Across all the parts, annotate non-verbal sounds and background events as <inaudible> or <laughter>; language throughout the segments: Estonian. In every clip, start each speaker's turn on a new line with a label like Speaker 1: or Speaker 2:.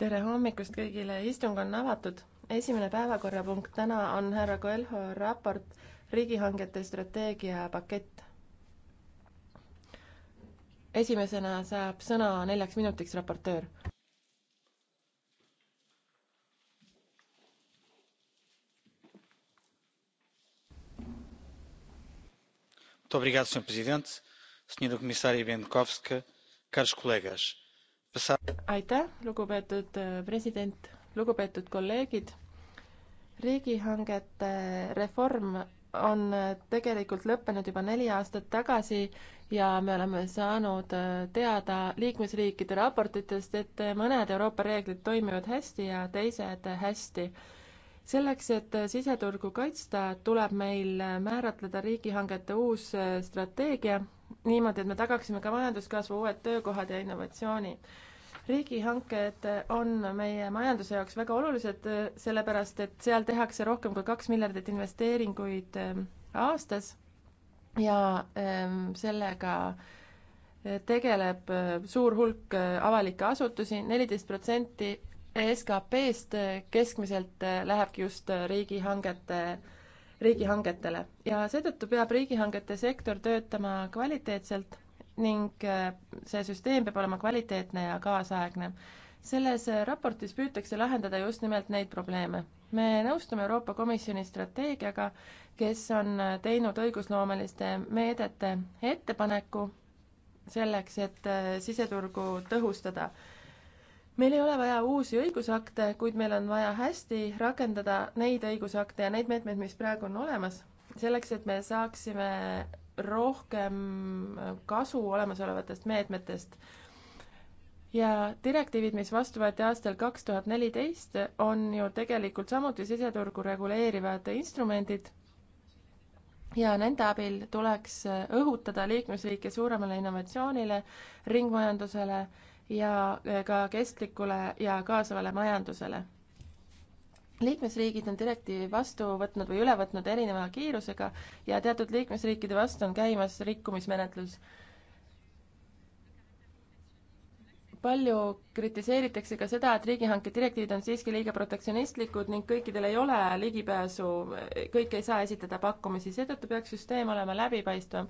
Speaker 1: tere hommikust kõigile, istung on avatud. esimene päevakorrapunkt täna on härra Coelho raport riigihangete strateegiapakett. esimesena saab sõna neljaks minutiks raportöör.
Speaker 2: senhor presidente senhora comissária biekowska
Speaker 1: aitäh, lugupeetud äh, president, lugupeetud kolleegid. riigihangete reform on äh, tegelikult lõppenud juba neli aastat tagasi ja me oleme saanud äh, teada liikmesriikide raportitest, et mõned Euroopa reeglid toimivad hästi ja teised hästi. selleks, et siseturgu kaitsta, tuleb meil määratleda riigihangete uus strateegia niimoodi, et me tagaksime ka majanduskasvu, uued töökohad ja innovatsiooni. riigihanked on meie majanduse jaoks väga olulised, sellepärast et seal tehakse rohkem kui kaks miljardit investeeringuid ehm, aastas ja ehm, sellega eh, tegeleb eh, suur hulk eh, avalikke asutusi, neliteist protsenti SKP-st keskmiselt lähebki just riigihangete riigihangetele ja seetõttu peab riigihangete sektor töötama kvaliteetselt ning äh, see süsteem peab olema kvaliteetne ja kaasaegne. selles äh, raportis püütakse lahendada just nimelt neid probleeme. me nõustume Euroopa Komisjoni strateegiaga, kes on äh, teinud õigusloomeliste meedete ettepaneku selleks, et siseturgu tõhustada meil ei ole vaja uusi õigusakte, kuid meil on vaja hästi rakendada neid õigusakte ja neid meetmeid, mis praegu on olemas, selleks et me saaksime rohkem kasu olemasolevatest meetmetest. ja direktiivid, mis vastu võeti aastal kaks tuhat neliteist, on ju tegelikult samuti siseturgu reguleerivad instrumendid ja nende abil tuleks õhutada liikmesriike suuremale innovatsioonile, ringmajandusele ja äh, ka kestlikule ja kaasavale majandusele. liikmesriigid on direktiivi vastu võtnud või üle võtnud erineva kiirusega ja teatud liikmesriikide vastu on käimas rikkumismenetlus. palju kritiseeritakse ka seda, et riigihanke direktiivid on siiski liiga protektsionistlikud ning kõikidel ei ole ligipääsu, kõik ei saa esitada pakkumisi, seetõttu peaks süsteem olema läbipaistvam.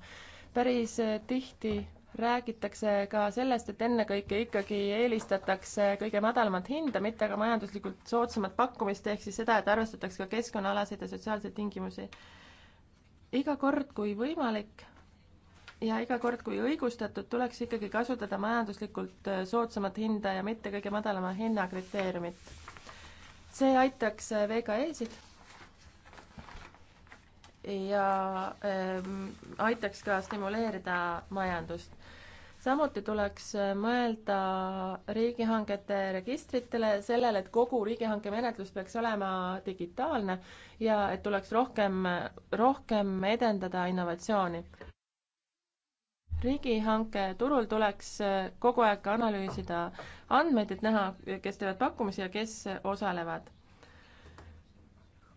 Speaker 1: päris tihti räägitakse ka sellest, et ennekõike ikkagi eelistatakse kõige madalamat hinda, mitte aga majanduslikult soodsamat pakkumist, ehk siis seda, et arvestatakse ka keskkonnaalaseid ja sotsiaalseid tingimusi. iga kord, kui võimalik ja iga kord, kui õigustatud, tuleks ikkagi kasutada majanduslikult äh, soodsamat hinda ja mitte kõige madalama hinna kriteeriumit. see aitaks äh, VKE-sid ja ähm, aitaks ka stimuleerida majandust samuti tuleks äh, mõelda riigihangete registritele, sellele, et kogu riigihanke menetlus peaks olema digitaalne ja et tuleks rohkem, rohkem edendada innovatsiooni riigihanke turul tuleks äh, kogu aeg analüüsida andmeid, et näha, kes teevad pakkumisi ja kes osalevad.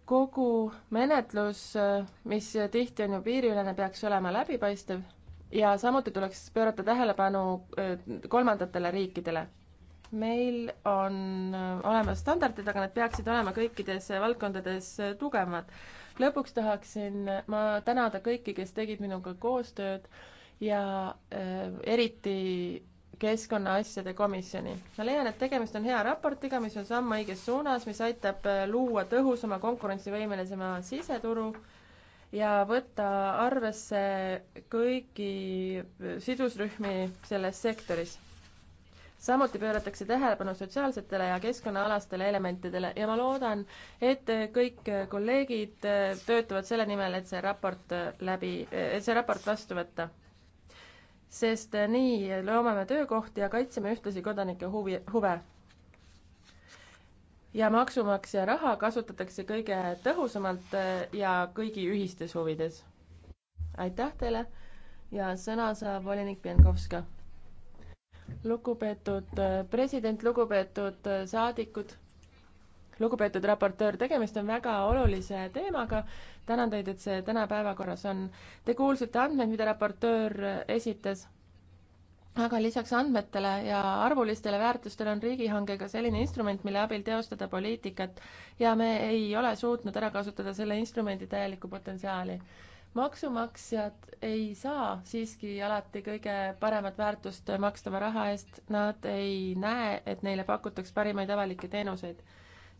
Speaker 1: kogu menetlus, äh, mis tihti on ju piiriülene, peaks olema läbipaistev ja samuti tuleks pöörata tähelepanu äh, kolmandatele riikidele. meil on äh, olemas standardid, aga nad peaksid olema kõikides valdkondades äh, tugevamad. lõpuks tahaksin ma tänada kõiki, kes tegid minuga koostööd ja äh, eriti keskkonnaasjade komisjoni. ma leian, et tegemist on hea raportiga, mis on samm õiges suunas, mis aitab luua tõhusama, konkurentsivõimelisema siseturu äh, ja võtta arvesse kõigi sidusrühmi selles sektoris. samuti pööratakse tähelepanu sotsiaalsetele ja keskkonnaalastele elementidele ja ma loodan, et kõik kolleegid töötavad selle nimel, et see raport läbi, et see raport vastu võtta. sest nii loome me töökohti ja kaitseme ühtlasi kodanike huvi, huve ja maksumaksja raha kasutatakse kõige tõhusamalt eh, ja kõigi ühistes huvides. aitäh teile ja sõna saab volinik Pienkovska. lugupeetud eh, president, lugupeetud eh, saadikud lugupeetud raportöör, tegemist on väga olulise teemaga. tänan teid, et see täna päevakorras on. Te kuulsite andmeid, mida raportöör esitas aga lisaks andmetele ja arvulistele väärtustele on riigihange ka selline instrument, mille abil teostada poliitikat ja me ei ole suutnud ära kasutada selle instrumendi täielikku potentsiaali. maksumaksjad ei saa siiski alati kõige paremat väärtust makstava raha eest, nad ei näe, et neile pakutaks parimaid avalikke teenuseid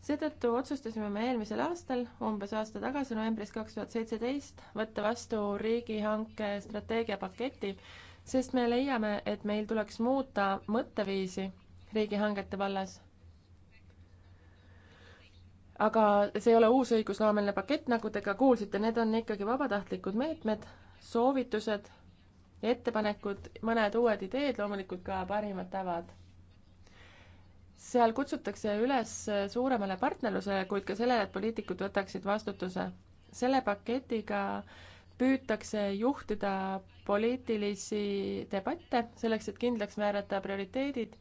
Speaker 1: seetõttu otsustasime me eelmisel aastal, umbes aasta tagasi, novembris kaks tuhat seitseteist, võtta vastu riigihanke strateegiapaketi, sest me leiame, et meil tuleks muuta mõtteviisi riigihangete vallas. aga see ei ole uus õigusloomeline pakett, nagu te ka kuulsite, need on ikkagi vabatahtlikud meetmed, soovitused, ettepanekud, mõned uued ideed, loomulikult ka parimad tavad. seal kutsutakse üles suuremale partnerlusele, kuid ka sellele, et poliitikud võtaksid vastutuse. selle paketiga äh, püütakse juhtida poliitilisi debatte selleks, et kindlaks määrata prioriteedid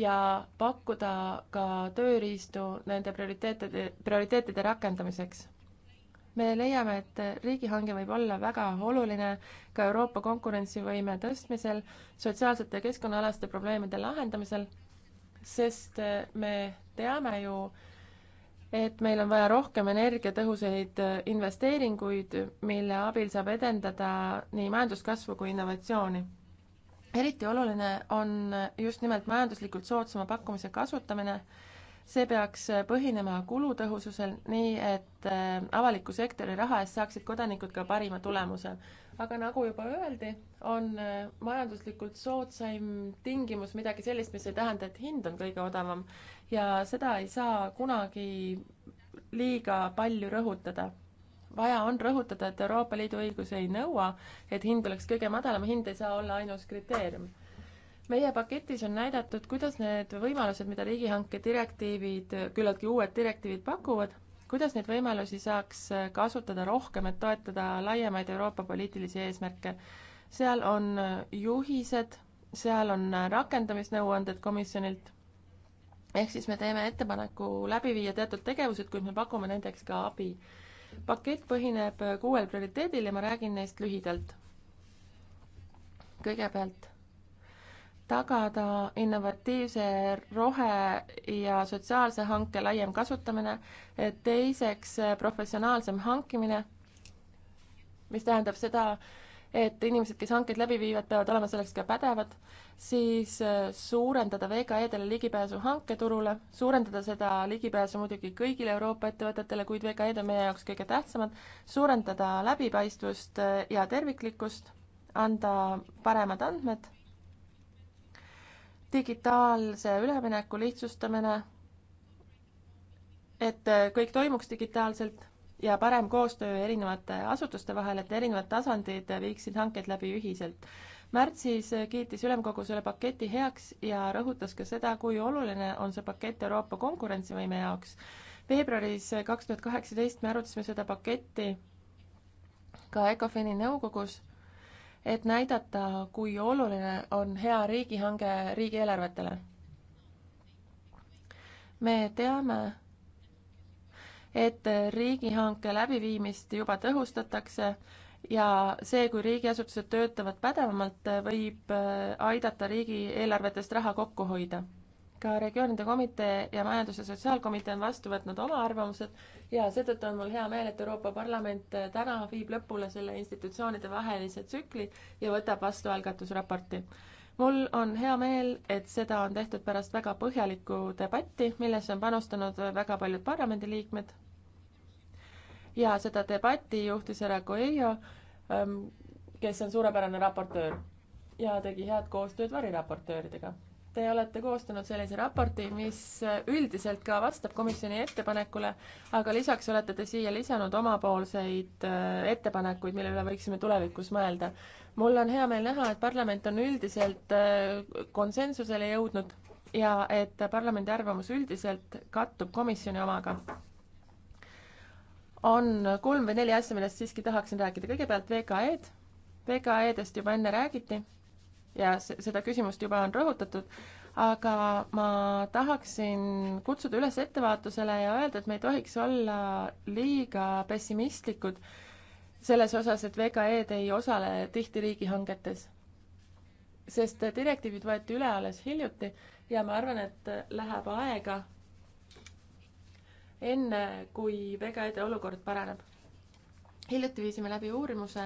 Speaker 1: ja pakkuda ka tööriistu nende prioriteetide, prioriteetide rakendamiseks. me leiame, et riigihange võib olla väga oluline ka Euroopa konkurentsivõime tõstmisel, sotsiaalsete ja keskkonnaalaste probleemide lahendamisel, sest me teame ju, et meil on vaja rohkem energiatõhusaid äh, investeeringuid, mille abil saab edendada nii majanduskasvu kui innovatsiooni. eriti oluline on just nimelt majanduslikult soodsama pakkumise kasutamine, see peaks äh, põhinema kulutõhususel, nii et äh, avaliku sektori raha eest saaksid kodanikud ka parima tulemuse. aga nagu juba öeldi, on majanduslikult soodsaim tingimus midagi sellist, mis ei tähenda, et hind on kõige odavam ja seda ei saa kunagi liiga palju rõhutada. vaja on rõhutada, et Euroopa Liidu õigus ei nõua, et hind oleks kõige madalam, hind ei saa olla ainus kriteerium meie paketis on näidatud, kuidas need võimalused, mida riigihanke direktiivid, küllaltki uued direktiivid pakuvad, kuidas neid võimalusi saaks kasutada rohkem, et toetada laiemaid Euroopa poliitilisi eesmärke. seal on juhised, seal on rakendamisnõuanded komisjonilt ehk siis me teeme ettepaneku läbi viia teatud tegevused, kuid me pakume nendeks ka abi. pakett põhineb kuuel prioriteedil ja ma räägin neist lühidalt. kõigepealt tagada innovatiivse rohe- ja sotsiaalse hanke laiem kasutamine, teiseks professionaalsem hankimine, mis tähendab seda, et inimesed, kes hankeid läbi viivad, peavad olema selleks ka pädevad, siis äh, suurendada VKE-dele ligipääsu hanketurule, suurendada seda ligipääsu muidugi kõigile Euroopa ettevõtetele, kuid VKE-d on meie jaoks kõige tähtsamad, suurendada läbipaistvust äh, ja terviklikkust, anda paremad andmed, digitaalse ülemineku lihtsustamine, et äh, kõik toimuks digitaalselt ja parem koostöö erinevate asutuste vahel, et erinevad tasandid viiksid hanked läbi ühiselt. märtsis kiitis ülemkogu selle paketi heaks ja rõhutas ka seda, kui oluline on see pakett Euroopa konkurentsivõime jaoks. veebruaris kaks tuhat kaheksateist me arutasime seda paketti ka ECOFIN-i nõukogus, et näidata, kui oluline on hea riigihange riigieelarvetele. me teame, et riigihanke läbiviimist juba tõhustatakse ja see, kui riigiasutused töötavad pädevamalt, võib äh, aidata riigieelarvetest raha kokku hoida. ka regioonide komitee ja Majandus- ja Sotsiaalkomitee on vastu võtnud oma arvamused ja seetõttu on mul hea meel, et Euroopa Parlament äh, täna viib lõpule selle institutsioonide vahelise tsükli ja võtab vastu algatusraporti mul on hea meel, et seda on tehtud pärast väga põhjalikku debatti, millesse on panustanud väga paljud parlamendiliikmed, ja seda debatti juhtis härra Coelho, ähm, kes on suurepärane raportöör ja tegi head koostööd variraportööridega. Te olete koostanud sellise raporti, mis äh, üldiselt ka vastab komisjoni ettepanekule, aga lisaks olete te siia lisanud omapoolseid äh, ettepanekuid, mille üle võiksime tulevikus mõelda. mul on hea meel näha, et parlament on üldiselt äh, konsensusele jõudnud ja et parlamendi arvamus üldiselt kattub komisjoni omaga on kolm või neli asja, millest siiski tahaksin rääkida. kõigepealt VKE-d. VKE-dest juba enne räägiti ja seda küsimust juba on rõhutatud, aga ma tahaksin kutsuda üles ettevaatusele ja öelda, et me ei tohiks olla liiga pessimistlikud selles osas, et VKE-d ei osale tihti riigihangetes. sest direktiivid võeti üle alles hiljuti ja ma arvan, et läheb aega, enne, kui vegaede olukord paraneb. hiljuti viisime läbi uurimuse,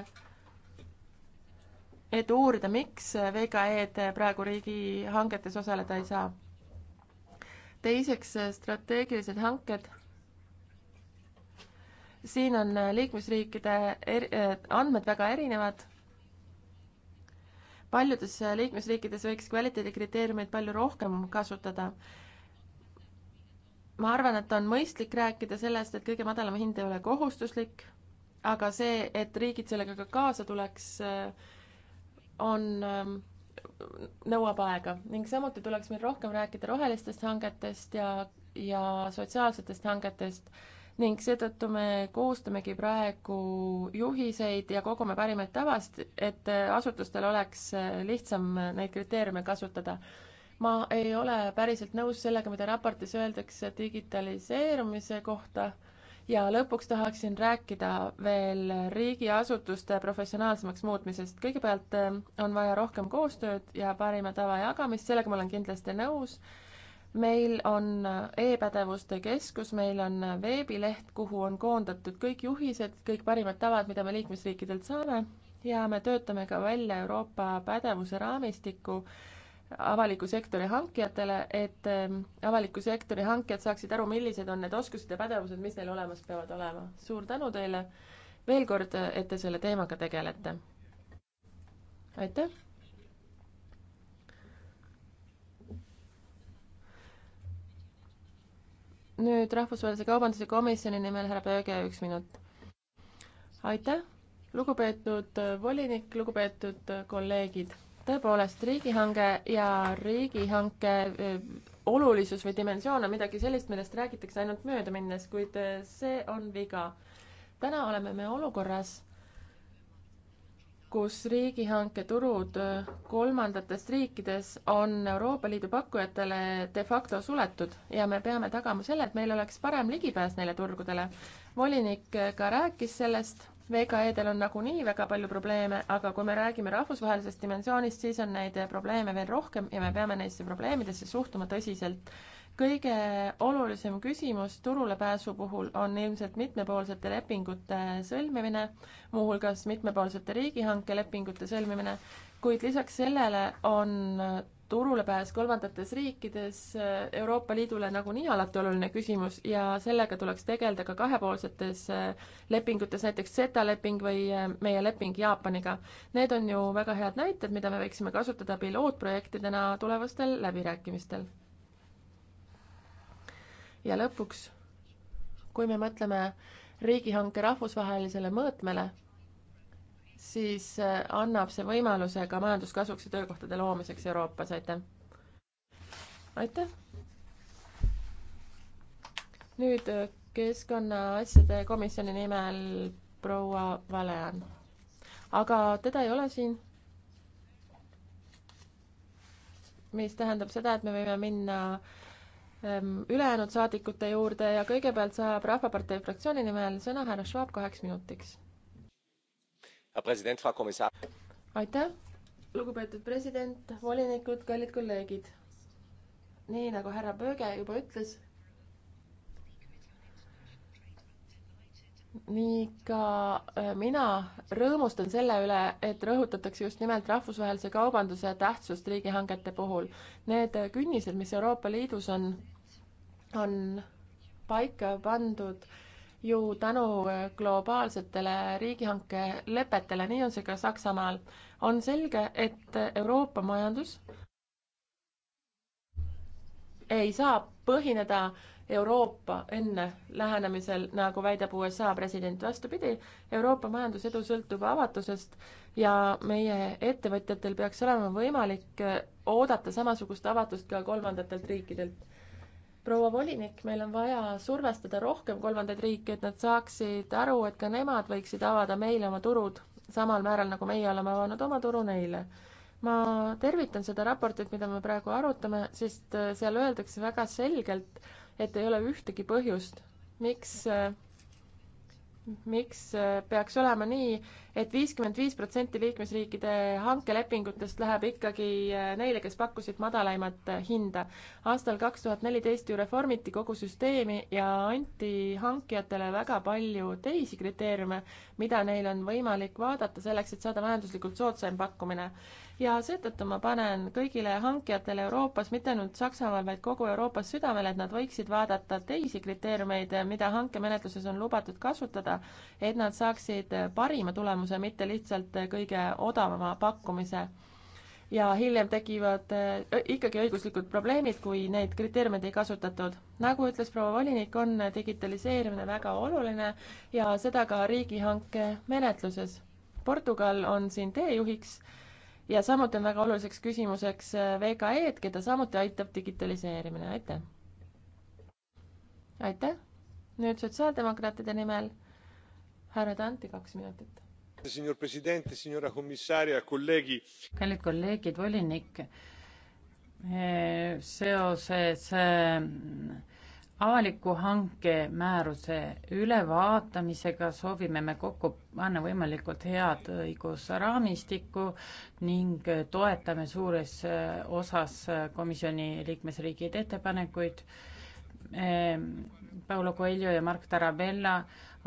Speaker 1: et uurida, miks vegaed praegu riigihangetes osaleda ei saa. teiseks, strateegilised hanked siin on liikmesriikide er, andmed väga erinevad. paljudes liikmesriikides võiks kvaliteedikriteeriumeid palju rohkem kasutada ma arvan, et on mõistlik rääkida sellest, et kõige madalam hind ei ole kohustuslik, aga see, et riigid sellega ka kaasa tuleks, on, ähm, nõuab aega ning samuti tuleks meil rohkem rääkida rohelistest hangetest ja, ja sotsiaalsetest hangetest ning seetõttu me koostamegi praegu juhiseid ja kogume parimaid tavast, et asutustel oleks äh, lihtsam äh, neid kriteeriume kasutada ma ei ole päriselt nõus sellega, mida raportis öeldakse digitaliseerumise kohta ja lõpuks tahaksin rääkida veel riigiasutuste professionaalsemaks muutmisest. kõigepealt eh, on vaja rohkem koostööd ja parima tava jagamist, sellega ma olen kindlasti nõus. meil on eh, e-pädevuste keskus, meil on eh, veebileht, kuhu on koondatud kõik juhised, kõik parimad tavad, mida me liikmesriikidelt saame ja me töötame ka välja Euroopa pädevuse raamistiku avaliku sektori hankijatele, et ähm, avaliku sektori hankijad saaksid aru, millised on need oskused ja pädevused, mis neil olemas peavad olema. suur tänu teile veel kord, et te selle teemaga tegelete. aitäh. nüüd Rahvusvahelise Kaubanduse Komisjoni nimel härra Pööge, üks minut. aitäh, lugupeetud volinik, lugupeetud kolleegid tõepoolest, riigihange ja riigihanke olulisus või dimensioon on midagi sellist, millest räägitakse ainult möödaminnes, kuid see on viga. täna oleme me olukorras, kus riigihanketurud kolmandatest riikides on Euroopa Liidu pakkujatele de facto suletud ja me peame tagama selle, et meil oleks parem ligipääs neile turgudele. volinik ka rääkis sellest VKE-del on nagunii väga palju probleeme, aga kui me räägime rahvusvahelisest dimensioonist, siis on neid probleeme veel rohkem ja me peame neisse probleemidesse suhtuma tõsiselt. kõige olulisem küsimus turulepääsu puhul on ilmselt mitmepoolsete lepingute sõlmimine, muuhulgas mitmepoolsete riigihanke lepingute sõlmimine, kuid lisaks sellele on turulepääs kolmandates riikides äh, Euroopa Liidule nagunii alati oluline küsimus ja sellega tuleks tegeleda ka kahepoolsetes äh, lepingutes, näiteks SETA leping või äh, meie leping Jaapaniga. Need on ju väga head näited, mida me võiksime kasutada pilootprojektidena tulevastel läbirääkimistel. ja lõpuks, kui me mõtleme riigihanke rahvusvahelisele mõõtmele siis äh, annab see võimaluse ka majanduskasvuks ja töökohtade loomiseks Euroopas, aitäh! aitäh! nüüd äh, Keskkonnaasjade komisjoni nimel proua Valean. aga teda ei ole siin. mis tähendab seda, et me võime minna ähm, ülejäänud saadikute juurde ja kõigepealt saab Rahvapartei fraktsiooni nimel sõna härra Schwab kaheks minutiks aitäh, lugupeetud president, volinikud, kallid kolleegid. nii nagu härra Pööge juba ütles, nii ka äh, mina rõõmustan selle üle, et rõhutatakse just nimelt rahvusvahelise kaubanduse tähtsust riigihangete puhul. Need äh, künnised, mis Euroopa Liidus on, on paika pandud äh, ju tänu äh, globaalsetele riigihanke lepetele, nii on see ka Saksamaal. on selge, et Euroopa majandus ei saa põhineda Euroopa enne lähenemisel, nagu väidab USA president. vastupidi, Euroopa majandusedu sõltub avatusest ja meie ettevõtjatel peaks olema võimalik äh, oodata samasugust avatust ka kolmandatelt riikidelt proua volinik, meil on vaja survestada rohkem kolmandaid riike, et nad saaksid aru, et ka nemad võiksid avada meile oma turud samal määral, nagu meie oleme avanud oma turu neile. ma tervitan seda raportit, mida me praegu arutame, sest seal öeldakse väga selgelt, et ei ole ühtegi põhjust, miks miks äh, peaks olema nii et, et viiskümmend viis protsenti liikmesriikide hankelepingutest läheb ikkagi äh, neile, kes pakkusid madalaimat äh, hinda. aastal kaks tuhat neliteist ju reformiti kogu süsteemi ja anti hankijatele väga palju teisi kriteeriume, mida neil on võimalik vaadata selleks, et saada majanduslikult soodsaim pakkumine ja seetõttu ma panen kõigile hankijatele Euroopas, mitte ainult Saksamaal, vaid kogu Euroopas südamele, et nad võiksid vaadata teisi kriteeriumeid, mida hankemenetluses on lubatud kasutada, et nad saaksid parima tulemuse, mitte lihtsalt kõige odavama pakkumise ja hiljem tekivad äh, ikkagi õiguslikud probleemid, kui neid kriteeriumeid ei kasutatud. nagu ütles proua volinik, on digitaliseerimine väga oluline ja seda ka riigihanke menetluses. Portugal on siin teejuhiks ja samuti on väga oluliseks küsimuseks äh, VKE-d, keda samuti aitab digitaliseerimine, aitäh! aitäh! nüüd sotsiaaldemokraatide nimel härra Tanti, kaks minutit.
Speaker 2: Signor Presidente, signora commissaria, kolleegi.
Speaker 1: kallid kolleegid, volinik, äh,
Speaker 3: seoses äh, avaliku hanke määruse ülevaatamisega soovime me kokku panna võimalikult head õigusraamistikku ning toetame suures osas komisjoni liikmesriigid ettepanekuid. Ehm, Paolo Coelho ja Mark Tarabella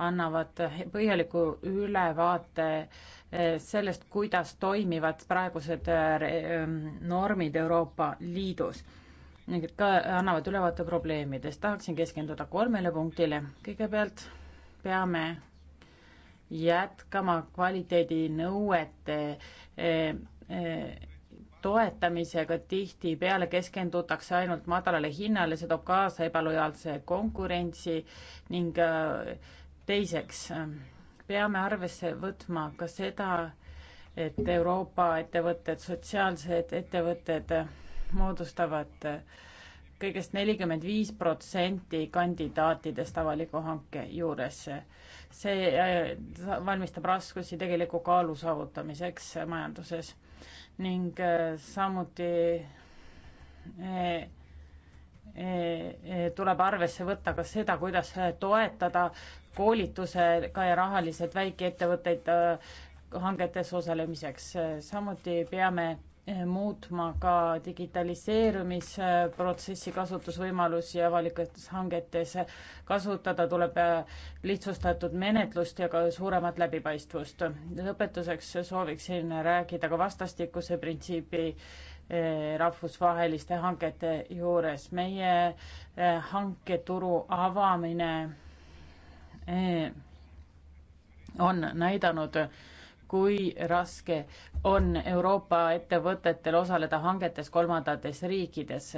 Speaker 3: annavad põhjaliku ülevaate eh, sellest, kuidas toimivad praegused eh, ehm, normid Euroopa Liidus ning et ka annavad ülevaate probleemidest. tahaksin keskenduda kolmele punktile. kõigepealt peame jätkama kvaliteedinõuete eh, eh, toetamisega tihtipeale keskendutakse ainult madalale hinnale, see toob kaasa ebalojaalse konkurentsi ning eh, teiseks peame arvesse võtma ka seda, et Euroopa ettevõtted, sotsiaalsed ettevõtted moodustavad eh, kõigest nelikümmend viis protsenti kandidaatidest avaliku hanke juures. see eh, valmistab raskusi tegeliku kaalu saavutamiseks majanduses ning eh, samuti tuleb arvesse võtta ka seda, kuidas toetada koolitusega ja rahaliselt väikeettevõtteid hangetes osalemiseks. samuti peame muutma ka digitaliseerumisprotsessi kasutusvõimalusi avalikes hangetes. kasutada tuleb äh, lihtsustatud menetlust ja ka suuremat läbipaistvust. lõpetuseks sooviksin rääkida ka vastastikuse printsiibi äh, rahvusvaheliste hangete juures. meie äh, hanketuru avamine on näidanud, kui raske on Euroopa ettevõtetel osaleda hangetes kolmandates riikides.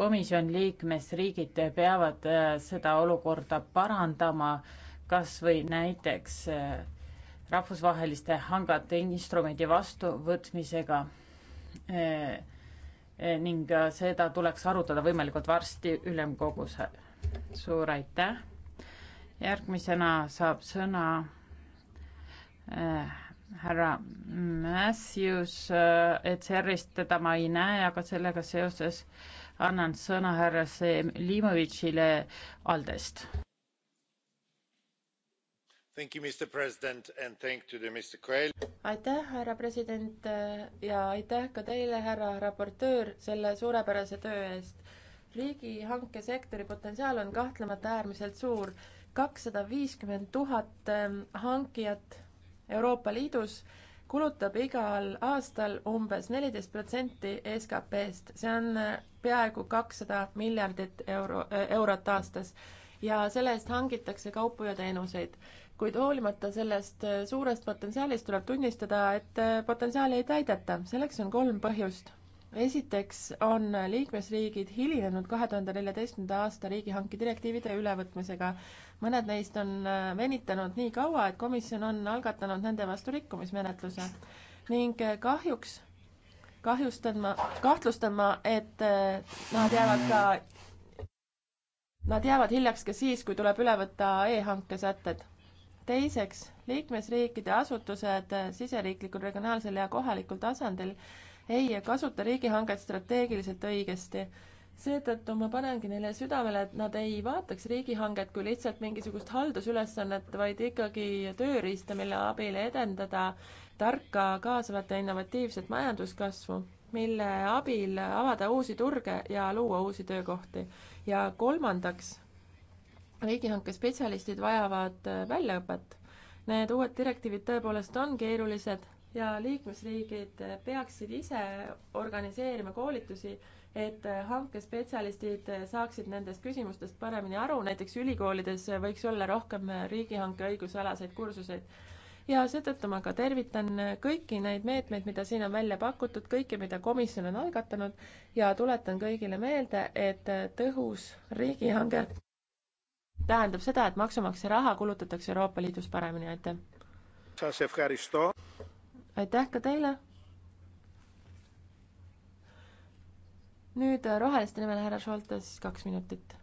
Speaker 3: komisjon liikmesriigid peavad äh, seda olukorda parandama, kas või näiteks äh, rahvusvaheliste hangete instrumendi vastuvõtmisega äh, ning seda tuleks arutada võimalikult varsti ülemkogus. suur aitäh. järgmisena saab sõna äh, härra Matthews äh, ECR-ist, teda ma ei näe, aga sellega seoses annan sõna härra Selimovitšile Aldest.
Speaker 1: aitäh, härra president äh, ja aitäh ka teile, härra raportöör, selle suurepärase töö eest. riigihankesektori potentsiaal on kahtlemata äärmiselt suur, kakssada viiskümmend tuhat ähm, hankijat Euroopa Liidus kulutab igal aastal umbes neliteist protsenti SKP-st, see on äh, peaaegu kakssada miljardit euro, äh, eurot aastas. ja selle eest hangitakse kaupu ja teenuseid. kuid hoolimata sellest äh, suurest potentsiaalist tuleb tunnistada, et potentsiaali ei täideta, selleks on kolm põhjust esiteks on liikmesriigid hilinenud kahe tuhande neljateistkümnenda aasta riigihanke direktiivide ülevõtmisega. mõned neist on äh, venitanud nii kaua, et komisjon on algatanud nende vastu rikkumismenetluse ning äh, kahjuks kahjustan ma, kahtlustan ma, et äh, nad jäävad ka, nad jäävad hiljaks ka siis, kui tuleb üle võtta e-hanke sätted teiseks, liikmesriikide asutused siseriiklikul, regionaalsel ja kohalikul tasandil ei kasuta riigihanget strateegiliselt õigesti. seetõttu ma panengi neile südamele, et nad ei vaataks riigihanget kui lihtsalt mingisugust haldusülesannet, vaid ikkagi tööriista, mille abil edendada tarka, kaasavat ja innovatiivset majanduskasvu mille abil avada uusi turge ja luua uusi töökohti. ja kolmandaks, riigihanke spetsialistid vajavad väljaõpet. Need uued direktiivid tõepoolest on keerulised ja liikmesriigid peaksid ise organiseerima koolitusi, et hankespetsialistid saaksid nendest küsimustest paremini aru, näiteks ülikoolides võiks olla rohkem riigihanke õigusalaseid kursuseid. ja seetõttu ma ka tervitan kõiki neid meetmeid, mida siin on välja pakutud, kõike, mida komisjon on algatanud ja tuletan kõigile meelde, et tõhus riigihange tähendab seda, et maksumaksja raha kulutatakse Euroopa Liidus paremini, aitäh! aitäh ka teile. nüüd äh, roheliste nimel härra Šoltes, kaks minutit.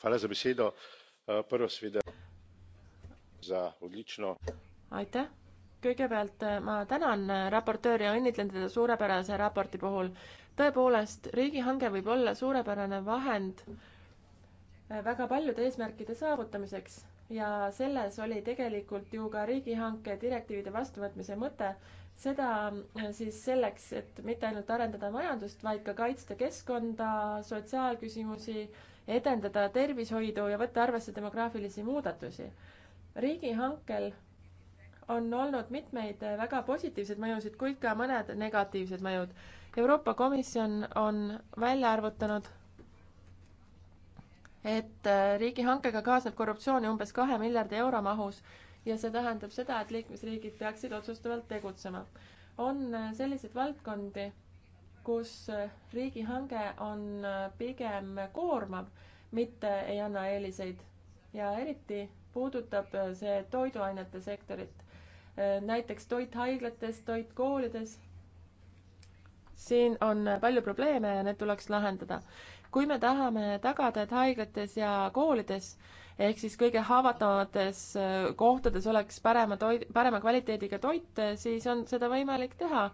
Speaker 2: Hvala za besedo. Äh, prvo seveda za odlično.
Speaker 1: aitäh kõigepealt äh, ma tänan raportööri ja õnnitlen teda suurepärase raporti puhul tõepoolest, riigihange võib olla suurepärane vahend äh, väga paljude eesmärkide saavutamiseks ja selles oli tegelikult ju ka riigihanke direktiivide vastuvõtmise mõte, seda äh, siis selleks, et mitte ainult arendada majandust, vaid ka kaitsta keskkonda, sotsiaalküsimusi, edendada tervishoidu ja võtta arvesse demograafilisi muudatusi. riigihankel on olnud mitmeid äh, väga positiivseid mõjusid, kuid ka mõned negatiivsed mõjud Euroopa Komisjon on välja arvutanud, et äh, riigihankega kaasneb korruptsiooni umbes kahe miljardi euro mahus ja see tähendab seda, et liikmesriigid peaksid otsustavalt tegutsema. on äh, selliseid valdkondi, kus äh, riigihange on pigem koormav, mitte ei anna eeliseid ja eriti puudutab see toiduainete sektorit. näiteks toit haiglates, toit koolides siin on palju probleeme ja need tuleks lahendada. kui me tahame tagada, et haiglates ja koolides ehk siis kõige haavatavamates äh, kohtades oleks parema toit, parema kvaliteediga toit, äh, siis on seda võimalik teha.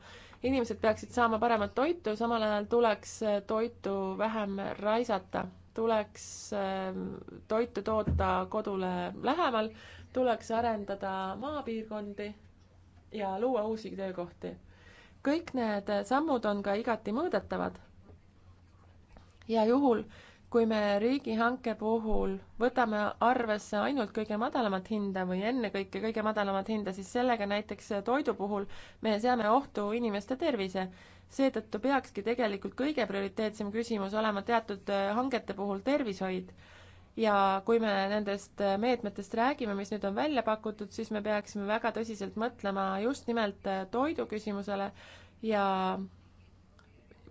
Speaker 1: inimesed peaksid saama paremat toitu, samal ajal tuleks äh, toitu vähem raisata, tuleks ähm, toitu toota kodule lähemal, tuleks arendada maapiirkondi ja luua uusi töökohti kõik need sammud on ka igati mõõdetavad. ja juhul, kui me riigihanke puhul võtame arvesse ainult kõige madalamat hinda või ennekõike kõige madalamat hinda, siis sellega näiteks toidu puhul me seame ohtu inimeste tervise. seetõttu peakski tegelikult kõige prioriteetsem küsimus olema teatud hangete puhul tervishoid ja kui me nendest meetmetest räägime, mis nüüd on välja pakutud, siis me peaksime väga tõsiselt mõtlema just nimelt toidu küsimusele ja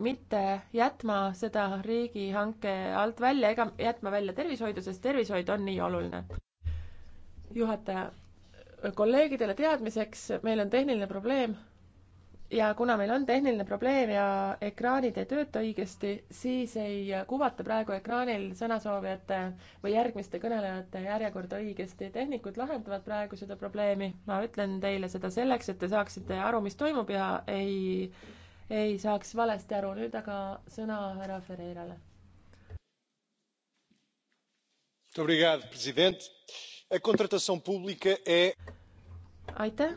Speaker 1: mitte jätma seda riigihanke alt välja ega jätma välja tervishoidu, sest tervishoid on nii oluline. juhataja, kolleegidele teadmiseks, meil on tehniline probleem ja kuna meil on tehniline probleem ja ekraanid ei tööta õigesti, siis ei kuvata praegu ekraanil sõnasoovijate või järgmiste kõnelejate järjekorda õigesti. tehnikud lahendavad praegu seda probleemi, ma ütlen teile seda selleks, et te saaksite aru, mis toimub ja ei, ei saaks valesti aru. nüüd aga sõna härra Ferreirale. aitäh,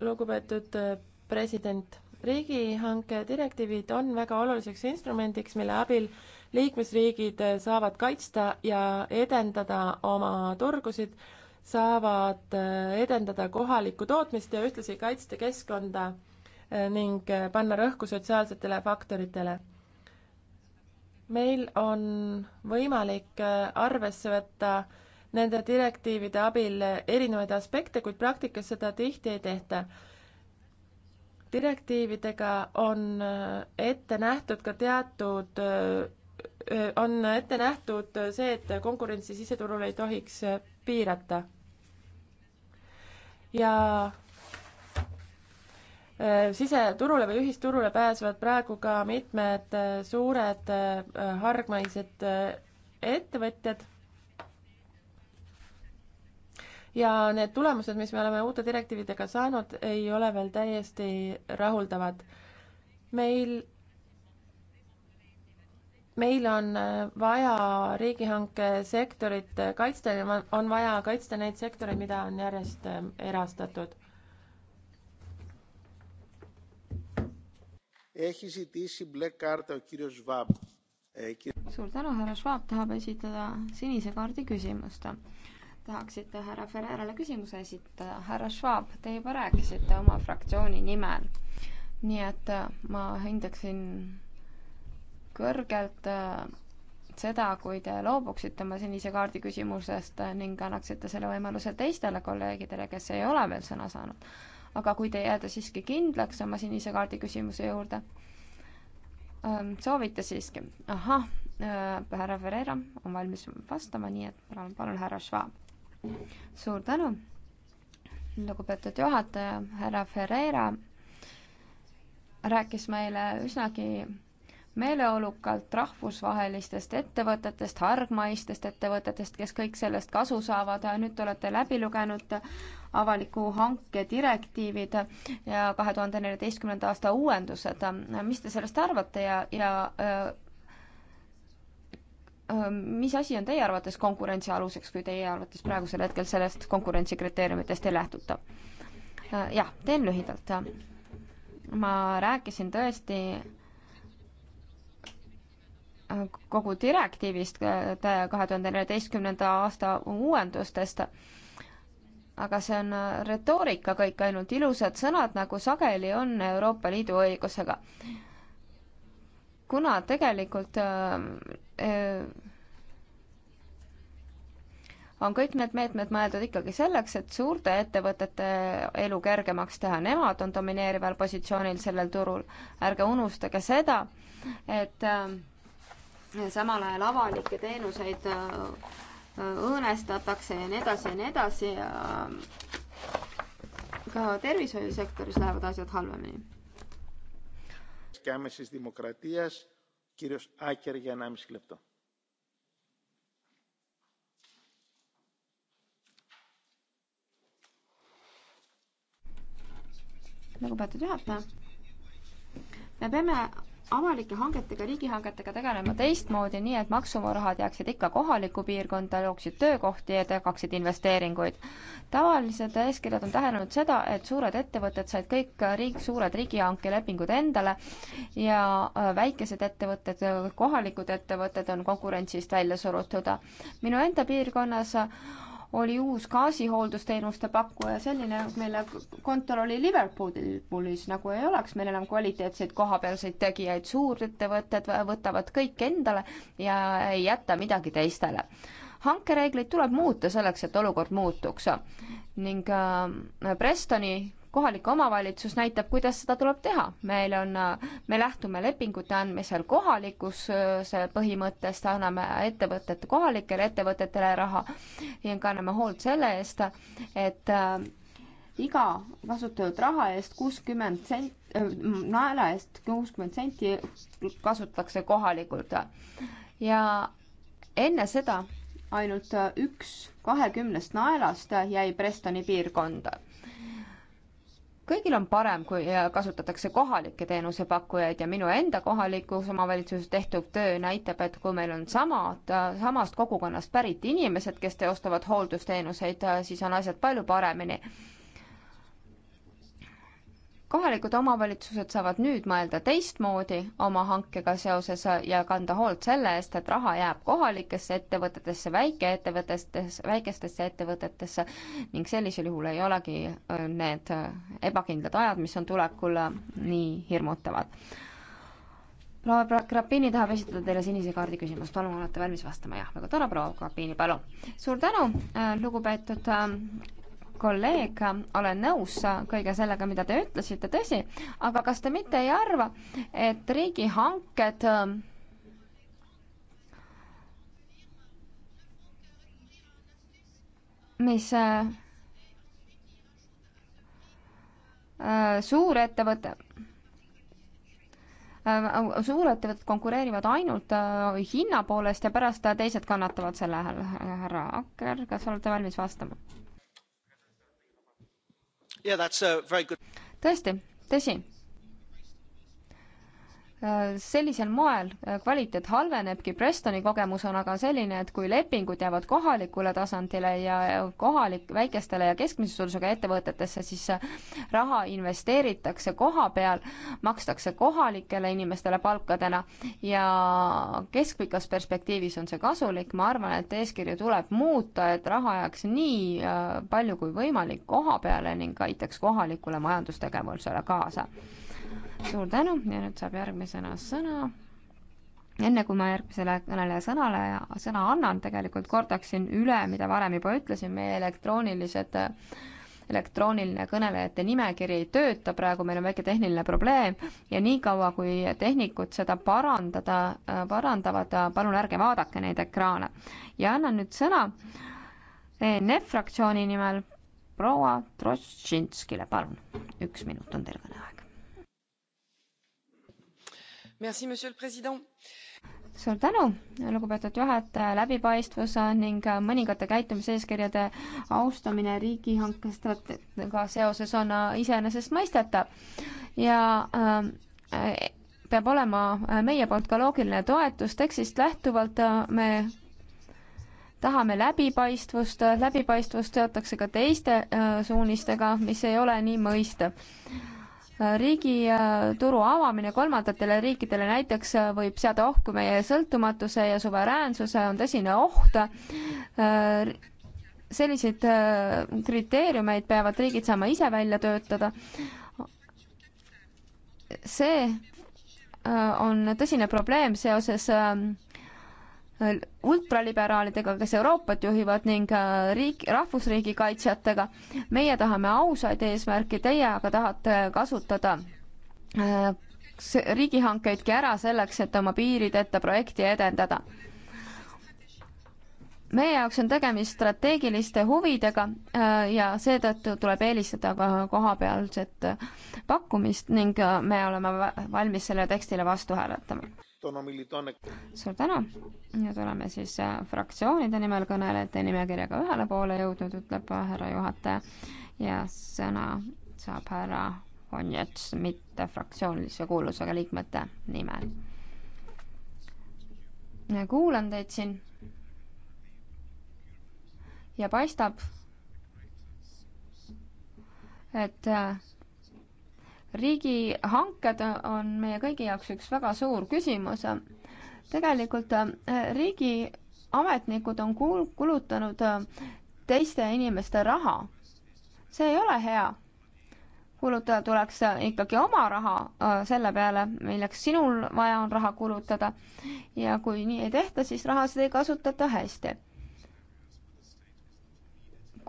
Speaker 1: lugupeetud president riigihanke direktiivid on väga oluliseks instrumendiks, mille abil liikmesriigid saavad kaitsta ja edendada oma turgusid, saavad äh, edendada kohalikku tootmist ja ühtlasi kaitsta keskkonda äh, ning äh, panna rõhku sotsiaalsetele faktoritele. meil on võimalik arvesse võtta nende direktiivide abil erinevaid aspekte, kuid praktikas seda tihti ei tehta direktiividega on äh, ette nähtud ka teatud, äh, äh, on ette nähtud see, et konkurentsi siseturul ei tohiks piirata. ja siseturule või ühisturule pääsevad praegu ka mitmed suured hargmaised ettevõtjad ja need tulemused, mis me oleme uute direktiividega saanud, ei ole veel täiesti rahuldavad. meil meil on vaja riigihanke sektorit kaitsta ja on vaja kaitsta neid sektoreid, mida on järjest ähm, erastatud.
Speaker 2: suur
Speaker 4: tänu, härra Schwab tahab esitada sinise kaardi küsimust tahaksite härra Ferreirale küsimuse esitada. härra Schwab, te juba rääkisite oma fraktsiooni nimel. nii et äh, ma hindaksin kõrgelt äh, seda, kui te loobuksite oma sinise kaardi küsimusest äh, ning annaksite selle võimaluse teistele kolleegidele, kes ei ole veel sõna saanud. aga kui te jääda siiski kindlaks oma sinise kaardi küsimuse juurde, ähm, soovite siiski? ahah, härra Ferreira on valmis vastama, nii et palun, palun, härra Schwab suur tänu, lugupeetud juhataja, härra Ferreira rääkis meile üsnagi meeleolukalt rahvusvahelistest ettevõtetest, hargmaistest ettevõtetest, kes kõik sellest kasu saavad, nüüd te olete läbi lugenud avaliku hanke direktiivid ja kahe tuhande neljateistkümnenda aasta uuendused. mis te sellest arvate ja, ja mis asi on teie arvates konkurentsi aluseks, kui teie arvates praegusel hetkel sellest konkurentsikriteeriumitest ei lähtuta? jah, teen lühidalt. ma rääkisin tõesti kogu direktiivist kahe tuhande neljateistkümnenda aasta uuendustest, aga see on retoorika kõik, ainult ilusad sõnad, nagu sageli on Euroopa Liidu õigusega kuna tegelikult äh, äh, on kõik need meetmed mõeldud ikkagi selleks, et suurte ettevõtete elu kergemaks teha, nemad on domineerival positsioonil sellel turul. ärge unustage seda, et äh, samal ajal avalikke teenuseid õõnestatakse ja nii edasi ja nii edasi ja ka tervishoiusektoris lähevad asjad halvemini
Speaker 2: και άμεσης δημοκρατίας κύριος Άκερ για 1,5 λεπτό.
Speaker 4: lugupeetud juhataja, me peame avalike hangetega, riigihangetega tegelema teistmoodi, nii et maksurahad jääksid ikka kohalikku piirkonda, looksid töökohti ja tagaksid investeeringuid. tavalised eeskirjad on tähendanud seda, et suured ettevõtted said kõik riik, suured riigihankelepingud endale ja äh, väikesed ettevõtted, kohalikud ettevõtted on konkurentsist välja surutud. minu enda piirkonnas oli uus gaasihooldusteenuste pakkuja, selline, mille kontor oli Liverpoolis, nagu ei oleks meil enam kvaliteetseid kohapealseid tegijaid, suurettevõtted võtavad kõik endale ja ei jäta midagi teistele. hankereegleid tuleb muuta selleks, et olukord muutuks ning äh, Prestoni kohalik omavalitsus näitab, kuidas seda tuleb teha. meil on, me lähtume lepingute andmisel kohalikkuse põhimõttest, anname ettevõtete, kohalikele ettevõtetele raha ja kanname hoolt selle eest, et äh, iga kasutatud raha eest kuuskümmend sent, äh, naela eest kuuskümmend senti kasutatakse kohalikult. ja enne seda ainult äh, üks kahekümnest naelast jäi Prestoni piirkonda kõigil on parem, kui äh, kasutatakse kohalikke teenusepakkujaid ja minu enda kohalikus omavalitsuses tehtud töö näitab, et kui meil on samad, äh, samast kogukonnast pärit inimesed, kes teostavad hooldusteenuseid, äh, siis on asjad palju paremini kohalikud omavalitsused saavad nüüd mõelda teistmoodi oma hankega seoses ja kanda hoolt selle eest, et raha jääb kohalikesse ettevõtetesse, väikeettevõtetesse, väikestesse ettevõtetesse ning sellisel juhul ei olegi äh, need äh, ebakindlad ajad, mis on tulekul, äh, nii hirmutavad. proua Krapini tahab esitada teile sinise kaardi küsimust, palun, olete valmis vastama? jah, väga tore, proua Krapini, palun. suur tänu, lugupeetud kolleeg, olen nõus kõige sellega, mida te ütlesite, tõsi, aga kas te mitte ei arva, et riigihanked mis äh, suurettevõte äh,, suurettevõtted konkureerivad ainult äh, hinna poolest ja pärast teised kannatavad selle all. härra Akker, kas olete valmis vastama?
Speaker 2: tõesti,
Speaker 4: tõsi Äh, sellisel moel äh, kvaliteet halvenebki, Prestoni kogemus on aga selline, et kui lepingud jäävad kohalikule tasandile ja kohalik, väikestele ja keskmise suurusega ettevõtetesse, siis äh, raha investeeritakse koha peal, makstakse kohalikele inimestele palkadena ja keskpikas perspektiivis on see kasulik, ma arvan, et eeskirju tuleb muuta, et raha jääks nii palju kui võimalik koha peale ning aitaks kohalikule majandustegevusele kaasa suur tänu ja nüüd saab järgmisena sõna. enne kui ma järgmisele kõneleja sõnale sõna annan, tegelikult kordaksin üle, mida varem juba ütlesin, meie elektroonilised elektrooniline kõnelejate nimekiri ei tööta praegu, meil on väike tehniline probleem ja niikaua, kui tehnikud seda parandada, parandavad, palun ärge vaadake neid ekraane. ja annan nüüd sõna ENF fraktsiooni nimel proua Trošinskile, palun. üks minut on teil kõne aega
Speaker 5: suur
Speaker 4: tänu, lugupeetud juhataja, läbipaistvus ning mõningate käitumiseeskirjade austamine riigihanke strateegiaga seoses on iseenesestmõistetav ja äh, peab olema meie poolt ka loogiline toetus, tekstist lähtuvalt äh, me tahame läbipaistvust, läbipaistvust seotakse ka teiste äh, suunistega, mis ei ole nii mõistev riigituru äh, avamine kolmandatele riikidele näiteks äh, võib seada ohku meie sõltumatuse ja suveräänsuse, on tõsine oht. Äh, selliseid kriteeriumeid peavad riigid saama ise välja töötada. see on tõsine probleem seoses ultraliberaalidega, kes Euroopat juhivad ning äh, riik, rahvusriigi kaitsjatega. meie tahame ausaid eesmärke, teie aga tahate kasutada äh, riigihankeidki ära selleks, et oma piirideta projekti edendada. meie jaoks on tegemist strateegiliste huvidega äh, ja seetõttu tuleb eelistada ka kohapealset pakkumist ning me oleme valmis sellele tekstile vastu hääletama suur tänu, nüüd oleme siis äh, fraktsioonide nimel kõnelejate nimekirjaga ühele poole jõudnud, ütleb äh, härra juhataja ja sõna saab härra Onjats, mitte fraktsioonilise kuulusega liikmete nimel. kuulan teid siin ja paistab, et äh, riigihanked on meie kõigi jaoks üks väga suur küsimus. tegelikult äh, riigiametnikud on kulutanud äh, teiste inimeste raha. see ei ole hea. kulutada tuleks äh, ikkagi oma raha selle peale, milleks sinul vaja on raha kulutada. ja kui nii ei tehta, siis rahasid ei kasutata hästi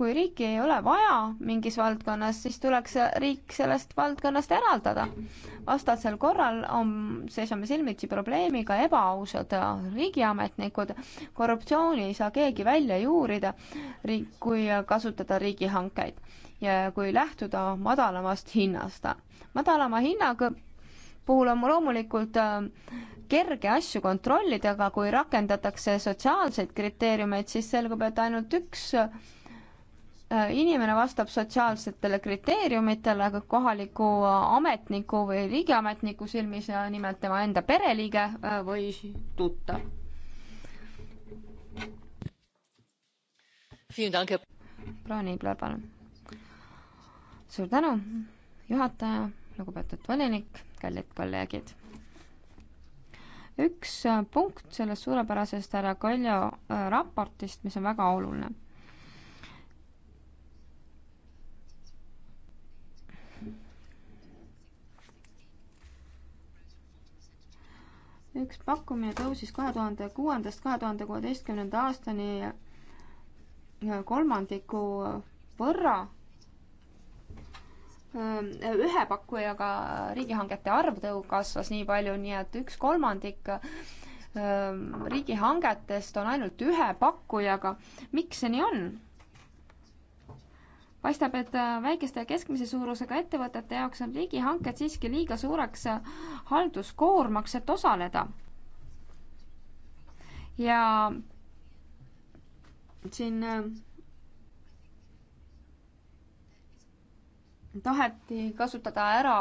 Speaker 4: kui riiki ei ole vaja mingis valdkonnas, siis tuleks riik sellest valdkonnast eraldada. vastasel korral on, seisame silmitsi probleemiga ebaausad riigiametnikud, korruptsiooni ei saa keegi välja juurida, riik, kui kasutada riigihankeid ja kui lähtuda madalamast hinnast. madalama hinnaga puhul on loomulikult äh, kerge asju kontrollida, aga kui rakendatakse sotsiaalseid kriteeriumeid, siis selgub, et ainult üks Äh, inimene vastab sotsiaalsetele kriteeriumitele, aga kohaliku ametniku või riigiametniku silmis on nimelt tema enda pereliige äh, või tuttav. proua Niibler, palun. suur tänu, juhataja, lugupeetud volinik, kallid kolleegid üks äh, punkt sellest suurepärasest härra Kaljo raportist, mis on väga oluline. üks pakkumine tõusis kahe tuhande kuuendast kahe tuhande kuueteistkümnenda aastani kolmandiku võrra. ühe pakkujaga riigihangete arv tõu-, kasvas nii palju, nii et üks kolmandik ähm, riigihangetest on ainult ühe pakkujaga. miks see nii on? paistab, et äh, väikeste ja keskmise suurusega ettevõtete jaoks on riigihanked siiski liiga suureks äh, halduskoormaks, et osaleda. ja siin äh, taheti kasutada ära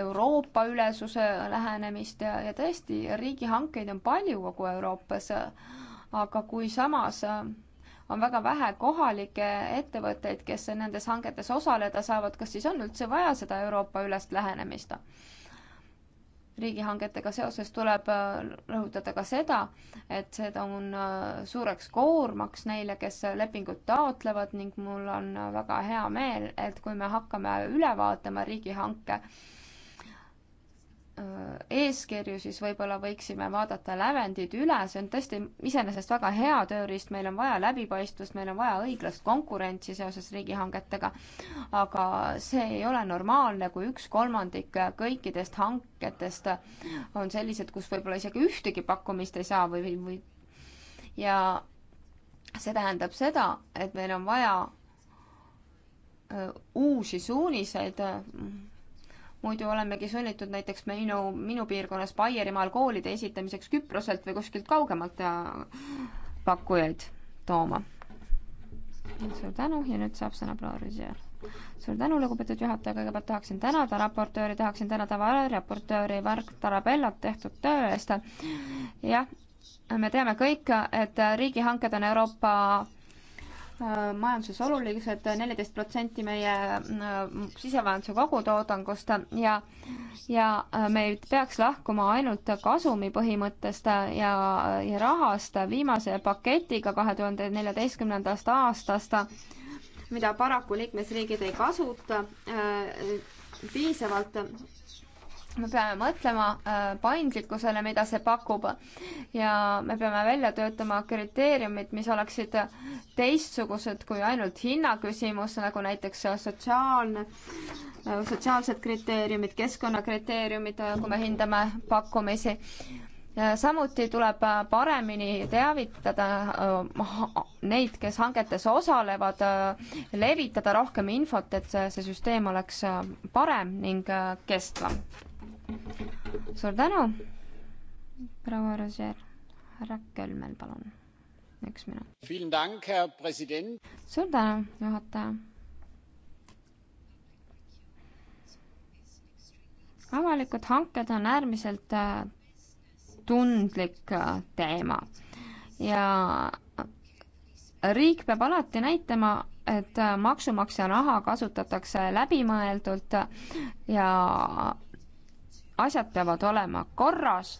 Speaker 4: Euroopa-ülesuse lähenemist ja, ja tõesti, riigihankeid on palju kogu Euroopas, aga kui samas on väga vähe kohalikke ettevõtteid, kes nendes hangetes osaleda saavad, kas siis on üldse vaja seda Euroopa ülest lähenemist? riigihangetega seoses tuleb äh, rõhutada ka seda, et seda on äh, suureks koormaks neile, kes lepingut taotlevad ning mul on väga hea meel, et kui me hakkame üle vaatama riigihanke Äh, eeskirju, siis võib-olla võiksime vaadata lävendid üle, see on tõesti iseenesest väga hea tööriist, meil on vaja läbipaistvust, meil on vaja õiglast konkurentsi seoses riigihangetega, aga see ei ole normaalne, kui üks kolmandik kõikidest hanketest on sellised, kus võib-olla isegi ühtegi pakkumist ei saa või, või ja see tähendab seda, et meil on vaja äh, uusi suuniseid muidu olemegi sunnitud näiteks minu, minu piirkonnas Baierimaal koolide esitamiseks Küproselt või kuskilt kaugemalt äh, pakkujaid tooma. suur tänu ja nüüd saab sõna proua Rüüsija. suur tänu, lugupeetud juhataja, kõigepealt tahaksin tänada raportööri, tahaksin tänada vareraportööri Mark Tarabellat tehtud töö eest. jah, me teame kõik, et riigihanked on Euroopa majanduses olulised, neliteist protsenti meie äh, sisemajanduse kogutoodangust ja, ja äh, me ei peaks lahkuma ainult kasumi põhimõttest äh, ja, ja rahast viimase paketiga kahe tuhande neljateistkümnendast aastast, mida paraku liikmesriigid ei kasuta piisavalt me peame mõtlema äh, paindlikkusele, mida see pakub ja me peame välja töötama kriteeriumid, mis oleksid teistsugused kui ainult hinnaküsimus, nagu näiteks sotsiaalne, äh, sotsiaalsed kriteeriumid, keskkonnakriteeriumid, äh, kui me hindame pakkumisi. samuti tuleb paremini teavitada neid, kes hangetes osalevad, levitada rohkem infot, et see süsteem oleks parem ning kestvam suur tänu, proua Rozier. härra Kölmel, palun, üks minut. suur tänu, juhataja. avalikud hanked on äärmiselt äh, tundlik äh, teema ja riik peab alati näitama, et äh, maksumaksja raha kasutatakse läbimõeldult ja asjad peavad olema korras,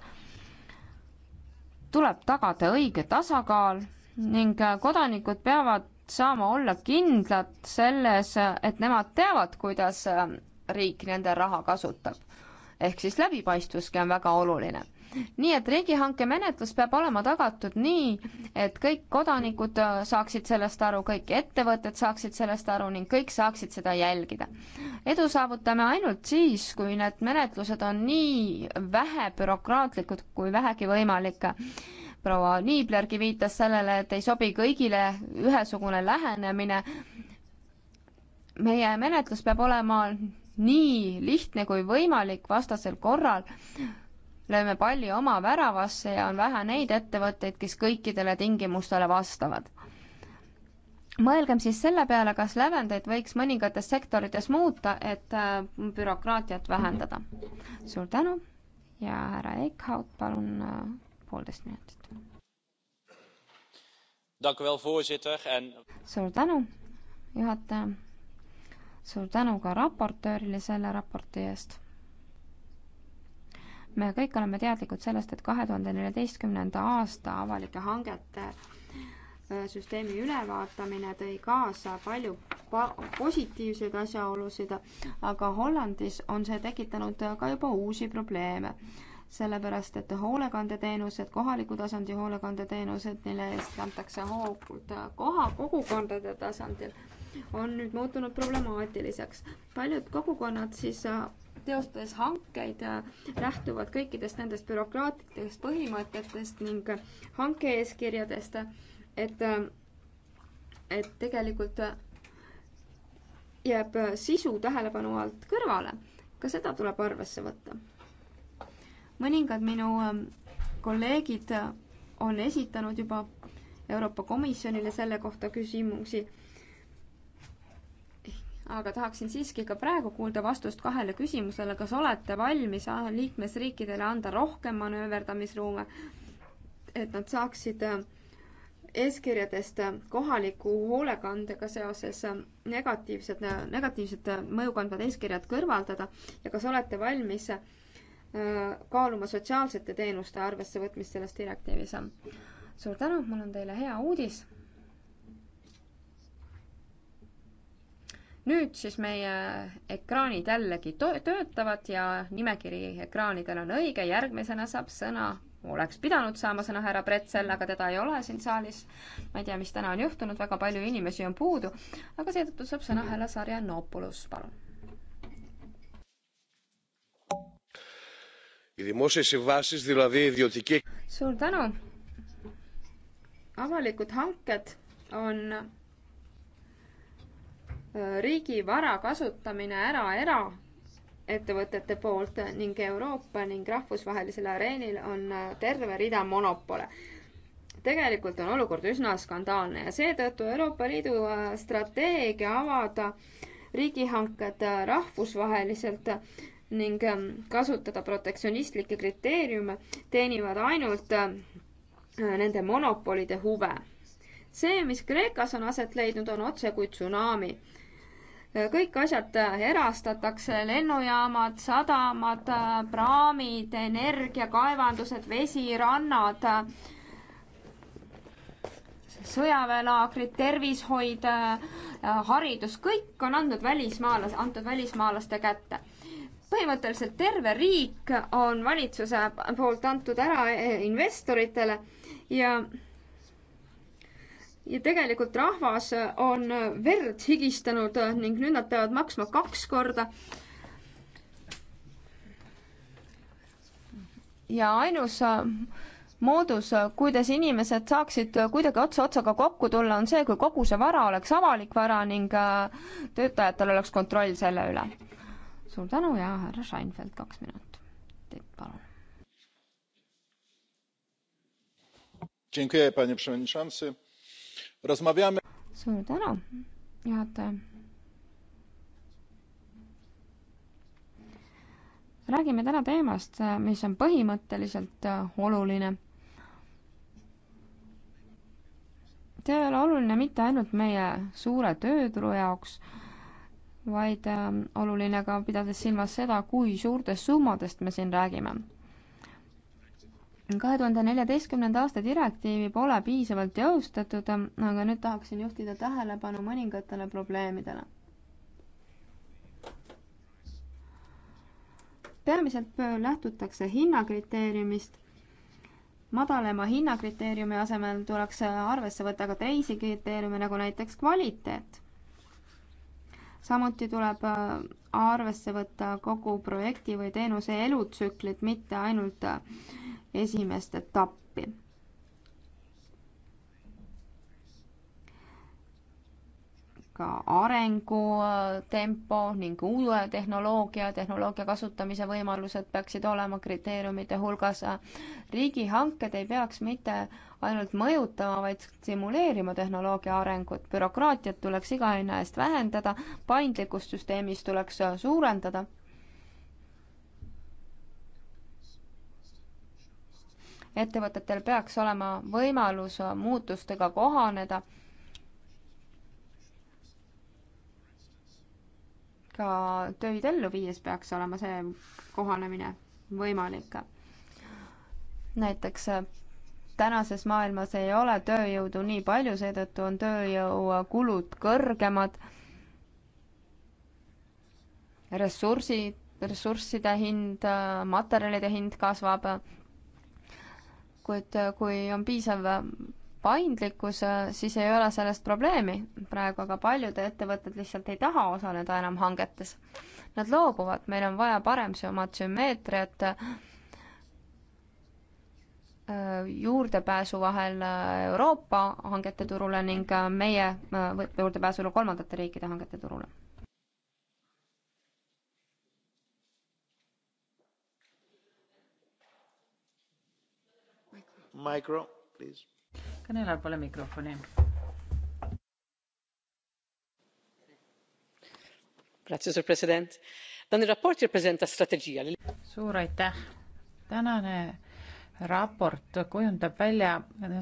Speaker 4: tuleb tagada õige tasakaal ning äh, kodanikud peavad saama olla kindlad selles, et nemad teavad, kuidas äh, riik nende raha kasutab. ehk siis läbipaistvuski on väga oluline nii et riigihanke menetlus peab olema tagatud nii, et kõik kodanikud äh, saaksid sellest aru, kõik ettevõtted saaksid sellest aru ning kõik saaksid seda jälgida. edu saavutame ainult siis, kui need menetlused on nii vähe bürokraatlikud kui vähegi võimalik proua Niiblergi viitas sellele, et ei sobi kõigile ühesugune lähenemine. meie menetlus peab olema nii lihtne kui võimalik, vastasel korral lööme palli oma väravasse ja on vähe neid ettevõtteid, kes kõikidele tingimustele vastavad mõelgem siis selle peale, kas lävendeid võiks mõningates sektorites muuta, et äh, bürokraatiat vähendada. suur tänu ja härra Eickhout, palun äh, poolteist minutit. suur tänu, juhataja. suur tänu ka raportöörile selle raporti eest me kõik oleme teadlikud sellest, et kahe tuhande neljateistkümnenda aasta avalike hangete äh, süsteemi ülevaatamine tõi kaasa palju positiivseid asjaolusid, aga Hollandis on see tekitanud äh, ka juba uusi probleeme. sellepärast, et hoolekandeteenused, kohaliku tasandi hoolekandeteenused, mille eest antakse hoogud äh, koha, kogukondade tasandil, on nüüd muutunud problemaatiliseks. paljud kogukonnad siis teostades hankeid, lähtuvad kõikidest nendest bürokraatlikest põhimõtetest ning hanke-eeskirjadest, et, et tegelikult jääb sisu tähelepanu alt kõrvale. ka seda tuleb arvesse võtta. mõningad minu ähm, kolleegid äh, on esitanud juba Euroopa Komisjonile selle kohta küsimusi aga tahaksin siiski ka praegu kuulda vastust kahele küsimusele, kas olete valmis liikmesriikidele anda rohkem manööverdamisruume, et nad saaksid äh, eeskirjadest äh, kohaliku hoolekandega seoses äh, negatiivsed, negatiivsed mõju kandvad eeskirjad kõrvaldada ja kas olete valmis kaaluma sotsiaalsete teenuste arvessevõtmist selles direktiivis. suur tänu, mul on teile hea uudis nüüd siis meie ekraanid jällegi töötavad ja nimekiri ekraanidel on õige, järgmisena saab sõna, oleks pidanud saama sõna härra Pretzel, aga teda ei ole siin saalis. ma ei tea, mis täna on juhtunud, väga palju inimesi on puudu, aga seetõttu saab sõna härra Sarjanopoulos, palun. suur tänu. avalikud hanked on riigi vara kasutamine ära eraettevõtete poolt ning Euroopa ning rahvusvahelisel areenil on terve rida monopole. tegelikult on olukord üsna skandaalne ja seetõttu Euroopa Liidu äh, strateegia avada riigihanked äh, rahvusvaheliselt ning ähm, kasutada protektsionistlikke kriteeriume teenivad ainult äh, nende monopolide huve see, mis Kreekas on aset leidnud, on otse kui tsunami kõik asjad erastatakse, lennujaamad, sadamad, praamid, energiakaevandused, vesi, rannad, sõjaväelaagrid, tervishoid, haridus, kõik on andnud välismaalase, antud välismaalaste kätte põhimõtteliselt terve riik on valitsuse poolt antud ära investoritele ja ja tegelikult rahvas on verd higistanud ning nüüd nad peavad maksma kaks korda. ja ainus äh, moodus, äh, kuidas inimesed saaksid äh, kuidagi ots otsaga kokku tulla, on see, kui kogu see vara oleks avalik vara ning töötajatel oleks kontroll selle üle. suur tänu ja härra Scheinfeld, kaks minutit, palun.
Speaker 2: panie przewodniczący! rozmawiamy.
Speaker 4: suur tänu, juhataja. räägime täna teemast, mis on põhimõtteliselt oluline. see ei ole oluline mitte ainult meie suure tööturu jaoks, vaid ähm, oluline ka pidades silmas seda, kui suurtest summadest me siin räägime kahe tuhande neljateistkümnenda aasta direktiivi pole piisavalt jõustatud, aga nüüd tahaksin juhtida tähelepanu mõningatele probleemidele. peamiselt lähtutakse hinnakriteeriumist. madalama hinnakriteeriumi asemel tuleks arvesse võtta ka teisi kriteeriume, nagu näiteks kvaliteet. samuti tuleb äh, arvesse võtta kogu projekti või teenuse elutsüklit, mitte ainult äh, esimest etappi. ka arengutempo äh, ning uue tehnoloogia, tehnoloogia kasutamise võimalused peaksid olema kriteeriumite hulgas. riigihanked ei peaks mitte ainult mõjutama, vaid stimuleerima tehnoloogia arengut. bürokraatiat tuleks iga hinna eest vähendada, paindlikkust süsteemis tuleks suurendada ettevõtetel peaks olema võimalus muutustega kohaneda. ka töid ellu viies peaks olema see kohanemine võimalik. näiteks äh, tänases maailmas ei ole tööjõudu nii palju, seetõttu on tööjõukulud äh, kõrgemad. ressursid ressursside hind, äh, materjalide hind kasvab kuid äh, kui on piisav äh, paindlikkus, äh, siis ei ole sellest probleemi. praegu aga paljud ettevõtted lihtsalt ei taha osaleda enam hangetes. Nad loobuvad, meil on vaja parem sümmeetriat juurdepääsu vahel Euroopa hangete turule ning meie juurdepääsule kolmandate riikide hangete turule
Speaker 2: Micro, please.
Speaker 3: kõnelejal pole mikrofoni. suur aitäh. tänane raport kujundab välja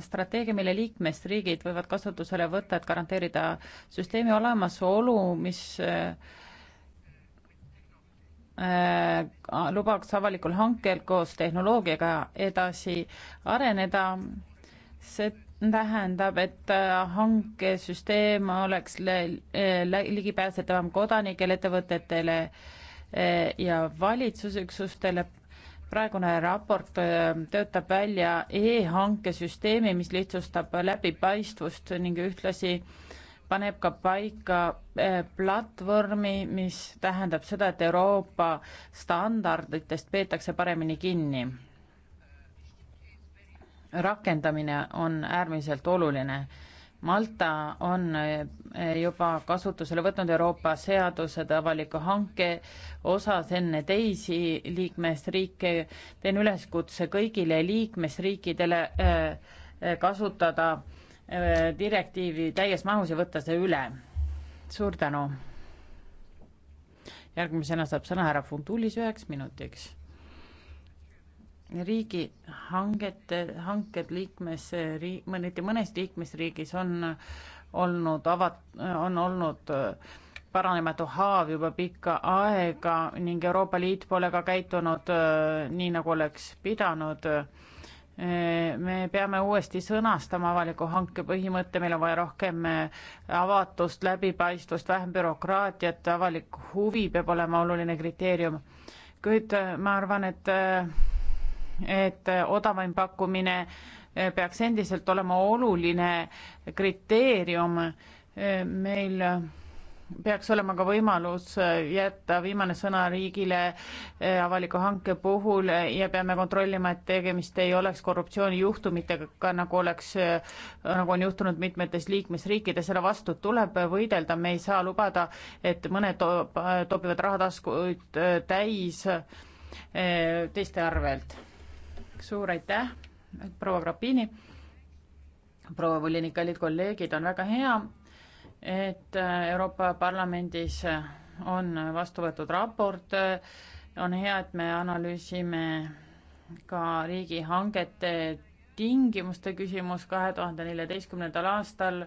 Speaker 3: strateegia, mille liikmesriigid võivad kasutusele võtta, et garanteerida süsteemi olemasolu, mis äh, Äh, lubaks avalikul hankel koos tehnoloogiaga edasi areneda. see tähendab, et äh, hankesüsteem oleks äh, ligipääsetavam kodanikele, ettevõtetele ja valitsusüksustele. praegune raport töötab välja e-hankesüsteemi, mis lihtsustab läbipaistvust ning ühtlasi äh, paneb ka paika eh, platvormi, mis tähendab seda, et Euroopa standarditest peetakse paremini kinni. rakendamine on äärmiselt oluline. Malta on eh, juba kasutusele võtnud Euroopa seadused avaliku hanke osas enne teisi liikmesriike. teen üleskutse kõigile liikmesriikidele eh, kasutada äh, direktiivi täies mahus ja võtta see üle. suur tänu. järgmisena saab sõna härra Funtulis üheks minutiks. riigihangete, hanked liikmesriik, mõneti mõnes liikmesriigis on olnud avat-, on olnud äh, paranematu haav juba pikka aega ning Euroopa Liit pole ka käitunud äh, nii, nagu oleks pidanud me peame uuesti sõnastama avaliku hanke põhimõtte, meil on vaja rohkem eh, avatust, läbipaistvust, vähem bürokraatiat, avalik huvi peab olema oluline kriteerium. kuid eh, ma arvan, et, eh, et odavaim pakkumine peaks endiselt olema oluline kriteerium meil peaks olema ka võimalus äh, jätta viimane sõna riigile äh, avaliku hanke puhul äh, ja peame kontrollima, et tegemist ei oleks korruptsioonijuhtumitega, nagu oleks, nagu on juhtunud mitmetes liikmesriikides, selle vastu tuleb võidelda, me ei saa lubada, et mõned toob, topivad rahataskuid täis teiste arvelt. suur aitäh, proua Grappini, proua volinik, kallid kolleegid, on väga hea, et äh, Euroopa Parlamendis äh, on vastu võetud raport, on hea, et me analüüsime ka riigihangete tingimuste küsimus kahe tuhande neljateistkümnendal aastal.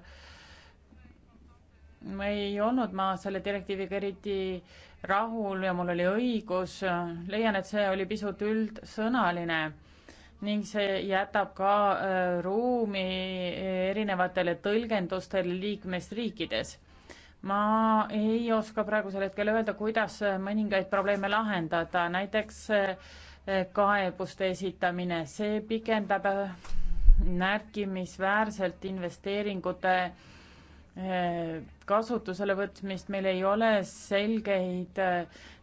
Speaker 3: ma ei olnud ma selle direktiiviga eriti rahul ja mul oli õigus, leian, et see oli pisut üldsõnaline ning see jätab ka äh, ruumi erinevatele tõlgendustele liikmesriikides. ma ei oska praegusel hetkel öelda, kuidas mõningaid probleeme lahendada, näiteks äh, kaebuste esitamine, see pikendab äh, märkimisväärselt investeeringute kasutusele võtmist, meil ei ole selgeid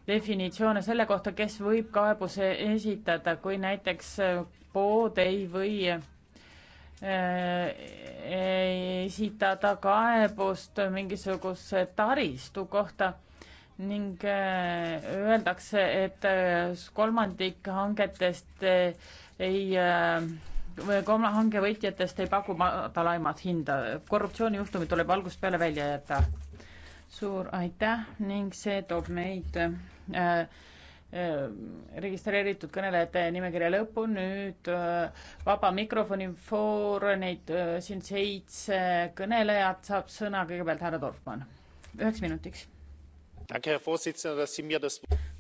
Speaker 3: definitsioone selle kohta, kes võib kaebuse esitada, kui näiteks äh, pood ei või äh, esitada kaebust mingisuguse taristu kohta ning äh, öeldakse, et kolmandik hangetest ei, hange võitjatest ei paku madalaimat hinda. korruptsioonijuhtumid tuleb algusest peale välja jätta. suur aitäh ning see toob meid Äh, äh, registreeritud kõnelejate nimekirja lõppu, nüüd äh, vaba mikrofoni voor, neid siin seitse kõnelejat saab sõna, kõigepealt härra Dorfmann, üheks minutiks.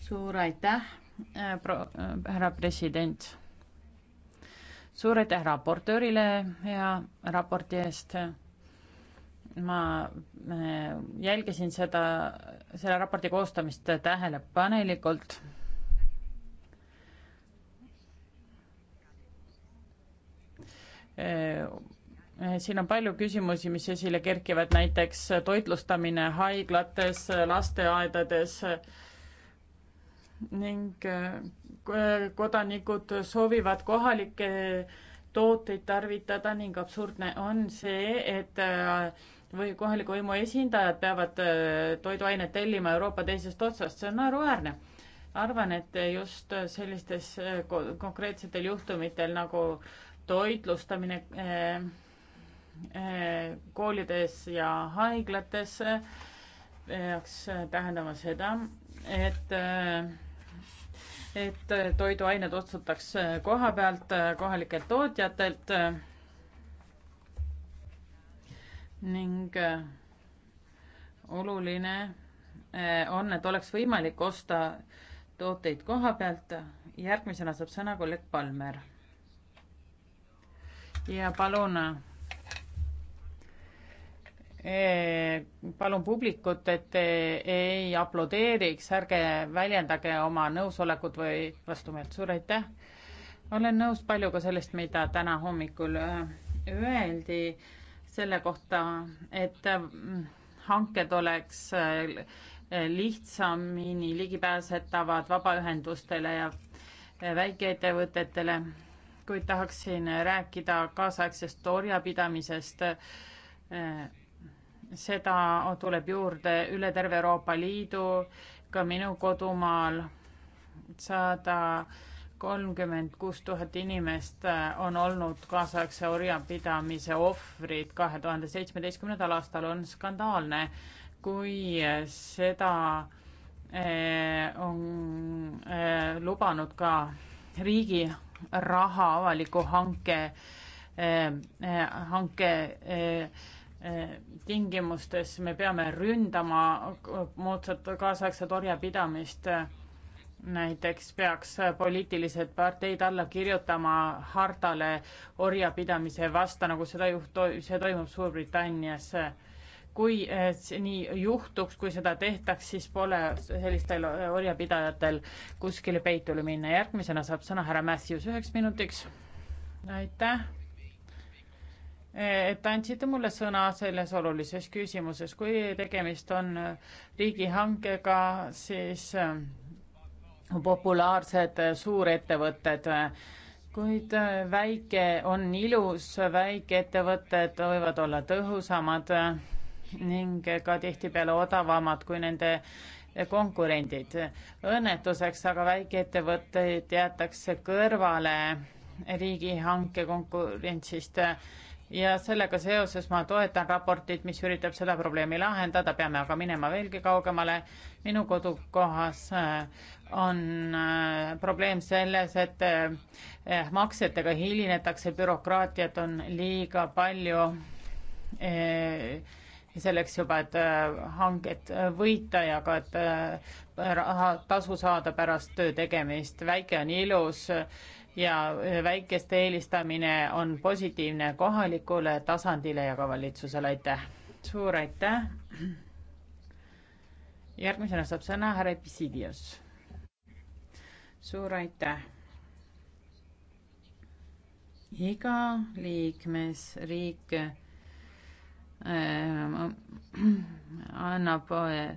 Speaker 3: suur aitäh, härra president. suur aitäh raportöörile ja raporti eest ma äh, jälgisin seda, selle raporti koostamist tähelepanelikult. Äh, siin on palju küsimusi, mis esile kerkivad, näiteks toitlustamine haiglates, lasteaedades ning äh, kodanikud soovivad kohalikke tooteid tarvitada ning absurdne on see, et või kohaliku võimu esindajad peavad äh, toiduained tellima Euroopa teisest otsast, see on naeruväärne. arvan, et just sellistes äh, konkreetsetel juhtumitel nagu toitlustamine äh, koolides ja haiglates peaks tähendama seda, et, et toiduained ostetakse koha pealt kohalikelt tootjatelt ning äh, oluline äh, on, et oleks võimalik osta tooteid koha pealt. järgmisena saab sõna kolleeg Palmer. ja palun, äh, palun publikut, et te ei aplodeeriks, ärge väljendage oma nõusolekut või vastumeelt. suur aitäh. olen nõus paljuga sellest, mida täna hommikul öeldi selle kohta, et mm, hanked oleks äh, lihtsamini ligipääsetavad vabaühendustele ja äh, väikeettevõtetele, kuid tahaksin rääkida kaasaegsest orjapidamisest. Äh, seda tuleb juurde üle terve Euroopa Liidu, ka minu kodumaal sada kolmkümmend kuus tuhat inimest äh, on olnud kaasaegse orjapidamise ohvrid kahe tuhande seitsmeteistkümnendal aastal, on skandaalne, kui äh, seda äh, on lubanud ka riigi raha avaliku hanke, hanke tingimustes me peame ründama moodsat kaasaegset orjapidamist näiteks peaks poliitilised parteid alla kirjutama hartale orjapidamise vastu, nagu seda juht-, see toimub Suurbritannias. kui eh, nii juhtuks, kui seda tehtaks, siis pole sellistel orjapidajatel kuskile peitule minna. järgmisena saab sõna härra Matthews üheks minutiks. aitäh, et andsite mulle sõna selles olulises küsimuses. kui tegemist on riigihankega, siis eh, populaarsed äh, suurettevõtted, kuid äh, väike on ilus, väikeettevõtted võivad olla tõhusamad äh, ning ka tihtipeale odavamad kui nende konkurendid. õnnetuseks aga väikeettevõtteid jäetakse kõrvale riigihanke konkurentsist ja sellega seoses ma toetan raportit, mis üritab seda probleemi lahendada, peame aga minema veelgi kaugemale. minu kodukohas äh, on äh, probleem selles, et äh, eh, maksetega hilinetakse, bürokraatiat on liiga palju eh, selleks juba, et hanget võita ja ka, et raha tasu saada pärast töö tegemist. väike on ilus ja väikeste eelistamine on positiivne kohalikule tasandile ja ka valitsusele, aitäh. suur aitäh. järgmisena saab sõna härra Epissidios. suur aitäh. iga liikmesriik äh, annab äh,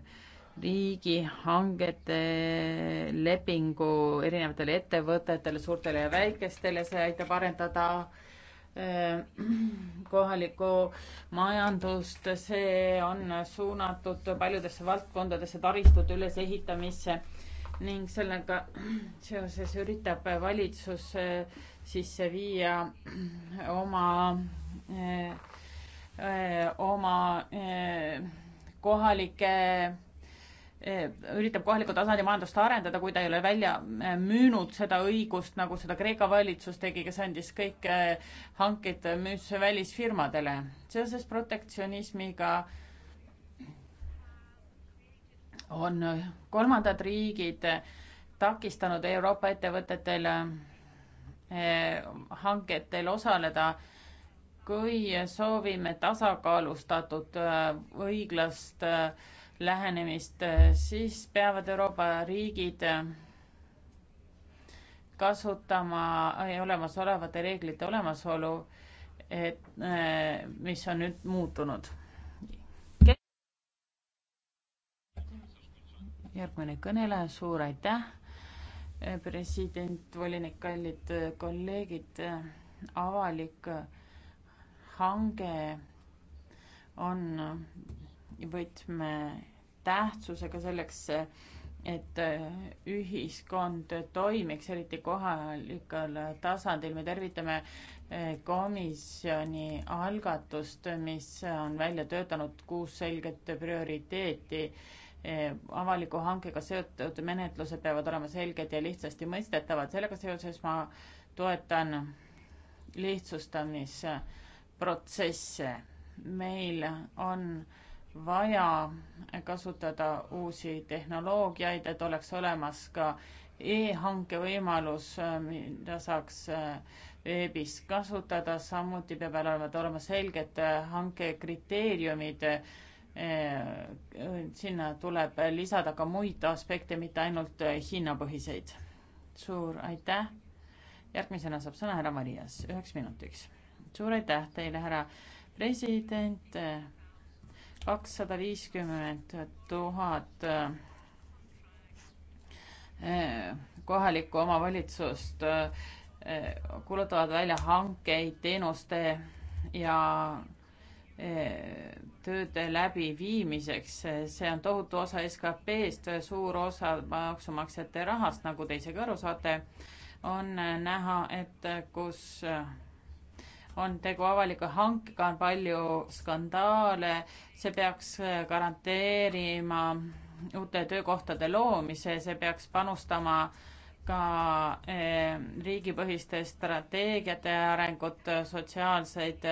Speaker 3: riigihangete lepingu erinevatele ettevõtetele, suurtele ja väikestele, see aitab arendada äh,
Speaker 6: <clears throat>
Speaker 3: kohalikku majandust, see on suunatud paljudesse valdkondadesse, taristute ülesehitamisse ning sellega <clears throat> seoses üritab valitsus äh, sisse viia <clears throat> oma, äh, oma kohalike Eh, üritab kohalikul tasandil majandust arendada, kui ta ei ole välja eh, müünud seda õigust, nagu seda Kreeka valitsus tegi, kes andis kõik eh, hanked müüs välisfirmadele. seoses protektsionismiga on kolmandad riigid takistanud Euroopa ettevõtetel hangetel osaleda, kui soovime tasakaalustatud õiglast äh, lähenemist, siis peavad Euroopa riigid kasutama olemasolevate reeglite olemasolu, et mis on nüüd muutunud. järgmine kõneleja, suur aitäh, president, volinik, kallid kolleegid, avalik hange on võtmetähtsusega selleks, et äh, ühiskond toimiks, eriti kohalikul tasandil. me tervitame äh, komisjoni algatust, mis on välja töötanud kuus selget prioriteeti äh, avaliku hankega seotud menetlused peavad olema selged ja lihtsasti mõistetavad. sellega seoses ma toetan lihtsustamisprotsesse. meil on äh, vaja kasutada uusi tehnoloogiaid, et oleks olemas ka e-hanke võimalus, mida saaks äh, veebis kasutada, samuti peavad olema, olema selged äh, hankekriteeriumid. Äh, sinna tuleb lisada ka muid aspekte, mitte ainult hinnapõhiseid. suur aitäh. järgmisena saab sõna härra Marias üheks minutiks. suur aitäh teile, härra president kakssada viiskümmend tuhat äh, kohalikku omavalitsust äh, kuulutavad välja hankeid teenuste ja äh, tööde läbiviimiseks, see on tohutu osa SKP-st, suur osa maksumaksjate rahast, nagu te isegi aru saate, on näha, et kus on tegu avaliku hankega, on palju skandaale, see peaks äh, garanteerima uute töökohtade loomise, see peaks panustama ka äh, riigipõhiste strateegiate arengut, sotsiaalseid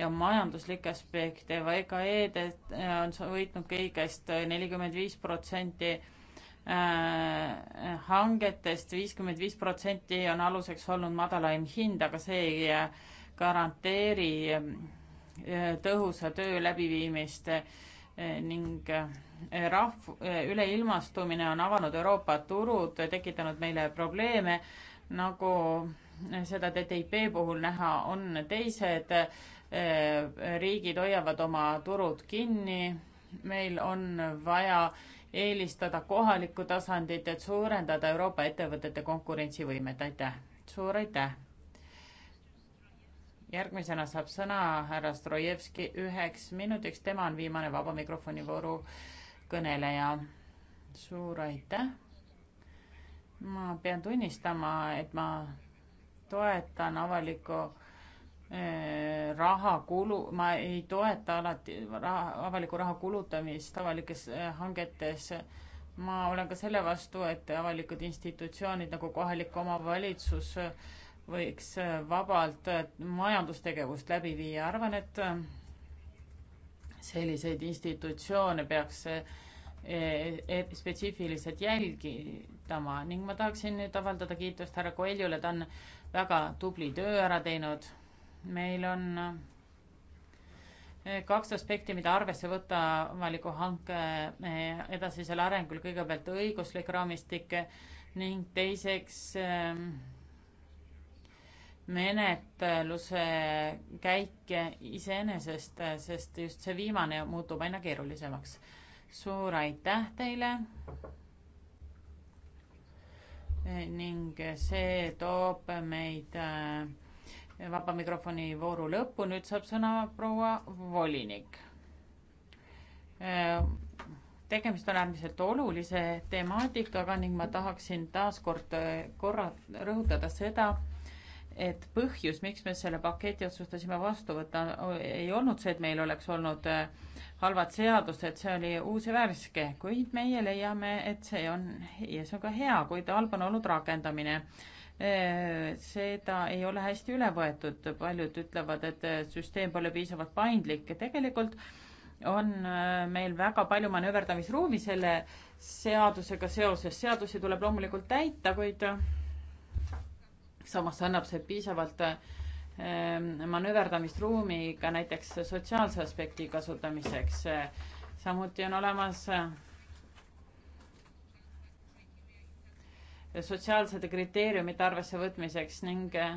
Speaker 3: ja majanduslikke aspekte, VKE-d äh, on võitnud kõigest nelikümmend viis protsenti hangetest, viiskümmend viis protsenti on aluseks olnud madalaim hind, aga see ei garanteeri ehm, tõhusa töö läbiviimist eh, ning eh, rahv-, eh, üleilmastumine on avanud Euroopa turud, tekitanud meile probleeme, nagu seda TTIP puhul näha on, teised riigid hoiavad oma turud kinni, meil on vaja eelistada kohalikku tasandit, et suurendada Euroopa ettevõtete konkurentsivõimet, aitäh! suur aitäh! järgmisena saab sõna härra Strojevski üheks minutiks, tema on viimane vaba mikrofoni vooru kõneleja. suur aitäh. ma pean tunnistama, et ma toetan avaliku äh, raha kulu, ma ei toeta alati raha, avaliku raha kulutamist avalikes äh, hangetes. ma olen ka selle vastu, et avalikud institutsioonid nagu kohalik omavalitsus äh, võiks äh, vabalt äh, majandustegevust läbi viia. arvan, et äh, selliseid institutsioone peaks e-, e-, spetsiifiliselt jälgitama ning ma tahaksin nüüd avaldada kiitust härra Koeljule, ta on väga tubli töö ära teinud. meil on kaks aspekti, mida arvesse võtta avaliku hanke edasisel arengul, kõigepealt õiguslik raamistik ning teiseks menetluse käik iseenesest, sest just see viimane muutub aina keerulisemaks. suur aitäh teile. ning see toob meid äh, vaba mikrofoni vooru lõppu, nüüd saab sõna proua volinik. Äh, tegemist on äärmiselt olulise temaatikaga ning ma tahaksin taas kord äh, korra rõhutada seda, et põhjus, miks me selle paketi otsustasime vastu võtta, ei olnud see, et meil oleks olnud äh, halvad seadused, see oli uus ja värske, kuid meie leiame, et see on ja see on ka hea, kuid halb on olnud rakendamine. Äh, seda ei ole hästi üle võetud, paljud ütlevad, et äh, süsteem pole piisavalt paindlik ja tegelikult on meil väga palju manööverdamisruumi selle seadusega seoses, seadusi tuleb loomulikult täita, kuid samas annab see piisavalt ehm, manööverdamisruumi ka näiteks sotsiaalse aspekti kasutamiseks. samuti on olemas eh, sotsiaalsete kriteeriumite arvesse võtmiseks ning eh,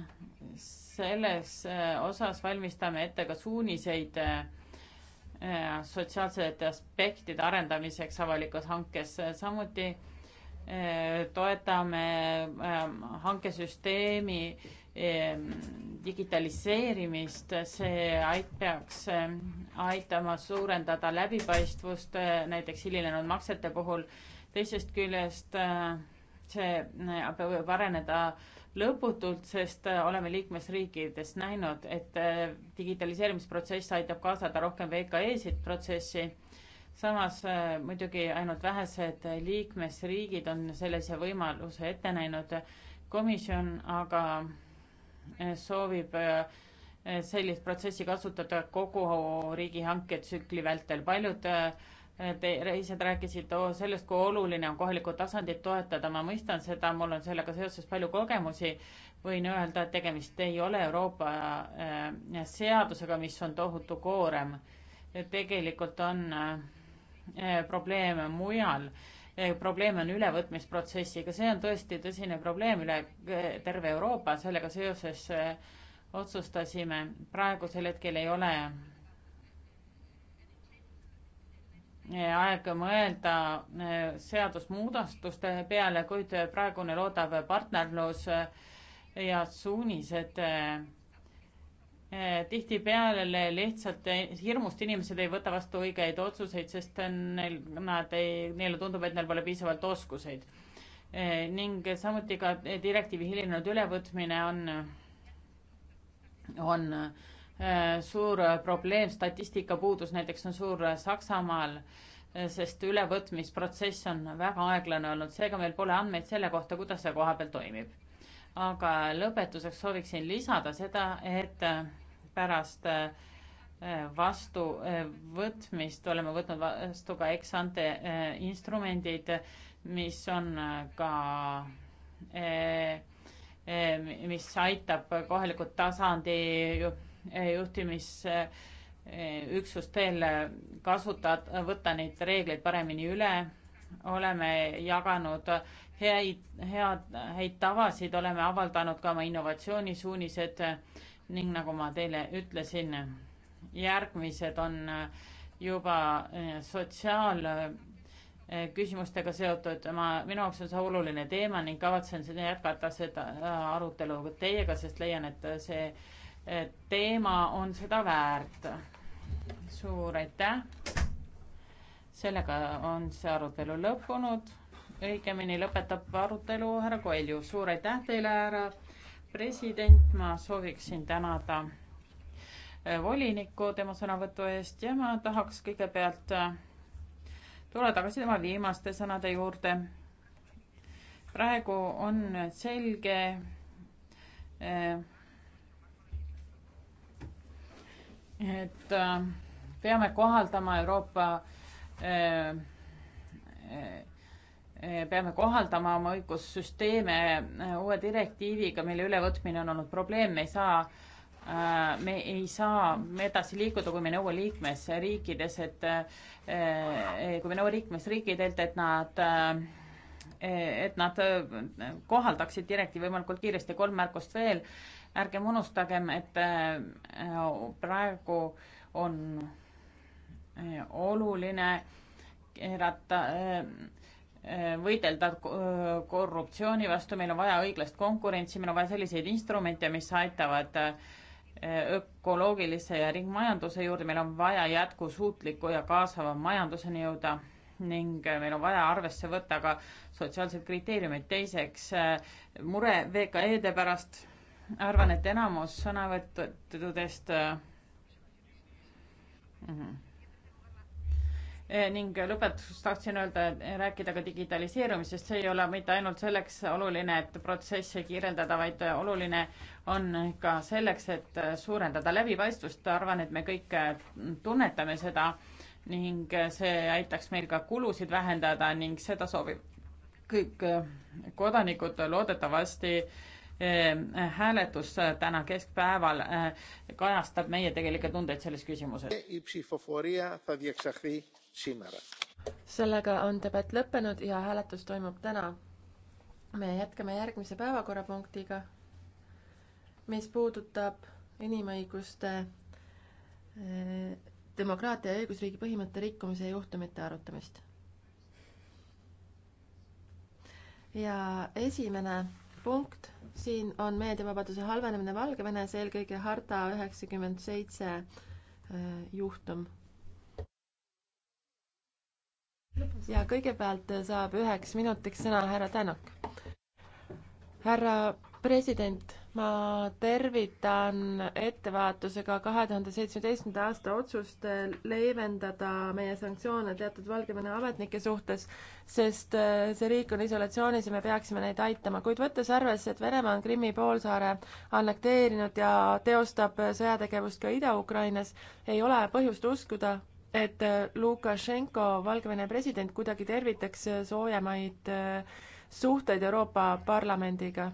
Speaker 3: selles eh, osas valmistame ette ka suuniseid sotsiaalsete aspektide arendamiseks avalikus hankes. samuti Äh, toetame ähm, hankesüsteemi ähm, digitaliseerimist, see ait-, peaks ähm, aitama suurendada läbipaistvust äh, näiteks hilinenud maksete puhul. teisest küljest äh, see peab areneda lõputult, sest oleme liikmesriikides näinud, et digitaliseerimisprotsess aitab kaasada rohkem VKE-sid protsessi samas äh, muidugi ainult vähesed liikmesriigid on sellise võimaluse ette näinud. komisjon aga äh, soovib äh, sellist protsessi kasutada kogu riigihanke tsükli vältel. paljud teised rääkisid oh, sellest, kui oluline on kohalikku tasandit toetada. ma mõistan seda, mul on sellega seoses palju kogemusi. võin öelda, et tegemist ei ole Euroopa seadusega, mis on tohutu koorem. tegelikult on äh, Eh, probleeme mujal. Eh, probleem on ülevõtmisprotsessiga, see on tõesti tõsine probleem üle eh, terve Euroopa, sellega seoses otsustasime, praegusel hetkel ei ole aeg mõelda seadusmuudatuste peale, kuid praegune loodav partnerlus ja suunised Eh, tihtipeale lihtsalt hirmust inimesed ei võta vastu õigeid otsuseid, sest neil, nad ei, neile tundub, et neil pole piisavalt oskuseid. Eh, ning samuti ka direktiivi hilinenud ülevõtmine on, on eh, suur probleem, statistika puudus näiteks on suur Saksamaal, sest ülevõtmisprotsess on väga aeglane olnud, seega meil pole andmeid selle kohta, kuidas see koha peal toimib. aga lõpetuseks sooviksin lisada seda, et pärast äh, vastuvõtmist äh, oleme võtnud vastu ka ex-ante äh, instrumendid, mis on ka, mis aitab kohaliku tasandi juhtimisüksustel kasutada, võtta neid reegleid paremini üle. oleme jaganud häid, head, häid tavasid, oleme avaldanud ka oma innovatsioonisuunised ning nagu ma teile ütlesin, järgmised on äh, juba äh, sotsiaalküsimustega äh, seotud, ma, minu jaoks on see oluline teema ning kavatsen seda jätkata, seda arutelu teiega, sest leian, et see teema on seda väärt. suur aitäh. sellega on see arutelu lõppunud, õigemini lõpetab arutelu härra Koilju, suur aitäh teile, härra president, ma sooviksin tänada äh, volinikku tema sõnavõtu eest ja ma tahaks kõigepealt äh, tulla tagasi tema viimaste sõnade juurde. praegu on selge äh, et peame kohaldama Euroopa peame kohaldama oma õigussüsteeme uue direktiiviga, mille ülevõtmine on olnud probleem, me ei saa, äh, me ei saa edasi liikuda, kui me nõue liikmesriikides, et äh, kui me nõue liikmesriikidelt, et nad äh, et nad kohaldaksid direktiivi võimalikult kiiresti. kolm märkust veel, ärgem unustagem, et praegu on oluline keerata äh, võidelda korruptsiooni vastu, meil on vaja õiglast konkurentsi, meil on vaja selliseid instrumente, mis aitavad äh, ökoloogilise ja ringmajanduse juurde, meil on vaja jätkusuutliku ja kaasava majanduseni jõuda ning äh, meil on vaja arvesse võtta ka sotsiaalseid kriteeriumeid. teiseks, äh, mure VKE-de pärast, arvan, et enamus sõnavõttudest mm -hmm Eh, ning lõpetuseks tahtsin öelda, eh, rääkida ka digitaliseerumisest, see ei ole mitte ainult selleks oluline, et protsesse kiirendada, vaid eh, oluline on ka selleks, et suurendada läbipaistvust, arvan, et me kõik tunnetame seda ning see aitaks meil ka kulusid vähendada ning seda soovib kõik kodanikud loodetavasti hääletus täna keskpäeval kajastab meie tegelikke tundeid selles küsimuses
Speaker 2: σήμερα.
Speaker 1: sellega on debatt lõppenud ja hääletus toimub täna. me jätkame järgmise päevakorrapunktiga, mis puudutab inimõiguste, eh, demokraatia ja õigusriigi põhimõtte rikkumise juhtumite arutamist. ja esimene punkt siin on meediavabaduse halvenemine Valgevenes, eelkõige harta üheksakümmend seitse eh, juhtum ja kõigepealt saab üheks minutiks sõna härra Tänak. härra president, ma tervitan ettevaatusega kahe tuhande seitsmeteistkümnenda aasta otsust leevendada meie sanktsioone teatud Valgevene ametnike suhtes, sest äh, see riik on isolatsioonis ja me peaksime neid aitama, kuid võttes arvesse, et Venemaa on Krimmi poolsaare annekteerinud ja teostab sõjategevust ka Ida-Ukrainas, ei ole põhjust uskuda, et äh, Lukašenko, Valgevene president, kuidagi tervitaks äh, soojemaid äh, suhteid Euroopa Parlamendiga.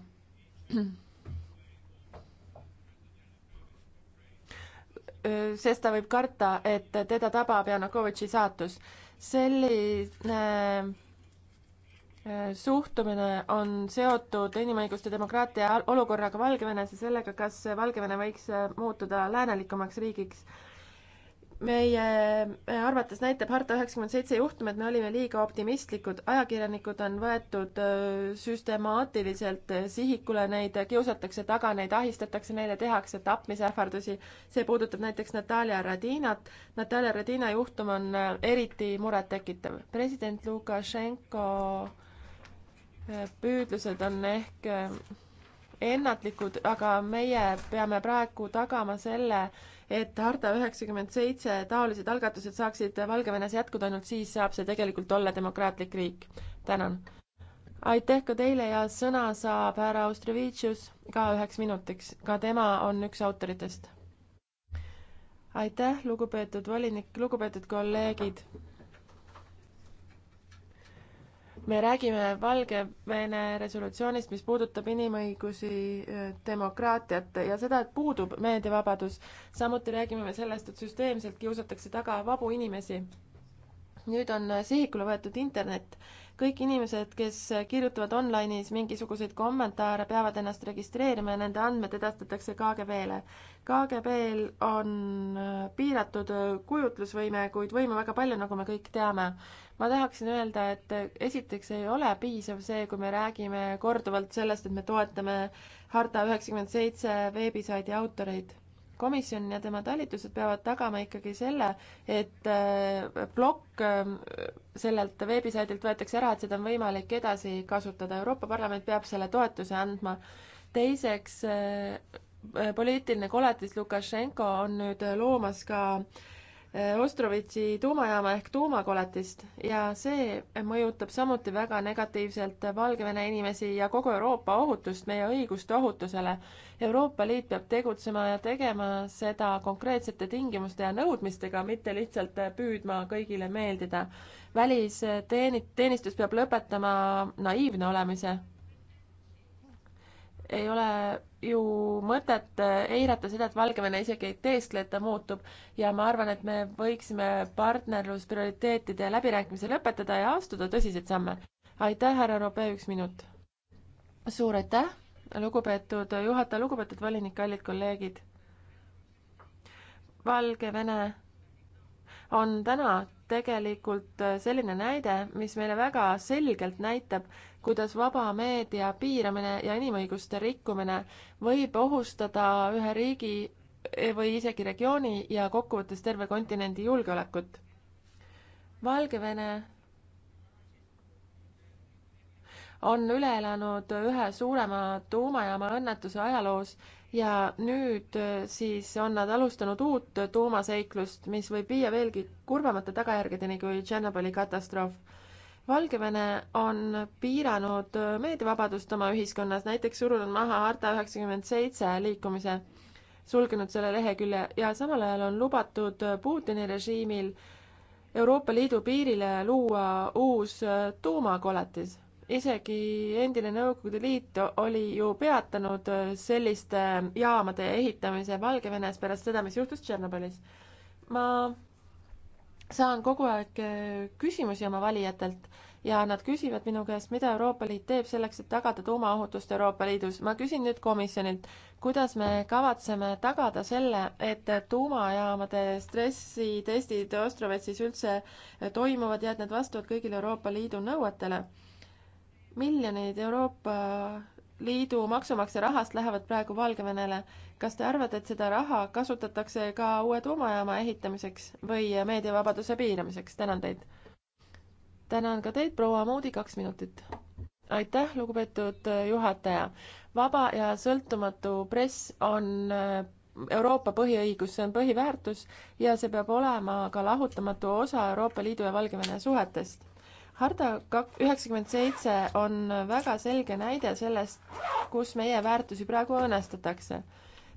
Speaker 1: sest ta võib karta, et teda tabab Janukovitši saatus. selline suhtumine on seotud inimõiguste demokraatia olukorraga Valgevenes ja sellega, kas Valgevene võiks muutuda läänelikumaks riigiks meie äh, arvates näitab harta üheksakümmend seitse juhtum, et me olime liiga optimistlikud, ajakirjanikud on võetud äh, süstemaatiliselt äh, sihikule, neid kiusatakse taga, neid ahistatakse, neile tehakse tapmisähvardusi. see puudutab näiteks Natalja Radinat. Natalja Radina juhtum on eriti murettekitav. president Lukašenko püüdlused on ehk ennatlikud, aga meie peame praegu tagama selle, et harta üheksakümmend seitse taolised algatused saaksid Valgevenes jätkuda, ainult siis saab see tegelikult olla demokraatlik riik. tänan. aitäh ka teile ja sõna saab härra Austrevitšus ka üheks minutiks, ka tema on üks autoritest. aitäh, lugupeetud volinik, lugupeetud kolleegid me räägime Valgevene resolutsioonist, mis puudutab inimõigusi, äh, demokraatiat ja seda, et puudub meediavabadus. samuti räägime me sellest, et süsteemselt kiusatakse taga vabu inimesi. nüüd on äh, sihikule võetud internet. kõik inimesed, kes kirjutavad online'is mingisuguseid kommentaare, peavad ennast registreerima ja nende andmed edastatakse KGB-le. KGB-l on äh, piiratud kujutlusvõime, kuid võimu väga palju, nagu me kõik teame ma tahaksin öelda, et esiteks ei ole piisav see, kui me räägime korduvalt sellest, et me toetame harta üheksakümmend seitse veebisaidi autoreid. komisjon ja tema talitused peavad tagama ikkagi selle, et äh, plokk äh, sellelt veebisaidilt võetakse ära, et seda on võimalik edasi kasutada. Euroopa Parlament peab selle toetuse andma. teiseks, äh, poliitiline koletis Lukašenko on nüüd loomas ka äh, Äh, Ostrovitši tuumajaama ehk tuumakoletist ja see mõjutab samuti väga negatiivselt Valgevene inimesi ja kogu Euroopa ohutust, meie õigust ohutusele. Euroopa Liit peab tegutsema ja tegema seda konkreetsete tingimuste ja nõudmistega, mitte lihtsalt püüdma kõigile meeldida. välisteeni-, teenistus peab lõpetama naiivne olemise ei ole ju mõtet eirata seda, et Valgevene isegi ei teeskle, et ta muutub ja ma arvan, et me võiksime partnerlusprioriteetide läbirääkimise lõpetada ja astuda tõsiseid samme. aitäh, härra Robe, üks minut. suur aitäh, lugupeetud juhataja, lugupeetud volinik, kallid kolleegid. Valgevene on täna tegelikult selline näide, mis meile väga selgelt näitab, kuidas vaba meedia piiramine ja inimõiguste rikkumine võib ohustada ühe riigi või isegi regiooni ja kokkuvõttes terve kontinendi julgeolekut. Valgevene on üle elanud ühe suurema tuumajaama õnnetuse ajaloos ja nüüd äh, siis on nad alustanud uut tuumaseiklust, mis võib viia veelgi kurvemate tagajärgedeni kui Tšernobõli katastroof Valgevene on piiranud meediavabadust oma ühiskonnas, näiteks surunud maha harta üheksakümmend seitse liikumise, sulgenud selle lehekülje ja samal ajal on lubatud Putini režiimil Euroopa Liidu piirile luua uus tuumakoletis. isegi endine Nõukogude Liit oli ju peatanud selliste jaamade ehitamise Valgevenes pärast seda, mis juhtus Tšernobõlis. ma saan kogu aeg äh, küsimusi oma valijatelt ja nad küsivad minu käest, mida Euroopa Liit teeb selleks, et tagada tuumaohutust Euroopa Liidus. ma küsin nüüd komisjonilt, kuidas me kavatseme tagada selle, et tuumajaamade stressitestid Ostrovetsis üldse toimuvad ja et need vastavad kõigile Euroopa Liidu nõuetele? miljoneid Euroopa Liidu maksumaksja rahast lähevad praegu Valgevenele. kas te arvate, et seda raha kasutatakse ka uue tuumajaama ehitamiseks või meediavabaduse piiramiseks? tänan teid. tänan ka teid, proua Moodi, kaks minutit. aitäh, lugupeetud juhataja. vaba ja sõltumatu press on äh, Euroopa põhiõigus, see on põhiväärtus ja see peab olema ka lahutamatu osa Euroopa Liidu ja Valgevene suhetest harta kak-, üheksakümmend seitse on väga selge näide sellest, kus meie väärtusi praegu õõnestatakse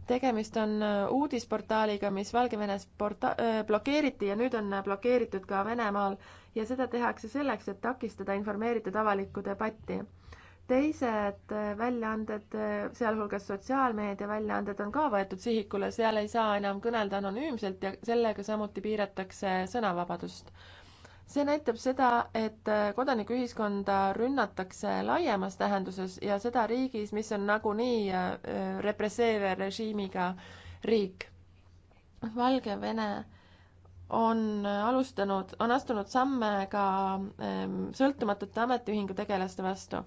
Speaker 1: tegemist on äh, uudisportaaliga, mis Valgevenes porta-, äh, blokeeriti ja nüüd on äh, blokeeritud ka Venemaal ja seda tehakse selleks, et takistada informeeritud avalikku debatti. teised väljaanded, sealhulgas sotsiaalmeedia väljaanded, on ka võetud sihikule, seal ei saa enam kõnelda anonüümselt ja sellega samuti piiratakse sõnavabadust see näitab seda, et äh, kodanikuühiskonda rünnatakse laiemas tähenduses ja seda riigis, mis on nagunii äh, represseeriva režiimiga riik. Valgevene on alustanud, on astunud samme ka ähm, sõltumatute ametiühingu tegelaste vastu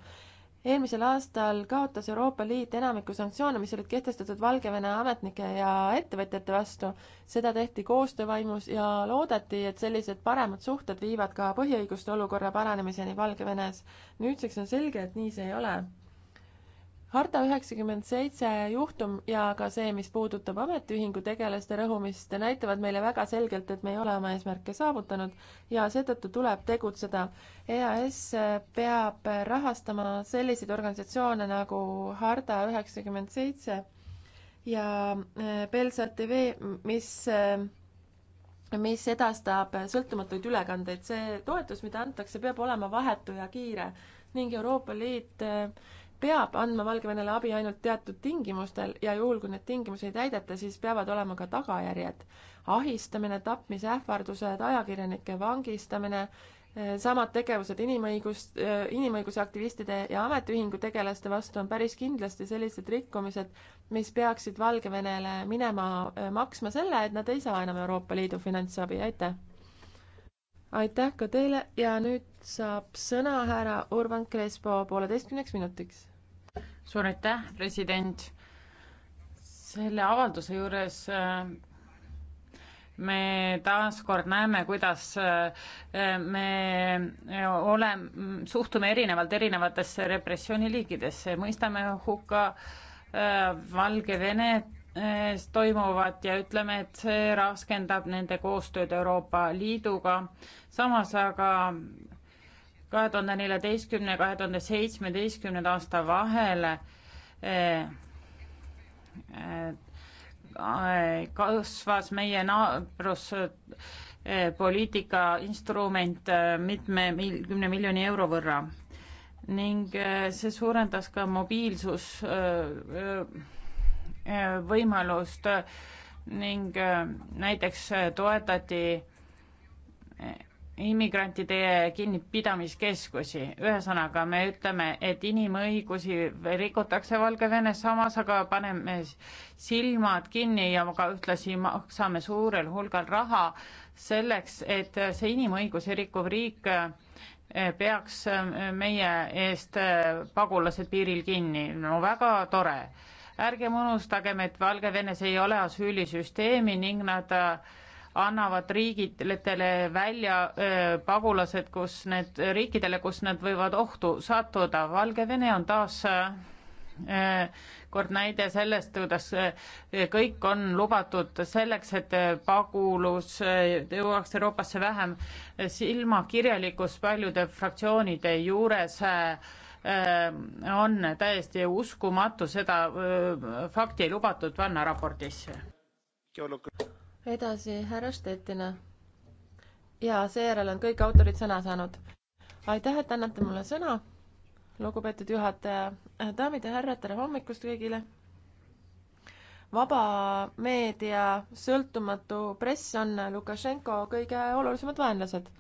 Speaker 1: eelmisel aastal kaotas Euroopa Liit enamiku sanktsioone, mis olid kehtestatud Valgevene ametnike ja ettevõtjate vastu. seda tehti koostöövaimus ja loodeti, et sellised paremad suhted viivad ka põhiõiguste olukorra paranemiseni Valgevenes. nüüdseks on selge, et nii see ei ole harta üheksakümmend seitse juhtum ja ka see, mis puudutab ametiühingu tegelaste rõhumist, näitavad meile väga selgelt, et me ei ole oma eesmärke saavutanud ja seetõttu tuleb tegutseda. EAS peab rahastama selliseid organisatsioone nagu harda üheksakümmend seitse ja äh, Belsat TV, mis äh, mis edastab sõltumatuid ülekandeid. see toetus, mida antakse, peab olema vahetu ja kiire ning Euroopa Liit äh, peab andma Valgevenele abi ainult teatud tingimustel ja juhul, kui neid tingimusi ei täideta, siis peavad olema ka tagajärjed. ahistamine, tapmisähvardused, ajakirjanike vangistamine, eh, samad tegevused inimõigus, eh, inimõiguse aktivistide ja ametiühingu tegelaste vastu on päris kindlasti sellised rikkumised, mis peaksid Valgevenele minema eh, maksma selle, et nad ei saa enam Euroopa Liidu finantsabi, aitäh! aitäh ka teile ja nüüd saab sõna härra Urban Crespo pooleteistkümneks minutiks. suur aitäh, president. selle
Speaker 3: avalduse juures äh, me taaskord näeme, kuidas äh, me äh, oleme, suhtume erinevalt erinevatesse repressiooniliikidesse, mõistame hukka Valgevenet toimuvat ja ütleme, et see raskendab nende koostööd Euroopa Liiduga. samas aga kahe tuhande neljateistkümne, kahe tuhande seitsmeteistkümnenda aasta vahele eh, eh, kasvas meie naabruspoliitika eh, instrument mitme mil-, kümne miljoni euro võrra ning see suurendas ka mobiilsus öö, öö, võimalust ning äh, näiteks äh, toetati äh, immigrantide kinnipidamiskeskusi. ühesõnaga, me ütleme, et inimõigusi rikutakse Valgevenes, samas aga paneme silmad kinni ja ka ühtlasi maksame suurel hulgal raha selleks, et see inimõigusi rikkuv riik peaks meie eest pagulased piiril kinni. no väga tore ärgem unustagem, et Valgevenes ei ole asüülisüsteemi ning nad äh, annavad riigidele välja öö, äh, pagulased, kus need, riikidele, kus nad võivad ohtu sattuda. Valgevene on taas öö, äh, kord näide sellest, kuidas kõik on lubatud selleks, et pagulus jõuaks Euroopasse vähem silmakirjalikkus paljude fraktsioonide juures äh, on täiesti uskumatu, seda fakti ei lubatud panna raportisse.
Speaker 1: edasi, härra Stettina. ja seejärel on kõik autorid sõna saanud. aitäh, et annate mulle sõna, lugupeetud juhataja. daamid ja härrad, tere hommikust kõigile vaba meedia, sõltumatu press on Lukašenko kõige olulisemad vaenlased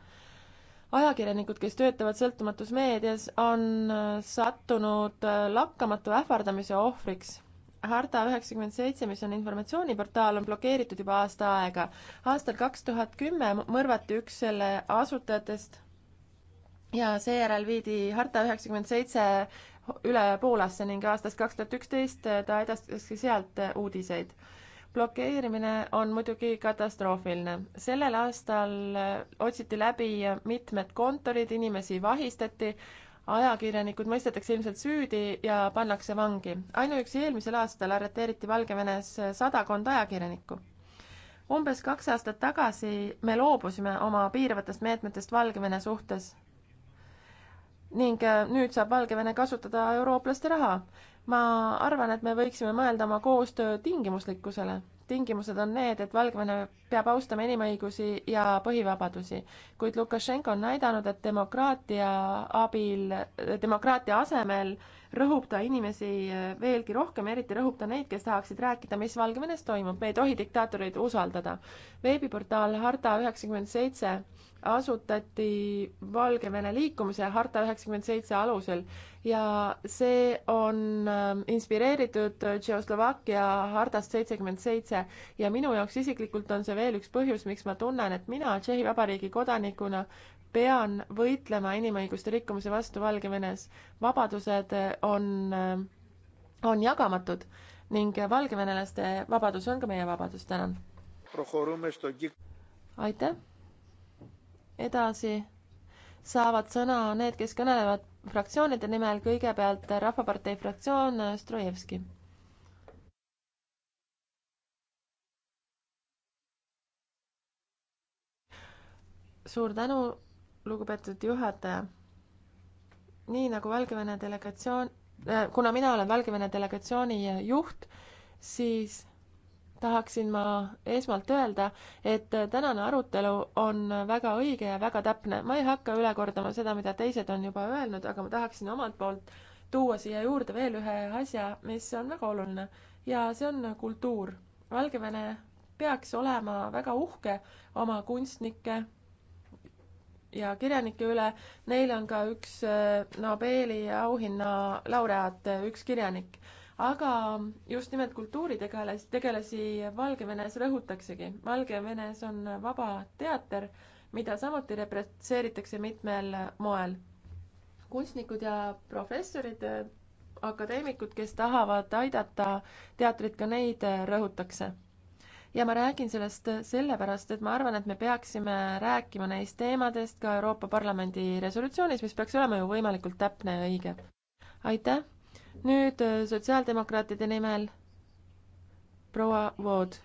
Speaker 1: ajakirjanikud, kes töötavad sõltumatus meedias, on äh, sattunud äh, lakkamatu ähvardamise ohvriks. Harta üheksakümmend seitse, mis on informatsiooniportaal, on blokeeritud juba aasta aega. aastal kaks tuhat kümme mõrvati üks selle asutajatest ja seejärel viidi Harta üheksakümmend seitse üle Poolasse ning aastast kaks tuhat üksteist äh, ta edastas sealt uudiseid blokeerimine on muidugi katastroofiline. sellel aastal äh, otsiti läbi mitmed kontorid, inimesi vahistati, ajakirjanikud mõistetakse ilmselt süüdi ja pannakse vangi. ainuüksi eelmisel aastal arreteeriti Valgevenes äh, sadakond ajakirjanikku. umbes kaks aastat tagasi me loobusime oma piiravatest meetmetest Valgevene suhtes ning äh, nüüd saab Valgevene kasutada eurooplaste raha ma arvan, et me võiksime mõelda oma koostöö tingimuslikkusele. tingimused on need, et Valgevene peab austama inimõigusi ja põhivabadusi, kuid Lukašenko on näidanud, et demokraatia abil, demokraatia asemel äh, rõhub ta inimesi eh, veelgi rohkem, eriti rõhub ta neid, kes tahaksid rääkida, mis Valgevenes toimub, me ei tohi diktaatoreid usaldada. veebiportaal Harta üheksakümmend seitse asutati Valgevene liikumise Harta üheksakümmend seitse alusel ja see on ehm, inspireeritud Tšehhoslovakkia Hardast seitsekümmend seitse ja minu jaoks isiklikult on see veel üks põhjus, miks ma tunnen, et mina Tšehhi Vabariigi kodanikuna pean võitlema inimõiguste rikkumise vastu Valgevenes. vabadused on, on jagamatud ning valgevenelaste vabadus on ka meie vabadus, tänan. aitäh. edasi saavad sõna need, kes kõnelevad fraktsioonide nimel, kõigepealt Rahvapartei fraktsioon, Strojevski. suur tänu lugupeetud juhataja. nii nagu Valgevene delegatsioon äh,, kuna mina olen Valgevene delegatsiooni juht, siis tahaksin ma esmalt öelda, et tänane arutelu on väga õige ja väga täpne. ma ei hakka üle kordama seda, mida teised on juba öelnud, aga ma tahaksin omalt poolt tuua siia juurde veel ühe asja, mis on väga oluline ja see on kultuur. Valgevene peaks olema väga uhke oma kunstnike ja kirjanike üle. Neil on ka üks äh, Nobeli auhinna laureaat, äh, üks kirjanik. aga just nimelt kultuuritegelasi, tegelasi Valgevenes rõhutaksegi. Valgevenes on vaba teater, mida samuti represseeritakse mitmel moel. kunstnikud ja professorid, äh, akadeemikud, kes tahavad aidata teatrit, ka neid rõhutakse ja ma räägin sellest sellepärast, et ma arvan, et me peaksime rääkima neist teemadest ka Euroopa Parlamendi resolutsioonis, mis peaks olema ju võimalikult täpne ja õige. aitäh, nüüd äh, sotsiaaldemokraatide nimel proua Vood.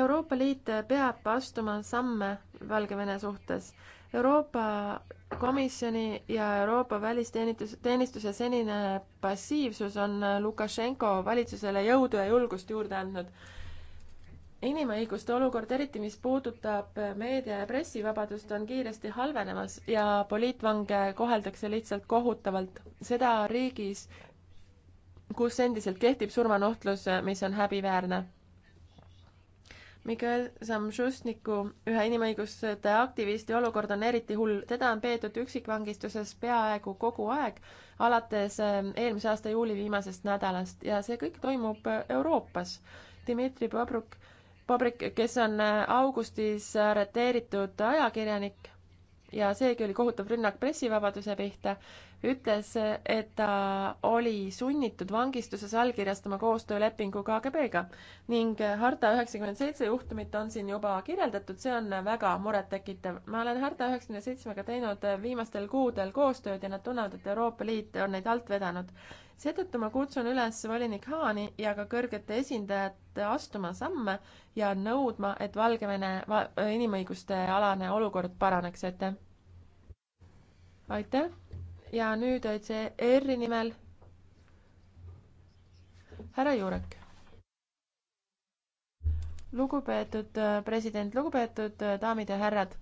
Speaker 1: Euroopa Liit peab astuma samme Valgevene suhtes. Euroopa Komisjoni ja Euroopa välisteenistuse senine passiivsus on Lukašenko valitsusele jõudu ja julgust juurde andnud inimõiguste olukord, eriti mis puudutab meedia ja pressivabadust, on kiiresti halvenemas ja poliitvange koheldakse lihtsalt kohutavalt. seda riigis, kus endiselt kehtib surmanuhtlus, mis on häbiväärne. Mikael Samšusniku, ühe inimõiguste aktivisti olukord on eriti hull. teda on peetud üksikvangistuses peaaegu kogu aeg, alates eh, eelmise aasta juuli viimasest nädalast ja see kõik toimub Euroopas. Dmitri Bobruk Bobrik, kes on äh, augustis arreteeritud ajakirjanik ja seegi oli kohutav rünnak pressivabaduse pihta ütles, et ta oli sunnitud vangistuses allkirjastama koostöölepingu KGB-ga ning harta üheksakümmend seitse juhtumit on siin juba kirjeldatud, see on väga murettekitav. ma olen harta üheksakümne seitsmega teinud viimastel kuudel koostööd ja nad tunnevad, et Euroopa Liit on neid alt vedanud. seetõttu ma kutsun üles volinik Haani ja ka kõrgete esindajate astuma samme ja nõudma, et Valgevene inimõiguste alane olukord paraneks, aitäh! aitäh! ja nüüd ECR-i eh, nimel härra Jurek. lugupeetud eh, president, lugupeetud eh, daamid ja härrad.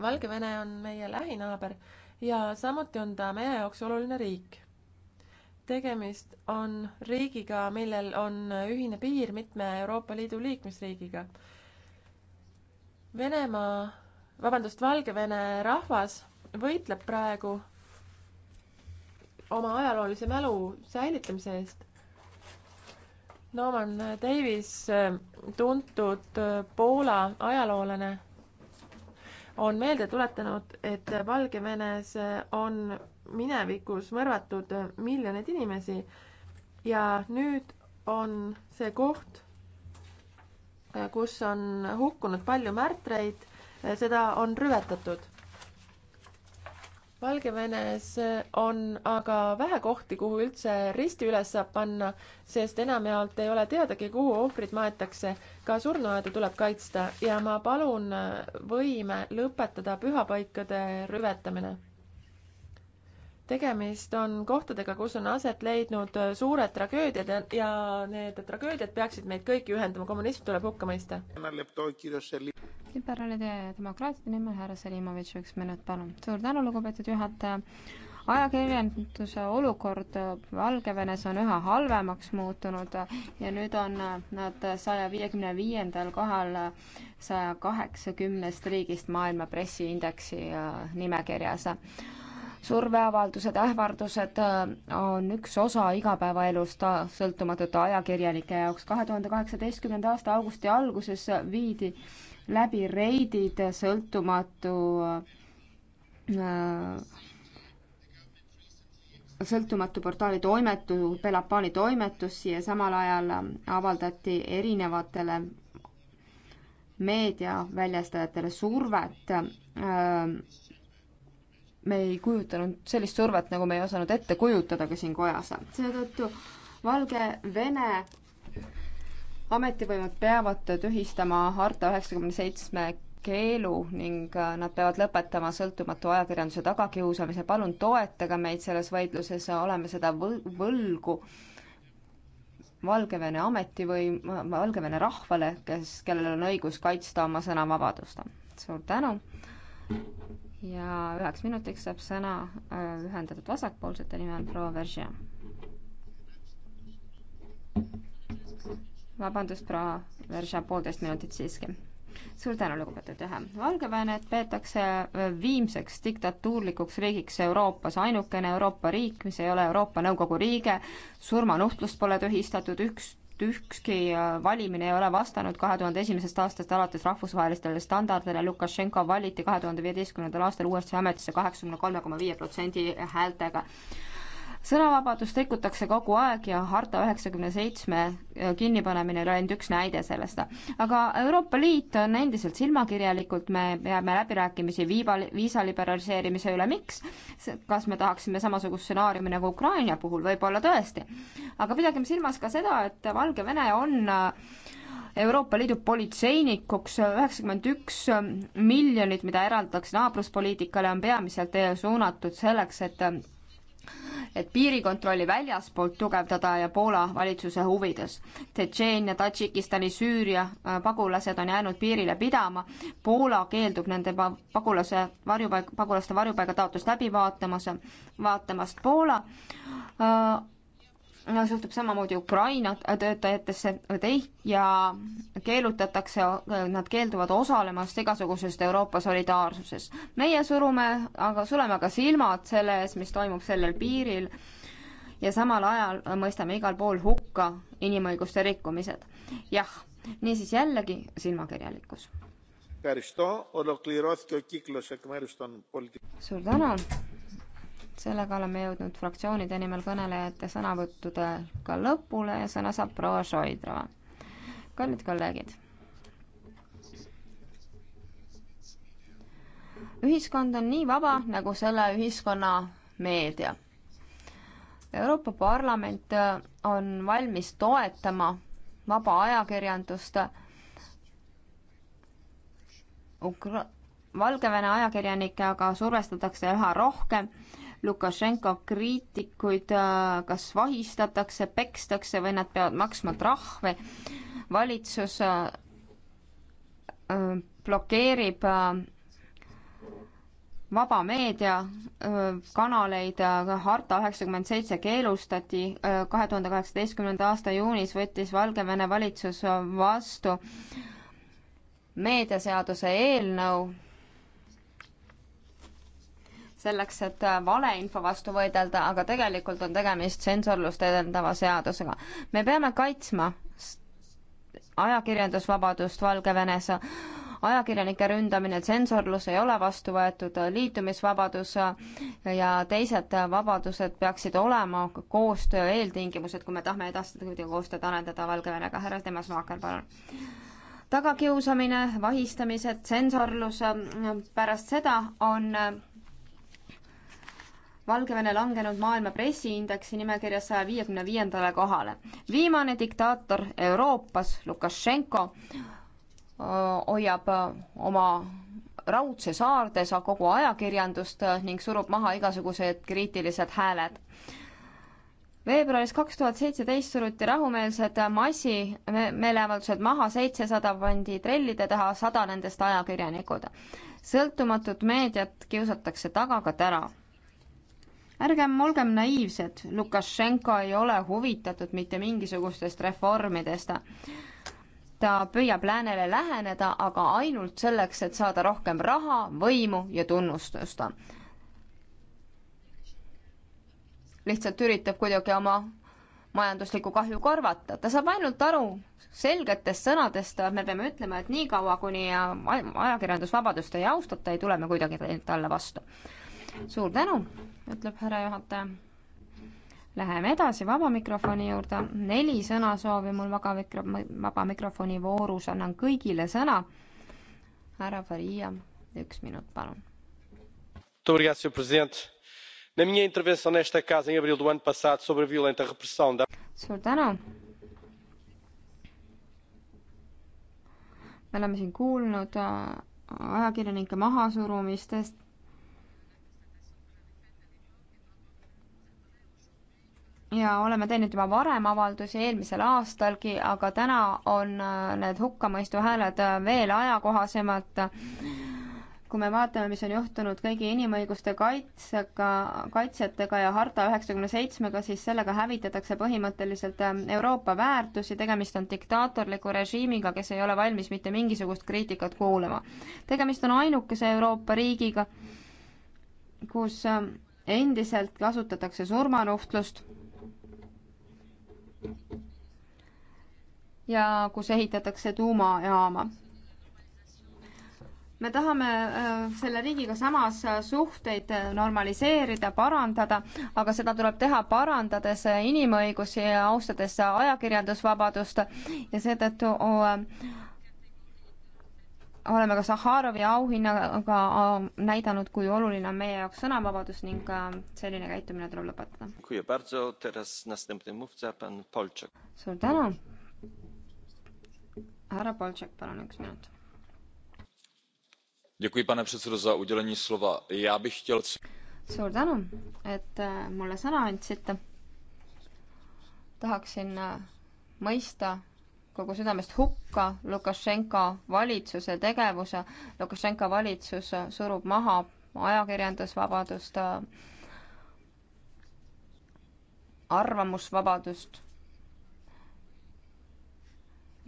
Speaker 1: Valgevene on meie lähinaaber ja samuti on ta meie jaoks oluline riik. tegemist on riigiga, millel on ühine piir mitme Euroopa Liidu liikmesriigiga. Venemaa, vabandust, Valgevene rahvas võitleb praegu oma ajaloolise mälu säilitamise eest. Norman Davis, äh, tuntud äh, Poola ajaloolane, on meelde tuletanud, et Valgevenes äh, on minevikus mõrvatud miljoneid inimesi ja nüüd on see koht, kus on hukkunud palju märtreid, seda on rüvetatud Valgevenes on aga vähe kohti, kuhu üldse risti üles saab panna, sest enamjaolt ei ole teadagi, kuhu ohvrid maetakse. ka surnuaedu tuleb kaitsta ja ma palun võime lõpetada pühapaikade rüvetamine tegemist on kohtadega, kus on aset leidnud äh, suured tragöödiad ja, ja need tragöödiad peaksid meid kõiki ühendama, kommunism tuleb hukka mõista. liberaalide ja
Speaker 4: demokraatide nimel härra Selimovitš, üks minut, palun. suur tänu, lugupeetud juhataja ajakirjanduse olukord Valgevenes on üha halvemaks muutunud ja nüüd on nad saja viiekümne viiendal kohal saja kaheksakümnest riigist maailma pressiindeksi äh, nimekirjas surveavaldused, ähvardused äh, on üks osa igapäevaelust äh, sõltumatute ajakirjanike jaoks. kahe tuhande kaheksateistkümnenda aasta augusti alguses viidi läbi reidid sõltumatu äh, sõltumatu portaali toimetu, Belapani toimetus ja samal ajal avaldati erinevatele meediaväljastajatele survet öö, me ei kujutanud sellist survet, nagu me ei osanud ette kujutada ka siin kojas. seetõttu Valgevene ametivõimud peavad tühistama harta üheksakümne seitsme keelu ning äh, nad peavad lõpetama sõltumatu ajakirjanduse tagakiusamise. palun toetage meid selles võitluses, oleme seda võlgu Valgevene ametivõim, Valgevene rahvale, kes, kellel on õigus kaitsta oma sõnavabadust. suur tänu ja üheks minutiks saab sõna äh, ühendatud vasakpoolsete nimel proua Veržia. vabandust, proua Veržia, poolteist minutit siiski suur tänu, lugupeetud Jahe. Valgevenet peetakse äh, viimseks diktatuurlikuks riigiks Euroopas, ainukene Euroopa riik, mis ei ole Euroopa Nõukogu liige, surmanuhtlust pole tühistatud, üks ükski valimine ei ole vastanud kahe tuhande esimesest aastast alates rahvusvahelistele standardile, Lukašenko valiti kahe tuhande viieteistkümnendal aastal uuesti ametisse kaheksakümne kolme koma viie protsendi häältega sõnavabadust rikutakse kogu aeg ja harta üheksakümne seitsme äh, kinnipanemine oli ainult üks näide sellest. aga Euroopa Liit on endiselt silmakirjalikult, me peame läbirääkimisi viiva, viisa liberaliseerimise üle, miks? kas me tahaksime samasugust stsenaariumi nagu Ukraina puhul, võib-olla tõesti. aga pidagem silmas ka seda, et Valgevene on äh, Euroopa Liidu politseinikuks üheksakümmend üks äh, miljonit, mida eraldatakse naabruspoliitikale, on peamiselt suunatud selleks, et et piirikontrolli väljaspoolt tugevdada ja Poola valitsuse huvides. Tšetšeenia, Tadžikistani, Süüria äh, pagulased on jäänud piirile pidama, Poola keeldub nende pagulase varjupaig-, pagulaste varjupaigataotlust läbi vaatamas, vaatamast Poola öö, äh, suhtub samamoodi Ukraina töötajatesse ja keelutatakse, nad keelduvad osalemast igasugusest Euroopa solidaarsuses. meie surume, aga suleme aga silmad selle ees, mis toimub sellel piiril ja samal ajal mõistame igal pool hukka inimõiguste rikkumised. jah, niisiis jällegi silmakirjalikkus. suur tänu sellega oleme jõudnud fraktsioonide nimel kõnelejate sõnavõttudega lõpule ja sõna saab proua Šoidrova. kallid kolleegid. ühiskond on nii vaba nagu selle ühiskonna meedia. Euroopa Parlament on valmis toetama vaba ajakirjandust Ukra-, Valgevene ajakirjanikke aga survestatakse üha rohkem Lukašenko kriitikuid äh, kas vahistatakse, pekstakse või nad peavad maksma trahve. valitsus äh, äh, blokeerib vaba meedia kanaleid harta üheksakümmend seitse keelustati. kahe tuhande kaheksateistkümnenda aasta juunis võttis Valgevene valitsus vastu meediaseaduse eelnõu selleks, et valeinfo vastu võidelda, aga tegelikult on tegemist tsensorlust edendava seadusega. me peame kaitsma ajakirjandusvabadust Valgevenes, ajakirjanike ründamine, tsensorlus ei ole vastu võetud, liitumisvabadus ja teised vabadused peaksid olema koostöö eeltingimused, kui me tahame edaspidi koostööd arendada Valgevenega. härra Temas Maaker, palun tagakiusamine, vahistamised, tsensorlus, pärast seda on Valgevene langenud maailma pressiindeksi nimekirjas saja viiekümne viiendale kohale. viimane diktaator Euroopas, Lukašenko, hoiab oma raudse saarde sa kogu ajakirjandust ning surub maha igasugused kriitilised hääled. veebruaris kaks tuhat seitseteist suruti rahumeelsed massimeeleavaldused maha, seitsesada pandi trellide taha, sada nendest ajakirjanikud. sõltumatut meediat kiusatakse taga ka täna ärgem olgem naiivsed, Lukašenko ei ole huvitatud mitte mingisugustest reformidest. ta püüab läänele läheneda, aga ainult selleks, et saada rohkem raha, võimu ja tunnustust. lihtsalt üritab kuidagi oma majanduslikku kahju korvata, ta saab ainult aru selgetest sõnadest, me peame ütlema, et niikaua, kuni ajakirjandusvabadust ei austata, ei tule me kuidagi talle vastu suur tänu, ütleb härra juhataja. Läheme edasi vaba mikrofoni juurde, neli sõnasoovi mul vaba mikro, vaba mikrofoni voorus, annan kõigile sõna. härra Faria, üks minut, palun. suur tänu. me oleme siin kuulnud äh, ajakirjanike mahasurumistest ja oleme teinud juba varem avaldusi, eelmisel aastalgi, aga täna on äh, need hukkamõistu hääled äh, veel ajakohasemad. kui me vaatame, mis on juhtunud kõigi inimõiguste kaitsega, kaitsjatega ja harta üheksakümne seitsmega, siis sellega hävitatakse põhimõtteliselt äh, Euroopa väärtusi, tegemist on diktaatorliku režiimiga, kes ei ole valmis mitte mingisugust kriitikat kuulama. tegemist on ainukese Euroopa riigiga, kus endiselt kasutatakse surmanuhtlust ja kus ehitatakse tuumajaama. me tahame äh, selle riigiga samas suhteid normaliseerida, parandada, aga seda tuleb teha parandades inimõigusi ja austades ajakirjandusvabadust ja seetõttu äh, oleme ka Sahharovi auhinnaga näidanud, kui oluline on meie jaoks sõnavabadus ning selline käitumine tuleb lõpetada. suur tänu. härra Poltšak, palun üks minut.
Speaker 2: pane
Speaker 3: předsedající
Speaker 4: suur tänu, et e, mulle sõna andsite. tahaksin e, mõista kogu südamest hukka Lukašenka valitsuse tegevuse. Lukašenka valitsus surub maha ajakirjandusvabadust, arvamusvabadust.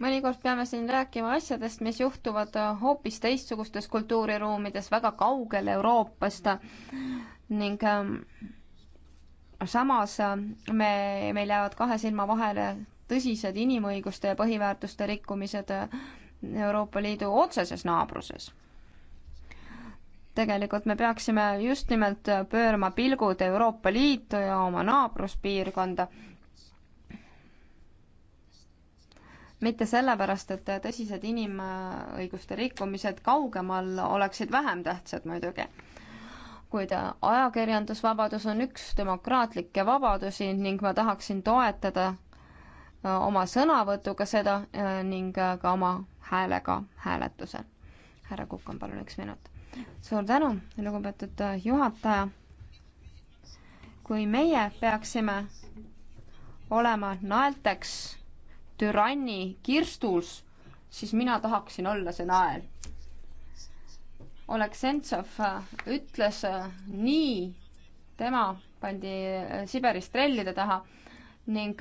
Speaker 4: mõnikord peame siin rääkima asjadest, mis juhtuvad hoopis teistsugustes kultuuriruumides, väga kaugel Euroopast ning ähm, samas äh, me, meil jäävad kahe silma vahele tõsised inimõiguste ja põhiväärtuste rikkumised Euroopa Liidu otseses naabruses. tegelikult me peaksime just nimelt pöörama pilgud Euroopa Liitu ja oma naabruspiirkonda, mitte sellepärast, et tõsised inimõiguste rikkumised kaugemal oleksid vähem tähtsad muidugi, kuid ajakirjandusvabadus on üks demokraatlikke vabadusi ning ma tahaksin toetada oma sõnavõtuga seda äh, ning äh, ka oma häälega hääletusel. härra Kukk on palun üks minut. suur tänu, lugupeetud äh, juhataja. kui meie peaksime olema naelteks türanni kirstus, siis mina tahaksin olla see nael Oleg Sentsov ütles nii, tema pandi Siberis trellide taha ning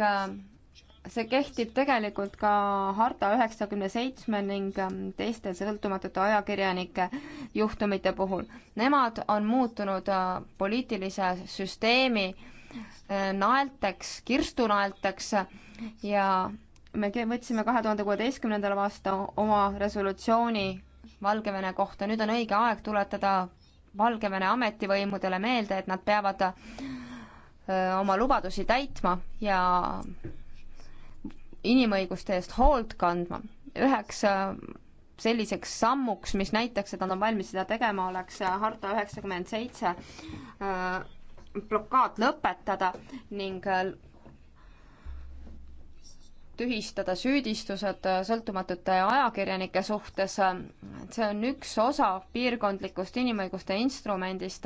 Speaker 4: see kehtib tegelikult ka harta üheksakümne seitsme ning ähm, teiste sõltumatute ajakirjanike juhtumite puhul. Nemad on muutunud äh, poliitilise süsteemi äh, naelteks, kirstunaelteks ja me võtsime kahe tuhande kuueteistkümnendal aasta oma resolutsiooni Valgevene kohta, nüüd on õige aeg tuletada Valgevene ametivõimudele meelde, et nad peavad äh, oma lubadusi täitma ja inimõiguste eest hoolt kandma. üheks äh, selliseks sammuks, mis näitaks, et nad on valmis seda tegema, oleks äh, harta üheksakümmend seitse äh, blokaad lõpetada ning tühistada süüdistused sõltumatute ajakirjanike suhtes. see on üks osa piirkondlikust inimõiguste instrumendist,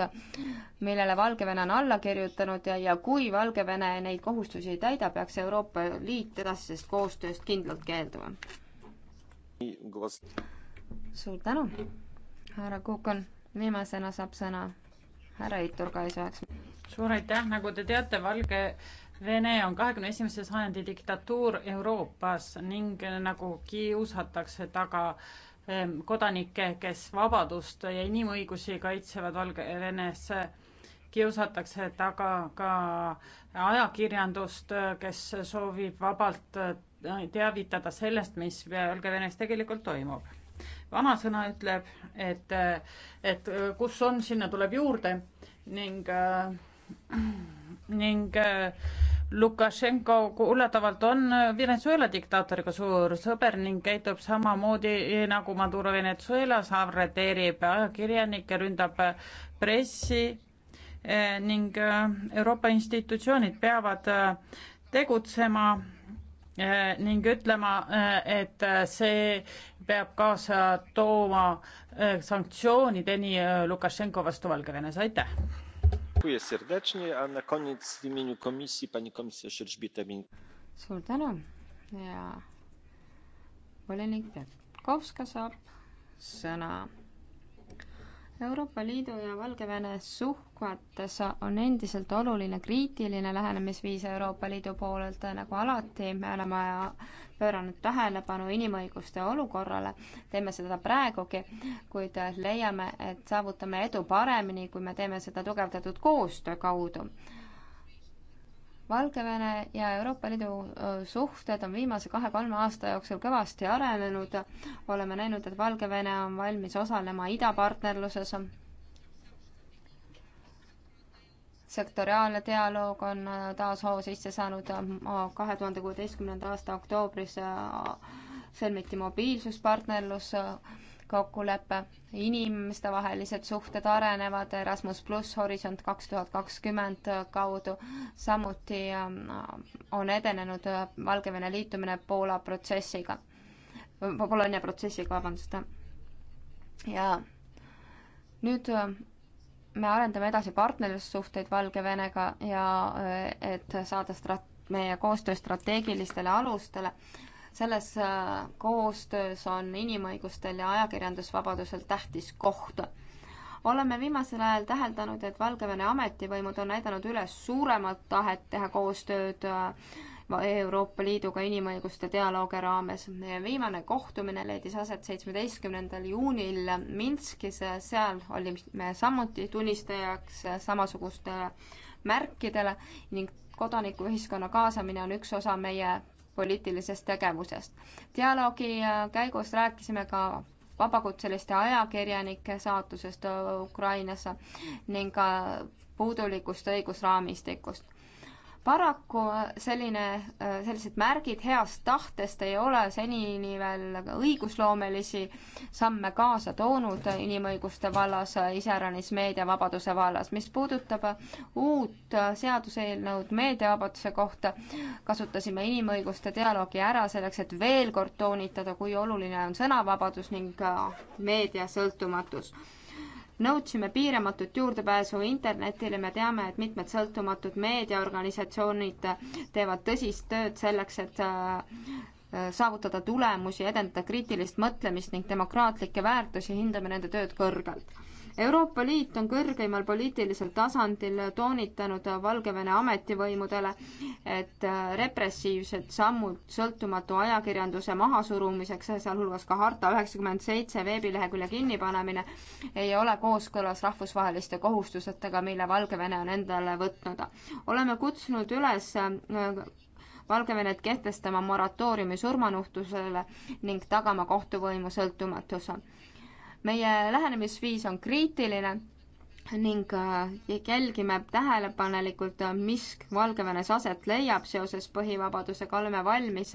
Speaker 4: millele Valgevene on alla kirjutanud ja, ja kui Valgevene neid kohustusi ei täida, peaks Euroopa Liit edasisest koostööst kindlalt keelduma. suur tänu, härra Kukan. viimasena saab sõna härra Iturga isaks. suur
Speaker 3: aitäh, nagu te teate, Valge Vene on kahekümne esimese sajandi diktatuur Euroopas ning nagu kiusatakse taga ehm, kodanikke, kes vabadust ja inimõigusi kaitsevad Valgevenes, kiusatakse taga ka ajakirjandust, kes soovib vabalt eh, teavitada sellest, mis Valgevenes tegelikult toimub. vanasõna ütleb, et, et kus on, sinna tuleb juurde ning, eh, ning eh, Lukašenko üllatavalt on Venezuela diktaatoriga suur sõber ning käitub samamoodi nagu Maduro Venezuelas, arreteerib ajakirjanikke, ründab pressi eh, ning eh, Euroopa institutsioonid peavad eh, tegutsema ning ütlema, et see peab kaasa tooma sanktsioonideni Lukašenko vastu Valgevenes, aitäh!
Speaker 2: dziękuję serdecznie, a na koniec w imieniu komisji pani komisarz Elżbieta Mink.
Speaker 4: suur tänu ja volinik Petkovska saab sõna Euroopa Liidu ja Valgevene suhkvates on endiselt oluline kriitiline lähenemisviis Euroopa Liidu poolelt, nagu alati me oleme pööranud tähelepanu inimõiguste olukorrale, teeme seda praegugi, kuid leiame, et saavutame edu paremini, kui me teeme seda tugevdatud koostöö kaudu. Valgevene ja Euroopa Liidu suhted on viimase kahe-kolme aasta jooksul kõvasti arenenud. oleme näinud, et Valgevene on valmis osalema idapartnerluses. sektoriaalne dialoog on taas hoo sisse saanud kahe tuhande kuueteistkümnenda aasta oktoobris sõlmiti mobiilsuspartnerlus kokkulepe, inimestevahelised suhted arenevad Erasmus pluss Horisont kaks tuhat kakskümmend kaudu. samuti ähm, on edenenud äh, Valgevene liitumine Poola protsessiga, Polonia protsessiga, vabandust. ja nüüd äh, me arendame edasi partnerlussuhteid Valgevenega ja äh, et saada strat-, meie koostöö strateegilistele alustele selles äh, koostöös on inimõigustel ja ajakirjandusvabadusel tähtis koht. oleme viimasel ajal täheldanud, et Valgevene ametivõimud on näidanud üles suuremat tahet teha koostööd äh, Euroopa Liiduga inimõiguste dialoogi raames. viimane kohtumine leidis aset seitsmeteistkümnendal juunil Minskis, seal olime samuti tunnistajaks samasugustele äh, märkidele ning kodanikuühiskonna kaasamine on üks osa meie poliitilisest tegevusest. dialoogi äh, käigus rääkisime ka vabakutseliste ajakirjanike saatusest äh, Ukrainas ning puudulikust õigusraamistikust paraku äh, selline, äh, sellised märgid heast tahtest ei ole senini veel õigusloomelisi samme kaasa toonud inimõiguste vallas, iseäranis meediavabaduse vallas. mis puudutab äh, uut seaduseelnõud meediavabaduse kohta, kasutasime inimõiguste dialoogi ära selleks, et veel kord toonitada, kui oluline on sõnavabadus ning meedia sõltumatus nõudsime piiramatut juurdepääsu internetile, me teame, et mitmed sõltumatud meediaorganisatsioonid teevad tõsist tööd selleks, et äh, saavutada tulemusi, edendada kriitilist mõtlemist ning demokraatlikke väärtusi, hindame nende tööd kõrgelt. Euroopa Liit on kõrgeimal poliitilisel tasandil toonitanud Valgevene ametivõimudele, et äh, repressiivsed sammud sõltumatu ajakirjanduse mahasurumiseks, sealhulgas ka harta üheksakümmend seitse veebilehekülje kinnipanemine, ei ole kooskõlas rahvusvaheliste kohustusetega, mille Valgevene on endale võtnud. oleme kutsunud üles äh, Valgevenet kehtestama moratooriumi surmanuhtlusele ning tagama kohtuvõimu sõltumatuse meie lähenemisviis on kriitiline ning äh, jälgime tähelepanelikult, äh, mis Valgevenes aset leiab seoses põhivabadusega, oleme valmis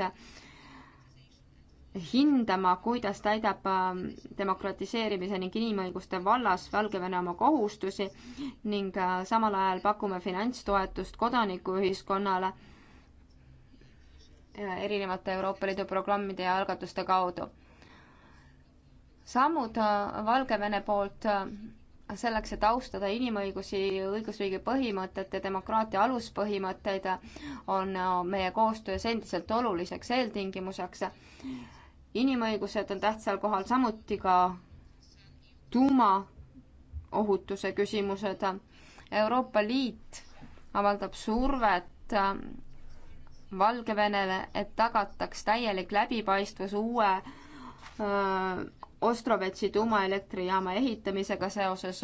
Speaker 4: hindama, kuidas täidab äh, demokratiseerimise ning inimõiguste vallas Valgevene oma kohustusi ning samal ajal pakume finantstoetust kodanikuühiskonnale erinevate Euroopa Liidu programmide ja algatuste kaudu sammud äh, Valgevene poolt äh, selleks, et austada inimõigusi, õigusriigi põhimõtet ja demokraatia aluspõhimõtteid, on äh, meie koostöös endiselt oluliseks eeltingimuseks. inimõigused on tähtsal kohal, samuti ka tuumaohutuse küsimused. Euroopa Liit avaldab survet Valgevenele, et tagataks täielik läbipaistvus uue öö, Ostrovetsi tuumaelektrijaama ehitamisega seoses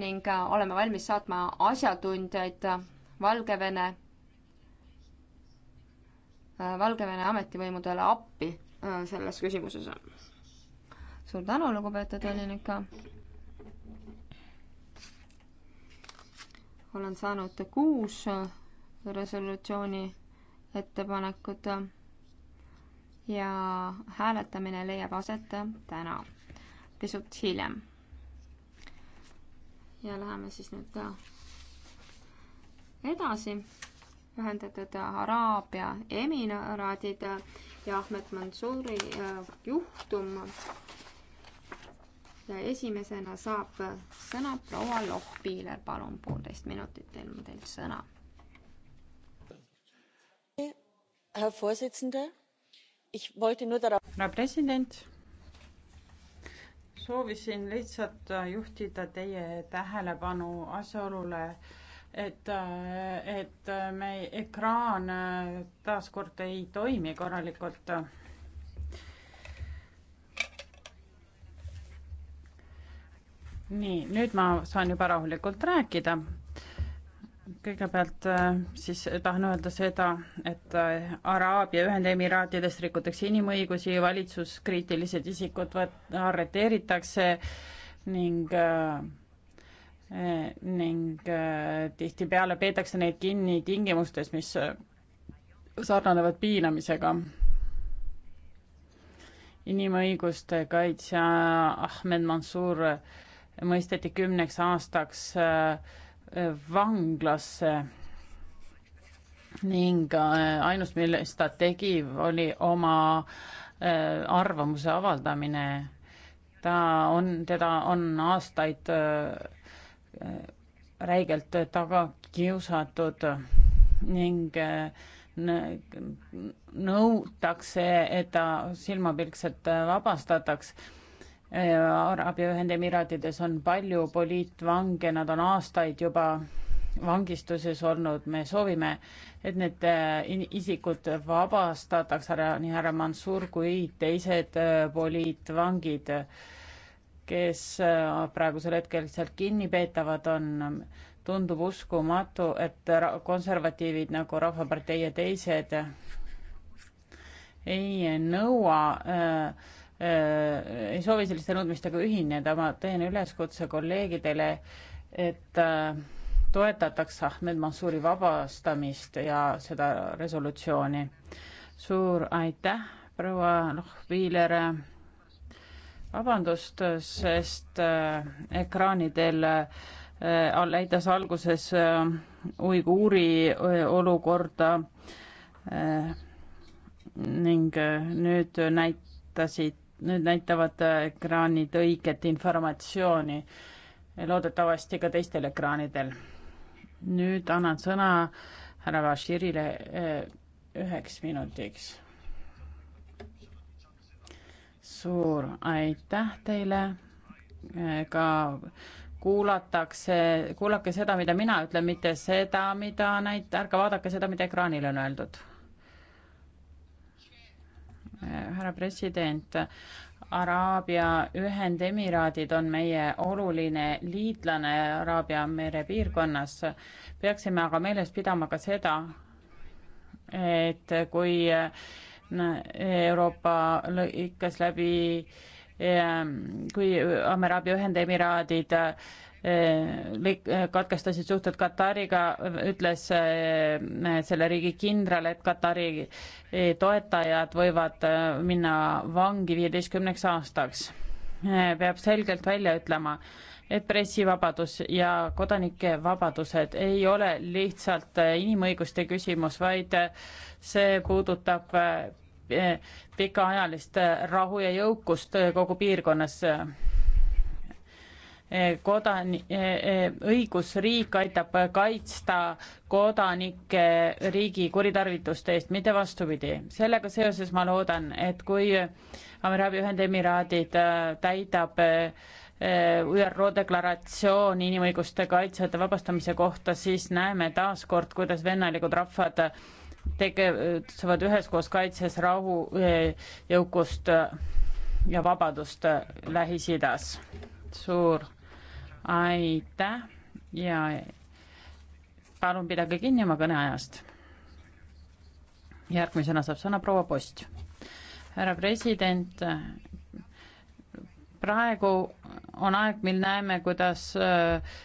Speaker 4: ning äh, oleme valmis saatma asjatundjaid Valgevene, äh, Valgevene ametivõimudele appi äh, selles küsimuses. suur tänu, lugupeetud Elinika. olen saanud kuus resolutsiooni ettepanekut ja hääletamine leiab aset täna, pisut hiljem. ja läheme siis nüüd edasi. Ühendatud Araabia Emiraadid ja Ahmed Mansuri äh, juhtum. ja esimesena saab sõna proua Lohpiiler, palun, poolteist minutit teil on teil sõna. Herr Vorsitzender härra
Speaker 3: president, soovisin lihtsalt äh, juhtida teie tähelepanu asjaolule, et, äh, et äh, meie ekraan taaskord ei toimi korralikult. nii, nüüd ma saan juba rahulikult rääkida kõigepealt äh, siis tahan öelda seda, et äh, Araabia Ühendemiraatides rikutakse inimõigusi, valitsuskriitilised isikud võt-, arreteeritakse ning äh, ning tihtipeale peetakse neid kinni tingimustes, mis sarnanevad piinamisega. inimõiguste kaitsja Ahmed Mansur mõisteti kümneks aastaks äh, vanglasse ning äh, ainus, millest ta tegi, oli oma äh, arvamuse avaldamine. ta on, teda on aastaid äh, räigelt taga kiusatud ning nõutakse, et ta silmapilkselt vabastataks Araabia Ühendemiraatides on palju poliitvange, nad on aastaid juba vangistuses olnud, me soovime, et need äh, isikud vabastataks ära, nii härra Mansur kui teised äh, poliitvangid, kes äh, praegusel hetkel sealt kinni peetavad on. tundub uskumatu, et konservatiivid nagu Rahvapartei ja teised ei nõua äh, Äh, ei soovi selliste nõudmistega ühineda, ma teen üleskutse kolleegidele, et äh, toetataks Ahmed Mansuri vabastamist ja seda resolutsiooni. suur aitäh, proua Lohviiler. vabandust, sest äh, ekraanidel näitas alguses uiguuri olukorda ning nüüd näitasid nüüd näitavad äh, ekraanid õiget informatsiooni, loodetavasti ka teistel ekraanidel. nüüd annan sõna härra Bashirile äh, üheks minutiks. suur aitäh teile äh, ka kuulatakse, kuulake seda, mida mina ütlen, mitte seda, mida näit-, ärge vaadake seda, mida ekraanil on öeldud härra president. Araabia Ühendemiraadid on meie oluline liitlane Araabia mere piirkonnas. peaksime aga meeles pidama ka seda, et kui äh, Euroopa lõikas läbi äh, kui Araabia Ühendemiraadid Eh, eh, katkestasid suhted Katariga, ütles eh, selle riigi kindral, et Katari toetajad võivad minna vangi viieteistkümneks aastaks. peab selgelt välja ütlema, et pressivabadus ja kodanike vabadused ei ole lihtsalt inimõiguste küsimus, vaid see puudutab pikaajalist rahu ja jõukust kogu piirkonnas kodan-, e, e, õigusriik aitab kaitsta kodanikke riigi kuritarvituste eest, mitte vastupidi. sellega seoses ma loodan, et kui Araabia Ühendemiraadid äh, täidab äh, ÜRO deklaratsioon inimõiguste kaitsjate vabastamise kohta, siis näeme taaskord, kuidas vennalikud rahvad tegutsevad üheskoos kaitses rahu, äh, jõukust ja vabadust Lähis-Idas. suur aitäh ja palun pidage kinni oma kõneajast. järgmisena saab sõna proua Post. härra president, praegu on aeg, mil näeme, kuidas äh,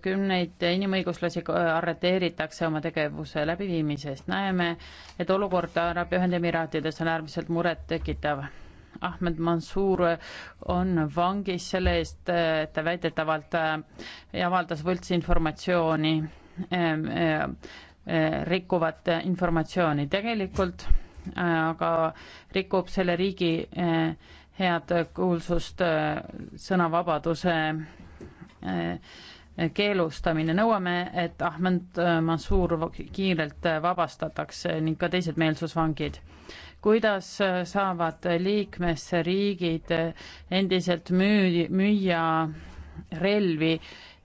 Speaker 3: kümneid inimõiguslasi äh, arreteeritakse oma tegevuse läbiviimisest. näeme, et olukord Araabia Ühendemiraatides on äärmiselt murettekitav Ahmed Mansur on vangis selle eest, et ta väidetavalt äh, avaldas võltsinformatsiooni, ähm, äh, äh, rikkuvat informatsiooni. tegelikult aga rikub selle riigi head kuulsust sõnavabaduse keelustamine. nõuame, et Ahmed Mansur kiirelt vabastatakse ning ka teised meelsusvangid kuidas äh, saavad liikmesriigid äh, endiselt müü-, müüa relvi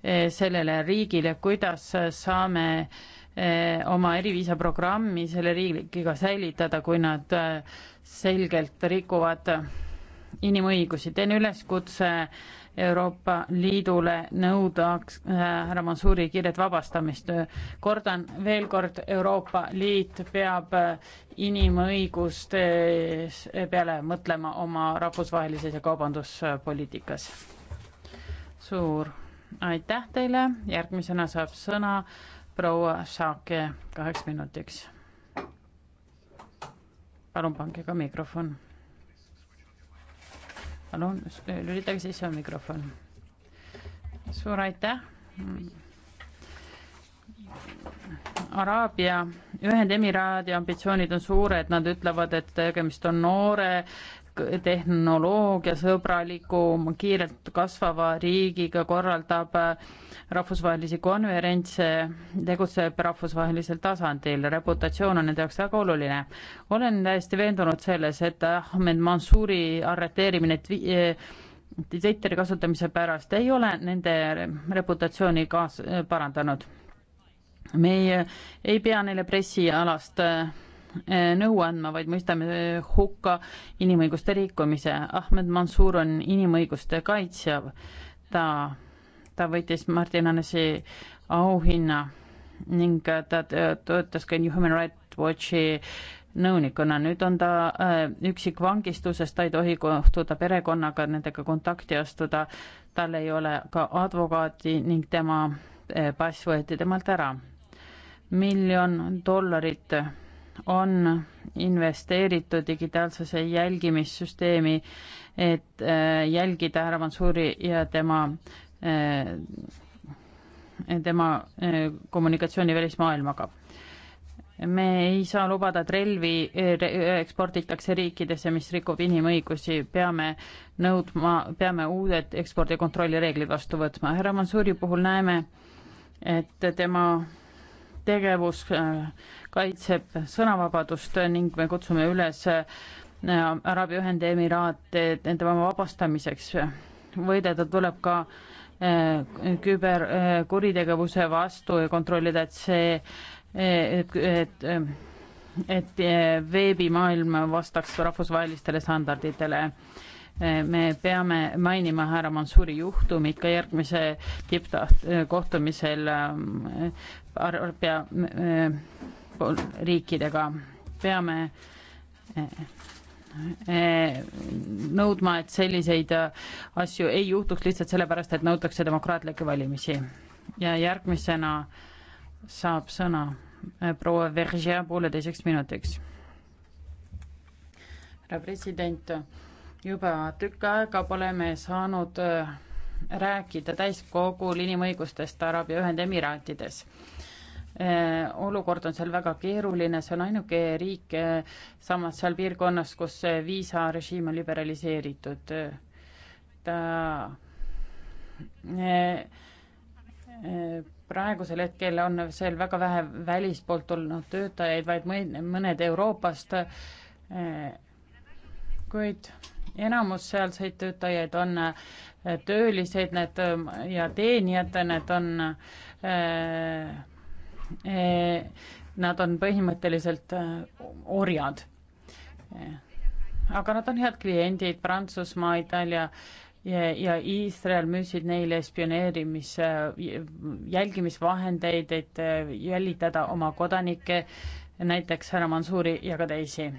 Speaker 3: äh, sellele riigile, kuidas saame oma eriviisaprogrammi selle riigiga säilitada, kui nad selgelt rikuvad inimõigusi. teen üleskutse Euroopa Liidule nõuda äh, härra Mansuri kiiret vabastamist. kordan veel kord, Euroopa Liit peab äh, inimõiguste äh, peale mõtlema oma rahvusvahelises ja kaubanduspoliitikas. suur aitäh teile, järgmisena saab sõna proua Saake kaheks minutiks. palun pange ka mikrofon palun lülitage sisse mikrofon. suur aitäh. Araabia Ühendemiraadi ambitsioonid on suured, nad ütlevad, et tegemist on noore tehnoloogiasõbraliku, kiirelt kasvava riigiga korraldab äh, rahvusvahelisi konverentse, tegutseb rahvusvahelisel tasandil, reputatsioon on nende jaoks väga oluline. olen täiesti veendunud selles, et Ahmed Mansuri arreteerimine äh, Twitteri kasutamise pärast ei ole nende reputatsiooni kaas-, parandanud. me ei, ei pea neile pressialast äh, Eh, nõu andma, vaid mõistame eh, hukka inimõiguste rikkumise. Ahmed Mansur on inimõiguste kaitsja. ta, ta võitis Martin Annesi auhinna ning ta töötas ka Human Rights Watchi nõunikuna, nüüd on ta eh, üksikvangistuses, ta ei tohi kohtuda perekonnaga, nendega kontakti astuda, tal ei ole ka advokaati ning tema pass võeti temalt ära. miljon dollarit on investeeritud digitaalsesse jälgimissüsteemi, et äh, jälgida härra Mansuri ja tema, äh, tema äh, kommunikatsiooni välismaailmaga. me ei saa lubada, et relvi eksporditakse riikidesse, mis rikub inimõigusi, peame nõudma, peame uued ekspordikontrolli reeglid vastu võtma. härra Mansuri puhul näeme, et tema tegevus äh, kaitseb sõnavabadust ning me kutsume üles äh, Araabia Ühendemiraate nende vabastamiseks. võidelda tuleb ka äh, küberkuritegevuse vastu ja kontrollida, et see, et, et, et veebimaailm vastaks rahvusvahelistele standarditele Eh, me peame mainima härra Mansuri juhtumit ka järgmise tippkohtumisel eh, eh, Araabia riikidega. peame nõudma, et selliseid asju ei juhtuks lihtsalt sellepärast, et nõutakse demokraatlikke valimisi. ja järgmisena saab sõna proua Verge pooleteiseks minutiks. härra president juba tükk aega pole me saanud äh, rääkida täiskogul inimõigustest Araabia Ühendemiraatides. Äh, olukord on seal väga keeruline, see on ainuke riik äh, samas seal piirkonnas, kus viisarežiim on liberaliseeritud. ta praegusel hetkel on seal väga vähe välispoolt olnud töötajaid, vaid mõned Euroopast, kuid enamus sealseid töötajaid on äh, töölised, need ähm, ja teenijad, need on äh, äh, Nad on põhimõtteliselt orjad. aga nad on head kliendid, Prantsusmaa, Itaalia ja, ja Iisrael müüsid neile spioneerimise, jälgimisvahendeid, et jälitada oma kodanikke, näiteks härra Mansuri ja ka teisi.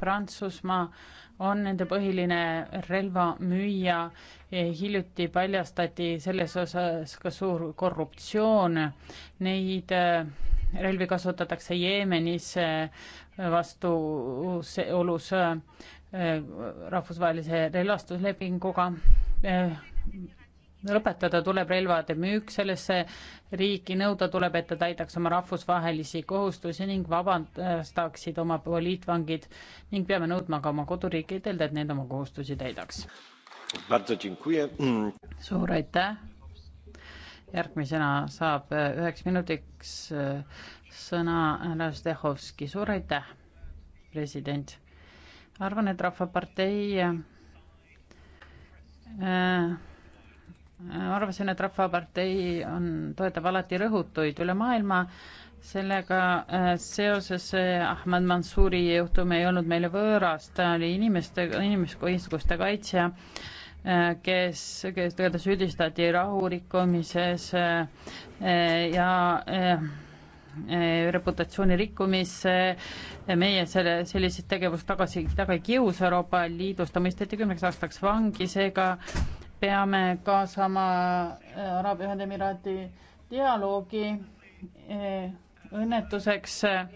Speaker 3: Prantsusmaa äh, on nende põhiline relvamüüja. hiljuti paljastati selles osas ka suur korruptsioon. Neid äh, relvi kasutatakse Jeemenis äh, vastuolus äh, rahvusvahelise relvastuslepinguga lõpetada tuleb relvade müük sellesse riiki, nõuda tuleb, et ta täidaks oma rahvusvahelisi kohustusi ning vabastaksid oma poliitvangid ning peame nõudma ka oma koduriikidelt, et need oma kohustusi täidaks. suur aitäh. järgmisena saab üheks minutiks äh, sõna härra Stehovski, suur aitäh, president. arvan, et Rahvapartei äh, arvasin, et Rahvapartei on, toetab alati rõhutuid üle maailma, sellega äh, seoses Ahmed Mansuri juhtum ei olnud meile võõras, ta oli inimeste, inimõiguste kaitsja, äh, kes, kes teda süüdistati rahurikkumises äh, ja reputatsiooni rikkumisse, meie selle, selliseid tegevusi tagasi, taga ei kiusa Euroopa Liidus, ta mõisteti kümneks aastaks vangi, seega peame kaasama äh, Araabia Ühendemiraati dialoogi äh, õnnetuseks, äh,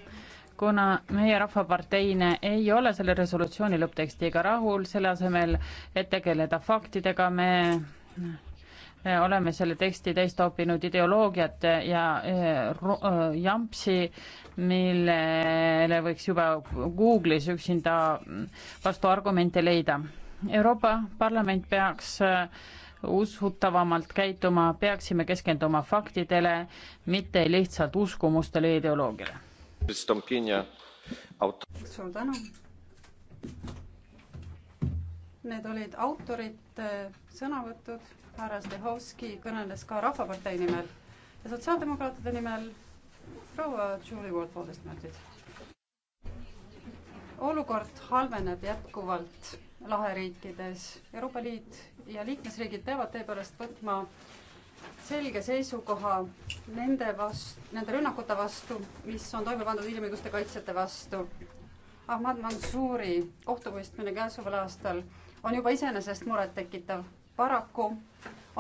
Speaker 3: kuna meie Rahvaparteine ei ole selle resolutsiooni lõpptekstiga rahul, selle asemel, et tegeleda faktidega, me oleme selle teksti täis toppinud ideoloogiat ja jampsi, millele võiks juba Google'is üksinda vastuargumente leida Euroopa Parlament peaks äh, usutavamalt käituma, peaksime keskenduma faktidele, mitte lihtsalt uskumustele ja ideoloogiale.
Speaker 7: suur tänu. Need olid autorite äh, sõnavõtud, härra Zdehovski kõneles ka Rahvapartei nimel ja sotsiaaldemokraatide nimel proua Julie Ward, poolteist minutit. olukord halveneb jätkuvalt laheriikides. Euroopa Liit ja liikmesriigid peavad tõepoolest võtma selge seisukoha nende vastu, nende rünnakute vastu, mis on toime pandud inimõiguste kaitsjate vastu. Ahmad Mansouri kohtumõistmine käesoleval aastal on juba iseenesest murettekitav. paraku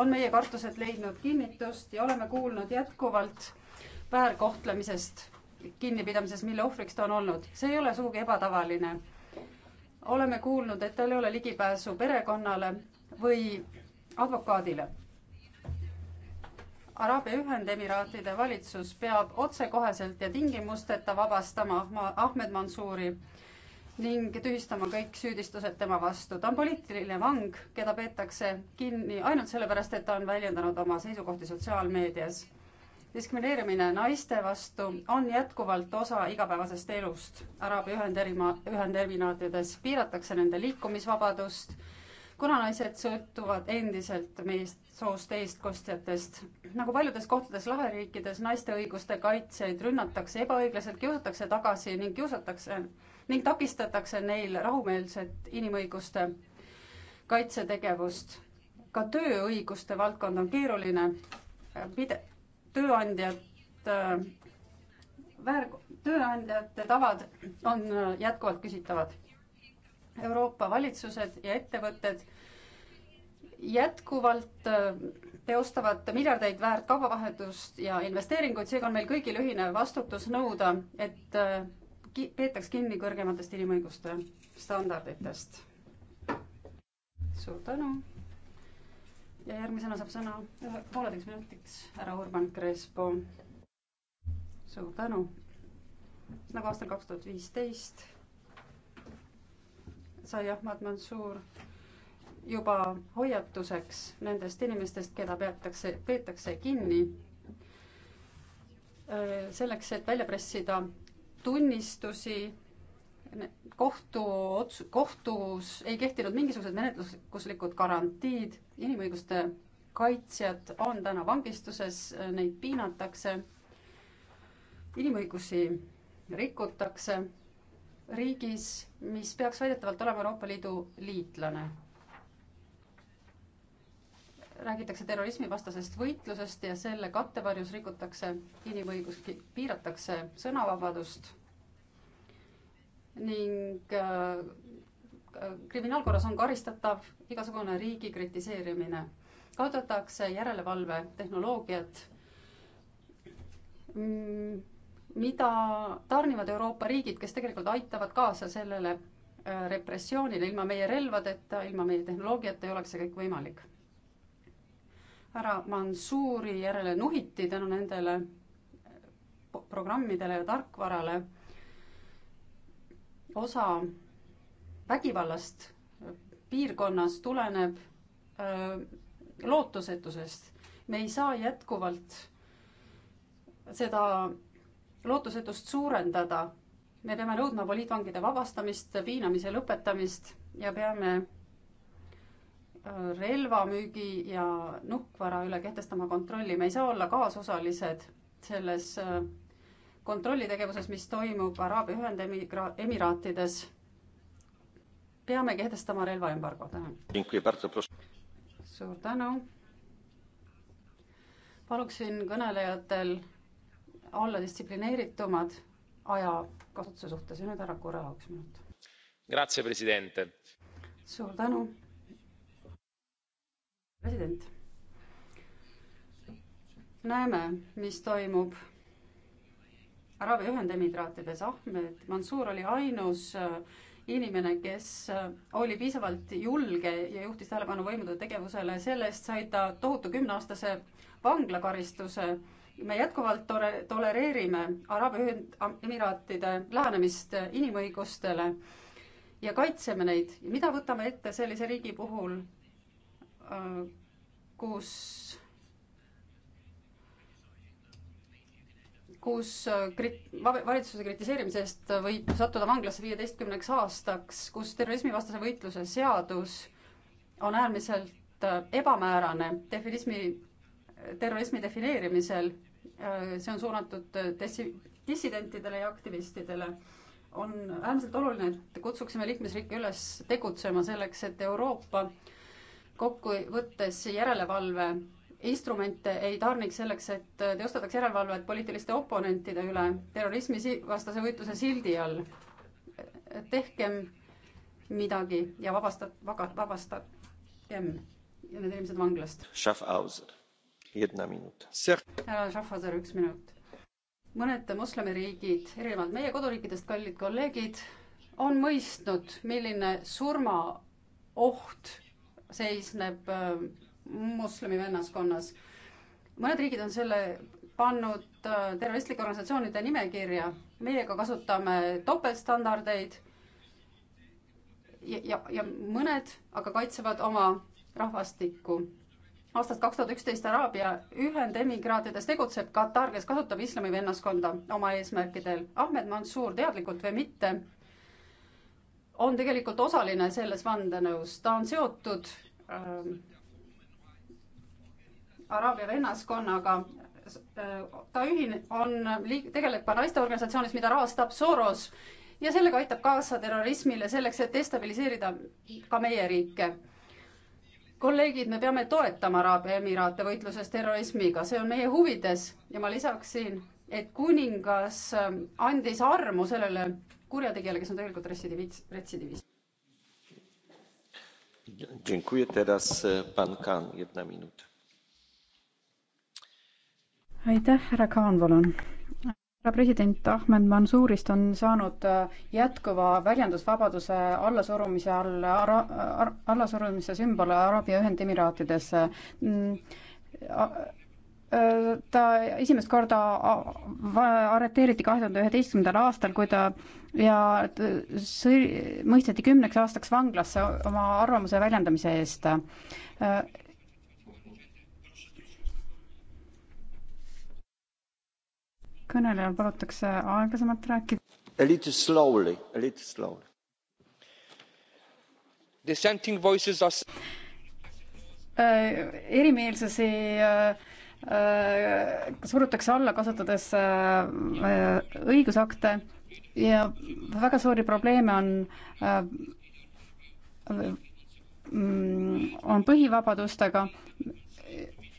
Speaker 7: on meie kartused leidnud kinnitust ja oleme kuulnud jätkuvalt väärkohtlemisest kinnipidamises, mille ohvriks ta on olnud. see ei ole sugugi ebatavaline oleme kuulnud, et tal ei ole ligipääsu perekonnale või advokaadile. Araabia Ühendemiraatide valitsus peab otsekoheselt ja tingimusteta vabastama Ahmed Mansouri ning tühistama kõik süüdistused tema vastu. ta on poliitiline vang, keda peetakse kinni ainult sellepärast, et ta on väljendanud oma seisukohti sotsiaalmeedias diskrimineerimine naiste vastu on jätkuvalt osa igapäevasest elust. Araabia Ühenderima-, Ühenderminaatides piiratakse nende liikumisvabadust, kuna naised sõltuvad endiselt meest, soost eestkostjatest. nagu paljudes kohtades laheriikides, naiste õiguste kaitsjaid rünnatakse ebaõiglaselt, kiusatakse tagasi ning kiusatakse ning takistatakse neil rahumeelset inimõiguste kaitsetegevust. ka tööõiguste valdkond on keeruline pide-, tööandjad äh, väär, tööandjate tavad on äh, jätkuvalt küsitavad. Euroopa valitsused ja ettevõtted jätkuvalt äh, teostavad miljardeid väärt kaubavahetust ja investeeringuid, seega on meil kõigil ühine vastutus nõuda, et ki-, peetaks kinni kõrgematest inimõiguste standarditest. suur tänu! ja järgmisena saab sõna pooleteiseks minutiks härra Urban Crespo. suur tänu. nagu aastal kaks tuhat viisteist sai Ahmad Mansur juba hoiatuseks nendest inimestest, keda peetakse, peetakse kinni äh, selleks, et välja pressida tunnistusi kohtuots-, kohtus ei kehtinud mingisugused menetluslikud garantiid, inimõiguste kaitsjad on täna vangistuses, neid piinatakse, inimõigusi rikutakse riigis, mis peaks väidetavalt olema Euroopa Liidu liitlane. räägitakse terrorismivastasest võitlusest ja selle kattevarjus rikutakse inimõigusi, piiratakse sõnavabadust ning äh, kriminaalkorras on karistatav igasugune riigi kritiseerimine. kaotatakse järelevalvetehnoloogiat, mm, mida tarnivad Euroopa riigid, kes tegelikult aitavad kaasa sellele äh, repressioonile, ilma meie relvadeta, ilma meie tehnoloogiata ei oleks see kõik võimalik. härra Mansuuri järele nuhiti tänu nendele äh, programmidele ja tarkvarale osa vägivallast piirkonnas tuleneb öö, lootusetusest. me ei saa jätkuvalt seda lootusetust suurendada. me peame nõudma poliitvangide vabastamist, piinamise lõpetamist ja peame relvamüügi ja nukkvara üle kehtestama kontrolli, me ei saa olla kaasosalised selles kontrollitegevuses, mis toimub Araabia Ühendemira-, Emiraatides. peame kehtestama relvaembargo, tänan. suur tänu. paluksin kõnelejatel olla distsiplineeritumad ajakasutuse suhtes ja nüüd härra Korra üks
Speaker 2: minut.
Speaker 7: suur tänu. president näeme, mis toimub Araabia Ühendemiraatides Ahmed Mansur oli ainus äh, inimene, kes äh, oli piisavalt julge ja juhtis tähelepanu võimude tegevusele, selle eest sai ta tohutu kümneaastase vanglakaristuse. me jätkuvalt tore-, tolereerime Araabia Ühendemiraatide lähenemist inimõigustele ja kaitseme neid. mida võtame ette sellise riigi puhul, äh, kus kus äh, krit-, valitsuse kritiseerimise eest võib sattuda vanglasse viieteistkümneks aastaks, kus terrorismivastase võitluse seadus on äärmiselt äh, ebamäärane definismi, terrorismi defineerimisel, äh, see on suunatud dessi-, dissidentidele ja aktivistidele, on äärmiselt oluline, et kutsuksime liikmesriike üles tegutsema selleks, et Euroopa kokkuvõttes järelevalve instrumente ei tarniks selleks, et teostataks järelevalvet poliitiliste oponentide üle terrorismi vastase võitluse sildi all. tehkem midagi ja vabastab, vabastagem need inimesed vanglast. härra Schaffhauser, üks minut. mõned moslemiriigid, erinevalt meie koduriikidest, kallid kolleegid, on mõistnud, milline surmaoht seisneb äh, moslemi vennaskonnas. mõned riigid on selle pannud äh, terroristlike organisatsioonide nimekirja, meiega kasutame topeltstandardeid ja, ja, ja mõned aga kaitsevad oma rahvastikku aastast kaks tuhat üksteist Araabia Ühendemiraatides tegutseb Katar, kes kasutab islami vennaskonda oma eesmärkidel. Ahmed Mansour, teadlikult või mitte, on tegelikult osaline selles vandenõus, ta on seotud ähm, Araabia vennaskonnaga. ta ühin-, on liig-, tegeleb ka naisteorganisatsioonis, mida rahastab Soros ja sellega aitab kaasa terrorismile selleks, et destabiliseerida ka meie riike. kolleegid, me peame toetama Araabia Emiraate võitluses terrorismiga, see on meie huvides ja ma lisaksin, et kuningas ähm, andis armu sellele kurjategijale, kes on tegelikult retsidiivist, retsidivist.
Speaker 2: Dziękuję. Teraz e, pan Kan, jedna minuta
Speaker 7: aitäh, härra Kaan, palun härra president Ahmed Mansourist on saanud äh, jätkuva väljendusvabaduse allasurumise all ara, ar, allasurumise sümbol Araabia Ühendemiraatides. Mm, äh, ta esimest korda arreteeriti kahe tuhande üheteistkümnendal aastal, kui ta ja sõi, mõisteti kümneks aastaks vanglasse oma arvamuse väljendamise eest äh, kõnelejal palutakse aeglasemalt rääkida.
Speaker 2: A little slowly, a little slowly. Dissenting voices are
Speaker 7: äh, erimeelsusi äh, äh, surutakse alla, kasutades äh, äh õigusakte ja väga suuri probleeme on äh, mm, on põhivabadustega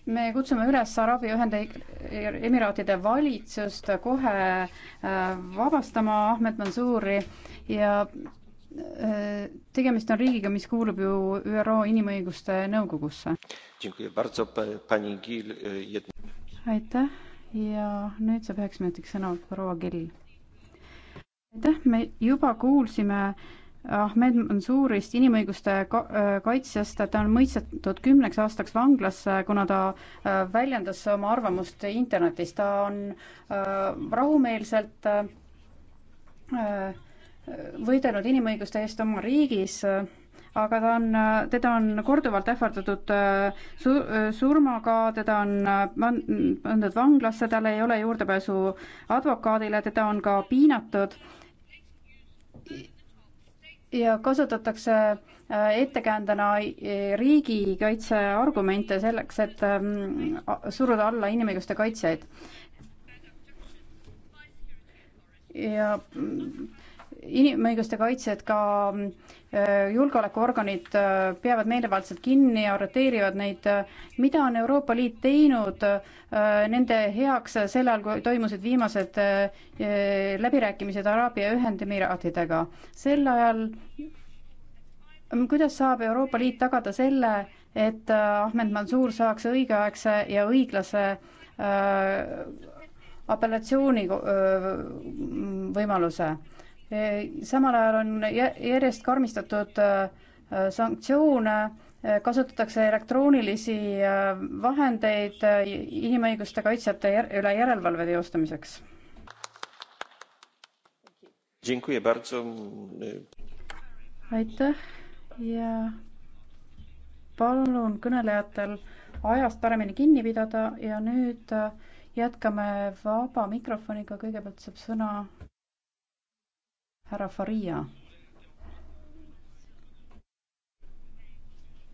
Speaker 7: me kutsume üles Araabia Ühendemiraatide valitsust kohe äh, vabastama Ahmed Mansouri ja äh, tegemist on riigiga, mis kuulub ju ÜRO Inimõiguste Nõukogusse. E, aitäh ja nüüd saab üheks minutiks sõna proua Kill. aitäh, me juba kuulsime äh, Ahmed Mansourist, inimõiguste äh, kaitsjast, ta on mõistetud kümneks aastaks vanglasse, äh, kuna ta äh, väljendas oma arvamust internetis. ta on rahumeelselt võidelnud inimõiguste eest oma riigis, aga ta on, teda on korduvalt ähvardatud sur, surmaga, teda on pandud vanglasse, tal ei ole juurdepääsu advokaadile, teda on ka piinatud ja kasutatakse äh, ettekäändena äh, riigikaitse argumente selleks, et ähm, suruda alla inimõiguste kaitsjaid. ja mm, inimõiguste kaitsjad, ka äh, julgeolekuorganid äh, peavad meelevaldselt kinni ja arreteerivad neid. mida on Euroopa Liit teinud äh, nende heaks sel ajal, kui toimusid viimased läbirääkimised Araabia Ühendemiraatidega? sel ajal, kuidas saab Euroopa Liit tagada selle, et Ahmed Mansur saaks õigeaegse ja õiglase apellatsiooni võimaluse? samal ajal on järjest karmistatud äh, sanktsioone, äh, kasutatakse elektroonilisi äh, vahendeid inimõiguste kaitsjate üle järelevalve teostamiseks. aitäh ja palun kõnelejatel ajast paremini kinni pidada ja nüüd jätkame vaba mikrofoniga, kõigepealt saab sõna härra Faria.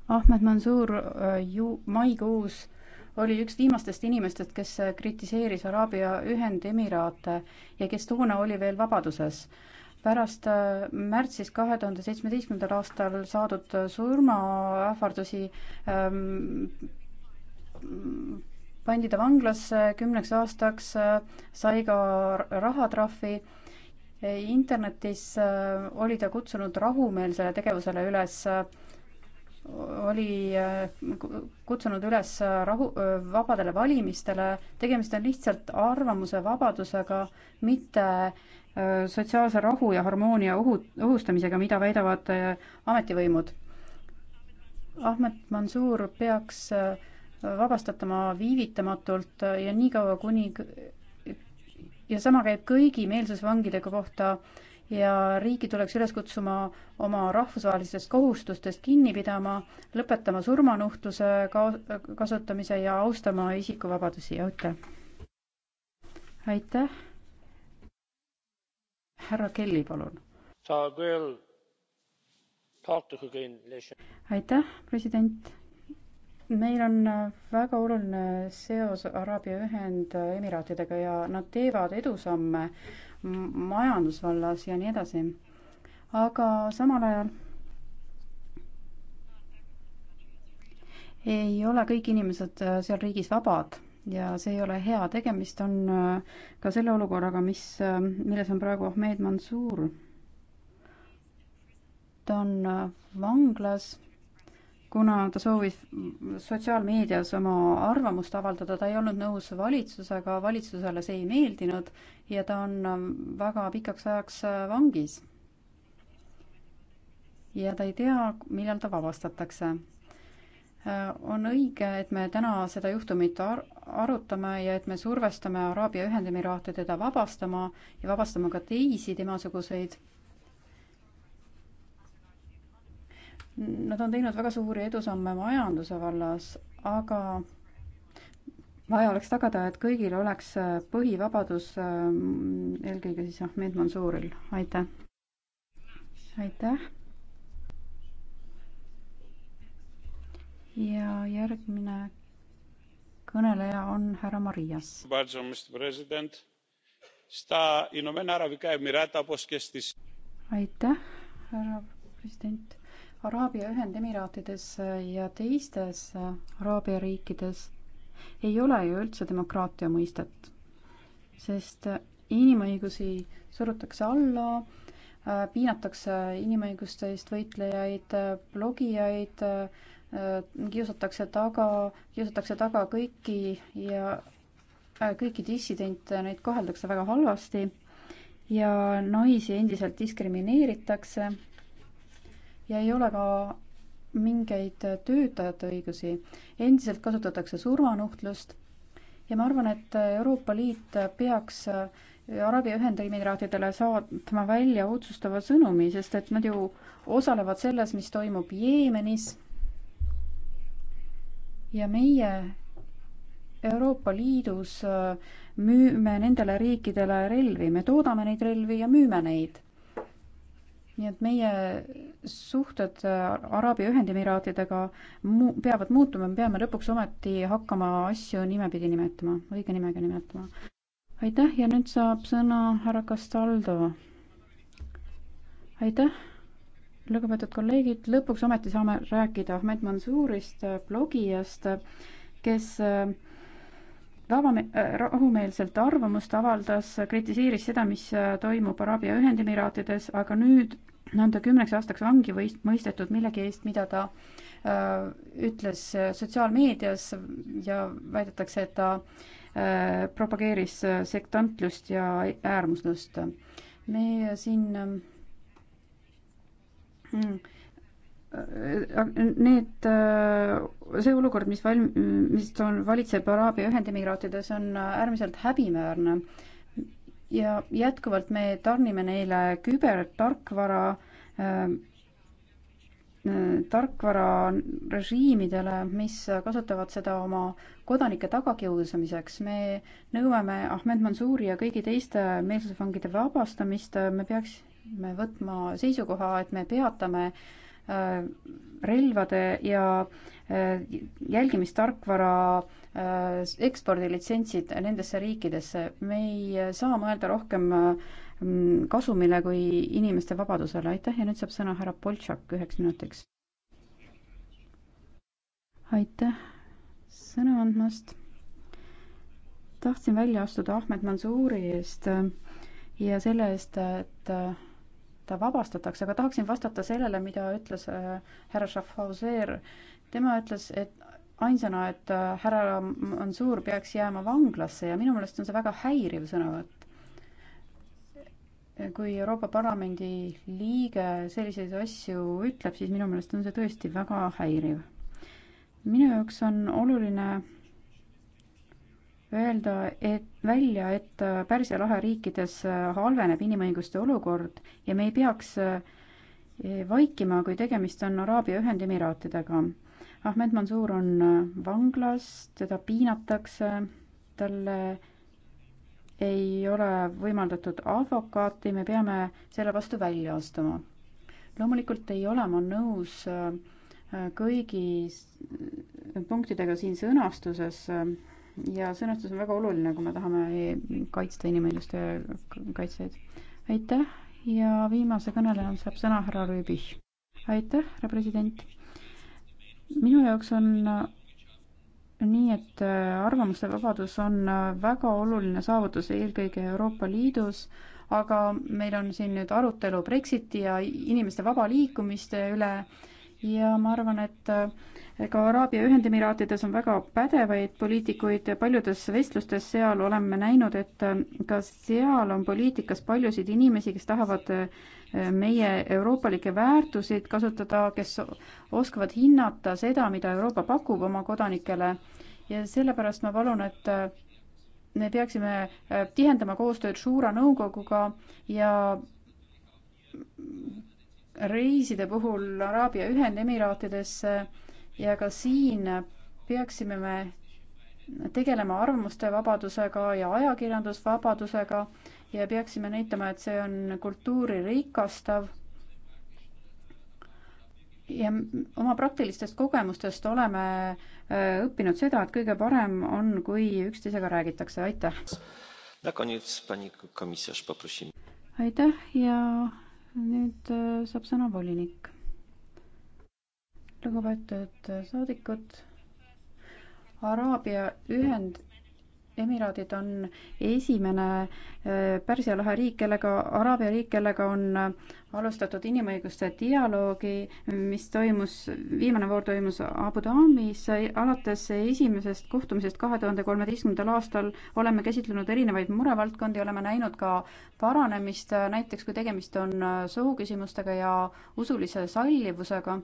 Speaker 7: Ahmed Mansour äh, ju maikuus oli üks viimastest inimestest, kes äh, kritiseeris Araabia Ühendemiraate ja kes toona oli veel vabaduses. pärast äh, märtsis kahe tuhande seitsmeteistkümnendal aastal saadud surmaähvardusi ähm, pandi ta vanglasse kümneks aastaks, sai ka rahatrahvi internetis äh, oli ta kutsunud rahumeelsele tegevusele üles, äh, oli äh, kutsunud üles rahu, vabadele valimistele, tegemist on lihtsalt arvamusevabadusega, mitte sotsiaalse rahu ja harmoonia ohu, ohustamisega, mida väidavad ametivõimud. Ahmed Mansur peaks vabastatama viivitamatult ja niikaua, kuni ja sama käib kõigi meelsusvangide kohta ja riiki tuleks üles kutsuma oma rahvusvahelistest kohustustest kinni pidama, lõpetama surmanuhtluse ka-, kasutamise ja austama isikuvabadusi, aitäh! aitäh! härra Kelly, palun! aitäh, president! meil on äh, väga oluline seos Araabia Ühendemiraatidega ja nad teevad edusamme majandusvallas ja nii edasi. aga samal ajal ei ole kõik inimesed äh, seal riigis vabad ja see ei ole hea, tegemist on äh, ka selle olukorraga, mis, milles on praegu Ahmed Mansour. ta on vanglas kuna ta soovis sotsiaalmeedias oma arvamust avaldada, ta ei olnud nõus valitsusega, valitsusele see ei meeldinud ja ta on väga pikaks ajaks vangis. ja ta ei tea, millal ta vabastatakse. on õige, et me täna seda juhtumit ar-, arutame ja et me survestame Araabia Ühendemiraate teda vabastama ja vabastama ka teisi temasuguseid Nad on teinud väga suuri edusamme majanduse vallas, aga vaja oleks tagada, et kõigil oleks äh, põhivabadus, äh, eelkõige siis Ahmed Mansouril. aitäh! aitäh! ja järgmine kõneleja on härra
Speaker 2: Marias.
Speaker 7: aitäh, härra president Araabia Ühendemiraatides ja teistes Araabia riikides ei ole ju üldse demokraatia mõistet, sest inimõigusi surutakse alla, piinatakse inimõiguste eest võitlejaid, blogijaid, kiusatakse taga, kiusatakse taga kõiki ja äh, kõiki dissidente, neid koheldakse väga halvasti ja naisi endiselt diskrimineeritakse ja ei ole ka mingeid töötajate õigusi. endiselt kasutatakse surmanuhtlust ja ma arvan, et Euroopa Liit peaks Araabia Ühendemiraatidele saatma välja otsustava sõnumi, sest et nad ju osalevad selles, mis toimub Jeemenis. ja meie Euroopa Liidus müüme nendele riikidele relvi, me toodame neid relvi ja müüme neid nii et meie suhted äh, Araabia Ühendemiraatidega mu-, peavad muutuma, me peame lõpuks ometi hakkama asju nimepidi nimetama, õige nimega nimetama. aitäh ja nüüd saab sõna härra Castaldo. aitäh, lugupeetud kolleegid, lõpuks ometi saame rääkida Ahmed Mansurist, äh, blogijast, äh, kes äh, vabame-, äh, rahumeelselt arvamust avaldas, kritiseeris seda, mis äh, toimub Araabia Ühendemiraatides, aga nüüd on ta kümneks aastaks vangi või mõistetud millegi eest, mida ta öö, äh, ütles sotsiaalmeedias ja väidetakse, et ta öö, propageeris sektantlust ja äärmuslust. me siin öö, mm, Äh, äh, need, äh, see olukord, mis valm-, mis on, valitseb Araabia Ühendemiraatides, on äärmiselt häbimäärne. ja jätkuvalt me tarnime neile kübertarkvara äh,, tarkvararežiimidele, mis kasutavad seda oma kodanike tagakiusamiseks. me nõuame Ahmed Mansouri ja kõigi teiste meelsusvangide vabastamist, me peaksime võtma seisukoha, et me peatame äh, Äh, relvade ja äh, jälgimistarkvara äh, ekspordilitsentsid nendesse riikidesse. me ei saa mõelda rohkem kasumile kui inimeste vabadusele. aitäh ja nüüd saab sõna härra Boltšak üheks minutiks. aitäh sõna andmast. tahtsin välja astuda Ahmed Mansuuri eest ja selle eest, et ta vabastatakse, aga tahaksin vastata sellele, mida ütles äh, härra Schaffhauser. tema ütles, et ainsana, et äh, härra Mansur peaks jääma vanglasse ja minu meelest on see väga häiriv sõnavõtt. kui Euroopa Parlamendi liige selliseid asju ütleb, siis minu meelest on see tõesti väga häiriv. minu jaoks on oluline öelda, et välja, et äh, Pärsia lahe riikides äh, halveneb inimõiguste olukord ja me ei peaks äh, vaikima, kui tegemist on Araabia Ühendemiraatidega. Ahmed Mansour on vanglas, teda piinatakse, talle ei ole võimaldatud advokaati, me peame selle vastu välja astuma. loomulikult ei ole ma nõus kõigi punktidega siin sõnastuses, ja sõnastus on väga oluline, kui me tahame kaitsta inimõiguste kaitsjaid. aitäh ja viimase kõnelejana saab sõna härra Rüübih. aitäh, härra president. minu jaoks on nii, et arvamuste vabadus on väga oluline saavutus eelkõige Euroopa Liidus, aga meil on siin nüüd arutelu Brexiti ja inimeste vaba liikumiste üle ja ma arvan, et äh, ka Araabia Ühendemiraatides on väga pädevaid poliitikuid ja paljudes vestlustes seal oleme näinud, et äh, ka seal on poliitikas paljusid inimesi, kes tahavad äh, meie euroopalikke väärtuseid kasutada, kes oskavad hinnata seda, mida Euroopa pakub oma kodanikele ja sellepärast ma palun, et me peaksime tihendama koostööd Suure Nõukoguga ja reiside puhul Araabia Ühendemiraatidesse ja ka siin peaksime me tegelema arvamuste vabadusega ja ajakirjandusvabadusega ja peaksime näitama, et see on kultuuri rikastav. ja oma praktilistest kogemustest oleme äh, õppinud seda, et kõige parem on, kui üksteisega
Speaker 2: räägitakse, aitäh.
Speaker 7: aitäh ja nüüd äh, saab sõna volinik. lugupeetud äh, saadikud, Araabia ühend Emiraadid on esimene eh, Pärsia lahe riik, kellega, Araabia riik, kellega on eh, alustatud inimõiguste dialoogi, mis toimus, viimane voor toimus Abu Dhabis. alates esimesest kohtumisest kahe tuhande kolmeteistkümnendal aastal oleme käsitlenud erinevaid murevaldkondi, oleme näinud ka paranemist, näiteks kui tegemist on eh, sooküsimustega ja usulise sallivusega,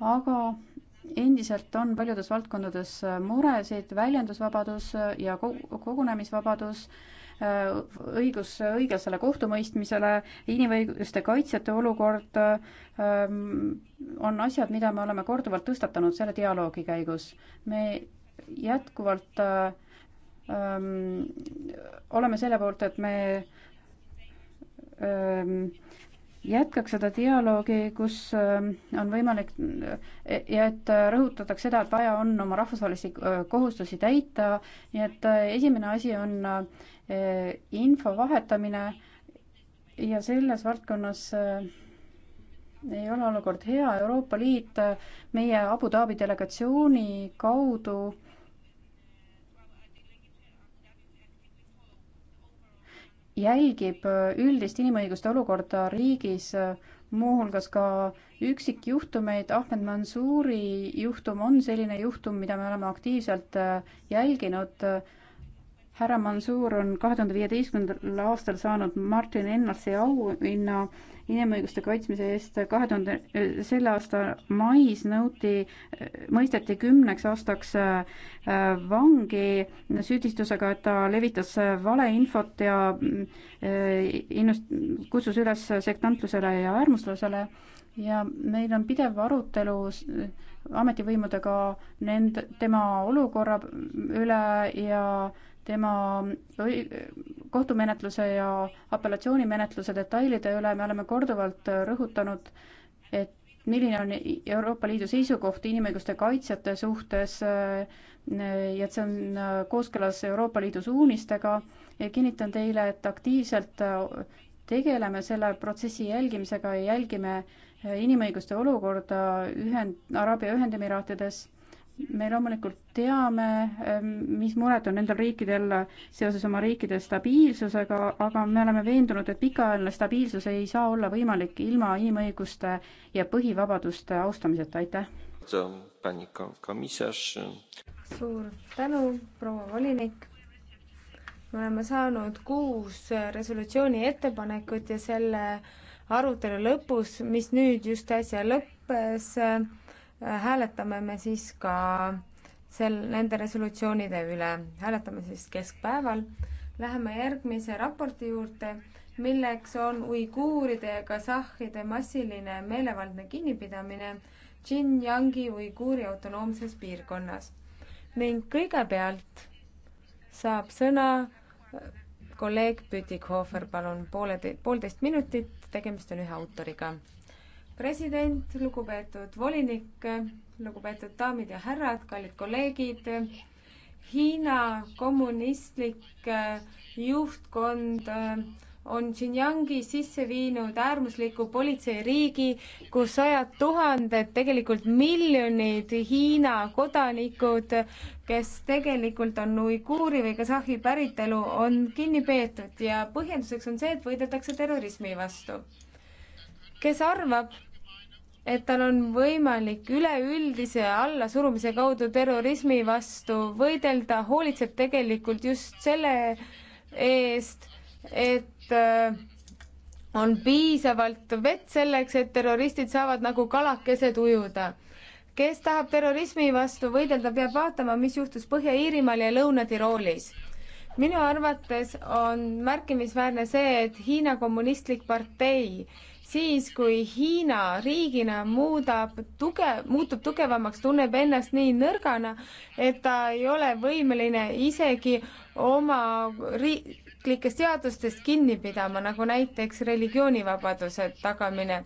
Speaker 7: aga endiselt on paljudes valdkondades äh, muresid, väljendusvabadus äh, ja kogunemisvabadus, äh, õigus õiglasele kohtumõistmisele, inimõiguste kaitsjate olukord ähm, on asjad, mida me oleme korduvalt tõstatanud selle dialoogi käigus. me jätkuvalt öö, ähm, oleme selle poolt, et me öö, ähm, jätkaks seda dialoogi, kus ähm, on võimalik äh, ja et äh, rõhutatakse seda, et vaja on oma rahvusvahelisi äh, kohustusi täita, nii et esimene asi on info vahetamine ja selles valdkonnas ei ole olukord hea, Euroopa Liit meie Abu Dhabi delegatsiooni kaudu jälgib äh, üldist inimõiguste olukorda riigis, äh, muuhulgas ka üksikjuhtumeid, Ahmed Mansuri juhtum on selline juhtum, mida me oleme aktiivselt äh, jälginud härra Mansour on kahe tuhande viieteistkümnendal aastal saanud Martin Ennase auhinna inimõiguste kaitsmise eest. kahe tuhande, eh, selle aasta mais nõuti, eh, mõisteti kümneks aastaks eh, vangi süüdistusega, et ta levitas valeinfot ja innust-, kutsus üles sektantlusele ja äärmuslusele ja meil on pidev arutelu ametivõimudega nend-, tema olukorra üle ja äh, tema kohtumenetluse ja apellatsioonimenetluse detailide üle, me oleme korduvalt rõhutanud, et milline on Euroopa Liidu seisukoht inimõiguste kaitsjate suhtes ja et see on kooskõlas Euroopa Liidu suunistega ja kinnitan teile, et aktiivselt tegeleme selle protsessi jälgimisega ja jälgime inimõiguste olukorda Ühend-, Araabia Ühendemiraatides me loomulikult teame, ähm, mis mured on nendel riikidel seoses oma riikide stabiilsusega, aga me oleme veendunud, et pikaajaline stabiilsus ei saa olla võimalik ilma inimõiguste ja põhivabaduste austamiseta, aitäh!
Speaker 5: suur tänu, proua volinik! me oleme saanud kuus resolutsiooni ettepanekut ja selle arutelu lõpus, mis nüüd just äsja lõppes, hääletame me siis ka sel, nende resolutsioonide üle. hääletame siis keskpäeval. Läheme järgmise raporti juurde, milleks on uiguuride ja kasahhide massiline meelevaldne kinnipidamine Xinjiangi uiguuri autonoomses piirkonnas. ning kõigepealt saab sõna äh, kolleeg Pütikhofer, palun, poole, poolteist minutit, tegemist on ühe autoriga president, lugupeetud volinik, lugupeetud daamid ja härrad, kallid kolleegid. Hiina kommunistlik äh, juhtkond äh, on Xinjiangi sisse viinud äärmusliku politseiriigi, kus sajad tuhanded, tegelikult miljonid Hiina kodanikud, kes tegelikult on uiguuri või kasahhi päritolu, on kinni peetud ja põhjenduseks on see, et võideldakse terrorismi vastu. kes arvab, et tal on võimalik üleüldise allasurumise kaudu terrorismi vastu võidelda, hoolitseb tegelikult just selle eest, et äh, on piisavalt vett selleks, et terroristid saavad nagu kalakesed ujuda. kes tahab terrorismi vastu võidelda, peab vaatama, mis juhtus Põhja-Iirimaal ja Lõuna-Tiroolis. minu arvates on märkimisväärne see, et Hiina Kommunistlik Partei siis, kui Hiina riigina muudab tuge-, muutub tugevamaks, tunneb ennast nii nõrgana, et ta ei ole võimeline isegi oma riiklikest seadustest kinni pidama, nagu näiteks religioonivabaduse tagamine.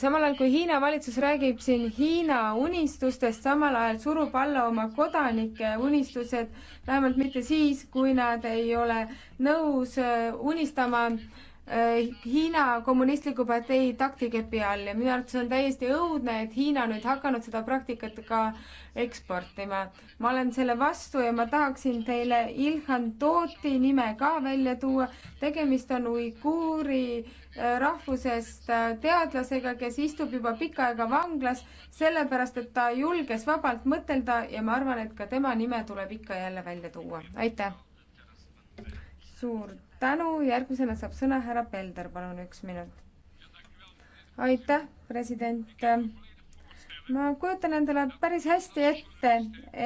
Speaker 5: samal ajal, kui Hiina valitsus räägib siin Hiina unistustest, samal ajal surub alla oma kodanike unistused, vähemalt mitte siis, kui nad ei ole nõus äh, unistama äh, Äh, Hiina kommunistliku partei taktikepi all ja minu arvates on täiesti õudne, et Hiina on nüüd hakanud seda praktikat ka eksportima. ma olen selle vastu ja ma tahaksin teile Ilhan Tooti nime ka välja tuua. tegemist on uiguuri äh, rahvusest äh, teadlasega, kes istub juba pikka aega vanglas, sellepärast et ta julges vabalt mõtelda ja ma arvan, et ka tema nime tuleb ikka jälle välja tuua. aitäh! suur tänu, järgmisena saab sõna härra Pelder, palun üks minut. aitäh, president. ma kujutan endale päris hästi ette,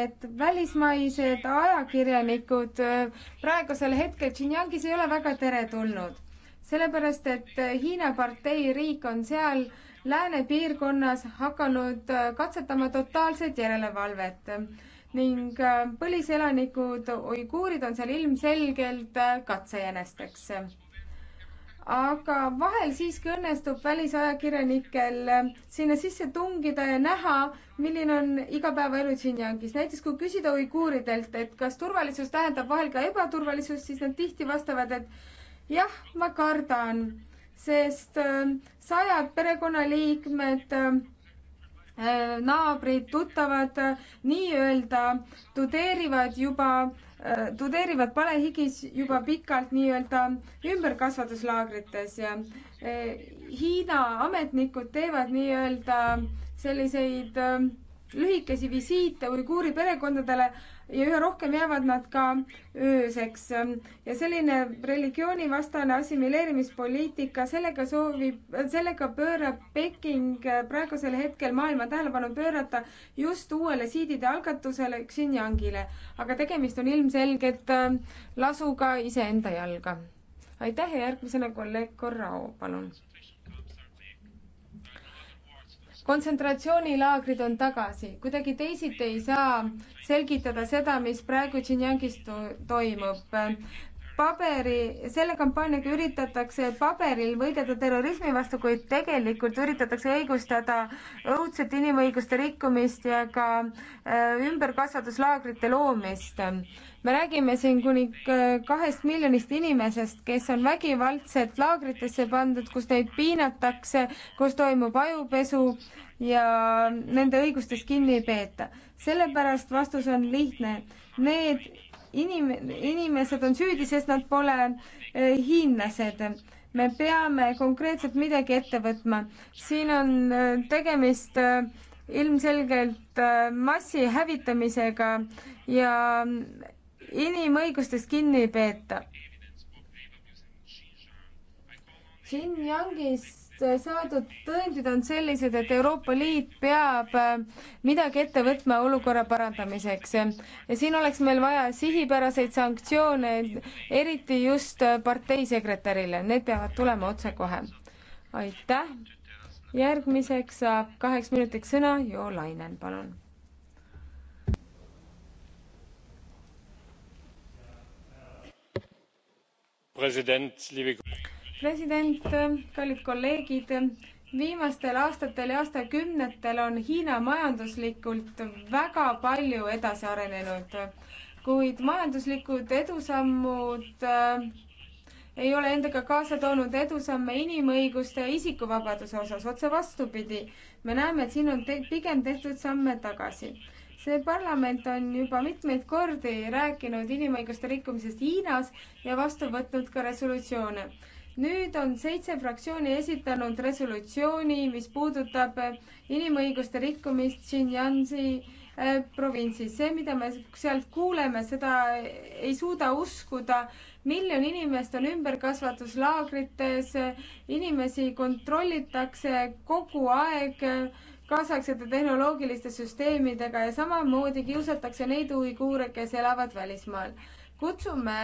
Speaker 5: et välismaised ajakirjanikud äh, praegusel hetkel Xinjiangis ei ole väga teretulnud, sellepärast et äh, Hiina parteiriik on seal lääne piirkonnas hakanud äh, katsetama totaalset järelevalvet ning äh, põliselanikud, uiguurid on seal ilmselgelt äh, katsejänesteks. aga vahel siiski õnnestub välisajakirjanikel äh, sinna sisse tungida ja näha, milline on igapäevaelu Xinjiangis. näiteks kui küsida uiguuridelt, et kas turvalisus tähendab vahel ka ebaturvalisust, siis nad tihti vastavad, et jah, ma kardan, sest sajad perekonnaliikmed Äh, naabrid, tuttavad nii-öelda tudeerivad juba, äh, tudeerivad palehigis juba pikalt nii-öelda ümberkasvatuslaagrites ja äh, Hiina ametnikud teevad nii-öelda selliseid lühikesi visiite uiguuri perekondadele ja üha rohkem jäävad nad ka ööseks. ja selline religioonivastane assimileerimispoliitika, sellega soovib, sellega pöörab Peking praegusel hetkel maailma tähelepanu pöörata just uuele siidide algatusele Xinjiangile. aga tegemist on ilmselgelt äh, lasuga iseenda jalga. aitäh ja järgmisena kolleeg Korrao, palun kontsentratsioonilaagrid on tagasi, kuidagi teisiti ei saa selgitada seda, mis praegu Xinjiangis toimub paberi, selle kampaaniaga üritatakse paberil võidelda terrorismi vastu, kuid tegelikult üritatakse õigustada õudset inimõiguste rikkumist ja ka äh, ümberkasvatuslaagrite loomist. me räägime siin kuni äh, kahest miljonist inimesest, kes on vägivaldselt laagritesse pandud, kus neid piinatakse, kus toimub ajupesu ja nende õigustest kinni ei peeta. sellepärast vastus on lihtne. Need inim-, inimesed on süüdi, sest nad pole eh, hiinlased. me peame konkreetselt midagi ette võtma. siin on eh, tegemist eh, ilmselgelt massi hävitamisega ja mm, inimõigustest kinni ei peeta. Xinjiangis saadud tõendid on sellised, et Euroopa Liit peab äh, midagi ette võtma olukorra parandamiseks. ja siin oleks meil vaja sihipäraseid sanktsioone, eriti just äh, parteisekretärile, need peavad tulema otsekohe. aitäh. järgmiseks saab kaheks minutiks sõna Jo Lainen, palun.
Speaker 2: president, liebe
Speaker 5: president, kallid kolleegid, viimastel aastatel ja aastakümnetel on Hiina majanduslikult väga palju edasi arenenud, kuid majanduslikud edusammud äh, ei ole endaga kaasa toonud edusamme inimõiguste ja isikuvabaduse osas, otse vastupidi. me näeme, et siin on te pigem tehtud samme tagasi. see parlament on juba mitmeid kordi rääkinud inimõiguste rikkumisest Hiinas ja vastu võtnud ka resolutsioone nüüd on seitse fraktsiooni esitanud resolutsiooni, mis puudutab äh, inimõiguste rikkumist Xinjiangi äh, provintsis. see, mida me sealt kuuleme, seda ei suuda uskuda. miljon inimest on ümberkasvatuslaagrites, inimesi kontrollitakse kogu aeg kaasaegsete tehnoloogiliste süsteemidega ja samamoodi kiusatakse neid uiguure, kes elavad välismaal. kutsume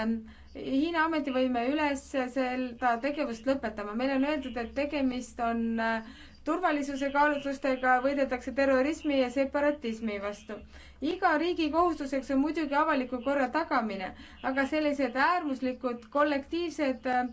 Speaker 5: Hiina ametivõime üles seda tegevust lõpetama. meile on öeldud, et tegemist on äh, turvalisuse kaalutlustega, võideldakse terrorismi ja separatismi vastu. iga riigi kohustuseks on muidugi avaliku korra tagamine, aga sellised äärmuslikud kollektiivsed äh,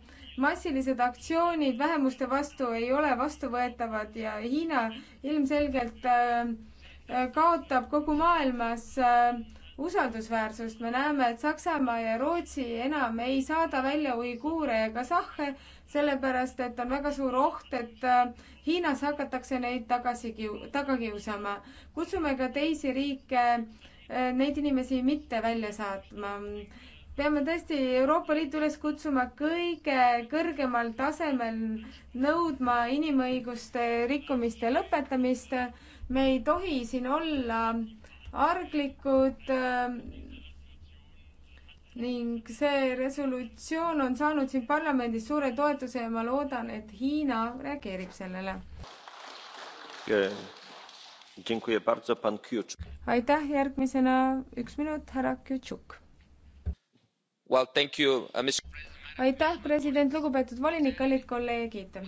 Speaker 5: massilised aktsioonid vähemuste vastu ei ole vastuvõetavad ja Hiina ilmselgelt äh, kaotab kogu maailmas äh, usaldusväärsust. me näeme, et Saksamaa ja Rootsi enam ei saada välja uiguure ega sahhe, sellepärast et on väga suur oht, et äh, Hiinas hakatakse neid tagasi kiu-, taga kiusama. kutsume ka teisi riike äh, neid inimesi mitte välja saatma. peame tõesti Euroopa Liitu üles kutsuma kõige kõrgemal tasemel nõudma inimõiguste rikkumiste lõpetamist. me ei tohi siin olla arglikud ähm, ning see resolutsioon on saanud siin parlamendis suure toetuse ja ma loodan, et Hiina reageerib sellele. aitäh, järgmisena üks minut, härra Kjutšuk
Speaker 2: well,. Uh,
Speaker 5: aitäh, president, lugupeetud volinik, kallid kolleegid.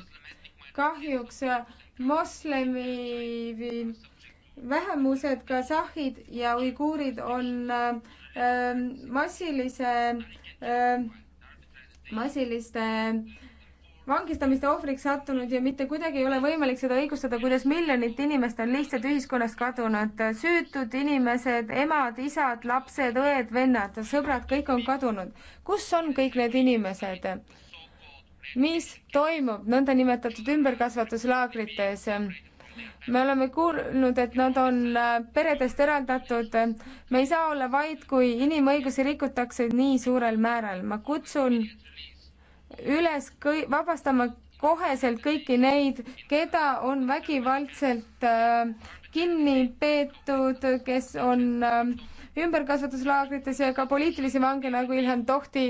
Speaker 5: kahjuks äh, moslemi vähemused, ka sahhid ja uiguurid on ähm, massilise, ähm, massiliste vangistamiste ohvriks sattunud ja mitte kuidagi ei ole võimalik seda õigustada, kuidas miljonit inimest on lihtsalt ühiskonnast kadunud. süütud inimesed, emad, isad, lapsed, õed, vennad, sõbrad, kõik on kadunud. kus on kõik need inimesed? mis toimub nõndanimetatud ümberkasvatuslaagrites? me oleme kuulnud, et nad on äh, peredest eraldatud. me ei saa olla vaid, kui inimõigusi rikutakse nii suurel määral. ma kutsun üles kõi-, vabastama koheselt kõiki neid, keda on vägivaldselt äh, kinni peetud, kes on äh, ümberkasvatuslaagrites ja ka poliitilisi vange nagu Ilhan Tohti.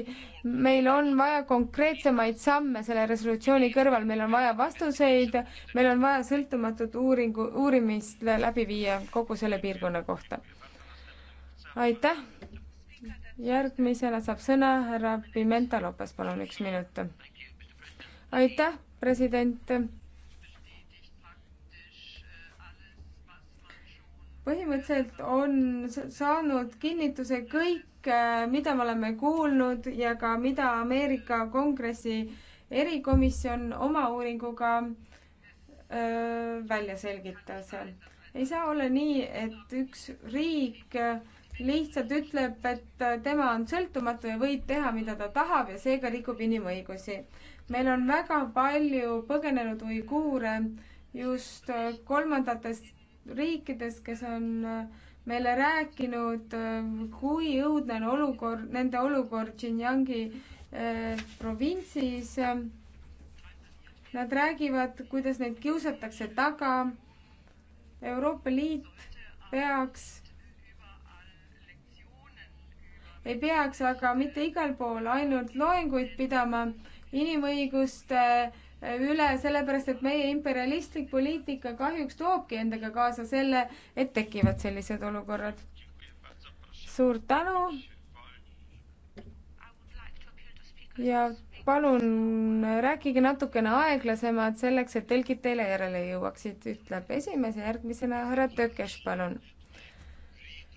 Speaker 5: meil on vaja konkreetsemaid samme selle resolutsiooni kõrval, meil on vaja vastuseid, meil on vaja sõltumatut uuringu, uurimist läbi viia kogu selle piirkonna kohta. aitäh. järgmisena saab sõna härra Pimenta Lopes, palun üks minut. aitäh, president põhimõtteliselt on saanud kinnituse kõik, äh, mida me oleme kuulnud ja ka mida Ameerika Kongressi erikomisjon oma uuringuga öö, äh, välja selgitas. ei saa olla nii, et üks riik lihtsalt ütleb, et tema on sõltumatu ja võib teha, mida ta tahab ja seega rikub inimõigusi. meil on väga palju põgenenud uiguure just kolmandatest riikides, kes on äh, meile rääkinud, äh, kui õudne on olukord, nende olukord Xinjiangi eh, provintsis. Nad räägivad, kuidas neid kiusatakse taga. Euroopa Liit peaks, ei peaks aga mitte igal pool ainult loenguid pidama inimõiguste eh, üle, sellepärast et meie imperialistlik poliitika kahjuks toobki endaga kaasa selle, et tekivad sellised olukorrad. suur tänu. ja palun rääkige natukene aeglasemalt selleks, et tõlgid teile järele jõuaksid, ütleb esimees ja järgmisena härra Tökes, palun.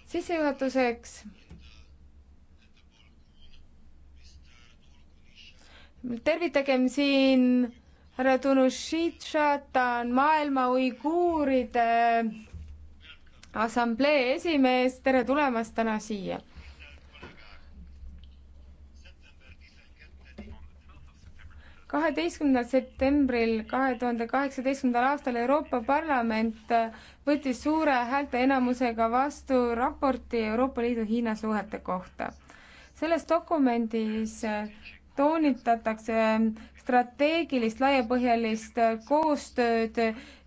Speaker 5: sissejuhatuseks. tervitagem siin härra Tunushitša, ta on maailma uiguuride assamblee esimees, tere tulemast täna siia. kaheteistkümnendal septembril kahe tuhande kaheksateistkümnendal aastal Euroopa Parlament võttis suure häälteenamusega vastu raporti Euroopa Liidu Hiina suhete kohta. selles dokumendis toonitatakse strateegilist laiapõhjalist äh, koostööd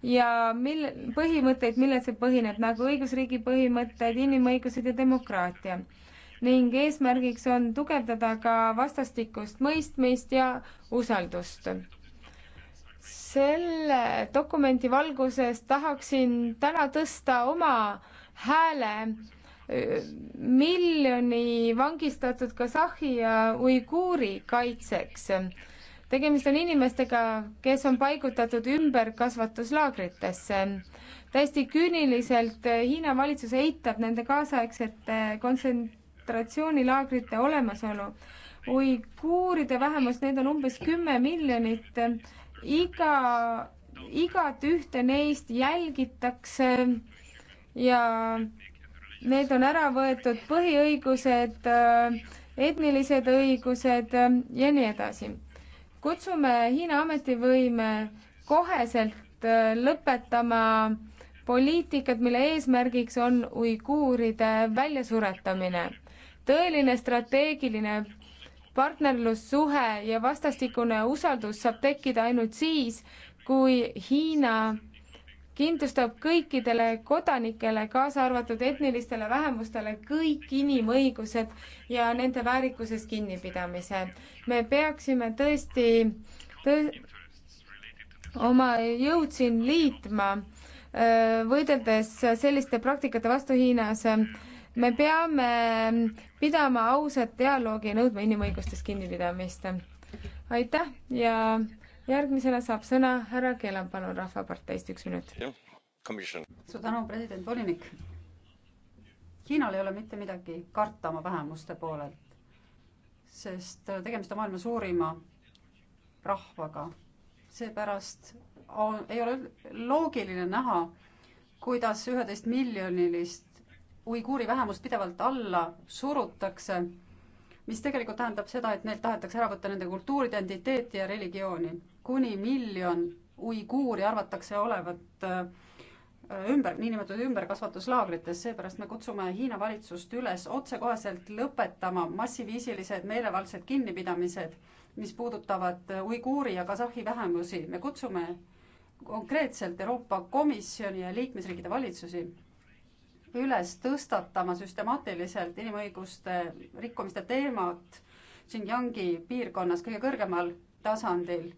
Speaker 5: ja mil-, põhimõtteid, millel see põhineb, nagu õigusriigi põhimõtted, inimõigused ja demokraatia. ning eesmärgiks on tugevdada ka vastastikust mõistmist ja usaldust. selle dokumendi valguses tahaksin täna tõsta oma hääle äh, miljoni vangistatud Kasahhi ja uiguuri kaitseks tegemist on inimestega, kes on paigutatud ümberkasvatuslaagritesse. täiesti küüniliselt eh, Hiina valitsus eitab nende kaasaegsete kontsentratsioonilaagrite olemasolu. uiguuride vähemus, neid on umbes kümme miljonit, eh, iga, igat ühte neist jälgitakse ja neilt on ära võetud põhiõigused, eh, etnilised õigused ja nii edasi kutsume Hiina ametivõime koheselt äh, lõpetama poliitikat, mille eesmärgiks on uiguuride väljasuretamine. tõeline strateegiline partnerlussuhe ja vastastikune usaldus saab tekkida ainult siis, kui Hiina kindlustab kõikidele kodanikele, kaasa arvatud etnilistele vähemustele, kõik inimõigused ja nende väärikusest kinnipidamise. me peaksime tõesti tõ oma jõud siin liitma, võideldes selliste praktikate vastu Hiinas. me peame pidama ausat dialoogi ja nõudma inimõigustest kinnipidamist. aitäh ja järgmisena saab sõna härra Kelam, palun, Rahvaparteist üks
Speaker 2: minut. suur
Speaker 5: tänu, president, volinik.
Speaker 7: Hiinal ei ole mitte midagi karta oma vähemuste poolelt, sest tegemist on maailma suurima rahvaga. seepärast on, ei ole loogiline näha, kuidas üheteist miljonilist uiguuri vähemust pidevalt alla surutakse mis tegelikult tähendab seda, et neilt tahetakse ära võtta nende kultuuri, identiteeti ja religiooni kuni miljon uiguuri arvatakse olevat äh, ümber, niinimetatud ümberkasvatuslaagrites, seepärast me kutsume Hiina valitsust üles otsekoheselt lõpetama massiviisilised meelevaldsed kinnipidamised, mis puudutavad äh, uiguuri ja kasahhi vähemusi. me kutsume konkreetselt Euroopa Komisjoni ja liikmesriikide valitsusi üles tõstatama süstemaatiliselt inimõiguste rikkumiste teemat Xinjiangi piirkonnas kõige kõrgemal tasandil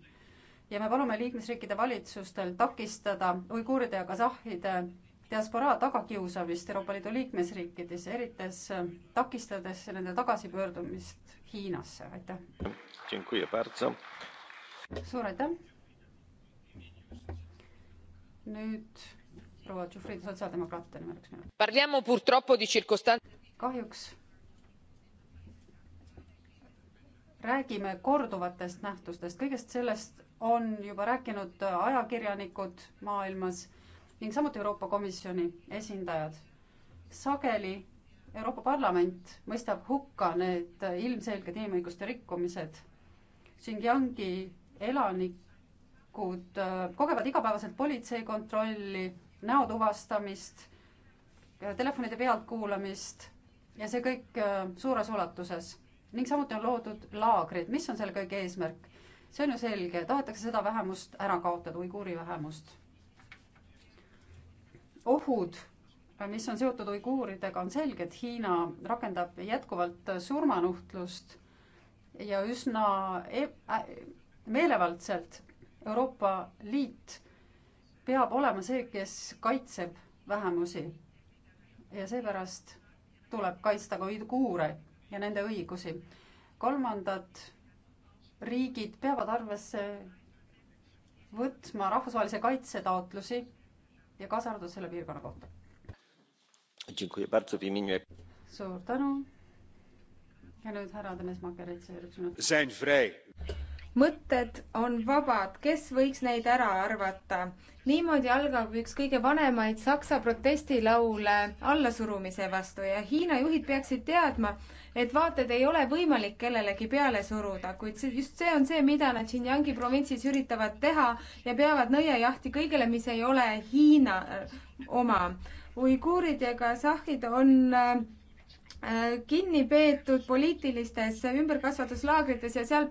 Speaker 7: ja me palume liikmesriikide valitsustel takistada uiguuride ja kasahhide diasporaa tagakiusamist Euroopa Liidu liikmesriikides, erites takistades nende tagasipöördumist Hiinasse, aitäh. suur aitäh. nüüd proua Tšufrida sotsiaaldemokraatide nimel üks minut. kahjuks räägime korduvatest nähtustest, kõigest sellest, on juba rääkinud ajakirjanikud maailmas ning samuti Euroopa Komisjoni esindajad. sageli Euroopa Parlament mõistab hukka need ilmselged inimõiguste rikkumised. Xinjiangi elanikud äh, kogevad igapäevaselt politsei kontrolli, näo tuvastamist, äh, telefonide pealtkuulamist ja see kõik äh, suures ulatuses. ning samuti on loodud laagrid, mis on selle kõige eesmärk? see on ju selge, tahetakse seda vähemust ära kaotada, uiguuri vähemust. ohud, mis on seotud uiguuridega, on selged, Hiina rakendab jätkuvalt surmanuhtlust ja üsna e äh, meelevaldselt Euroopa Liit peab olema see, kes kaitseb vähemusi. ja seepärast tuleb kaitsta ka uiguure ja nende õigusi. kolmandad riigid peavad arvesse võtma rahvusvahelise kaitse taotlusi ja kaasa arvatud selle piirkonna kohta. suur tänu. ja nüüd härra Tõnismägi,
Speaker 5: üks
Speaker 2: minut
Speaker 5: mõtted on vabad, kes võiks neid ära arvata? niimoodi algab üks kõige vanemaid Saksa protestilaule allasurumise vastu ja Hiina juhid peaksid teadma, et vaated ei ole võimalik kellelegi peale suruda, kuid just see on see, mida nad Xinjiangi provintsis üritavad teha ja peavad nõiajahti kõigele, mis ei ole Hiina äh, oma. uiguurid ja kasahhid on äh, Äh, kinni peetud poliitilistes ümberkasvatuslaagrites ja seal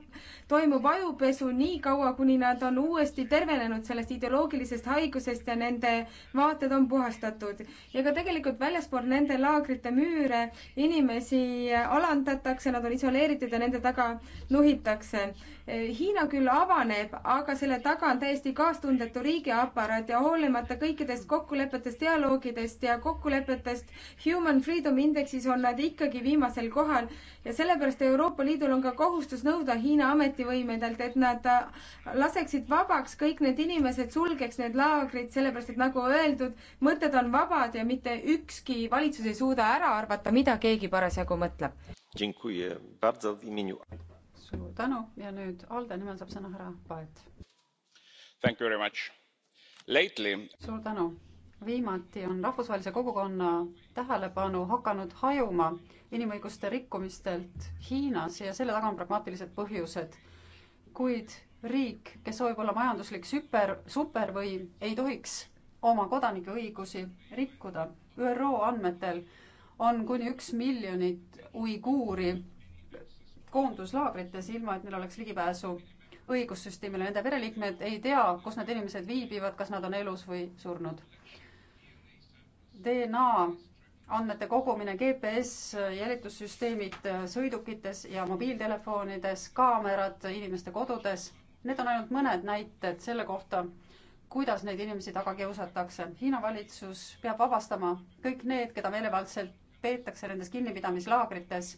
Speaker 5: toimub ajupesu nii kaua, kuni nad on uuesti tervenenud sellest ideoloogilisest haigusest ja nende vaated on puhastatud. ja ka tegelikult väljaspool nende laagrite müüre inimesi alandatakse, nad on isoleeritud ja nende taga nuhitakse. Äh, Hiina küll avaneb, aga selle taga on täiesti kaastundetu riigiaparaat ja hoolimata kõikidest kokkulepetest, dialoogidest ja kokkulepetest Human Freedom Indexis on nad oled ikkagi viimasel kohal ja sellepärast Euroopa Liidul on ka kohustus nõuda Hiina ametivõimedelt, et nad äh, laseksid vabaks kõik need inimesed, sulgeks need laagrid, sellepärast et nagu öeldud, mõtted on vabad ja mitte ükski valitsus ei suuda ära arvata, mida keegi parasjagu mõtleb.
Speaker 2: suur
Speaker 7: tänu ja nüüd Alde nimel saab sõna härra Paet. suur tänu viimati on rahvusvahelise kogukonna tähelepanu hakanud hajuma inimõiguste rikkumistelt Hiinas ja selle taga on pragmaatilised põhjused. kuid riik, kes soovib olla majanduslik süper, supervõim, ei tohiks oma kodanike õigusi rikkuda. ÜRO andmetel on kuni üks miljonit uiguuri koonduslaagrites, ilma et neil oleks ligipääsu õigussüsteemile. Nende pereliikmed ei tea, kus need inimesed viibivad, kas nad on elus või surnud DNA andmete kogumine, GPS, jälitussüsteemid sõidukites ja mobiiltelefonides, kaamerad inimeste kodudes, need on ainult mõned näited selle kohta, kuidas neid inimesi taga kiusatakse. Hiina valitsus peab vabastama kõik need, keda meelevaldselt peetakse nendes kinnipidamislaagrites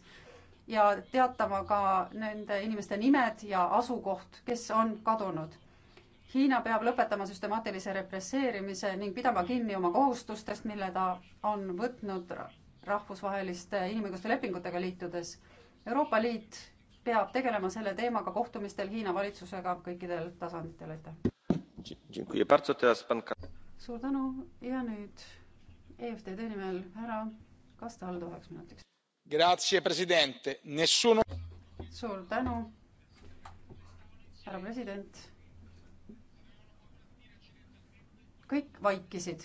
Speaker 7: ja teatama ka nende inimeste nimed ja asukoht, kes on kadunud Hiina peab lõpetama süstemaatilise represseerimise ning pidama mm. kinni oma kohustustest, mille ta on võtnud rahvusvaheliste inimõiguste lepingutega liitudes. Euroopa Liit peab tegelema selle teemaga kohtumistel Hiina valitsusega kõikidel tasanditel, aitäh. suur tänu ja nüüd EFTD nimel härra Castaldo üheks minutiks. Nessuno... suur tänu, härra president kõik vaikisid,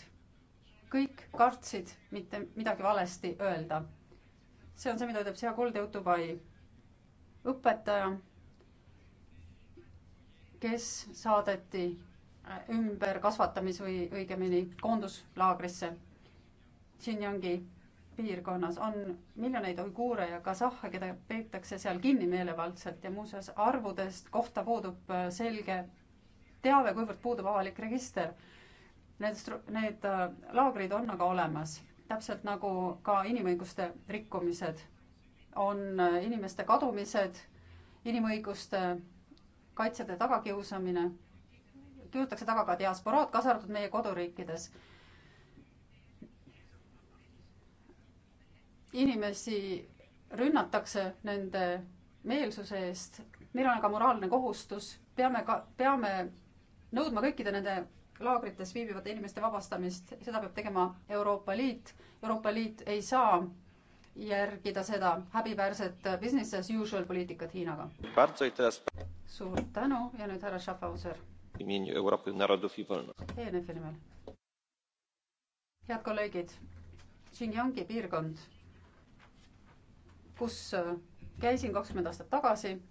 Speaker 7: kõik kartsid mitte midagi valesti öelda. see on see, mida ütleb Sea Koldeutubai õpetaja, kes saadeti äh, ümberkasvatamis või õigemini koonduslaagrisse Xinjiangi piirkonnas on miljoneid uiguure ja kasahhe, keda peetakse seal kinni meelevaldselt ja muuseas arvudest kohta puudub äh, selge teave, kuivõrd puudub avalik register. Need, need äh, laagrid on aga olemas, täpselt nagu ka inimõiguste rikkumised. on äh, inimeste kadumised, inimõiguste kaitsjate tagakiusamine, kiusatakse taga ka diasporaad, kaasa arvatud meie koduriikides. inimesi rünnatakse nende meelsuse eest, meil on aga moraalne kohustus, peame ka, peame nõudma kõikide nende laagrites viibivate inimeste vabastamist, seda peab tegema Euroopa Liit. Euroopa Liit ei saa järgida seda häbiväärset business as usual poliitikat Hiinaga. suur tänu ja nüüd härra Schaffhauser.
Speaker 2: ENF-i
Speaker 7: e nimel. head kolleegid, Xinjiangi piirkond, kus äh, käisin kakskümmend aastat tagasi,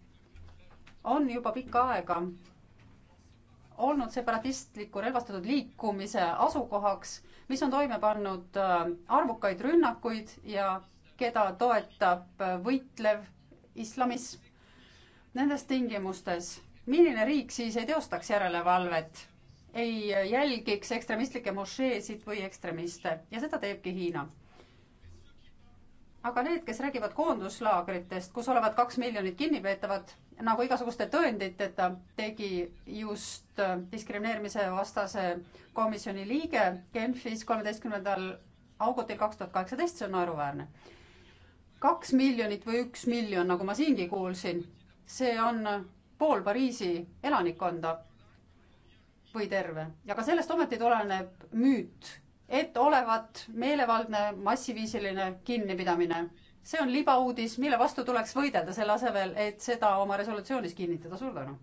Speaker 7: on juba pikka aega olnud separatistliku relvastatud liikumise asukohaks, mis on toime pannud äh, arvukaid rünnakuid ja keda toetab äh, võitlev islamism. Nendes tingimustes, milline riik siis ei teostaks järelevalvet, ei jälgiks ekstremistlikke mošeesid või ekstremiste ja seda teebki Hiina. aga need, kes räägivad koonduslaagritest, kus olevat kaks miljonit kinnipeetavat, nagu igasuguste tõenditeta tegi just äh, diskrimineerimise vastase komisjoni liige Genfis kolmeteistkümnendal augutil kaks tuhat kaheksateist, see on naeruväärne. kaks miljonit või üks miljon, nagu ma siingi kuulsin, see on pool Pariisi elanikkonda või terve ja ka sellest ometi tuleneb müüt, et olevat meelevaldne massiviisiline kinnipidamine see on libauudis, mille vastu tuleks võidelda, selle asemel, et seda oma resolutsioonis kinnitada. suur tänu.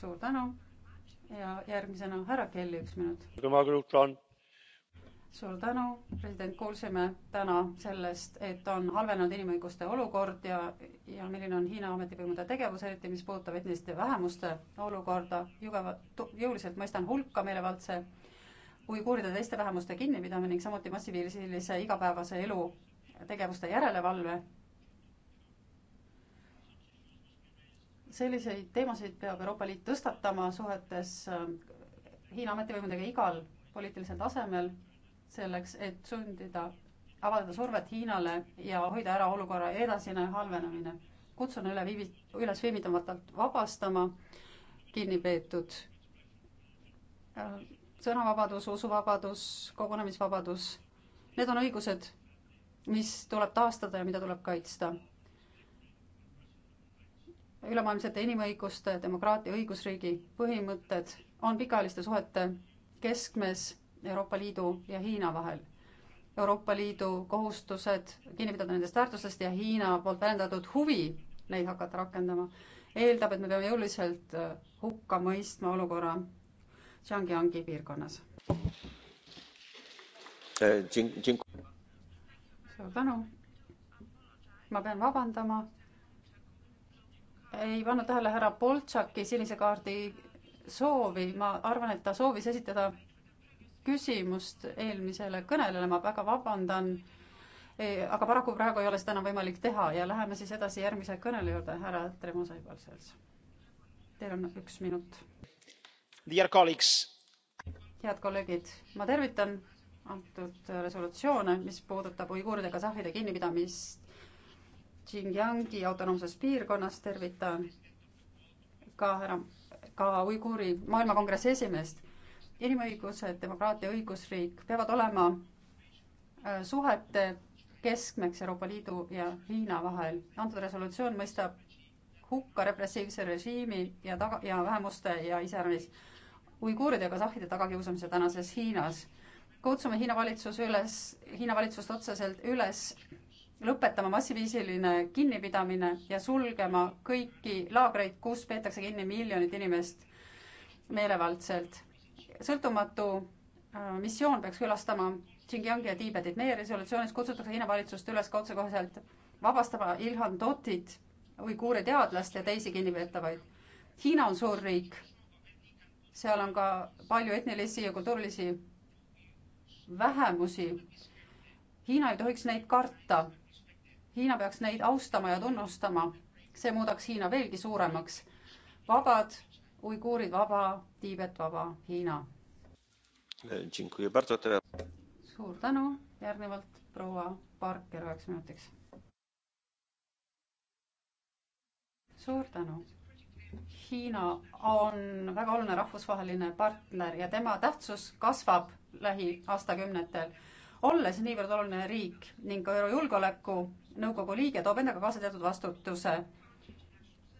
Speaker 7: suur tänu ja järgmisena härra Kelly, üks
Speaker 2: minut.
Speaker 7: suur tänu, president, kuulsime täna sellest, et on halvenenud inimõiguste olukord ja, ja milline on Hiina ametivõimude tegevus, eriti mis puudutab etniliste vähemuste olukorda. jugeva, jõuliselt mõistan hulka meelevaldse uiguuride teiste vähemuste kinnipidamine ning samuti massiviisilise igapäevase elu tegevuste järelevalve. selliseid teemasid peab Euroopa Liit tõstatama suhetes äh, Hiina ametivõimudega igal poliitilisel tasemel, selleks et sundida, avaldada survet Hiinale ja hoida ära olukorra edasine halvenemine. kutsun üle viivi-, üles viivitamatult vabastama kinnipeetud äh, sõnavabadus, usuvabadus, kogunemisvabadus, need on õigused, mis tuleb taastada ja mida tuleb kaitsta. ülemaailmsete inimõiguste, demokraatia, õigusriigi põhimõtted on pikaajaliste suhete keskmes Euroopa Liidu ja Hiina vahel. Euroopa Liidu kohustused kinni pidada nendest väärtustest ja Hiina poolt väljendatud huvi neid hakata rakendama eeldab, et me peame jõuliselt äh, hukka mõistma olukorra Zhangjiangi piirkonnas.
Speaker 2: Äh,
Speaker 7: suur tänu. ma pean vabandama. ei pannud tähele härra Boltšaki sinise kaardi soovi, ma arvan, et ta soovis esitada küsimust eelmisele kõnelejale, ma väga vabandan. aga paraku praegu ei ole seda enam võimalik teha ja läheme siis edasi järgmise kõneleja juurde, härra Tremo Saibal-Sels. Teil on üks minut
Speaker 2: head
Speaker 7: kolleegid, ma tervitan antud resolutsioone, mis puudutab uiguuride kasahhide kinnipidamist Xinjiangi autonoomses piirkonnas, tervitan ka härra, ka uiguuri maailmakongressi esimeest. inimõigused, demokraatia, õigusriik peavad olema äh, suhete keskmeks Euroopa Liidu ja Hiina vahel. antud resolutsioon mõistab hukka repressiivse režiimi ja taga, ja vähemuste ja iseäranis uiguuride ja kasahhide tagakiusamise tänases Hiinas. kutsume Hiina valitsuse üles, Hiina valitsust otseselt üles lõpetama massiviisiline kinnipidamine ja sulgema kõiki laagreid, kus peetakse kinni miljonit inimest meelevaldselt. sõltumatu äh, missioon peaks külastama Xinjiangi ja Tiibetit. meie resolutsioonis kutsutakse Hiina valitsust üles ka otsekoheselt vabastama Ilhan Totit, uiguuri teadlast ja teisi kinnipeetavaid. Hiina on suur riik seal on ka palju etnilisi ja kultuurilisi vähemusi. Hiina ei tohiks neid karta. Hiina peaks neid austama ja tunnustama. see muudaks Hiina veelgi suuremaks. vabad uiguurid, vaba Tiibet, vaba Hiina. suur tänu, järgnevalt proua Parker üheks minutiks. suur tänu Hiina on väga oluline rahvusvaheline partner ja tema tähtsus kasvab lähiaastakümnetel. olles niivõrd oluline riik ning ka ÜRO Julgeolekunõukogu liige, toob endaga kaasa teatud vastutuse.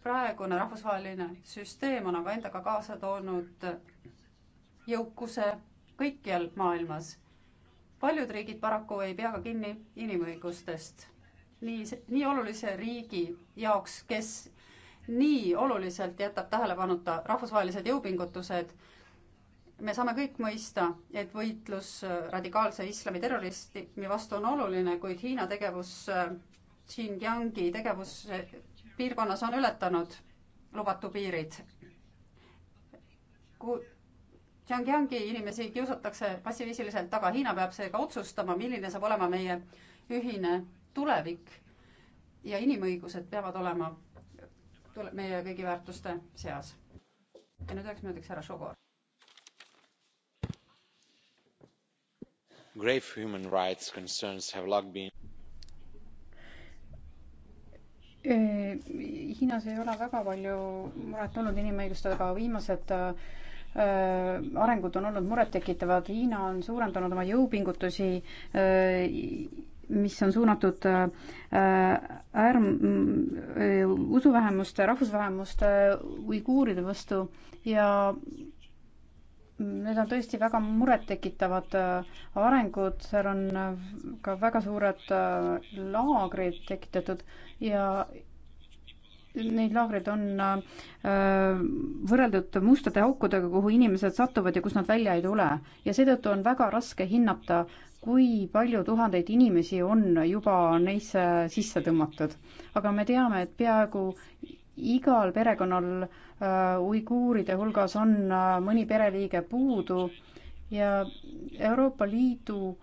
Speaker 7: praegune rahvusvaheline süsteem on aga endaga kaasa toonud jõukuse kõikjal maailmas. paljud riigid paraku ei pea ka kinni inimõigustest. nii, nii olulise riigi jaoks, kes nii oluliselt jätab tähelepanuta rahvusvahelised jõupingutused. me saame kõik mõista, et võitlus äh, radikaalse islami terrorismi vastu on oluline, kuid Hiina tegevus äh, Xinjiangi tegevus äh, piirkonnas on ületanud lubatu piirid. kui Xinjiangi inimesi kiusatakse passiviisiliselt taga, Hiina peab seega otsustama, milline saab olema meie ühine tulevik ja inimõigused peavad olema tuleb meie kõigi väärtuste seas. ja nüüd üheks minutiks härra Šogor.
Speaker 2: Grave human rights concerns have long been
Speaker 7: Hiinas ei ole väga palju muret olnud inimõigustega, viimased äh, arengud on olnud murettekitavad, Hiina on suurendanud oma jõupingutusi äh, mis on suunatud äh, äh, äärm-, äh, usuvähemuste, rahvusvähemuste, uiguuride vastu ja need on tõesti väga murettekitavad arengud, seal on ka väga suured laagrid tekitatud ja neid laagreid on võrreldud mustade aukudega, kuhu inimesed satuvad ja kust nad välja ei tule. ja seetõttu on väga raske hinnata, kui palju tuhandeid inimesi on juba neisse sisse tõmmatud. aga me teame, et peaaegu igal perekonnal äh, uiguuride hulgas on äh, mõni pereliige puudu ja Euroopa Liidu äh,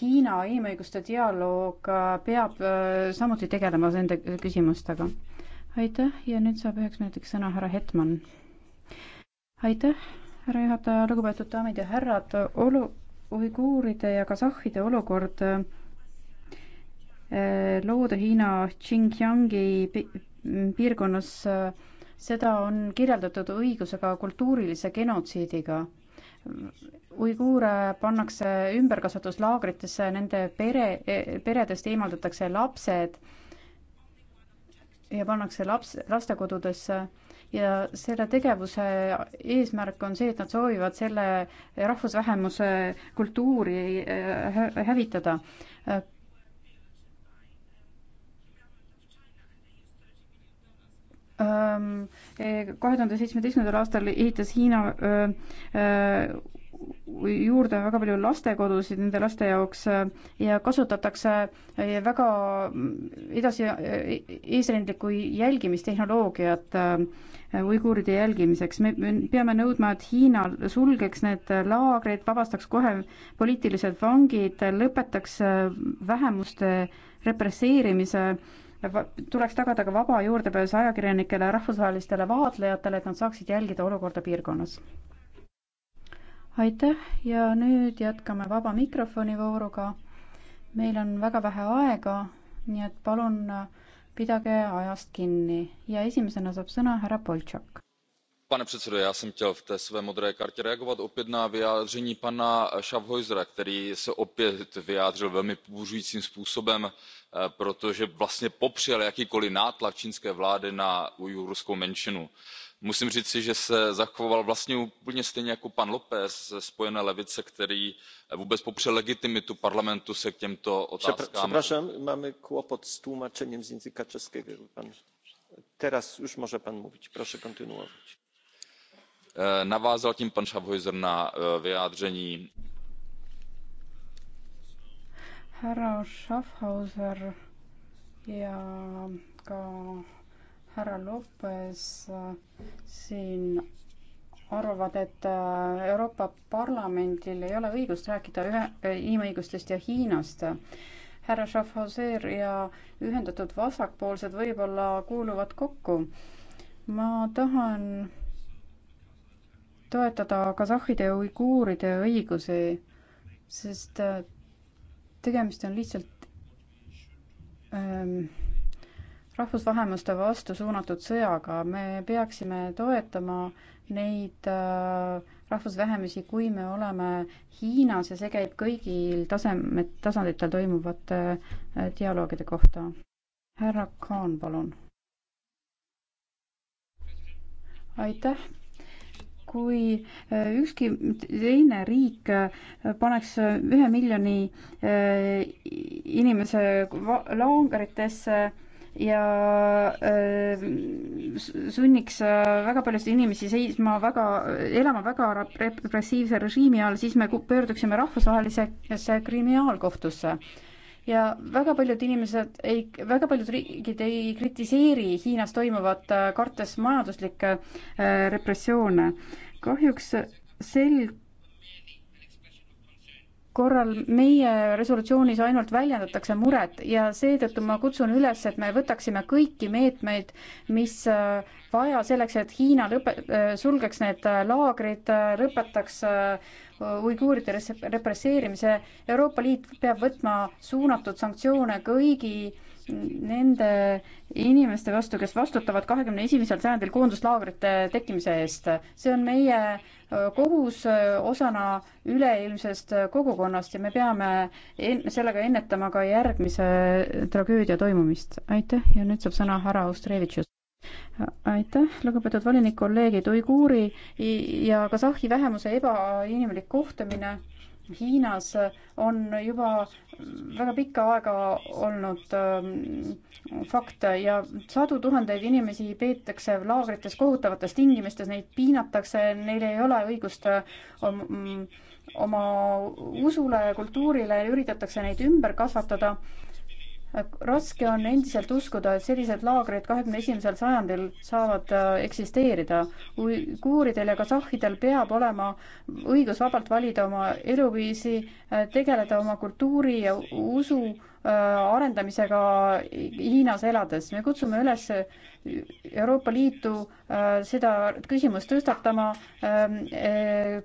Speaker 7: Hiina inimõiguste dialoog peab samuti tegelema nende küsimustega. aitäh ja nüüd saab üheks minutiks sõna härra Hetman. aitäh härra juhataja, lugupeetud daamid ja härrad, olu-, uiguuride ja kasahhide olukord eh, loode Hiina Xinjiangi piirkonnas, seda on kirjeldatud õigusega kultuurilise genotsiidiga. uiguure pannakse ümberkasvatuslaagritesse, nende pere, peredest eemaldatakse lapsed ja pannakse laps, lastekodudesse ja selle tegevuse eesmärk on see, et nad soovivad selle rahvusvähemuse kultuuri äh, hävitada. Äh, ähm, eh, kahe tuhande seitsmeteistkümnendal aastal ehitas Hiina äh, juurde väga palju lastekodusid nende laste jaoks äh, ja kasutatakse äh, väga äh, edasi eesrindlikku jälgimistehnoloogiat uiguuride jälgimiseks. me peame nõudma, et Hiina sulgeks need laagrid, vabastaks kohe poliitilised vangid, lõpetaks vähemuste represseerimise tuleks tagada ka vaba juurdepääs ajakirjanikele ja rahvusvahelistele vaatlejatele, et nad saaksid jälgida olukorda piirkonnas aitäh ja nüüd jätkame vaba mikrofoni vooruga. meil on väga vähe aega, nii et palun äh, pidage ajast kinni ja esimesena saab sõna härra Boltšak.
Speaker 2: pane předsedo, já jsem chtěl v té své modré kartě reagovat opět na vyjádření
Speaker 3: pana eh, Schaffhausera, který se opět vyjádřil velmi pobuřujícím způsobem, eh, protože vlastně popřel jakýkoliv nátlak čínské vlády na ujgurskou menšinu musím říci že se zachoval vlastně úplně stejně jako pan lópez ze spojené levice který vůbec popřel legitimitu parlamentu se k těmto otázkám e, navázal tím pan schaffhauser na e, vyjádření
Speaker 7: härra schaffhauser ja ka härra Lopes siin arvavad, et äh, Euroopa Parlamendil ei ole õigust rääkida ühe, äh, inimõigustest ja Hiinast. härra Schaffhauser ja ühendatud vasakpoolsed võib-olla kuuluvad kokku. ma tahan toetada kasahhide ja uiguuride õigusi, sest äh, tegemist on lihtsalt ähm, rahvusvähemuste vastu suunatud sõjaga, me peaksime toetama neid äh, rahvusvähemusi, kui me oleme Hiinas ja see käib kõigil tasemed, tasanditel toimuvate äh, dialoogide kohta. härra Kaan, palun. aitäh kui äh, ükski teine riik paneks ühe miljoni inimese laagritesse ja äh, sunniks äh, väga paljusid inimesi seisma väga, elama väga repressiivse režiimi all, siis me pöörduksime rahvusvahelise kriminaalkohtusse. ja väga paljud inimesed ei, väga paljud riigid ei kritiseeri Hiinas toimuvat, äh, kartes majanduslikke repressioone. kahjuks sel korral meie resolutsioonis ainult väljendatakse muret ja seetõttu ma kutsun üles, et me võtaksime kõiki meetmeid, mis äh, vaja selleks, et Hiina lõpe-, äh, sulgeks need äh, laagrid, lõpetaks uiguuride represseerimise. Euroopa Liit peab võtma suunatud sanktsioone kõigi nende äh, inimeste vastu, kes vastutavad kahekümne esimesel sajandil koonduslaagrite tekkimise eest. see on meie kohus osana üleilmsest kogukonnast ja me peame en sellega ennetama ka järgmise tragöödia toimumist. aitäh ja nüüd saab sõna härra Austrevitšus aitäh, lugupeetud volinik, kolleegid, uiguuri ja Kasahhi vähemuse ebainimlik kohtlemine Hiinas on juba väga pikka aega olnud ähm, fakt ja sadu tuhandeid inimesi peetakse laagrites kohutavates tingimustes, neid piinatakse, neil ei ole õigust ähm, oma usule ja kultuurile, üritatakse neid ümber kasvatada raske on endiselt uskuda, et sellised laagrid kahekümne esimesel sajandil saavad äh, eksisteerida. uiguuridel ja kasahhidel peab olema õigus vabalt valida oma eluviisi, äh, tegeleda oma kultuuri ja usu Äh, arendamisega Hiinas elades. me kutsume üles Euroopa Liitu äh, seda küsimust tõstatama, ähm, äh,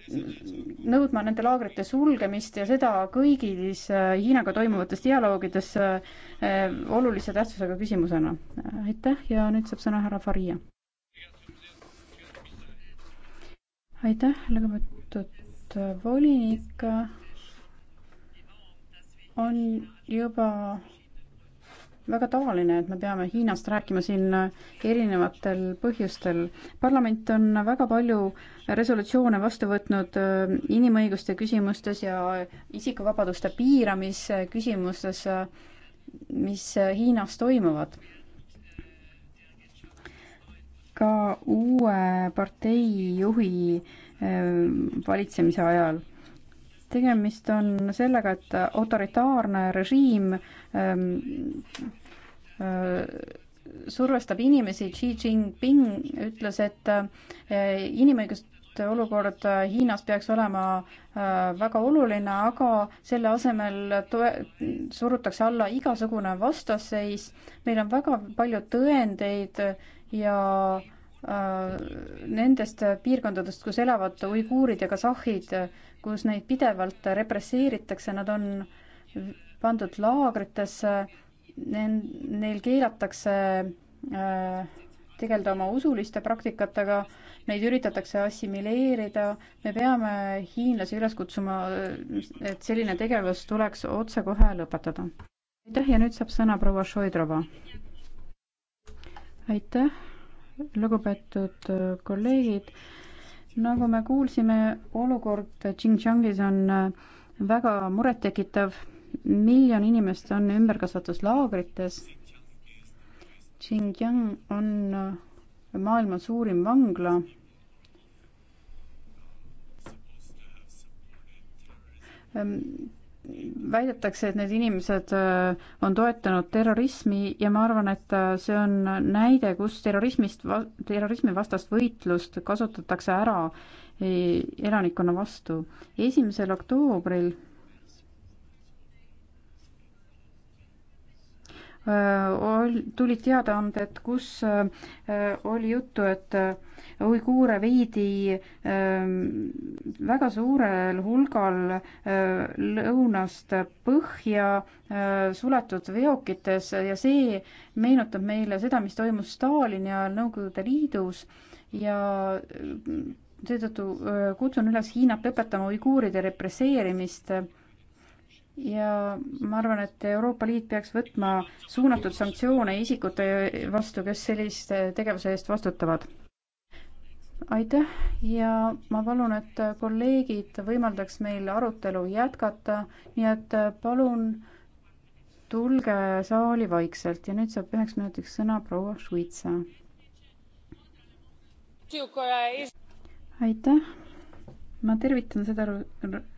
Speaker 7: nõudma nende laagrite sulgemist ja seda kõigis Hiinaga toimuvates dialoogides olulise tähtsusega küsimusena. aitäh ja nüüd saab sõna härra Faria. aitäh, lugupeetud volinik. on juba väga tavaline, et me peame Hiinast rääkima siin erinevatel põhjustel. parlament on väga palju resolutsioone vastu võtnud äh, inimõiguste küsimustes ja isikuvabaduste piiramise küsimustes, äh, mis äh, Hiinas toimuvad. ka uue partei juhi valitsemise ajal tegemist on sellega, et autoritaarne režiim ähm, äh, survestab inimesi, Xi Jinping ütles, et äh, inimõiguste olukord äh, Hiinas peaks olema äh, väga oluline, aga selle asemel toe-, surutakse alla igasugune vastasseis, meil on väga palju tõendeid ja äh, nendest piirkondadest, kus elavad uiguurid ja kasahhid, kus neid pidevalt represseeritakse, nad on pandud laagritesse, neil keelatakse äh, tegeleda oma usuliste praktikatega, neid üritatakse assimileerida, me peame hiinlasi üles kutsuma, et selline tegevus tuleks otsekohe lõpetada. aitäh ja nüüd saab sõna proua Šoidrova. aitäh, lugupeetud äh, kolleegid nagu me kuulsime, olukord Xinjiangis on äh, väga murettekitav. miljon inimest on ümberkasvatuslaagrites. Xinjiang on äh, maailma suurim vangla. Ähm, väidetakse, et need inimesed äh, on toetanud terrorismi ja ma arvan, et äh, see on näide, kus terrorismist, terrorismivastast võitlust kasutatakse ära eh, elanikkonna vastu. esimesel oktoobril Äh, tulid teadaanded, kus äh, oli juttu, et äh, uiguure viidi ähm, väga suurel hulgal lõunast põhja suletud veokites ja see meenutab meile seda, mis toimus Stalini ajal Nõukogude Liidus ja seetõttu kutsun üles Hiinat lõpetama uiguuride represseerimist ja ma arvan, et Euroopa Liit peaks võtma suunatud sanktsioone isikute vastu, kes sellise tegevuse eest vastutavad. aitäh ja ma palun, et kolleegid võimaldaks meil arutelu jätkata, nii et palun tulge saali vaikselt ja nüüd saab üheks minutiks sõna proua Šuitsa. aitäh ma tervitan seda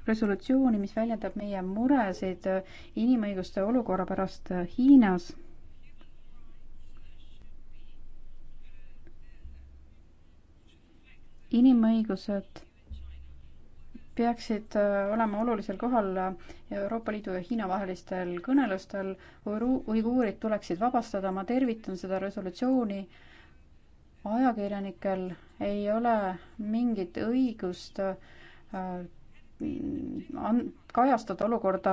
Speaker 7: resolutsiooni, mis väljendab meie muresid äh, inimõiguste olukorra pärast äh, Hiinas. inimõigused peaksid äh, olema olulisel kohal Euroopa Liidu ja Hiina vahelistel kõnelustel. uiguurid tuleksid vabastada, ma tervitan seda resolutsiooni. ajakirjanikel ei ole mingit õigust on, äh, kajastada olukorda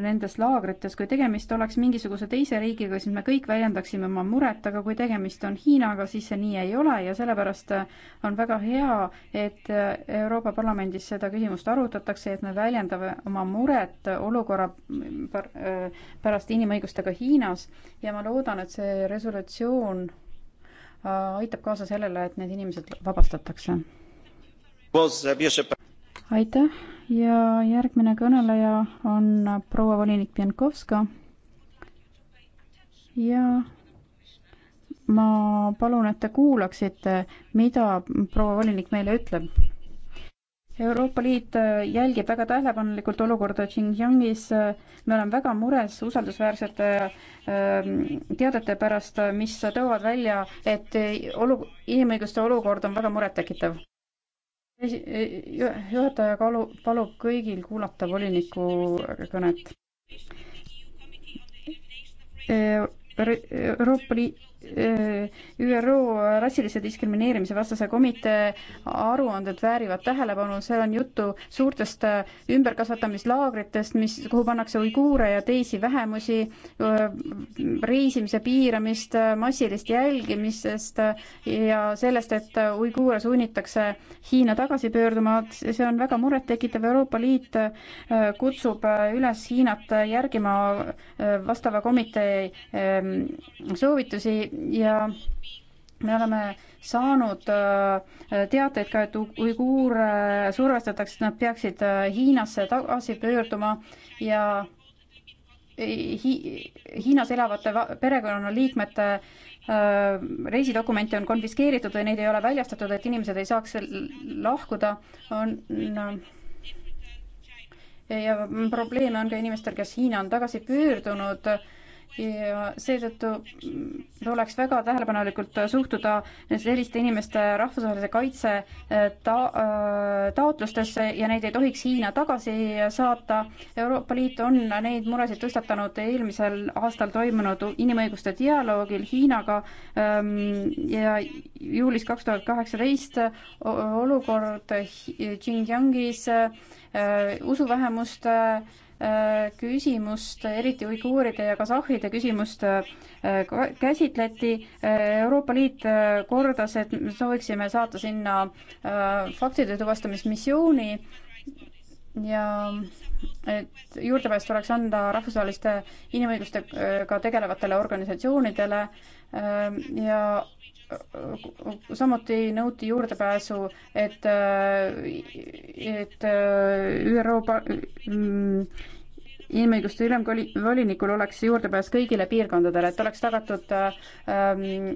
Speaker 7: nendes laagrites, kui tegemist oleks mingisuguse teise riigiga, siis me kõik väljendaksime oma muret, aga kui tegemist on Hiinaga, siis see nii ei ole ja sellepärast äh, on väga hea, et äh, Euroopa Parlamendis seda küsimust arutatakse, et me väljendame oma muret olukorra pärast inimõigustega Hiinas ja ma loodan, et see resolutsioon Äh, aitab kaasa sellele, et need inimesed
Speaker 2: vabastatakse.
Speaker 7: aitäh ja järgmine kõneleja on proua volinik Pienkovska. ja ma palun, et te kuulaksite, mida proua volinik meile ütleb Euroopa Liit äh, jälgib väga tähelepanelikult olukorda Xinjiangis. me oleme väga mures usaldusväärsete ähm, teadete pärast, äh, mis toovad välja, et äh, olu, inimõiguste olukord on väga murettekitav. juhataja kalu, palub kõigil kuulata voliniku kõnet. Euroopa Liit ÜRO rassilise diskrimineerimise vastase komitee aruanded väärivad tähelepanu, seal on juttu suurtest äh, ümberkasvatamislaagritest, mis, kuhu pannakse uiguure ja teisi vähemusi, reisimise piiramist, äh, massilist jälgimisest äh, ja sellest, et uiguure sunnitakse Hiina tagasi pöörduma, see on väga murettekitav, Euroopa Liit kutsub üles Hiinat järgima vastava komitee ähm, soovitusi ja me oleme saanud äh, teateid ka, et uiguure äh, survestatakse, et nad peaksid äh, Hiinasse tagasi pöörduma ja Hi-, Hiinas elavate perekonnaliikmete reisidokumente on konfiskeeritud või neid ei ole väljastatud, et inimesed ei saaks lahkuda, on ja probleeme on ka inimestel, kes Hiina on tagasi pöördunud äh, ja seetõttu tuleks väga tähelepanelikult suhtuda selliste inimeste rahvusvahelise kaitse äh, ta-, äh, taotlustesse ja neid ei tohiks Hiina tagasi saata. Euroopa Liit on neid muresid tõstatanud eelmisel aastal toimunud inimõiguste dialoogil Hiinaga ähm, ja juulis kaks tuhat kaheksateist olukord Xinjiangis äh, usuvähemuste Äh, küsimust, eriti uiguuride ja kasahhide küsimust äh, käsitleti. Äh, Euroopa Liit kordas, et me sooviksime saata sinna faktide tuvastamismissiooni ja et juurdepääs tuleks anda rahvusvaheliste inimõigustega tegelevatele organisatsioonidele ja samuti nõuti juurdepääsu, et, et ÜRO mm, inimõiguste ülemvolinikul oleks juurdepääs kõigile piirkondadele, et oleks tagatud äh, ähm,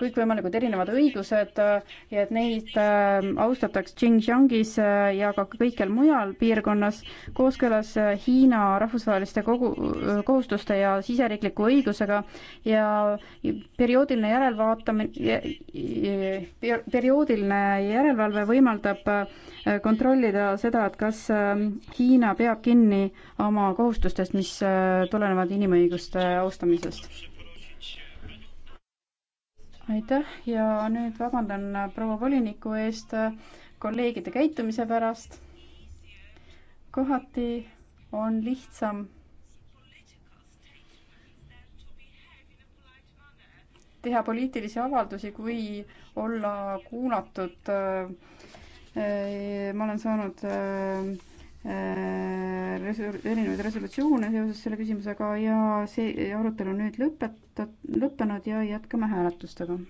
Speaker 7: kõikvõimalikud erinevad õigused äh, ja et neid äh, austataks Xinjiangis äh, ja ka kõikjal mujal piirkonnas kooskõlas Hiina rahvusvaheliste kogu, kohustuste ja siseriikliku õigusega ja perioodiline järelvaatamine, perioodiline järelevalve võimaldab kontrollida seda, et kas Hiina peab kinni oma kohustustest, mis tulenevad inimõiguste austamisest aitäh ja nüüd vabandan äh, proua voliniku eest äh, kolleegide käitumise pärast. kohati on lihtsam teha poliitilisi avaldusi, kui olla kuulatud. Äh, ma olen saanud Äh, resol-, erinevaid resolutsioone seoses selle küsimusega ja see arutelu on nüüd lõpeta-, lõppenud ja jätkame hääletustega.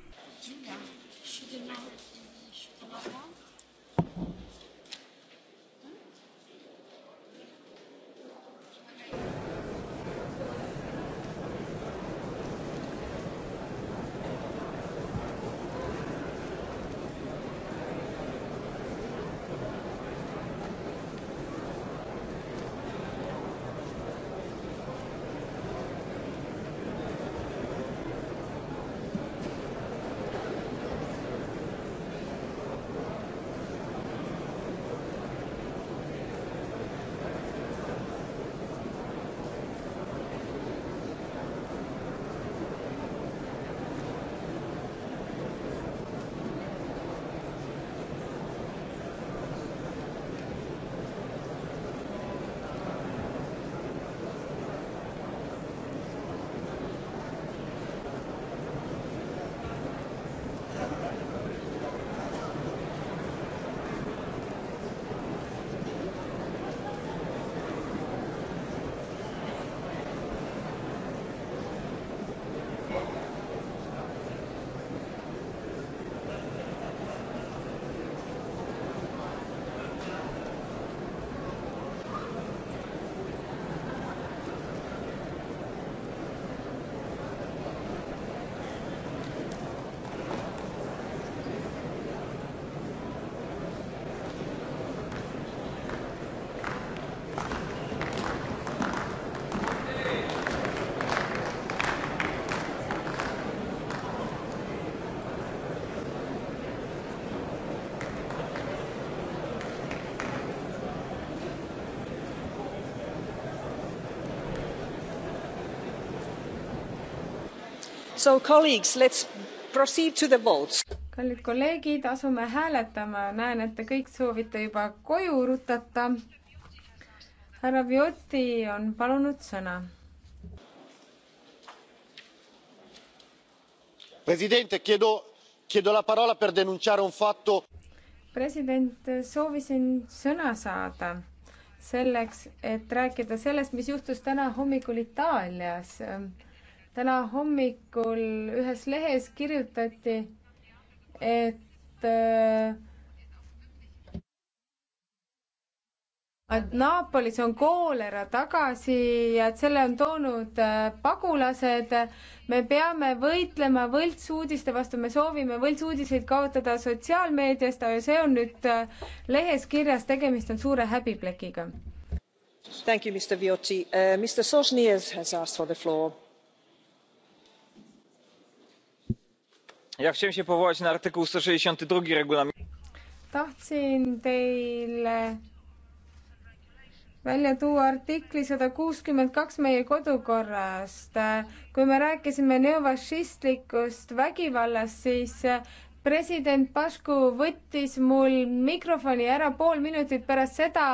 Speaker 5: kallid kolleegid, asume hääletama, näen, et te kõik soovite juba koju rutata. härra Viotti on palunud sõna.
Speaker 2: president, chiedo, chiedo la parola per denunciare un fatto.
Speaker 5: president, soovisin sõna saada selleks, et rääkida sellest, mis juhtus täna hommikul Itaalias täna hommikul ühes lehes kirjutati, et äh, et Naapolis on koolera tagasi ja et selle on toonud äh, pagulased. me peame võitlema võltsuudiste vastu, me soovime võltsuudiseid kaotada sotsiaalmeediast, aga see on nüüd äh, lehes kirjas, tegemist on suure häbiplekiga. Thank you, Mr Viotti uh,. Mr Sosniers has asked for the floor tahtsin teile välja tuua artikli sada kuuskümmend kaks meie kodukorrast. kui me rääkisime neofašistlikust vägivallast, siis president Pašku võttis mul mikrofoni ära pool minutit pärast seda,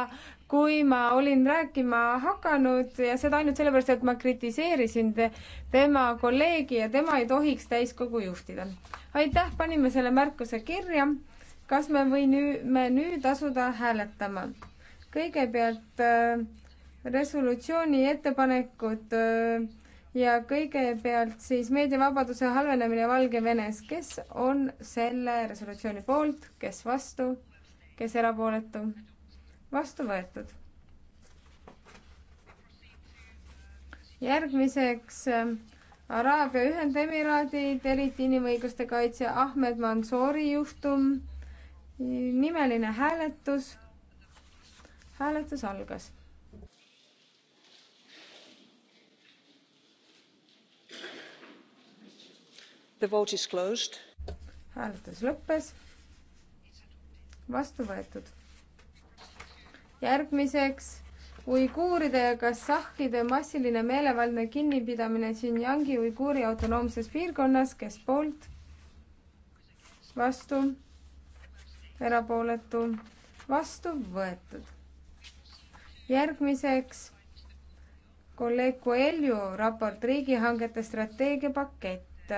Speaker 5: kui ma olin rääkima hakanud ja seda ainult sellepärast, et ma kritiseerisin te, tema kolleegi ja tema ei tohiks täiskogu juhtida. aitäh, panime selle märkuse kirja. kas me võime nüüd asuda hääletama? kõigepealt äh, resolutsiooni ettepanekud äh, ja kõigepealt siis meediavabaduse halvenemine Valgevenes, kes on selle resolutsiooni poolt, kes vastu, kes erapooletu? vastu võetud. järgmiseks ähm, Araabia Ühendemiraadid, eriti inimõiguste kaitse Ahmed Mansouri juhtum, nimeline hääletus. hääletus algas The vote is closed. hääletus lõppes. vastu võetud järgmiseks uiguuride ja kasahhide massiline meelevaldne kinnipidamine Xinjiangi uiguuri autonoomses piirkonnas, kes poolt, vastu, erapooletu, vastu võetud. järgmiseks kolleeg Coelho raport riigihangete strateegiapakett.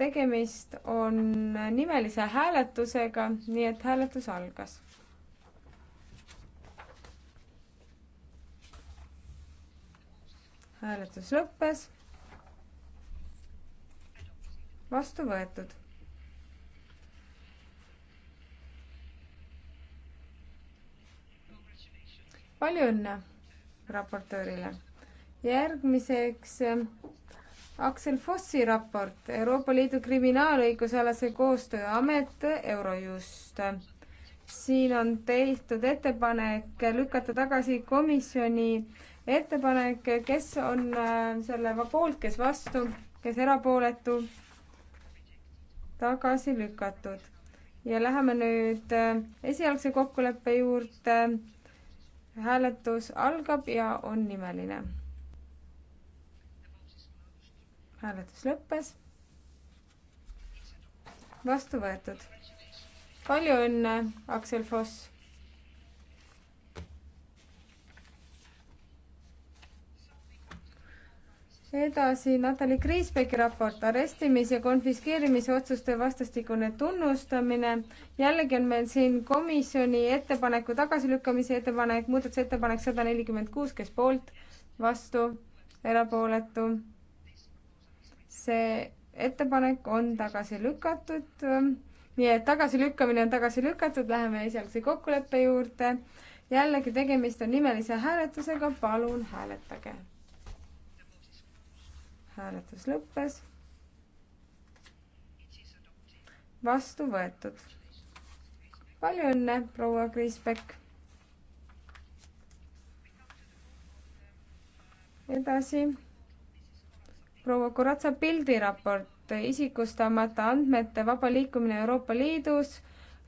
Speaker 5: tegemist on nimelise hääletusega, nii et hääletus algas hääletus lõppes. vastu võetud. palju õnne raportöörile. järgmiseks ähm, Aksel Fossi raport Euroopa Liidu kriminaalõigusalase koostööamet Eurojust. siin on tehtud ettepanek lükata tagasi komisjoni ettepanek, kes on äh, selle poolt, kes vastu, kes erapooletu, tagasi lükatud. ja läheme nüüd äh, esialgse kokkuleppe juurde. hääletus algab ja on nimeline. hääletus lõppes. vastu võetud. palju õnne, Aksel Foss edasi Natali Kriisbeki raport arestimis ja konfiskeerimisotsuste vastastikune tunnustamine. jällegi on meil siin komisjoni ettepaneku tagasilükkamise ettepanek, muudatusettepanek sada nelikümmend kuus, kes poolt, vastu, erapooletu. see ettepanek on tagasi lükatud. nii et tagasilükkamine on tagasi lükatud, läheme esialgse kokkuleppe juurde. jällegi tegemist on nimelise hääletusega, palun hääletage hääletus lõppes. vastu võetud. palju õnne, proua Kriisbeck. edasi. proua Kuratsa pildiraport isikustamata andmete vaba liikumine Euroopa Liidus.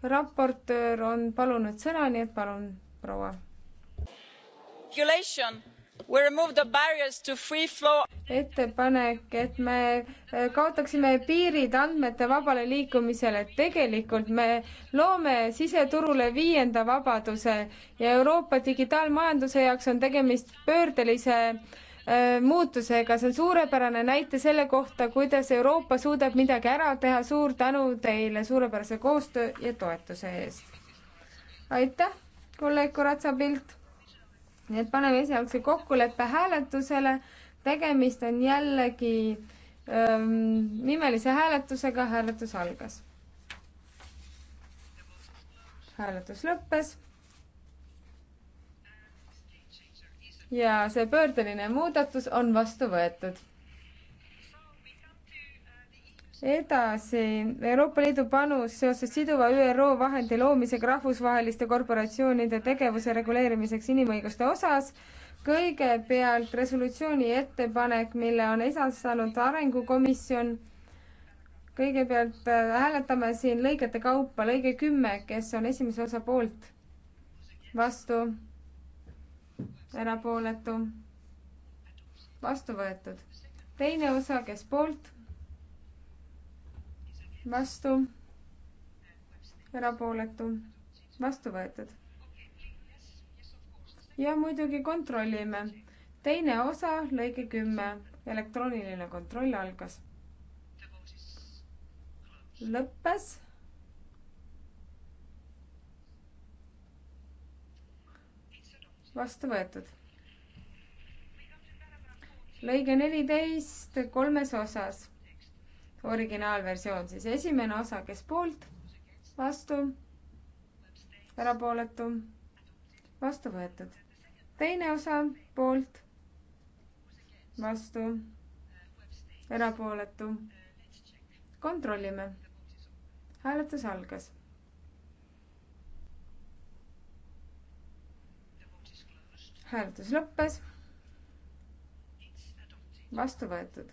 Speaker 5: raportöör on palunud sõna, nii et palun, proua.
Speaker 1: Regulation
Speaker 5: ettepanek, et me eh, kaotaksime piirid andmete vabale liikumisele, et tegelikult me loome siseturule viienda vabaduse ja Euroopa digitaalmajanduse jaoks on tegemist pöördelise eh, muutusega, see on suurepärane näite selle kohta, kuidas Euroopa suudab midagi ära teha. suur tänu teile suurepärase koostöö ja toetuse eest. aitäh, kolleeg Koratsa Pilt nii et paneme esialgse kokkuleppe hääletusele. tegemist on jällegi ähm, nimelise hääletusega, hääletus algas. hääletus lõppes. ja see pöördeline muudatus on vastu võetud edasi, Euroopa Liidu panus seoses siduva ÜRO vahendi loomisega rahvusvaheliste korporatsioonide tegevuse reguleerimiseks inimõiguste osas. kõigepealt resolutsiooni ettepanek, mille on esastanud Arengukomisjon. kõigepealt äh, hääletame siin lõigete kaupa, lõige kümme, kes on esimese osa poolt, vastu, erapooletu, vastu võetud. teine osa, kes poolt vastu, erapooletu, vastu võetud. ja muidugi kontrollime. teine osa, lõige kümme, elektrooniline kontroll algas. lõppes. vastu võetud lõige neliteist kolmes osas originaalversioon siis, esimene osa, kes poolt, vastu, erapooletu, vastu võetud. teine osa, poolt, vastu, erapooletu. kontrollime. hääletus algas. hääletus lõppes. vastu võetud.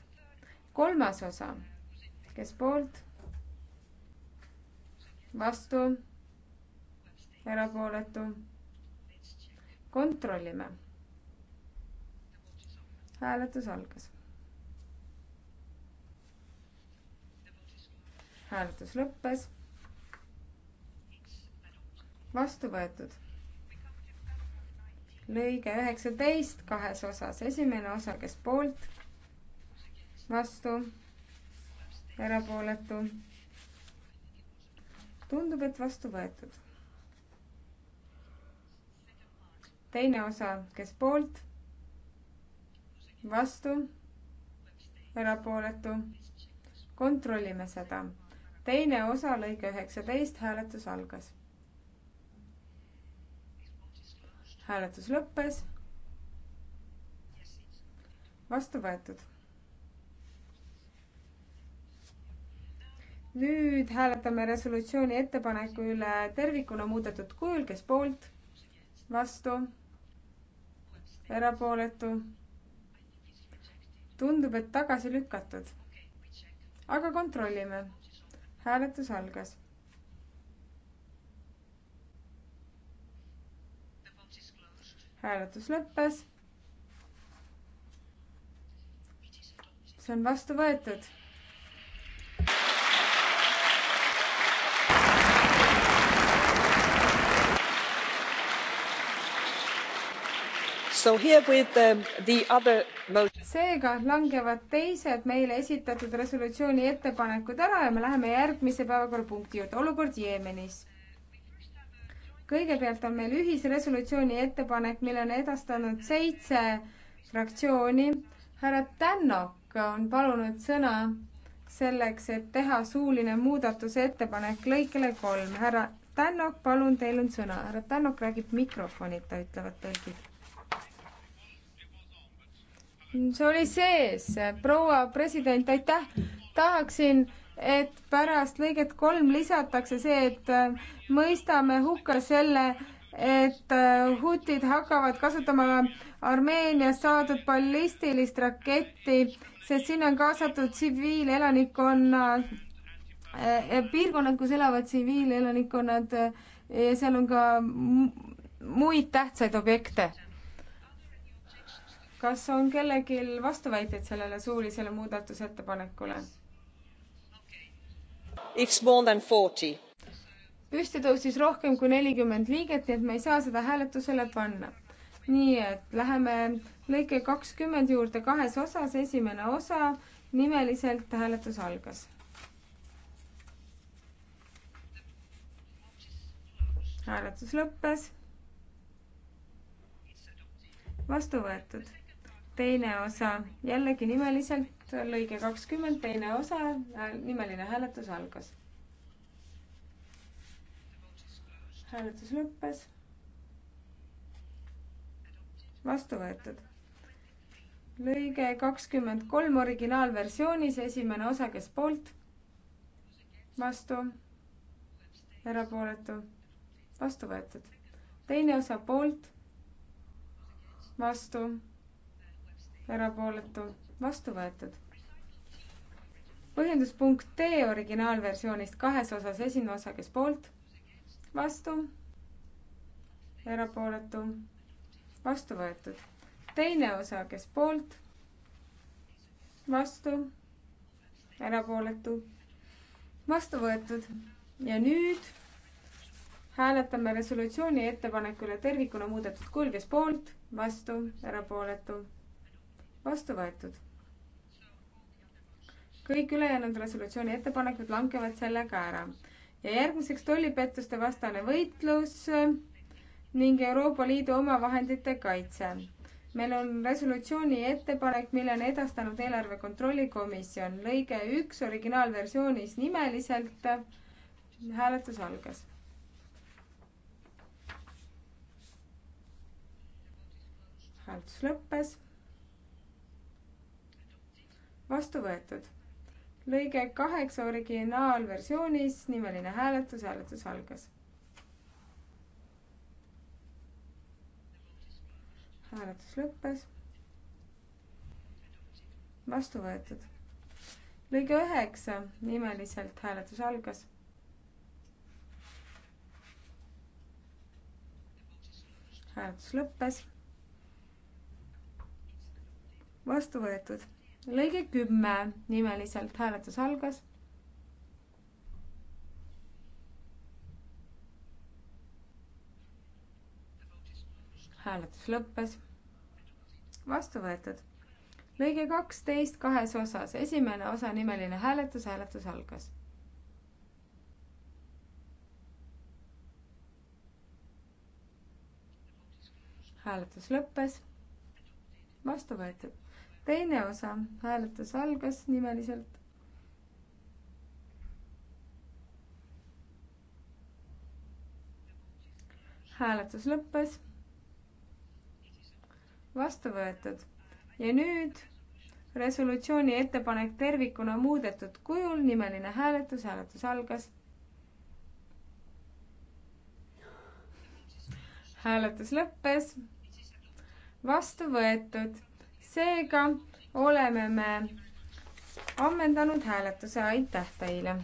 Speaker 5: kolmas osa kes poolt, vastu, erapooletu. kontrollime. hääletus algas. hääletus lõppes. vastu võetud lõige üheksateist kahes osas, esimene osa, kes poolt, vastu, erapooletu. tundub, et vastu võetud. teine osa, kes poolt, vastu, erapooletu. kontrollime seda. teine osa, lõige üheksateist, hääletus algas. hääletus lõppes. vastu võetud nüüd hääletame resolutsiooni ettepaneku üle tervikuna muudetud kujul, kes poolt, vastu, erapooletu. tundub, et tagasi lükatud. aga kontrollime. hääletus algas. hääletus lõppes. see on vastu võetud Um, seega langevad teised meile esitatud resolutsiooni ettepanekud ära ja me läheme järgmise päevakorrapunkti juurde, olukord Jeemenis. kõigepealt on meil ühisresolutsiooni ettepanek, mille on edastanud seitse fraktsiooni. härra Tännok on palunud sõna selleks, et teha suuline muudatusettepanek lõikele kolm. härra Tännok, palun, teil on sõna. härra Tännok räägib mikrofonita, ütlevad tõlgid see oli sees, proua president, aitäh. tahaksin, et pärast lõiget kolm lisatakse see, et äh, mõistame hukka selle, et äh, hutid hakkavad kasutama Armeeniast saadud ballistilist raketti, sest sinna on kaasatud tsiviilelanikkonna äh, piirkonnad, kus elavad tsiviilelanikkonnad ja seal on ka muid tähtsaid objekte kas on kellelgi vastuväiteid sellele suulisele muudatusettepanekule? püsti tõusis rohkem kui nelikümmend liiget, nii et me ei saa seda hääletusele panna. nii et läheme lõike kakskümmend juurde kahes osas, esimene osa nimeliselt hääletus algas. hääletus lõppes. vastu võetud teine osa, jällegi nimeliselt, lõige kakskümmend, teine osa, äh, nimeline hääletus algas. hääletus lõppes. vastu võetud. lõige kakskümmend kolm originaalversioonis, esimene osa, kes poolt, vastu, erapooletu, vastu võetud. teine osa poolt, vastu erapooletu, vastu võetud. põhjenduspunkt D originaalversioonist kahes osas, esimene osa, kes poolt, vastu, erapooletu, vastu võetud. teine osa, kes poolt, vastu, erapooletu, vastu võetud ja nüüd hääletame resolutsiooni ettepanekule tervikuna muudetud kujul, kes poolt, vastu, erapooletu vastu võetud. kõik ülejäänud resolutsiooni ettepanekud langevad sellega ära ja järgmiseks tollipettuste vastane võitlus ning Euroopa Liidu omavahendite kaitse. meil on resolutsiooni ettepanek, mille on edastanud eelarve kontrolli komisjon, lõige üks originaalversioonis nimeliselt. hääletus algas. hääletus lõppes vastu võetud. lõige kaheksa originaalversioonis, nimeline hääletus, hääletus algas. hääletus lõppes. vastu võetud. lõige üheksa, nimeliselt hääletus algas. hääletus lõppes. vastu võetud lõige kümme nimeliselt hääletus algas. hääletus lõppes. vastu võetud. lõige kaksteist kahes osas, esimene osa nimeline hääletus, hääletus algas. hääletus lõppes. vastu võetud teine osa, hääletus algas nimeliselt. hääletus lõppes. vastu võetud ja nüüd resolutsiooni ettepanek tervikuna muudetud kujul, nimeline hääletus, hääletus algas. hääletus lõppes. vastu võetud seega oleme me ammendanud hääletuse, aitäh teile!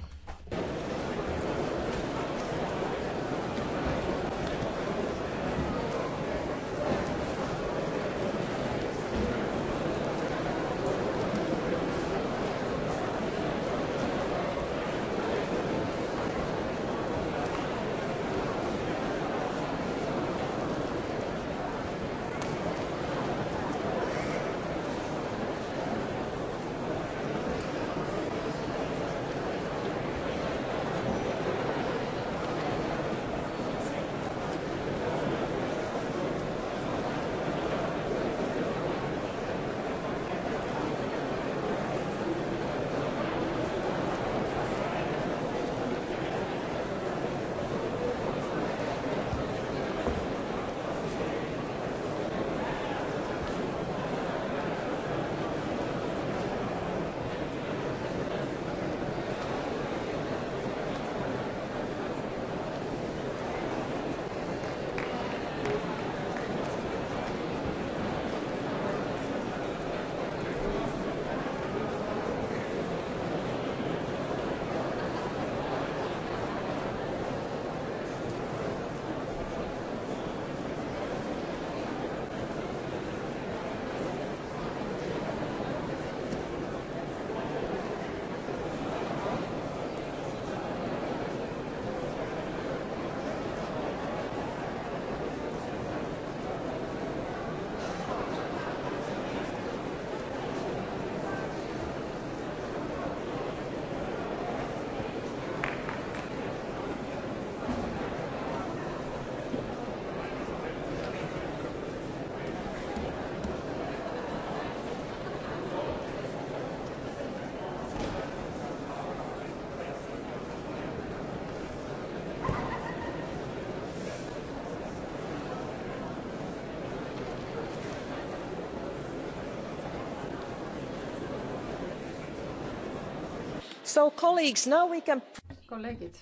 Speaker 7: Can... kolleegid,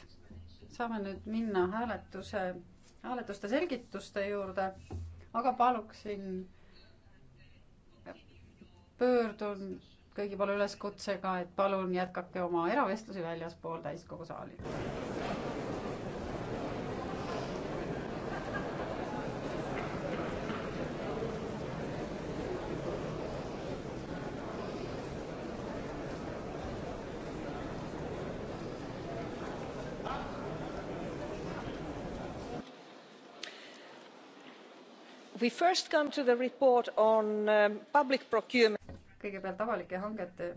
Speaker 7: saame nüüd minna hääletuse, hääletuste selgituste juurde, aga paluksin, pöördun kõigi poole üleskutsega, et palun jätkake oma eravestlusi väljaspool täiskogu saali.
Speaker 2: Um, kõigepealt avalike
Speaker 7: hangete,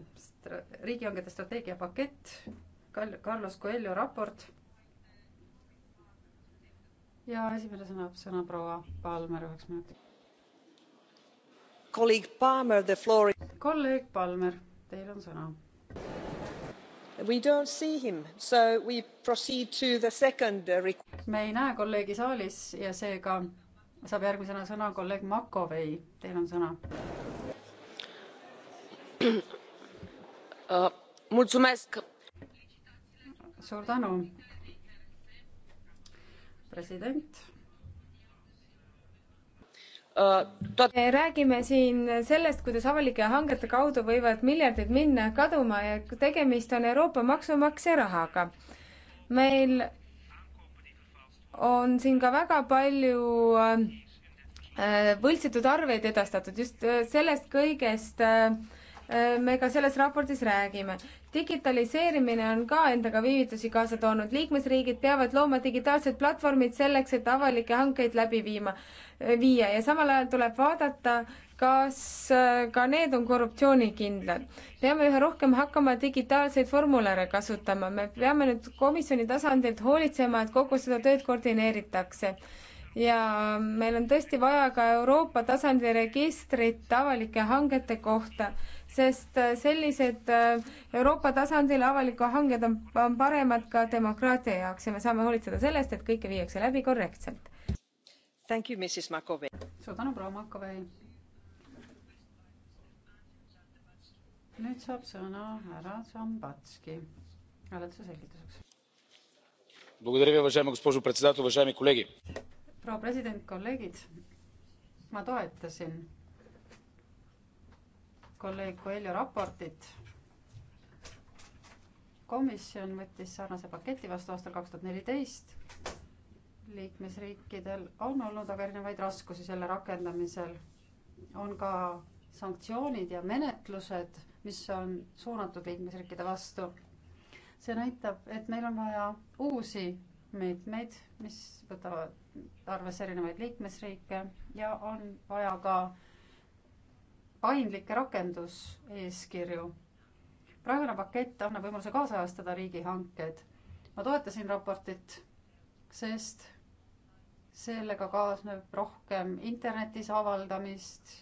Speaker 7: riigihangete strateegia pakett, Carlos Coelho raport. ja esimene sõna, sõna proua Palmer üheks minutiks. kolleeg Palmer, the floor. kolleeg Palmer, teil on sõna. We don't see him, so we proceed to the second. Uh, me ei näe kolleegi saalis ja seega saab järgmisena sõna kolleeg Makovei, teil on sõna. Uh, suur tänu, president
Speaker 5: uh, räägime siin sellest, kuidas avalike hangete kaudu võivad miljardid minna kaduma ja tegemist on Euroopa maksumaksja rahaga. meil on siin ka väga palju äh, äh, võltsitud arveid edastatud, just äh, sellest kõigest me ka selles raportis räägime. digitaliseerimine on ka endaga viivitusi kaasa toonud, liikmesriigid peavad looma digitaalsed platvormid selleks, et avalikke hankeid läbi viima, viia ja samal ajal tuleb vaadata, kas äh, ka need on korruptsioonikindlad? peame üha rohkem hakkama digitaalseid formulare kasutama, me peame nüüd komisjoni tasandilt hoolitsema, et kogu seda tööd koordineeritakse. ja meil on tõesti vaja ka Euroopa tasandi registrit avalike hangete kohta, sest äh, sellised äh, Euroopa tasandil avalikud hanged on, on paremad ka demokraatia jaoks ja me saame hoolitseda sellest, et kõike viiakse läbi korrektselt.
Speaker 7: suur tänu, proua Makovei! nüüd saab sõna härra Zambatski hääletuse selgituseks. proua president, kolleegid, ma toetasin kolleeg Coelho raportit. komisjon võttis sarnase paketi vastu aastal kaks tuhat neliteist. liikmesriikidel on olnud aga erinevaid raskusi selle rakendamisel. on ka sanktsioonid ja menetlused mis on suunatud liikmesriikide vastu. see näitab, et meil on vaja uusi meetmeid, mis võtavad arvesse erinevaid liikmesriike ja on vaja ka paindlikke rakenduseeskirju. praegune pakett annab võimaluse kaasajastada riigihanked. ma toetasin raportit, sest sellega kaasneb rohkem internetis avaldamist,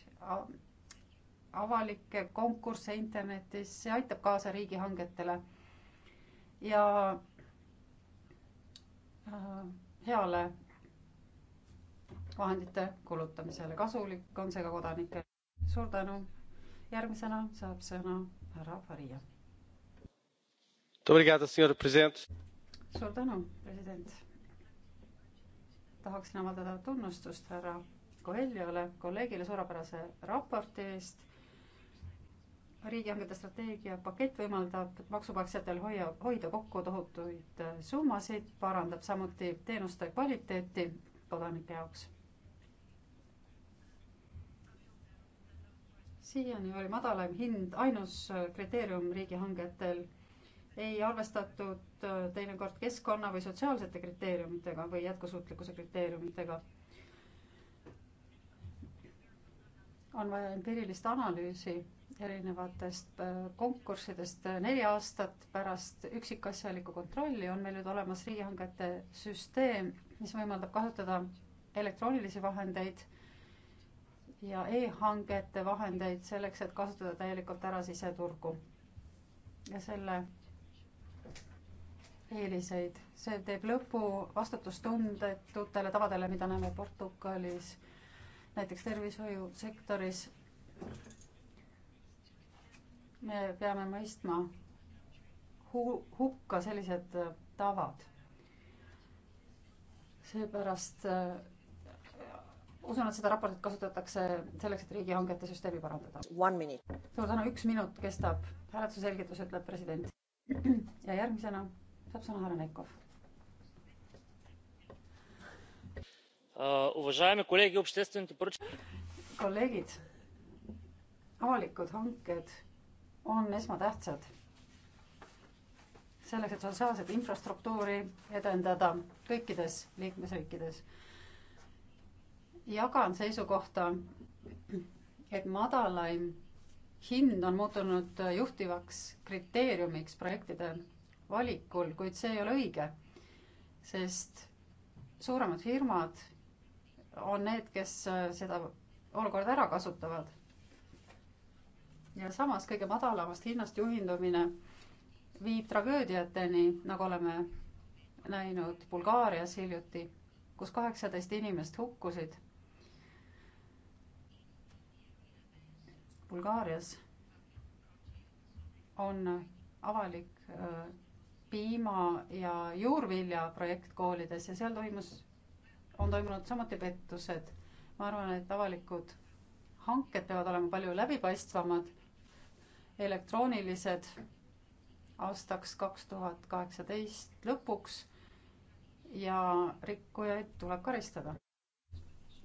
Speaker 7: avalikke konkursse internetis, see aitab kaasa riigihangetele ja äh, heale vahendite kulutamisele. kasulik on see ka kodanikele. suur tänu. järgmisena saab sõna härra Faria.
Speaker 2: suur
Speaker 7: tänu, president. tahaksin avaldada tunnustust härra Koheljale, kolleegile suurepärase raporti eest riigihangete strateegia pakett võimaldab maksumaksjatel hoia, hoida kokku tohutuid äh, summasid, parandab samuti teenuste kvaliteeti kodanike jaoks. siiani oli madalaim hind ainus äh, kriteerium riigihangetel. ei arvestatud äh, teinekord keskkonna või sotsiaalsete kriteeriumitega või jätkusuutlikkuse kriteeriumitega on vaja empiirilist analüüsi erinevatest äh, konkurssidest neli aastat pärast üksikasjalikku kontrolli on meil nüüd olemas riigihangete süsteem, mis võimaldab kasutada elektroonilisi vahendeid ja e-hangete vahendeid selleks, et kasutada täielikult ära siseturgu ja selle eeliseid. see teeb lõpu vastutustundetutele tavadele, mida näeme Portugalis näiteks tervishoiusektoris. me peame mõistma hu-, hukka sellised äh, tavad. seepärast äh, usun, et seda raportit kasutatakse selleks, et riigihangete süsteemi parandada. suur tänu, üks minut kestab hääletuse selgitus, ütleb president. <clears throat> ja järgmisena saab sõna härra Neikov
Speaker 2: Уважаеми колеги, обществените поръчки...
Speaker 7: Kolleegid, avalikud hanked on esmatähtsad selleks, et sotsiaalset infrastruktuuri edendada kõikides liikmesriikides. jagan seisukohta, et madalaim hind on muutunud juhtivaks kriteeriumiks projektide valikul, kuid see ei ole õige, sest suuremad firmad on need, kes äh, seda olukorda ära kasutavad. ja samas kõige madalamast hinnast juhindumine viib tragöödiateni, nagu oleme näinud Bulgaarias hiljuti, kus kaheksateist inimest hukkusid. Bulgaarias on avalik äh, piima- ja juurviljaprojekt koolides ja seal toimus on toimunud samuti pettused. ma arvan, et avalikud hanked peavad olema palju läbipaistvamad, elektroonilised aastaks kaks tuhat kaheksateist lõpuks ja rikkujaid tuleb karistada.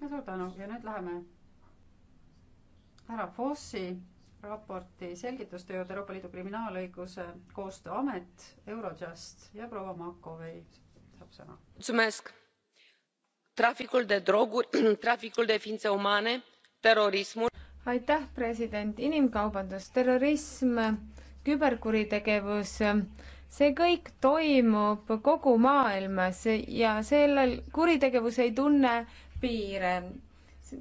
Speaker 7: no suur tänu ja nüüd läheme härra Fossi raporti selgituste juurde Euroopa Liidu Kriminaalõiguse Koostööamet, Eurojust ja proua Makovei
Speaker 4: saab sõna traficul de droguri <clears throat> traficul de ființe umane terorismul.
Speaker 5: aitäh president inimkaubandus terrorism küberkuritegevus see kõik toimub kogu maailmas ja sellel kuritegevus ei tunne piire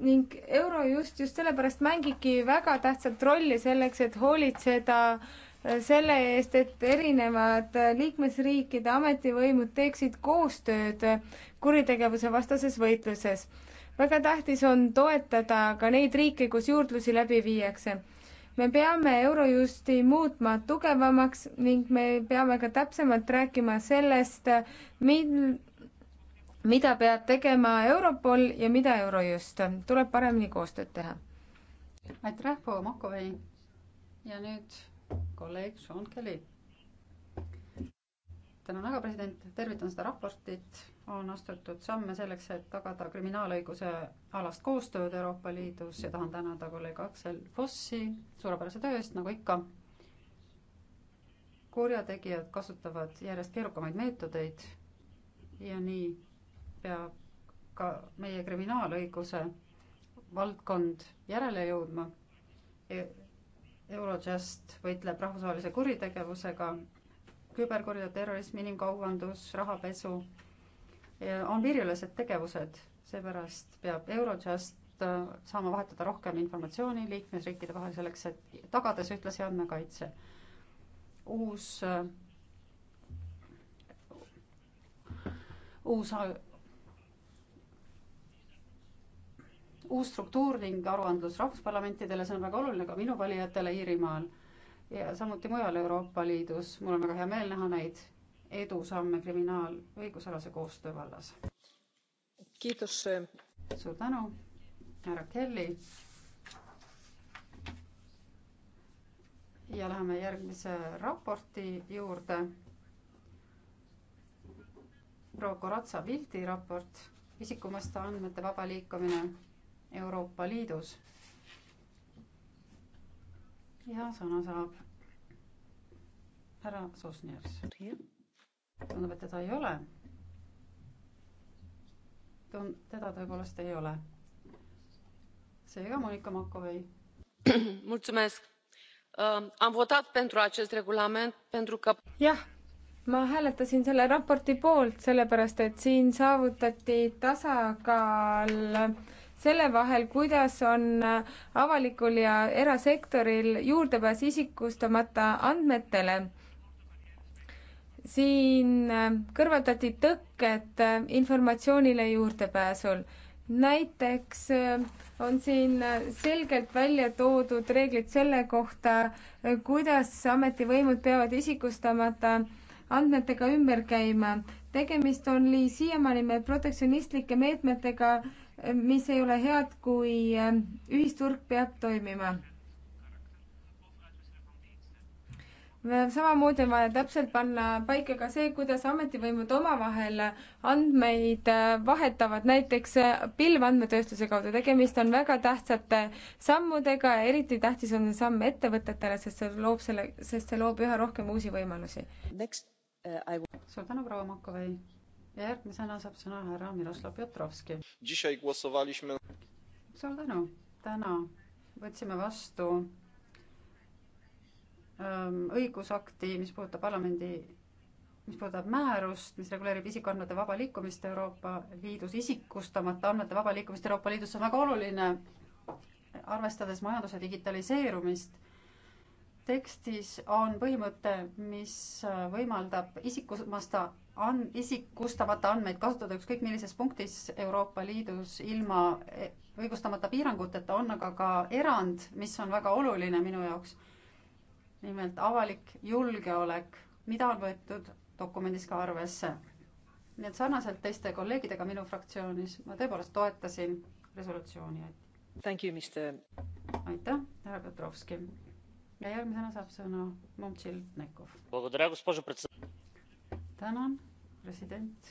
Speaker 5: ning Eurojust just sellepärast mängibki väga tähtsat rolli selleks, et hoolitseda äh, selle eest, et erinevad liikmesriikide ametivõimud teeksid koostööd kuritegevuse vastases võitluses. väga tähtis on toetada ka neid riike, kus juurdlusi läbi viiakse. me peame Eurojusti muutma tugevamaks ning me peame ka täpsemalt rääkima sellest, mil, mida peab tegema Europol ja mida Eurojust. tuleb paremini koostööd teha.
Speaker 7: aitäh, proua Makovei. ja nüüd kolleeg Sean Kelly. tänan väga, president, tervitan seda raportit, on astutud samme selleks, et tagada kriminaalõiguse alast koostööd Euroopa Liidus ja tahan tänada kolleeg Aksel Fossi suurepärase töö eest, nagu ikka. kurjategijad kasutavad järjest keerukamaid meetodeid ja nii peab ka meie kriminaalõiguse valdkond järele jõudma e Eurojust võitleb rahvusvahelise kuritegevusega, küberkuriteo, terrorism, inimkaubandus, rahapesu, on piiriülesed tegevused, seepärast peab Eurojust äh, saama vahetada rohkem informatsiooni liikmesriikide vahel selleks, et tagades ühtlasi andmekaitse. uus äh, uus uus struktuur ning aruandlus rahvusparlamentidele, see on väga oluline ka minu valijatele Iirimaal ja samuti mujal Euroopa Liidus. mul on väga hea meel näha neid edusamme kriminaalõigusalase koostöö vallas. suur tänu, härra Kelly. ja läheme järgmise raporti juurde. proua Koratsa Vildi raport isikumõiste andmete vaba liikumine Euroopa Liidus. ja sõna saab härra Sosnjärs. tundub, et teda ei ole. tund-, teda tõepoolest ei ole. seega Monika Makovei. <clears throat> am votat pentru acest regulament pentru că. jah
Speaker 5: ma hääletasin selle raporti poolt, sellepärast et siin saavutati tasakaal selle vahel, kuidas on äh, avalikul ja erasektoril juurdepääs isikustamata andmetele. siin äh, kõrvaldati tõkked äh, informatsioonile juurdepääsul. näiteks on siin selgelt välja toodud reeglid selle kohta, kuidas ametivõimud peavad isikustamata andmetega ümber käima. tegemist on siiamaani meil protektsionistlike meetmetega mis ei ole head, kui äh, ühisturg peab toimima. samamoodi on vaja täpselt panna paika ka see, kuidas ametivõimud omavahel andmeid äh, vahetavad, näiteks äh, pilvandmetööstuse kaudu. tegemist on väga tähtsate sammudega, eriti tähtis on see samm ettevõtetele, sest see loob selle, sest see loob üha rohkem uusi võimalusi. Next
Speaker 7: uh, I.... suur tänu, proua Makovei ja järgmisena saab sõna härra Miroslav Petrovski. suur tänu, täna võtsime vastu ähm, õigusakti, mis puudutab parlamendi, mis puudutab määrust, mis reguleerib isikuandmete vaba liikumist Euroopa Liidus, isikustamata andmete vaba liikumist Euroopa Liidus, see on väga oluline, arvestades majanduse digitaliseerumist tekstis on põhimõte, mis äh, võimaldab isikumasta an-, isikustamata andmeid kasutada ükskõik millises punktis Euroopa Liidus ilma e, õigustamata piiranguteta, on aga ka erand, mis on väga oluline minu jaoks. nimelt avalik julgeolek, mida on võetud dokumendis ka arvesse. nii et sarnaselt teiste kolleegidega minu fraktsioonis ma tõepoolest toetasin resolutsiooni. aitäh, härra Petrovski ja järgmisena saab sõna Momtšil Nekov. tänan, president.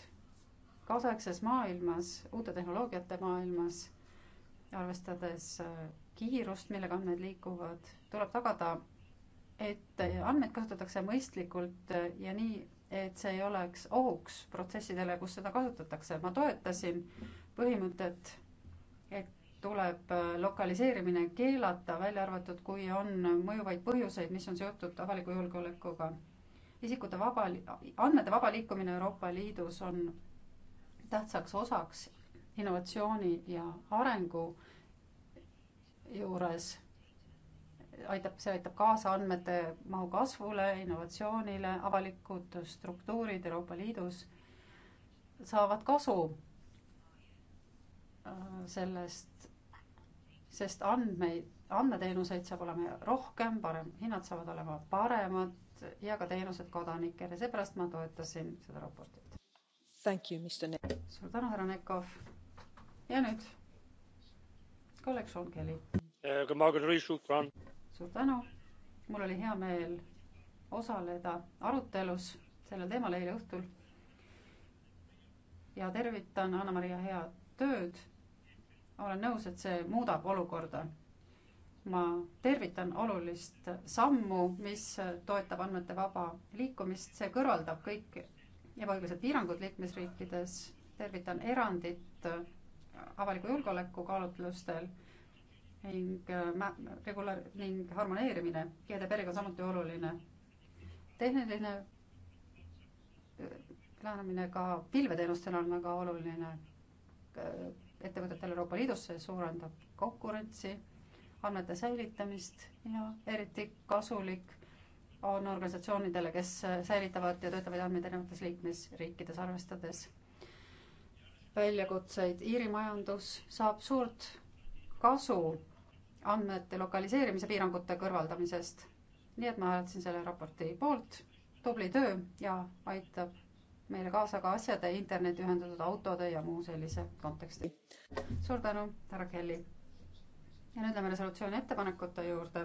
Speaker 7: kaasaegses maailmas, uute tehnoloogiate maailmas, arvestades äh, kiirust, millega andmed liikuvad, tuleb tagada, et andmeid kasutatakse mõistlikult äh, ja nii, et see ei oleks ohuks protsessidele, kus seda kasutatakse. ma toetasin põhimõtet, et tuleb äh, lokaliseerimine keelata, välja arvatud, kui on mõjuvaid põhjuseid, mis on seotud avaliku julgeolekuga. isikute vaba, andmete vaba liikumine Euroopa Liidus on tähtsaks osaks innovatsiooni ja arengu juures aitab, see aitab kaasa andmete mahu kasvule, innovatsioonile, avalikud struktuurid Euroopa Liidus saavad kasu äh, sellest sest andmeid, andmeteenuseid saab olema rohkem, parem, hinnad saavad olema paremad ja ka teenused kodanikele, seepärast ma toetasin seda raportit. suur tänu, härra Nekov. ja nüüd kolleeg Sean Kelly.
Speaker 2: Eh,
Speaker 7: suur tänu, mul oli hea meel osaleda arutelus sellel teemal eile õhtul. ja tervitan Anna-Maria head tööd olen nõus, et see muudab olukorda. ma tervitan olulist sammu, mis toetab andmete vaba liikumist, see kõrvaldab kõik ebaõiglased piirangud liikmesriikides, tervitan erandit avaliku julgeoleku kaalutlustel ning mä-, regula-, ning harmoneerimine GDPR-iga on samuti oluline. tehniline äh, lähenemine ka pilveteenustel on väga oluline ettevõtetel Euroopa Liidus, see suurendab konkurentsi, andmete säilitamist ja eriti kasulik on organisatsioonidele, kes säilitavad ja töötavad andmeid erinevates liikmesriikides, arvestades väljakutseid. Iiri majandus saab suurt kasu andmete lokaliseerimise piirangute kõrvaldamisest. nii et ma hääletasin selle raporti poolt, tubli töö ja aitab meile kaasa ka asjade, internetiühendatud autode ja muu sellise konteksti. suur tänu, härra Kelly. ja nüüd lähme resolutsiooni ettepanekute juurde.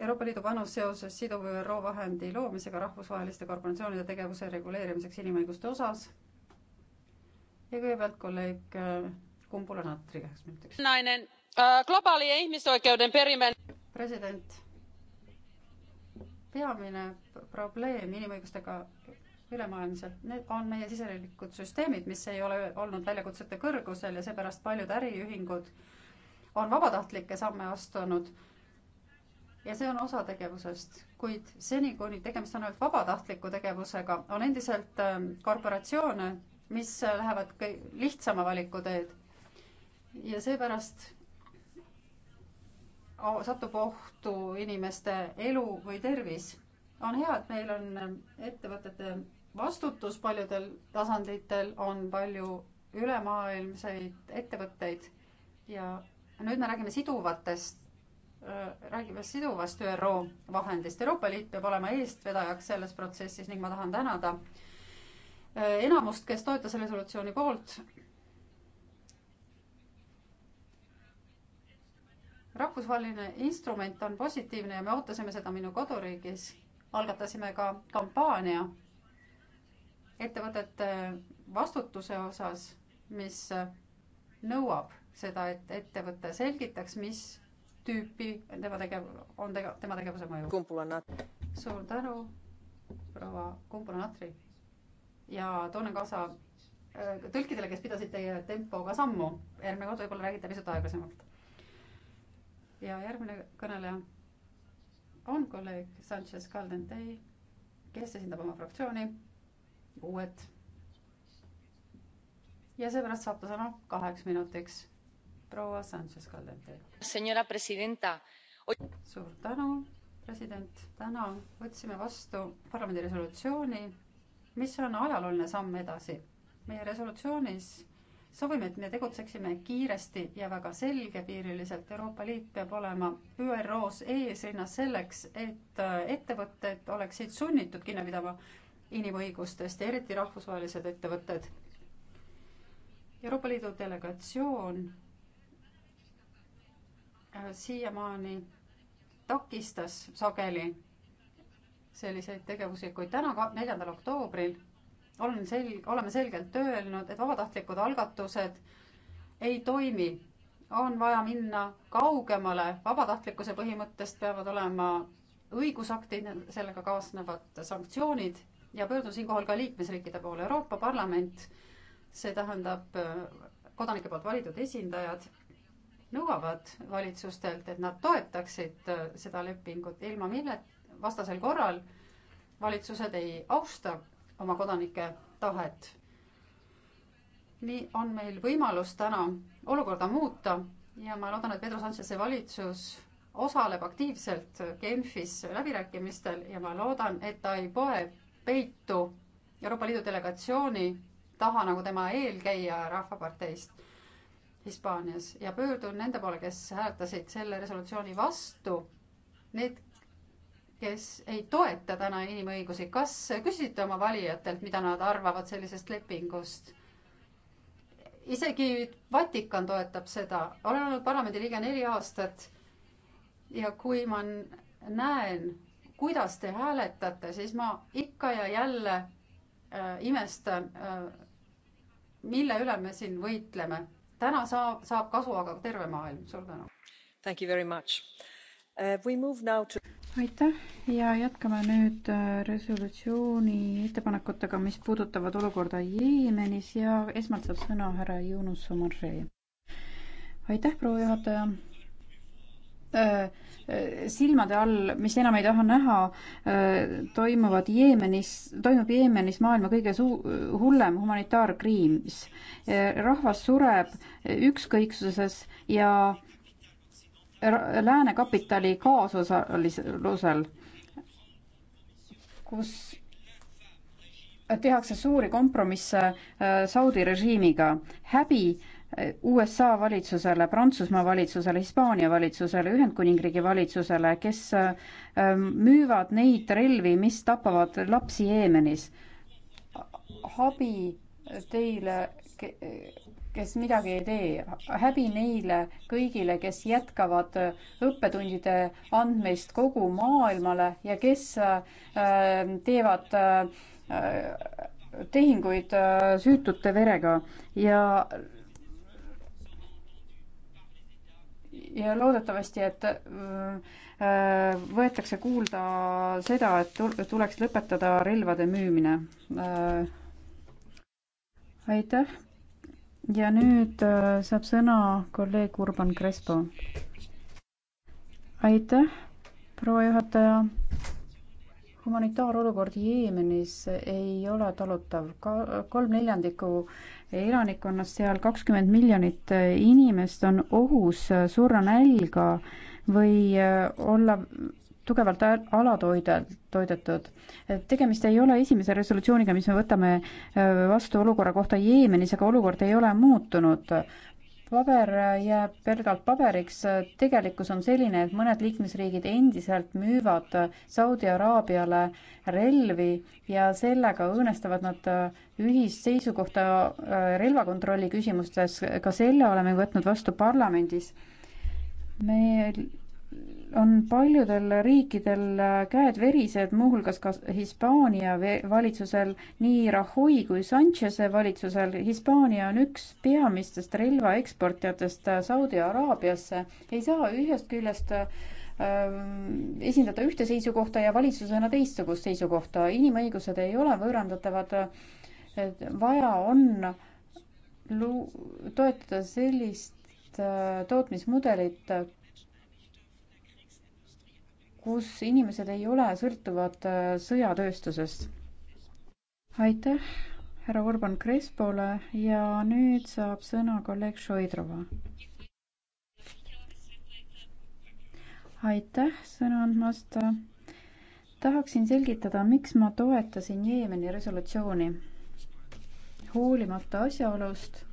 Speaker 7: Euroopa Liidu panus seoses siduva ÜRO vahendi loomisega rahvusvaheliste korporatsioonide tegevuse reguleerimiseks inimõiguste osas. ja kõigepealt kolleeg äh, Kumbula Natri üheks minutiks. nainen äh,, globaali ja ihmisoikeuden perimine. president peamine probleem inimõigustega ülemaailmselt, need on meie siseriiklikud süsteemid, mis ei ole olnud väljakutsete kõrgusel ja seepärast paljud äriühingud on vabatahtlikke samme astunud. ja see on osa tegevusest, kuid seni, kuni tegemist on ainult vabatahtliku tegevusega, on endiselt ähm, korporatsioone, mis lähevad lihtsama valiku teed. ja seepärast satub ohtu inimeste elu või tervis. on hea, et meil on ähm, ettevõtete vastutus paljudel tasanditel, on palju ülemaailmseid ettevõtteid ja nüüd me räägime siduvatest, äh, räägime siduvast ÜRO vahendist. Euroopa Liit peab olema eestvedajaks selles protsessis ning ma tahan tänada äh, enamust, kes toetas resolutsiooni poolt. rahvusvaheline instrument on positiivne ja me ootasime seda minu koduriigis. algatasime ka kampaania ettevõtete vastutuse osas, mis nõuab seda, et ettevõte selgitaks, mis tüüpi tema tegev, on tege-, tema tegevuse mõju. suur tänu, proua Kumbula-Natri ja toonen kaasa äh, tõlkidele, kes pidasid teie tempoga sammu, järgmine kord võib-olla räägite pisut aeglasemalt. ja järgmine kõneleja on kolleeg Sanchez Caldentei, kes esindab oma fraktsiooni uued. ja seepärast saab ta sõna kaheks minutiks. proua Sanchez Caldente. suur tänu, president. täna võtsime vastu parlamendi resolutsiooni, mis on ajalooline samm edasi. meie resolutsioonis soovime, et me tegutseksime kiiresti ja väga selgepiiriliselt. Euroopa Liit peab olema ÜRO-s eesrinnas selleks, et äh, ettevõtted oleksid sunnitud kinni pidama inimõigustest ja eriti rahvusvahelised ettevõtted. Euroopa Liidu delegatsioon äh, siiamaani takistas sageli selliseid tegevusi, kuid täna, neljandal oktoobril olen sel-, oleme selgelt öelnud, et vabatahtlikud algatused ei toimi. on vaja minna kaugemale, vabatahtlikkuse põhimõttest peavad olema õigusaktid, sellega kaasnevad sanktsioonid ja pöördun siinkohal ka liikmesriikide poole. Euroopa Parlament, see tähendab äh, kodanike poolt valitud esindajad, nõuavad valitsustelt, et nad toetaksid äh, seda lepingut, ilma mille vastasel korral valitsused ei austa oma kodanike tahet. nii on meil võimalus täna olukorda muuta ja ma loodan, et Pedro Sanchez'e valitsus osaleb aktiivselt Genfis läbirääkimistel ja ma loodan, et ta ei poe peitu Euroopa Liidu delegatsiooni taha, nagu tema eelkäija Rahvaparteist Hispaanias ja pöördun nende poole, kes hääletasid selle resolutsiooni vastu. Need, kes ei toeta täna inimõigusi, kas küsisite oma valijatelt, mida nad arvavad sellisest lepingust? isegi Vatikan toetab seda, olen olnud parlamendiliige neli aastat ja kui ma näen kuidas te hääletate, siis ma ikka ja jälle äh, imestan äh,, mille üle me siin võitleme. täna saab, saab kasu aga terve maailm. suur tänu. Thank you very much uh,. We move now to aitäh ja jätkame nüüd äh, resolutsiooni ettepanekutega, mis puudutavad olukorda Jeemenis ja esmalt saab sõna härra Yunus Omarjee. aitäh, proua juhataja Äh, äh, silmade all, mis enam ei taha näha, äh, toimuvad Jeemenis, toimub Jeemenis maailma kõige suu-, hullem humanitaarkriis. rahvas sureb ükskõiksuses ja lääne kapitali kaasosalisel, kus tehakse suuri kompromisse Saudi režiimiga. häbi USA valitsusele, Prantsusmaa valitsusele, Hispaania valitsusele, Ühendkuningriigi valitsusele, kes ähm, müüvad neid relvi, mis tapavad lapsi Jeemenis. abi teile, kes midagi ei tee, häbi neile kõigile, kes jätkavad õppetundide andmist kogu maailmale ja kes ähm, teevad äh, tehinguid äh, süütute verega ja ja loodetavasti, et äh, võetakse kuulda seda, et tuleks lõpetada relvade müümine. Äh, aitäh. ja nüüd äh, saab sõna kolleeg Urban Crespo. aitäh, proua juhataja humanitaarolukord Jeemenis ei ole talutav. ka kolm neljandikku elanikkonnast seal, kakskümmend miljonit inimest on ohus surra nälga või äh, olla tugevalt alatoidel, toidetud. tegemist ei ole esimese resolutsiooniga, mis me võtame äh, vastu olukorra kohta Jeemenis, aga olukord ei ole muutunud paber jääb pelgalt paberiks, tegelikkus on selline, et mõned liikmesriigid endiselt müüvad Saudi Araabiale relvi ja sellega õõnestavad nad äh, ühist seisukohta äh, relvakontrolli küsimustes, ka selle oleme võtnud vastu parlamendis. meil on paljudel riikidel käed verised, muuhulgas ka Hispaania valitsusel, nii Rajoy kui Sanchez'e valitsusel. Hispaania on üks peamistest relvaeksportijatest Saudi Araabiasse. ei saa ühest küljest äh, esindada ühte seisukohta ja valitsusena teistsugust seisukohta. inimõigused ei ole võõrandatavad. vaja on lu-, toetada sellist äh, tootmismudelit, kus inimesed ei ole sõltuvad äh, sõjatööstusest. aitäh härra Urban Crespole ja nüüd saab sõna kolleeg Šoidrova. aitäh sõna andmast. tahaksin selgitada, miks ma toetasin Jeemeni resolutsiooni. hoolimata asjaolust,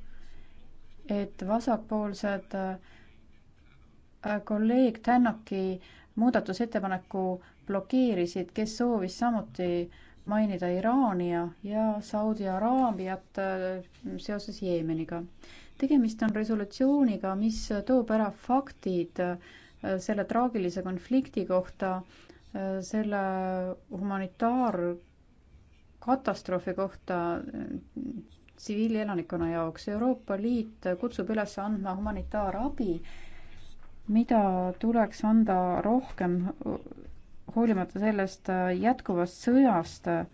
Speaker 7: et vasakpoolsed äh, kolleeg Tänaki äh, muudatusettepaneku blokeerisid, kes soovis samuti mainida Iraani ja, ja Saudi Araabiat äh, seoses Jeemeniga. tegemist on resolutsiooniga, mis toob ära faktid äh, selle traagilise konflikti kohta, äh, selle humanitaarkatastroofi kohta tsiviilelanikkonna jaoks. Euroopa Liit kutsub üles andma humanitaarabi mida tuleks anda rohkem, hoolimata sellest äh, jätkuvast sõjast, äh,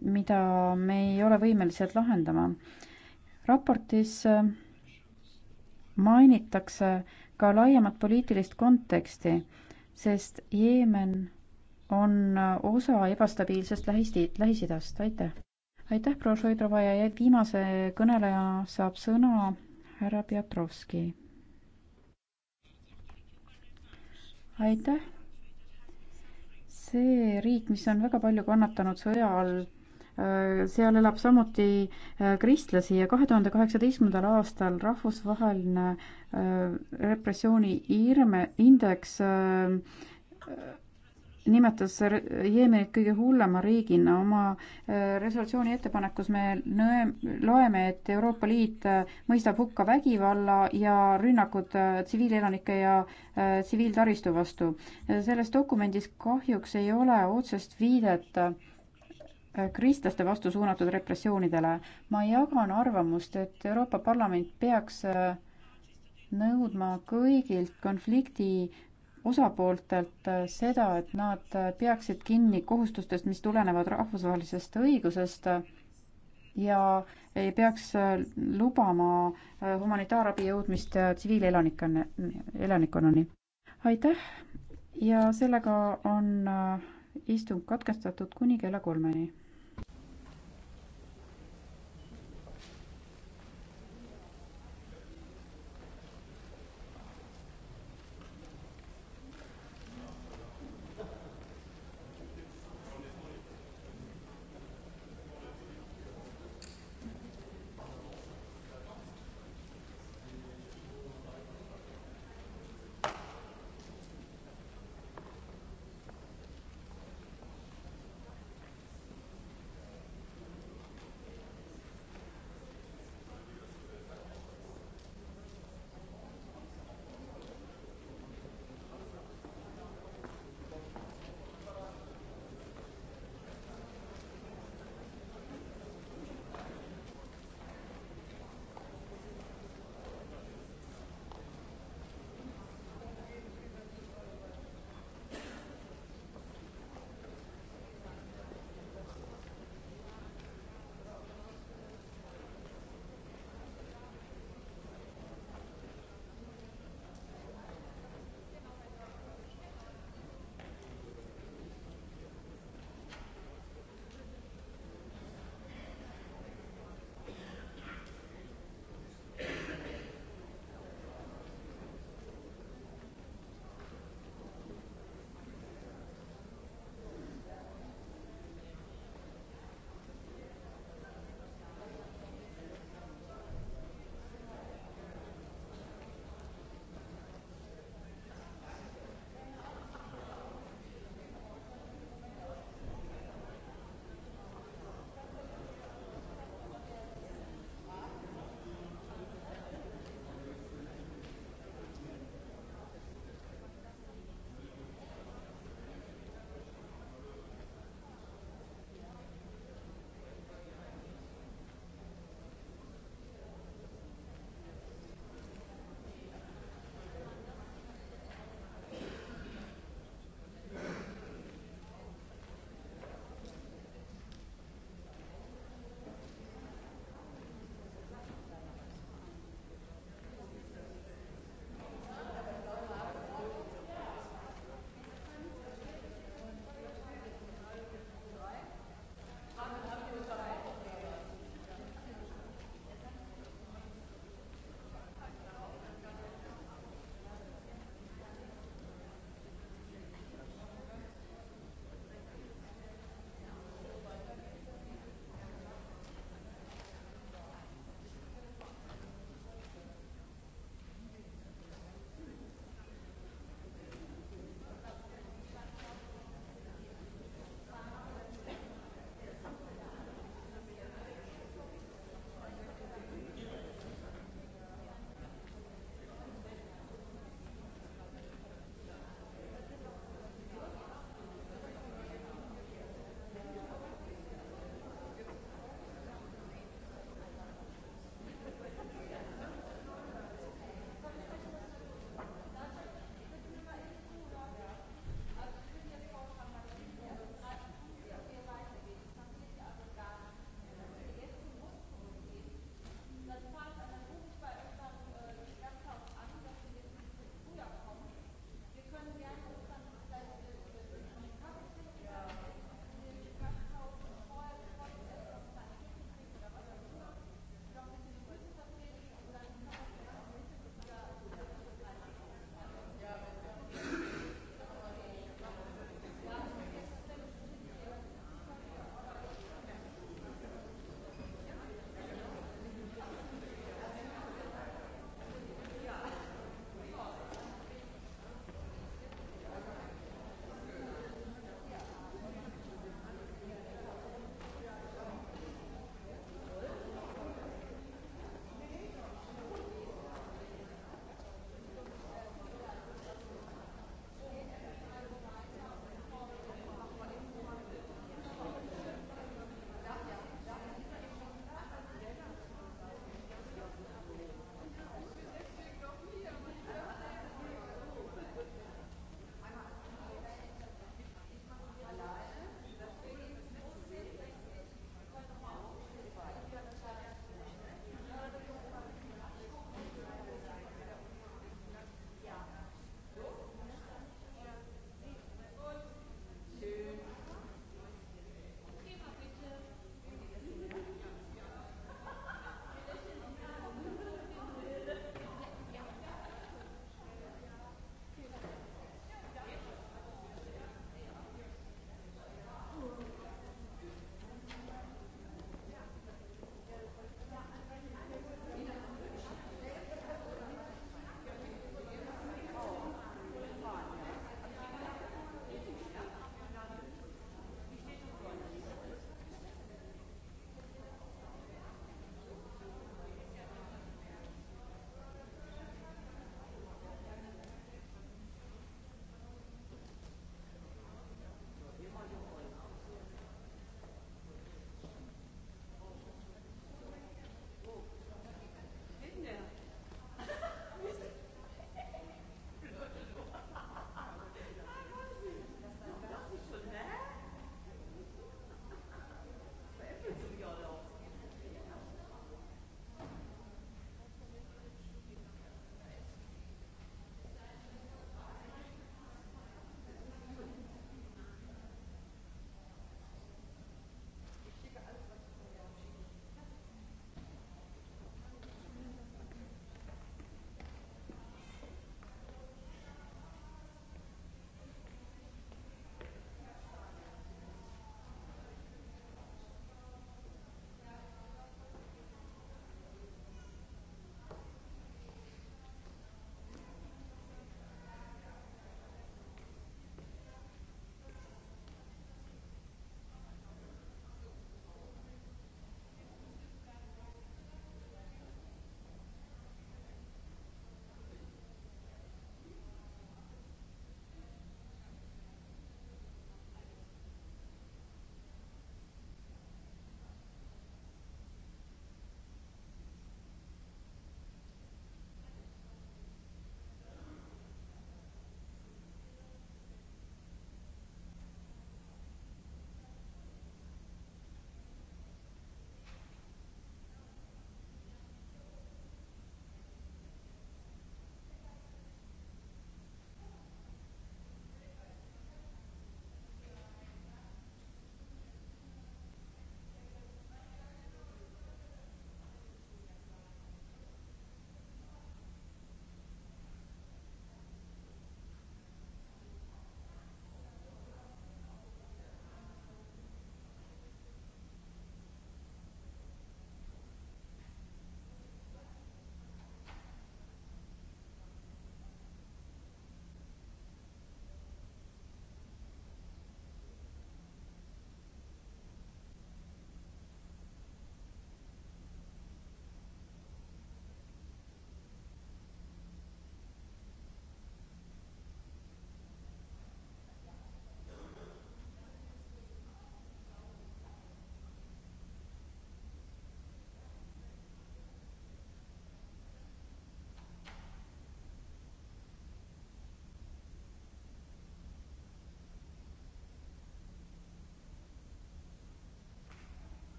Speaker 7: mida me ei ole võimelised lahendama. raportis äh, mainitakse ka laiemat poliitilist konteksti, sest Jeemen on osa ebastabiilsest Lähis-, Lähis-Idast, aitäh. aitäh, proua Šoidrova ja viimase kõneleja saab sõna härra Pjatrovski aitäh. see riik, mis on väga palju kannatanud sõja all, äh, seal elab samuti äh, kristlasi ja kahe tuhande kaheksateistkümnendal aastal rahvusvaheline äh, repressiooni irme indeks nimetas Jeemenit kõige hullema riigina. oma äh, resolutsiooni ettepanekus me nõe-, loeme, et Euroopa Liit äh, mõistab hukka vägivalla ja rünnakud äh, tsiviilelanike ja tsiviiltaristu vastu. selles dokumendis kahjuks ei ole otsest viidet kristlaste vastu suunatud repressioonidele. ma jagan arvamust, et Euroopa Parlament peaks nõudma kõigilt konflikti osapooltelt äh, seda, et nad äh, peaksid kinni kohustustest, mis tulenevad rahvusvahelisest õigusest ja ei peaks äh, lubama humanitaarabi jõudmist tsiviilelanikkonna, elanikkonnani. aitäh ja sellega on istung katkestatud kuni kella kolmeni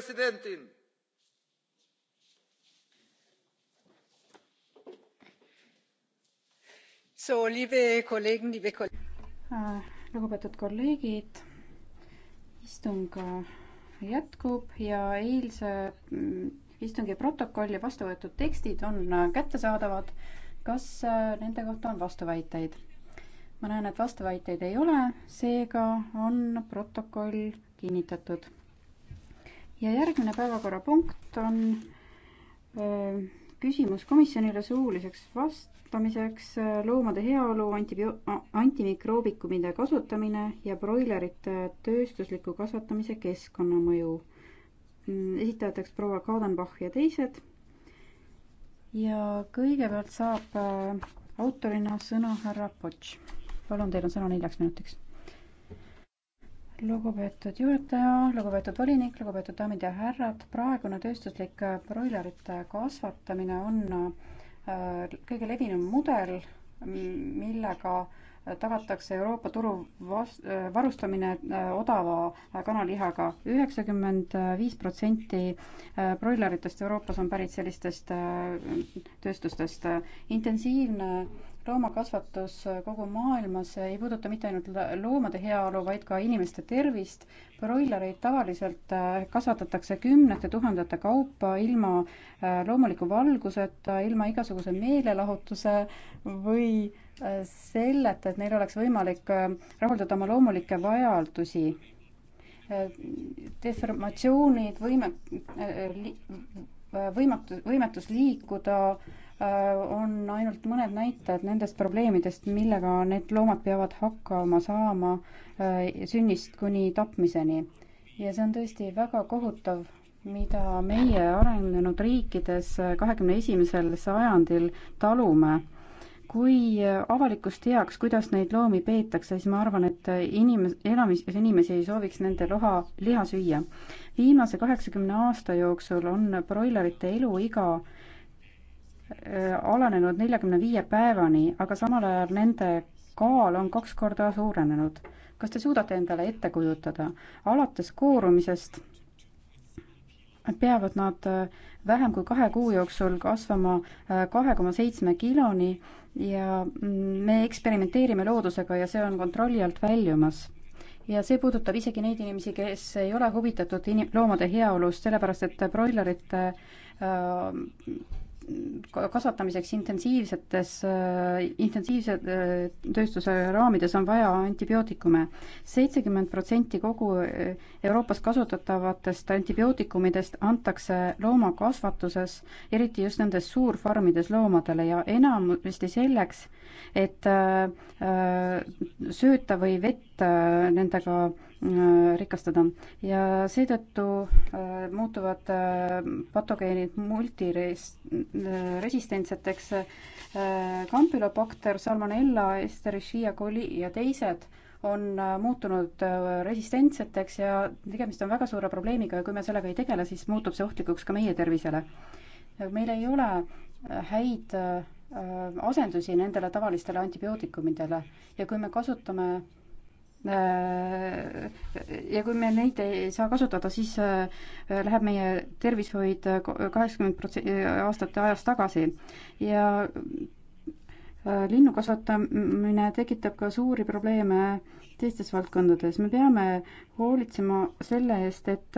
Speaker 2: präsidentin!
Speaker 7: Äh, lugupeetud kolleegid istung äh, jätkub ja eilse mm, istungi protokoll ja vastu võetud tekstid on äh, kättesaadavad kas nende kohta on vastuväiteid ma näen et vastuväiteid ei ole seega on protokoll kinnitatud ja järgmine päevakorrapunkt on öö, küsimus komisjonile suuliseks vastamiseks loomade heaolu, antibio-, antimikroobikummide kasutamine ja broilerite tööstusliku kasvatamise keskkonnamõju. Mm, esitajateks proua Kadenbach ja teised. ja kõigepealt saab autorina sõna härra Potš. palun, teil on sõna neljaks minutiks lugupeetud juhataja, lugupeetud volinik, lugupeetud daamid ja härrad, praegune tööstuslik broilerite kasvatamine on äh, kõige levinum mudel, millega tagatakse Euroopa turu vas-, äh, varustamine äh, odava kanalihaga. üheksakümmend viis protsenti broileritest Euroopas on pärit sellistest tööstustest. intensiivne loomakasvatus kogu maailmas ei puuduta mitte ainult loomade heaolu, vaid ka inimeste tervist. broilereid tavaliselt äh, kasvatatakse kümnete tuhandete kaupa ilma äh, loomuliku valguseta, ilma igasuguse meelelahutuse või äh, selleta, et neil oleks võimalik rahuldada oma loomulikke vajadusi deformatsioonid, võime, võimatu, võimetus liikuda äh,, Äh, on ainult mõned näitajad nendest probleemidest, millega need loomad peavad hakkama saama äh, sünnist kuni tapmiseni. ja see on tõesti väga kohutav, mida meie arenenud riikides äh, kahekümne esimesel sajandil talume kui avalikkus teaks, kuidas neid loomi peetakse, siis ma arvan, et inimes-, enamus inimesi ei sooviks nende loha, liha süüa. viimase kaheksakümne aasta jooksul on broilerite eluiga Äh, alanenud neljakümne viie päevani, aga samal ajal nende kaal on kaks korda suurenenud. kas te suudate endale ette kujutada, alates koorumisest peavad nad äh, vähem kui kahe kuu jooksul kasvama äh, kahe koma seitsme kiloni ja mm, me eksperimenteerime loodusega ja see on kontrolli alt väljumas ja see puudutab isegi neid inimesi, kes ei ole huvitatud in-, loomade heaolust, sellepärast et broilerite äh, kasvatamiseks intensiivsetes, äh, intensiivse äh, tööstuse raamides on vaja antibiootikume. seitsekümmend protsenti kogu äh, Euroopas kasutatavatest antibiootikumidest antakse loomakasvatuses, eriti just nendes suurfarmides loomadele ja enamasti selleks, et sööta või vett nendega Äh, rikastada ja seetõttu äh, muutuvad äh, patogeenid multiresistentseteks. Campylobacter, Salmonella, Escherichia coli ja teised on muutunud resistentseteks ja tegemist on väga suure probleemiga ja kui me sellega ei tegele, siis muutub see ohtlikuks ka meie tervisele. meil ei ole häid asendusi nendele tavalistele antibiootikumidele ja kui me kasutame Äh, ja kui me neid ei saa kasutada, siis äh, läheb meie tervishoid äh, kaheksakümmend protsenti aastate ajas tagasi ja linnu kasvatamine tekitab ka suuri probleeme teistes valdkondades. me peame hoolitsema selle eest, et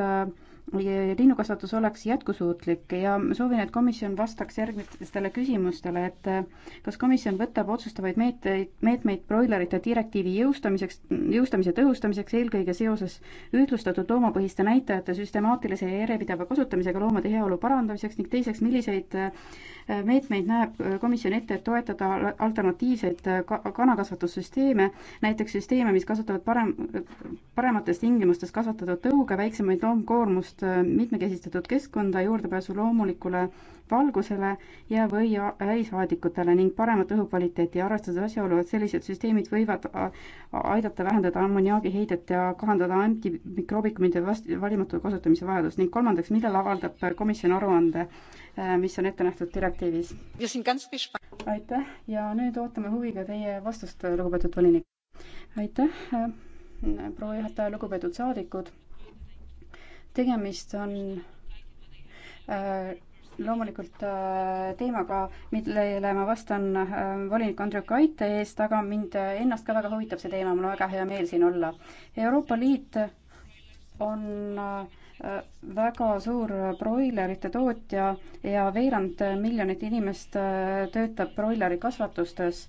Speaker 7: linnukasvatus oleks jätkusuutlik ja ma soovin, et komisjon vastaks järgmistele küsimustele, et äh, kas komisjon võtab otsustavaid meetmeid, meetmeid broilerite direktiivi jõustamiseks, jõustamise tõhustamiseks, eelkõige seoses ühtlustatud loomapõhiste näitajate süstemaatilise ja järjepideva kasutamisega loomade heaolu parandamiseks ning teiseks, milliseid äh, meetmeid näeb äh, komisjon ette, et toetada alternatiivseid ka-, kanakasvatussüsteeme, näiteks süsteeme, mis kasutavad parem, paremates tingimustes kasvatatud tõuge, väiksemaid loomkoormust, vajadust äh, mitmekesistatud keskkonda, juurdepääsu loomulikule valgusele ja või välisaadikutele ning paremat õhukvaliteeti, arvestades asjaolu, et sellised süsteemid võivad aidata vähendada ammoniaagiheidet ja kahandada antimikroobikummide vast-, valimatu kasutamise vajadust ning kolmandaks, millal avaldab komisjon aruande, äh, mis on ette nähtud direktiivis? aitäh ja nüüd ootame huviga teie vastust, lugupeetud volinik. aitäh, äh, proua juhataja, lugupeetud saadikud tegemist on äh, loomulikult äh, teemaga, millele ma vastan äh, volinik Andrek Aite eest, aga mind ennast ka väga huvitab see teema, mul on väga hea meel siin olla. Euroopa Liit on väga suur broilerite tootja ja veerand miljonit inimest töötab broilerikasvatustes.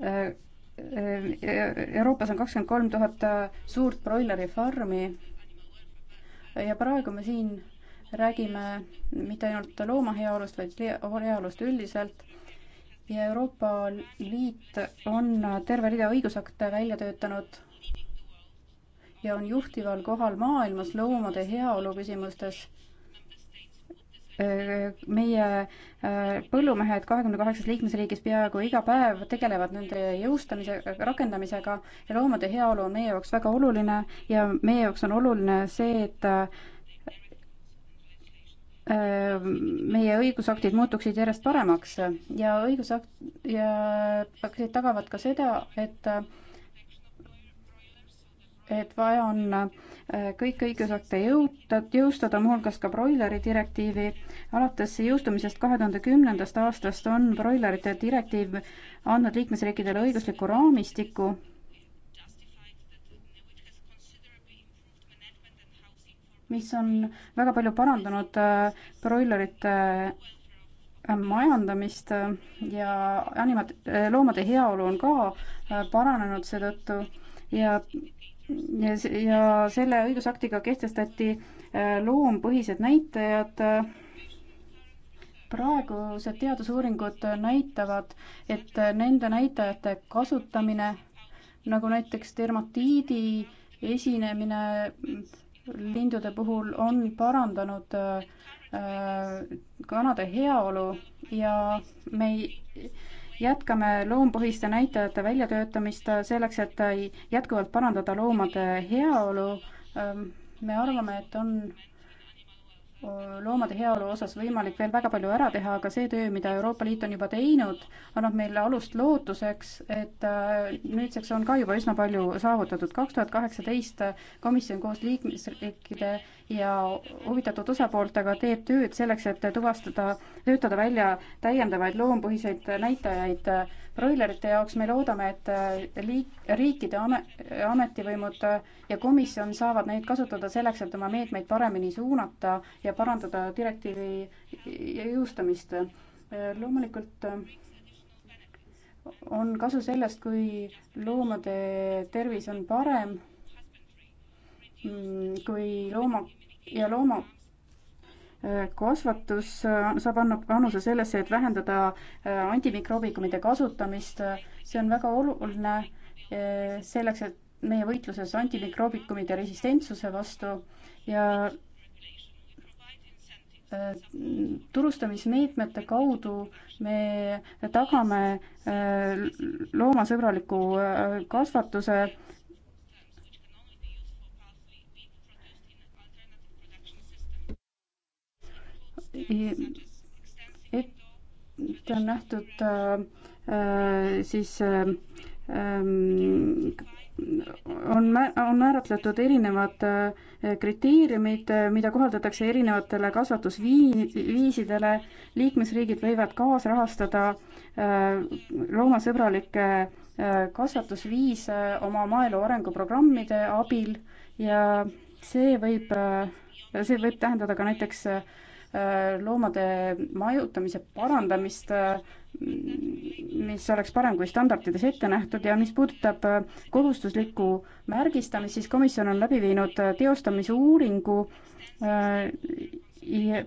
Speaker 7: Euroopas on kakskümmend kolm tuhat suurt broilerifarmi ja praegu me siin räägime mitte ainult looma heaolust, vaid heaolust üldiselt ja Euroopa Liit on terve rida õigusakte välja töötanud ja on juhtival kohal maailmas loomade heaolu küsimustes meie äh, põllumehed kahekümne kaheksas liikmesriigis peaaegu iga päev tegelevad nende jõustamise, rakendamisega ja loomade heaolu on meie jaoks väga oluline ja meie jaoks on oluline see, et äh, meie õigusaktid muutuksid järjest paremaks ja õigusakt- ja tagavad ka seda, et et vaja on äh, kõik õigusakte jõustada, muuhulgas ka broileri direktiivi. alates jõustumisest kahe tuhande kümnendast aastast on broilerite direktiiv andnud liikmesriikidele õigusliku raamistiku, mis on väga palju parandanud äh, broilerite äh, majandamist ja animat-, loomade heaolu on ka paranenud seetõttu ja ja selle õigusaktiga kehtestati äh, loompõhised näitajad. praegused teadusuuringud näitavad, et nende näitajate kasutamine nagu näiteks dermatiidi esinemine lindude puhul on parandanud äh, äh, kanade heaolu ja me ei jätkame loompõhiste näitajate väljatöötamist selleks, et jätkuvalt parandada loomade heaolu. Ähm, me arvame, et on loomade heaolu osas võimalik veel väga palju ära teha, aga see töö, mida Euroopa Liit on juba teinud, annab meile alust lootuseks, et äh, nüüdseks on ka juba üsna palju saavutatud. kaks tuhat kaheksateist komisjon koos liikmesriikide ja huvitatud osapooltega teeb tööd selleks, et tuvastada, töötada välja täiendavaid loompõhiseid näitajaid broilerite jaoks. me loodame, et liik-, riikide amet, ametivõimud ja komisjon saavad neid kasutada selleks, et oma meetmeid paremini suunata ja parandada direktiivi jõustamist. loomulikult on kasu sellest, kui loomade tervis on parem, kui looma ja looma äh, kasvatus äh, saab anna panuse sellesse, et vähendada äh, antimikroobikummide kasutamist. see on väga oluline selleks, et meie võitluses antimikroobikummide resistentsuse vastu ja turustamismeetmete kaudu me tagame loomasõbraliku kasvatuse ette on nähtud äh, äh, siis äh, ähm, on, on määratletud erinevad kriteeriumid, mida kohaldatakse erinevatele kasvatusviisidele. liikmesriigid võivad kaasrahastada loomasõbralikke kasvatusviise oma maaelu arenguprogrammide abil ja see võib, see võib tähendada ka näiteks Äh, loomade majutamise parandamist, äh, mis oleks parem kui standardides ette nähtud ja mis puudutab äh, kohustuslikku märgistamist, siis komisjon on läbi viinud teostamise uuringu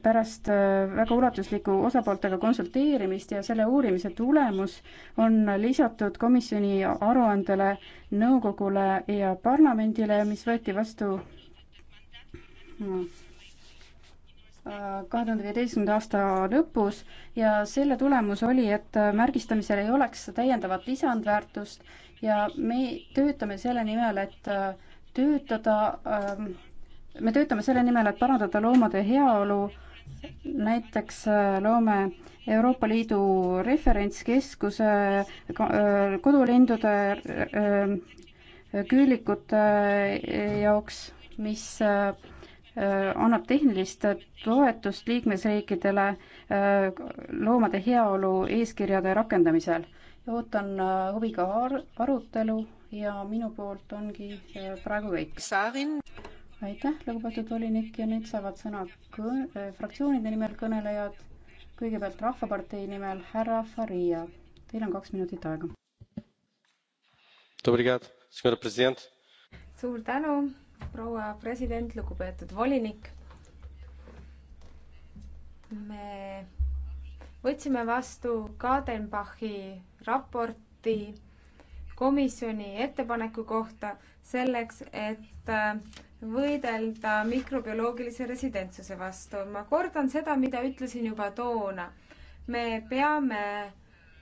Speaker 7: pärast väga ulatuslikku osapooltega konsulteerimist ja selle uurimise tulemus on lisatud komisjoni aruandele nõukogule ja parlamendile, mis võeti vastu no, hmm, kahe tuhande viieteistkümnenda aasta lõpus ja selle tulemus oli, et märgistamisel ei oleks täiendavat lisandväärtust ja me töötame selle nimel, et äh, töötada, ähm, me töötame selle nimel, et parandada loomade heaolu, näiteks äh, loome Euroopa Liidu referentskeskuse äh, kodulindude küülikute jaoks, mis Äh, annab tehnilist toetust liikmesriikidele äh, loomade heaolu eeskirjade rakendamisel. ootan äh, huviga ar arutelu ja minu poolt ongi praegu kõik. aitäh, lugupeetud volinik ja nüüd saavad sõna fraktsioonide nimel kõnelejad. kõigepealt Rahvapartei nimel härra Faria. Teil on kaks minutit aega.
Speaker 5: suur tänu proua president, lugupeetud volinik. me võtsime vastu Kadenbachi raporti komisjoni ettepaneku kohta selleks, et äh, võidelda mikrobioloogilise residentsuse vastu. ma kordan seda, mida ütlesin juba toona. me peame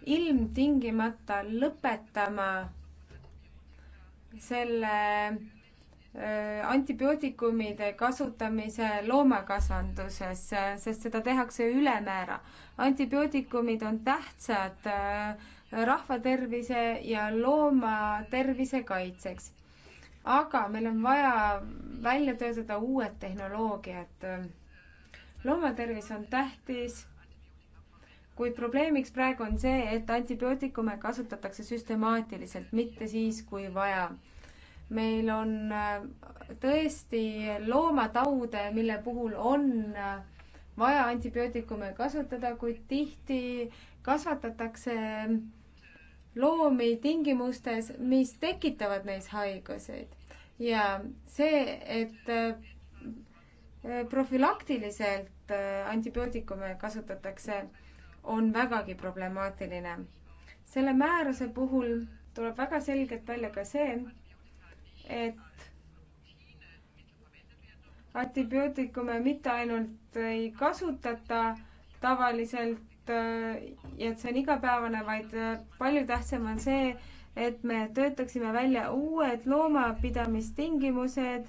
Speaker 5: ilmtingimata lõpetama selle Äh, antibiootikumide kasutamise loomakasvanduses, sest seda tehakse ülemäära. antibiootikumid on tähtsad äh, rahvatervise ja loomatervise kaitseks. aga meil on vaja välja töötada uued tehnoloogiad. loomatervis on tähtis kuid probleemiks praegu on see, et antibiootikume kasutatakse süstemaatiliselt, mitte siis, kui vaja meil on äh, tõesti loomataude, mille puhul on äh, vaja antibiootikume kasutada, kuid tihti kasvatatakse loomi tingimustes, mis tekitavad neis haiguseid. ja see, et äh, profülaktiliselt antibiootikume kasutatakse, on vägagi problemaatiline. selle määruse puhul tuleb väga selgelt välja ka see, et antibiootikume mitte ainult ei kasutata tavaliselt äh, ja et see on igapäevane, vaid äh, palju tähtsam on see, et me töötaksime välja uued loomapidamistingimused,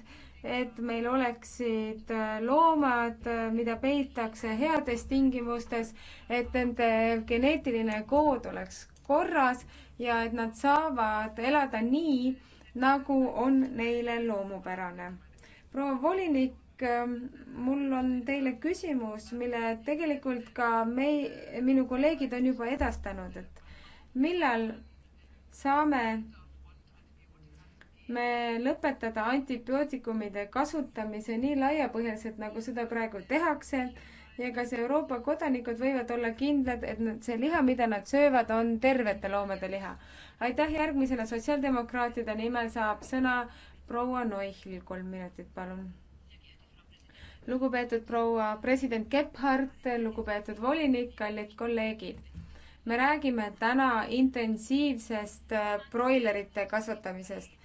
Speaker 5: et meil oleksid äh, loomad, mida peitakse heades tingimustes, et nende geneetiline kood oleks korras ja et nad saavad elada nii, nagu on neile loomupärane. proua volinik, ähm, mul on teile küsimus, mille tegelikult ka mei-, minu kolleegid on juba edastanud, et millal saame me lõpetada antibiootikumide kasutamise nii laiapõhjaliselt, nagu seda praegu tehakse ja kas Euroopa kodanikud võivad olla kindlad, et see liha, mida nad söövad, on tervete loomade liha? aitäh, järgmisele sotsiaaldemokraatide nimel saab sõna proua Noichil, kolm minutit, palun. lugupeetud proua president Gebhardt, lugupeetud volinik, kallid kolleegid me räägime täna intensiivsest äh, broilerite kasvatamisest.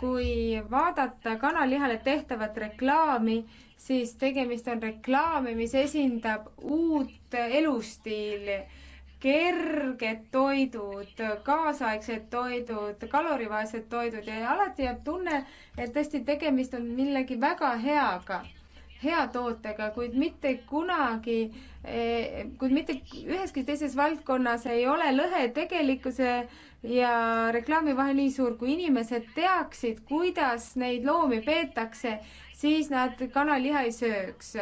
Speaker 5: kui vaadata kanalihale tehtavat reklaami, siis tegemist on reklaami, mis esindab uut elustiili kerged toidud, kaasaegsed toidud, kalorivaesed toidud ja alati jääb tunne, et tõesti tegemist on millegi väga heaga, hea tootega, kuid mitte kunagi, eh, kuid mitte üheski teises valdkonnas ei ole lõhe tegelikkuse ja reklaami vahel nii suur, kui inimesed teaksid, kuidas neid loomi peetakse, siis nad kanaliha ei sööks,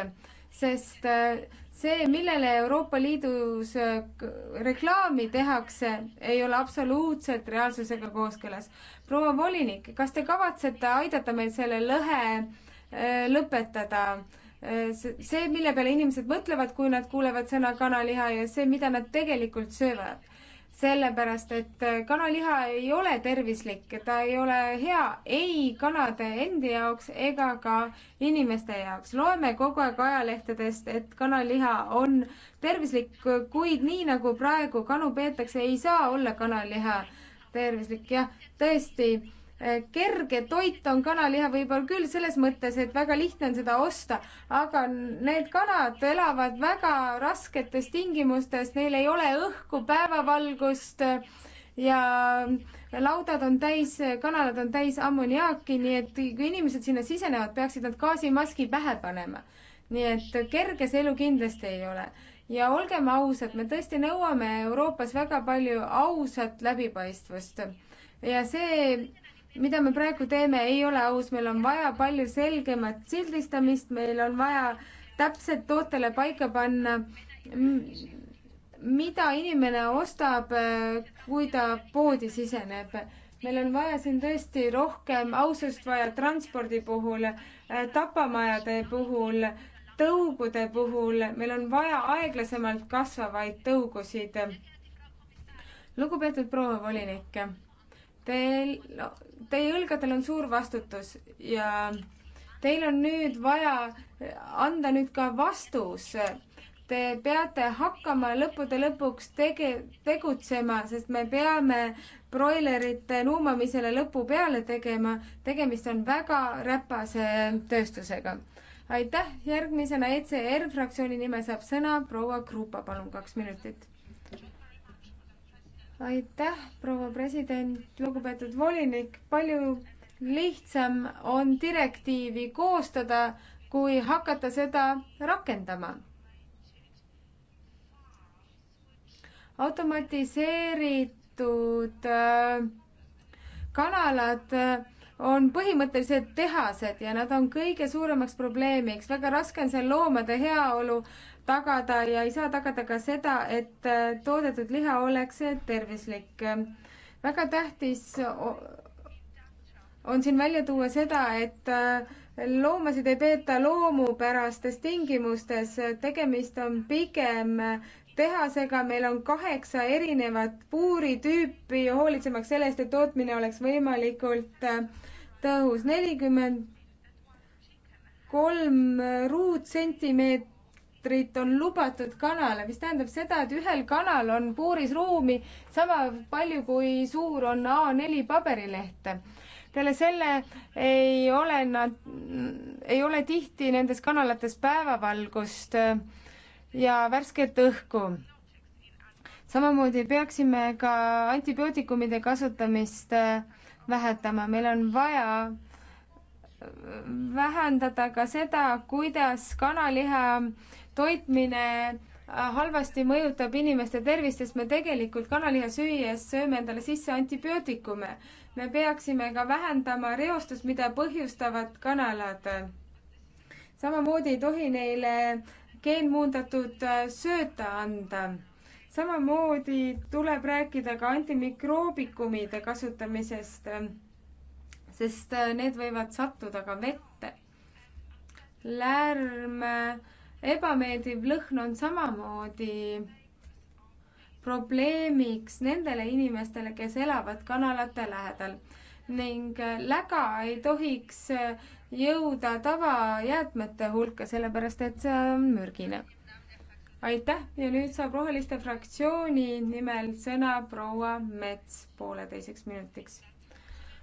Speaker 5: sest eh, see, millele Euroopa Liidus äh, reklaami tehakse, ei ole absoluutselt reaalsusega kooskõlas. proua volinik, kas te kavatsete aidata meil selle lõhe äh, lõpetada? Äh, see, mille peale inimesed mõtlevad, kui nad kuulevad sõna kanaliha ja see, mida nad tegelikult söövad sellepärast et äh, kanaliha ei ole tervislik, ta ei ole hea ei kanade endi jaoks ega ka inimeste jaoks. loeme kogu aeg ajalehtedest, et kanaliha on tervislik, kuid nii nagu praegu kanu peetakse, ei saa olla kanaliha tervislik, jah, tõesti kerge toit on kanaliha võib-olla küll selles mõttes, et väga lihtne on seda osta, aga need kanad elavad väga rasketes tingimustes, neil ei ole õhku, päevavalgust ja laudad on täis, kanalad on täis ammoniaaki, nii et kui inimesed sinna sisenevad, peaksid nad gaasimaski pähe panema. nii et kerge see elu kindlasti ei ole ja olgem ausad, me tõesti nõuame Euroopas väga palju ausat läbipaistvust ja see mida me praegu teeme, ei ole aus, meil on vaja palju selgemat sildistamist, meil on vaja täpselt tootele paika panna, mida inimene ostab, kui ta poodi siseneb. meil on vaja siin tõesti rohkem ausust vaja transpordi puhul, tapamajade puhul, tõugude puhul, meil on vaja aeglasemalt kasvavaid tõugusid. lugupeetud proua volinik, teil teie õlgadel on suur vastutus ja teil on nüüd vaja anda nüüd ka vastus. Te peate hakkama lõppude lõpuks tege-, tegutsema, sest me peame broilerite nuumamisele lõpu peale tegema. tegemist on väga räpase tööstusega. aitäh, järgmisena ECR fraktsiooni nimel saab sõna proua Krupa, palun kaks minutit aitäh, proua president, lugupeetud volinik, palju lihtsam on direktiivi koostada, kui hakata seda rakendama. automatiseeritud äh, kanalad äh, on põhimõtteliselt tehased ja nad on kõige suuremaks probleemiks. väga raske on seal loomade heaolu tagada ja ei saa tagada ka seda, et äh, toodetud liha oleks tervislik. väga tähtis on siin välja tuua seda, et äh, loomasid ei peeta loomupärastes tingimustes, tegemist on pigem äh, tehasega, meil on kaheksa erinevat puuritüüpi, hoolitsemaks selle eest, et tootmine oleks võimalikult tõhus. nelikümmend kolm ruutsentimeetrit liitrit on lubatud kanale, mis tähendab seda, et ühel kanal on puuris ruumi sama palju, kui suur on A4 paberilehte. peale selle ei ole nad, ei ole tihti nendes kanalates päevavalgust äh, ja värsket õhku. samamoodi peaksime ka antibiootikumide kasutamist äh, vähetama, meil on vaja äh, vähendada ka seda, kuidas kanaliha toitmine äh, halvasti mõjutab inimeste tervist, sest me tegelikult kanaliha süües sööme endale sisse antibiootikume. me peaksime ka vähendama reostust, mida põhjustavad kanalad. samamoodi ei tohi neile geenmuundatud äh, sööta anda samamoodi tuleb rääkida ka antimikroobikumide kasutamisest, äh, sest need võivad sattuda ka vette. lärm ebameeldiv lõhn on samamoodi probleemiks nendele inimestele, kes elavad kanalate lähedal ning äh, läga ei tohiks äh, jõuda tavajäätmete hulka, sellepärast et see on mürgine. aitäh ja nüüd saab Roheliste fraktsiooni nimel sõna proua Mets pooleteiseks minutiks.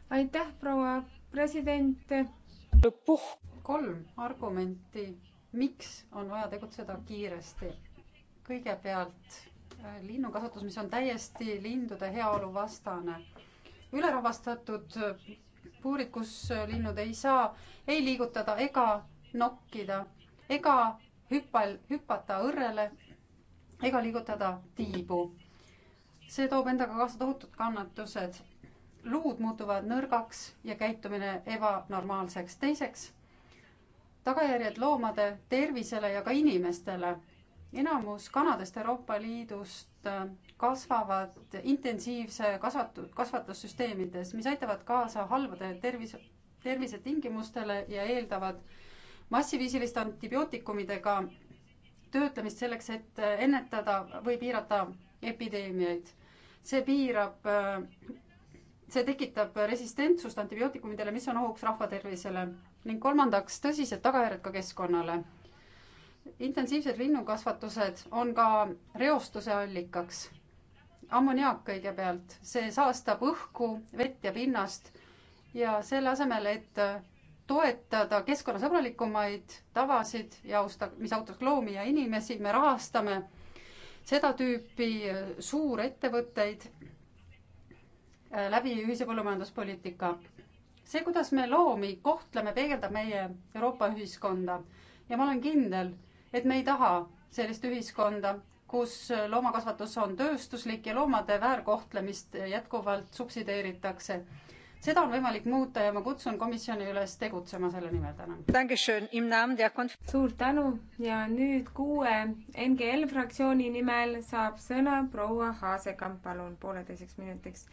Speaker 5: aitäh, proua president.
Speaker 7: kolm argumenti miks on vaja tegutseda kiiresti? kõigepealt äh, linnukasvatus, mis on täiesti lindude heaolu vastane. ülerahvastatud äh, puurid, kus äh, linnud ei saa ei liigutada ega nokkida ega hüppal, hüpata õrrele ega liigutada tiibu. see toob endaga kaasa tohutud kannatused. luud muutuvad nõrgaks ja käitumine ebanormaalseks. teiseks tagajärjed loomade tervisele ja ka inimestele. enamus kanadest Euroopa Liidust äh, kasvavad intensiivse kasvatu-, kasvatussüsteemides, mis aitavad kaasa halbade tervise, tervisetingimustele ja eeldavad massiviisilist antibiootikumidega töötlemist selleks, et äh, ennetada või piirata epideemiaid. see piirab, äh, see tekitab resistentsust antibiootikumidele, mis on ohuks rahva tervisele ning kolmandaks tõsised tagajärjed ka keskkonnale. intensiivsed linnukasvatused on ka reostuse allikaks. ammoniaak kõigepealt, see saastab õhku, vett ja pinnast ja selle asemel, et toetada keskkonnasõbralikumaid tavasid ja austa, mis autaks loomi ja inimesi, me rahastame seda tüüpi suurettevõtteid äh, läbi ühise põllumajanduspoliitika see, kuidas me loomi kohtleme, peegeldab meie Euroopa ühiskonda ja ma olen kindel, et me ei taha sellist ühiskonda, kus loomakasvatus on tööstuslik ja loomade väärkohtlemist jätkuvalt subsideeritakse. seda on võimalik muuta ja ma kutsun komisjoni üles tegutsema selle nimel,
Speaker 5: tänan. suur tänu ja nüüd kuue NGL fraktsiooni nimel saab sõna proua Haasekamp, palun pooleteiseks minutiks.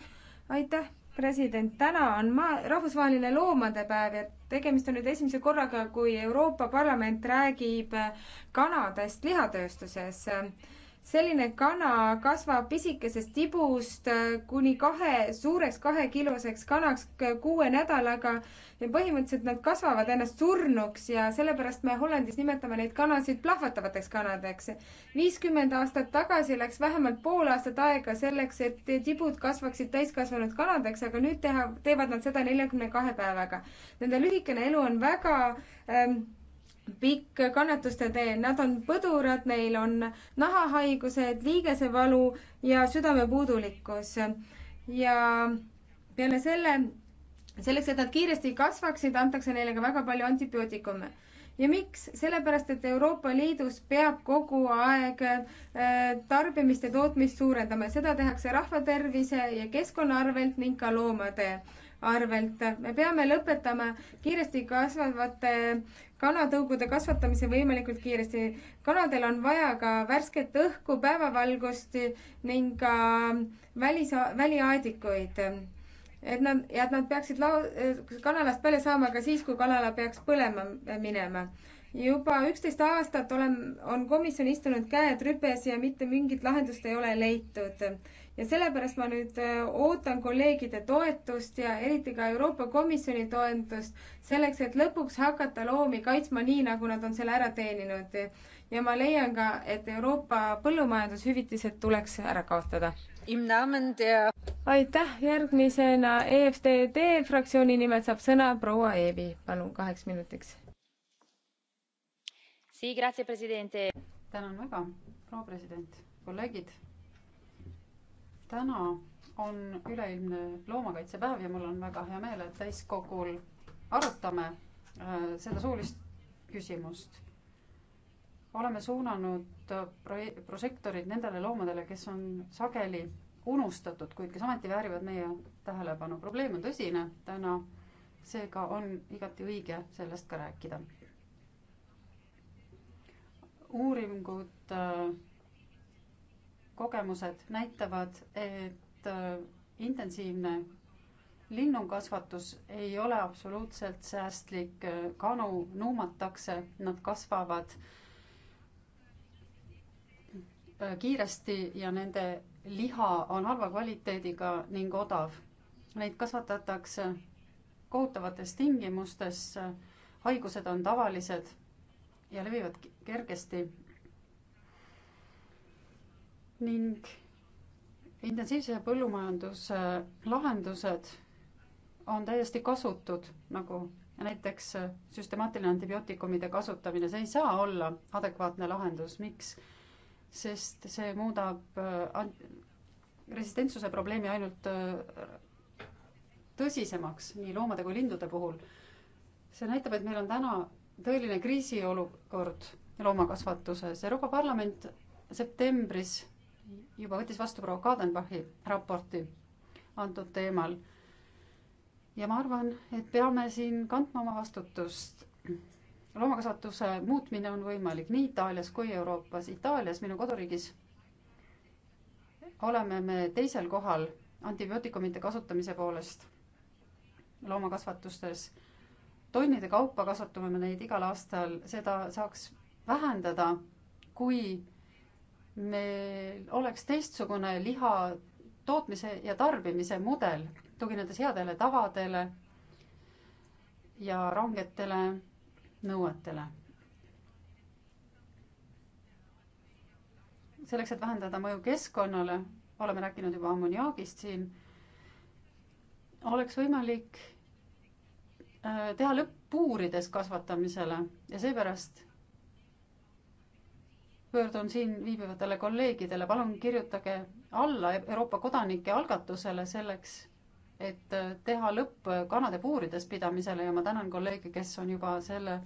Speaker 5: aitäh president, täna on maa, rahvusvaheline loomade päev ja tegemist on nüüd esimese korraga, kui Euroopa Parlament räägib kanadest lihatööstuses selline kana kasvab pisikesest tibust äh, kuni kahe, suureks kahekiloseks kanaks äh, kuue nädalaga ja põhimõtteliselt nad kasvavad ennast surnuks ja sellepärast me Hollandis nimetame neid kanasid plahvatavateks kanadeks. viiskümmend aastat tagasi läks vähemalt pool aastat aega selleks, et tibud kasvaksid täiskasvanud kanadeks, aga nüüd teha, teevad nad seda neljakümne kahe päevaga. Nende lühikene elu on väga ähm, pikk kannatuste tee, nad on põdurad, neil on nahahaigused, liigesevalu ja südamepuudulikkus. ja peale selle, selleks, et nad kiiresti kasvaksid, antakse neile ka väga palju antibiootikume. ja miks? sellepärast, et Euroopa Liidus peab kogu aeg äh, tarbimist ja tootmist suurendama, seda tehakse rahvatervise ja keskkonna arvelt ning ka loomade arvelt. me peame lõpetama kiiresti kasvavate kanatõugude kasvatamise võimalikult kiiresti. kanadel on vaja ka värsket õhku, päevavalgust ning ka välis, väliaadikuid. et nad, ja et nad peaksid lao-, kanalast välja saama ka siis, kui kanala peaks põlema minema juba üksteist aastat olen, on komisjon istunud käed rüpes ja mitte mingit lahendust ei ole leitud ja sellepärast ma nüüd äh, ootan kolleegide toetust ja eriti ka Euroopa Komisjoni toetust selleks, et lõpuks hakata loomi kaitsma nii, nagu nad on selle ära teeninud. ja ma leian ka, et Euroopa põllumajandushüvitised tuleks ära kaotada. aitäh, järgmisena EFTD fraktsiooni nimel saab sõna proua Eevi, palun kaheks minutiks.
Speaker 7: tänan väga, proua president, kolleegid täna on üleilmne loomakaitsepäev ja mul on väga hea meel, et täiskogul arutame äh, seda suulist küsimust. oleme suunanud äh, proje-, prožektorid nendele loomadele, kes on sageli unustatud, kuid kes ometi väärivad meie tähelepanu. probleem on tõsine täna, seega on igati õige sellest ka rääkida. uuringud äh, kogemused näitavad, et äh, intensiivne linnukasvatus ei ole absoluutselt säästlik, äh, kanu nuumatakse, nad kasvavad äh, kiiresti ja nende liha on halva kvaliteediga ning odav. Neid kasvatatakse kohutavates tingimustes, haigused on tavalised ja levivad kergesti ning intensiivse põllumajanduse lahendused on täiesti kasutud, nagu näiteks süstemaatiline antibiootikumide kasutamine, see ei saa olla adekvaatne lahendus, miks? sest see muudab äh, resistentsuse probleemi ainult äh, tõsisemaks nii loomade kui lindude puhul. see näitab, et meil on täna tõeline kriisiolukord loomakasvatuses. Euroopa Parlament septembris juba võttis vastu proua Kadenbachi raporti antud teemal. ja ma arvan, et peame siin kandma oma vastutust. loomakasvatuse muutmine on võimalik nii Itaalias kui Euroopas. Itaalias, minu koduriigis, oleme me teisel kohal antibiootikumide kasutamise poolest loomakasvatustes. tonnide kaupa kasvatame me neid igal aastal, seda saaks vähendada, kui meil oleks teistsugune liha tootmise ja tarbimise mudel, tuginedes headele tavadele ja rangetele nõuetele. selleks, et vähendada mõju keskkonnale, oleme rääkinud juba ammoniaagist siin, oleks võimalik äh, teha lõpp puurides kasvatamisele ja seepärast pöördun siin viibivatele kolleegidele, palun kirjutage alla Euroopa kodanike algatusele selleks, et äh, teha lõpp kanade puurides pidamisele ja ma tänan kolleege, kes on juba selle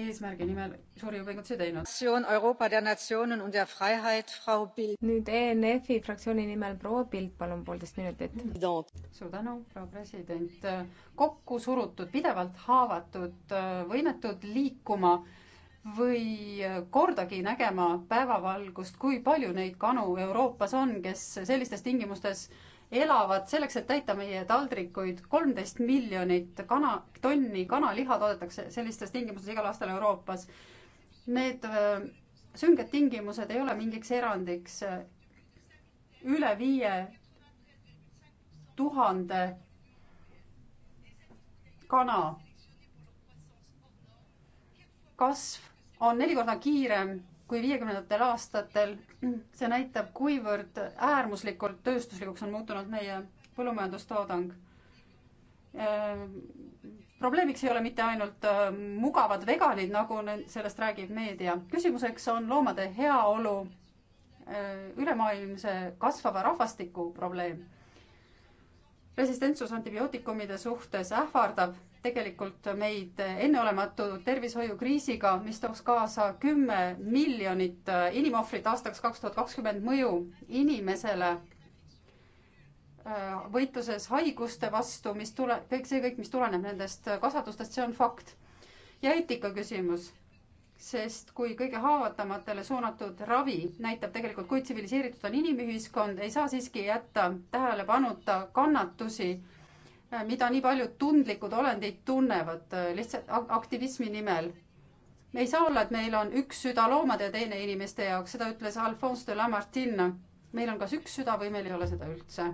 Speaker 5: eesmärgi nimel suuri jõupingutusi teinud. nüüd ENF-i fraktsiooni nimel proua Pilt, palun poolteist minutit. suur
Speaker 7: tänu, proua president. kokku surutud, pidevalt haavatud, äh, võimetud liikuma või kordagi nägema päevavalgust, kui palju neid kanu Euroopas on, kes sellistes tingimustes elavad selleks, et täita meie taldrikuid. kolmteist miljonit kana, tonni kanaliha toodetakse sellistes tingimustes igal aastal Euroopas. Need äh, sünged tingimused ei ole mingiks erandiks. üle viie tuhande kana kasv on neli korda kiirem kui viiekümnendatel aastatel. see näitab, kuivõrd äärmuslikult tööstuslikuks on muutunud meie põllumajandustoodang. probleemiks ei ole mitte ainult äh, mugavad veganid, nagu sellest räägib meedia. küsimuseks on loomade heaolu äh, ülemaailmse kasvava rahvastiku probleem. resistentsus antibiootikumide suhtes ähvardab tegelikult meid enneolematu tervishoiukriisiga, mis tooks kaasa kümme miljonit äh, inimohvrit aastaks kaks tuhat kakskümmend mõju inimesele äh, võitluses haiguste vastu, mis tule, kõik see kõik, mis tuleneb nendest äh, kasvatustest, see on fakt. ja eetika küsimus, sest kui kõige haavatamatele suunatud ravi näitab tegelikult, kui tsiviliseeritud on inimühiskond, ei saa siiski jätta tähelepanuta kannatusi Äh, mida nii paljud tundlikud olendid tunnevad äh, lihtsalt aktivismi nimel. me ei saa olla, et meil on üks süda loomade ja teine inimeste jaoks, seda ütles Alphonse de Lamartine. meil on kas üks süda või meil ei ole seda üldse.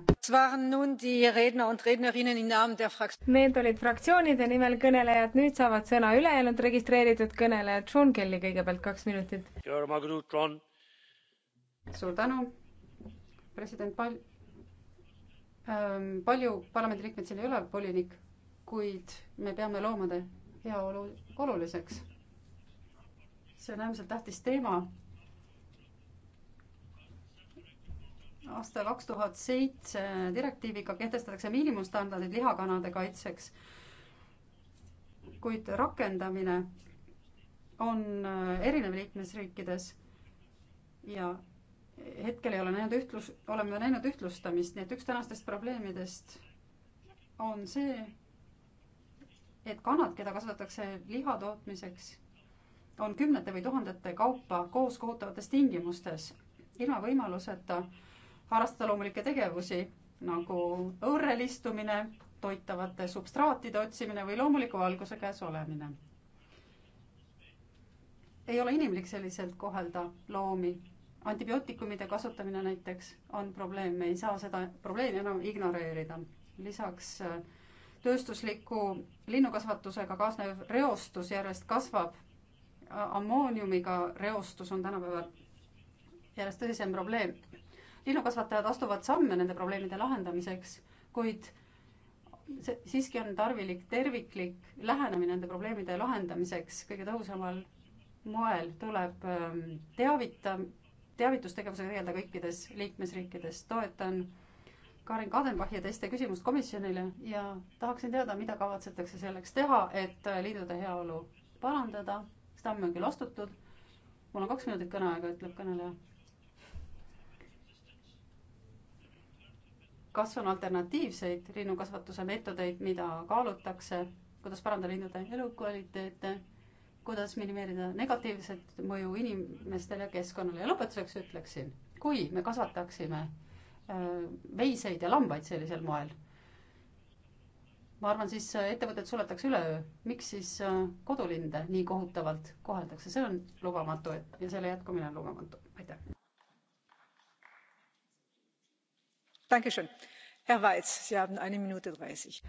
Speaker 5: Need olid fraktsioonide nimel kõnelejad, nüüd saavad sõna ülejäänud registreeritud kõnelejad. Sean Kelly kõigepealt kaks minutit. suur tänu, president Pal-. Ehm, palju
Speaker 7: parlamendiliikmeid seal ei ole, volinik, kuid me peame loomade heaolu oluliseks. see on äärmiselt tähtis teema. aasta kaks tuhat seitse direktiiviga kehtestatakse miinimumstandardid lihakanade kaitseks, kuid rakendamine on äh, erinev liikmesriikides ja hetkel ei ole näinud ühtlus, oleme näinud ühtlustamist, nii et üks tänastest probleemidest on see, et kanad, keda kasvatatakse liha tootmiseks, on kümnete või tuhandete kaupa koos kohutavates tingimustes, ilma võimaluseta harrastada loomulikke tegevusi nagu õõrel istumine, toitavate substraatide otsimine või loomuliku valguse käes olemine. ei ole inimlik selliselt kohelda loomi antibiootikumide kasutamine näiteks on probleem, me ei saa seda probleemi enam ignoreerida. lisaks äh, tööstusliku linnukasvatusega kaasnev reostus järjest kasvab. ammooniumiga reostus on tänapäeval järjest tõsisem probleem. linnukasvatajad astuvad samme nende probleemide lahendamiseks, kuid see siiski on tarvilik terviklik lähenemine nende probleemide lahendamiseks kõige tõhusamal moel tuleb ähm, teavita-, teavitustegevusega tegeleda kõikides liikmesriikides. toetan Karin Kadenbachi ja teiste küsimust komisjonile ja tahaksin teada, mida kavatsetakse selleks teha, et liidude heaolu parandada. samme on küll astutud. mul on kaks minutit kõneaega, ütleb kõneleja. kas on alternatiivseid linnukasvatuse meetodeid, mida kaalutakse, kuidas parandada lindude elukvaliteete? kuidas minimeerida negatiivset mõju inimestele, keskkonnale ja lõpetuseks ütleksin, kui me kasvataksime äh, veiseid ja lambaid sellisel moel, ma arvan, siis äh, ettevõtted suletakse üleöö. miks siis äh, kodulinde nii kohutavalt koheldakse, see on lubamatu ja selle jätkumine on lubamatu. aitäh.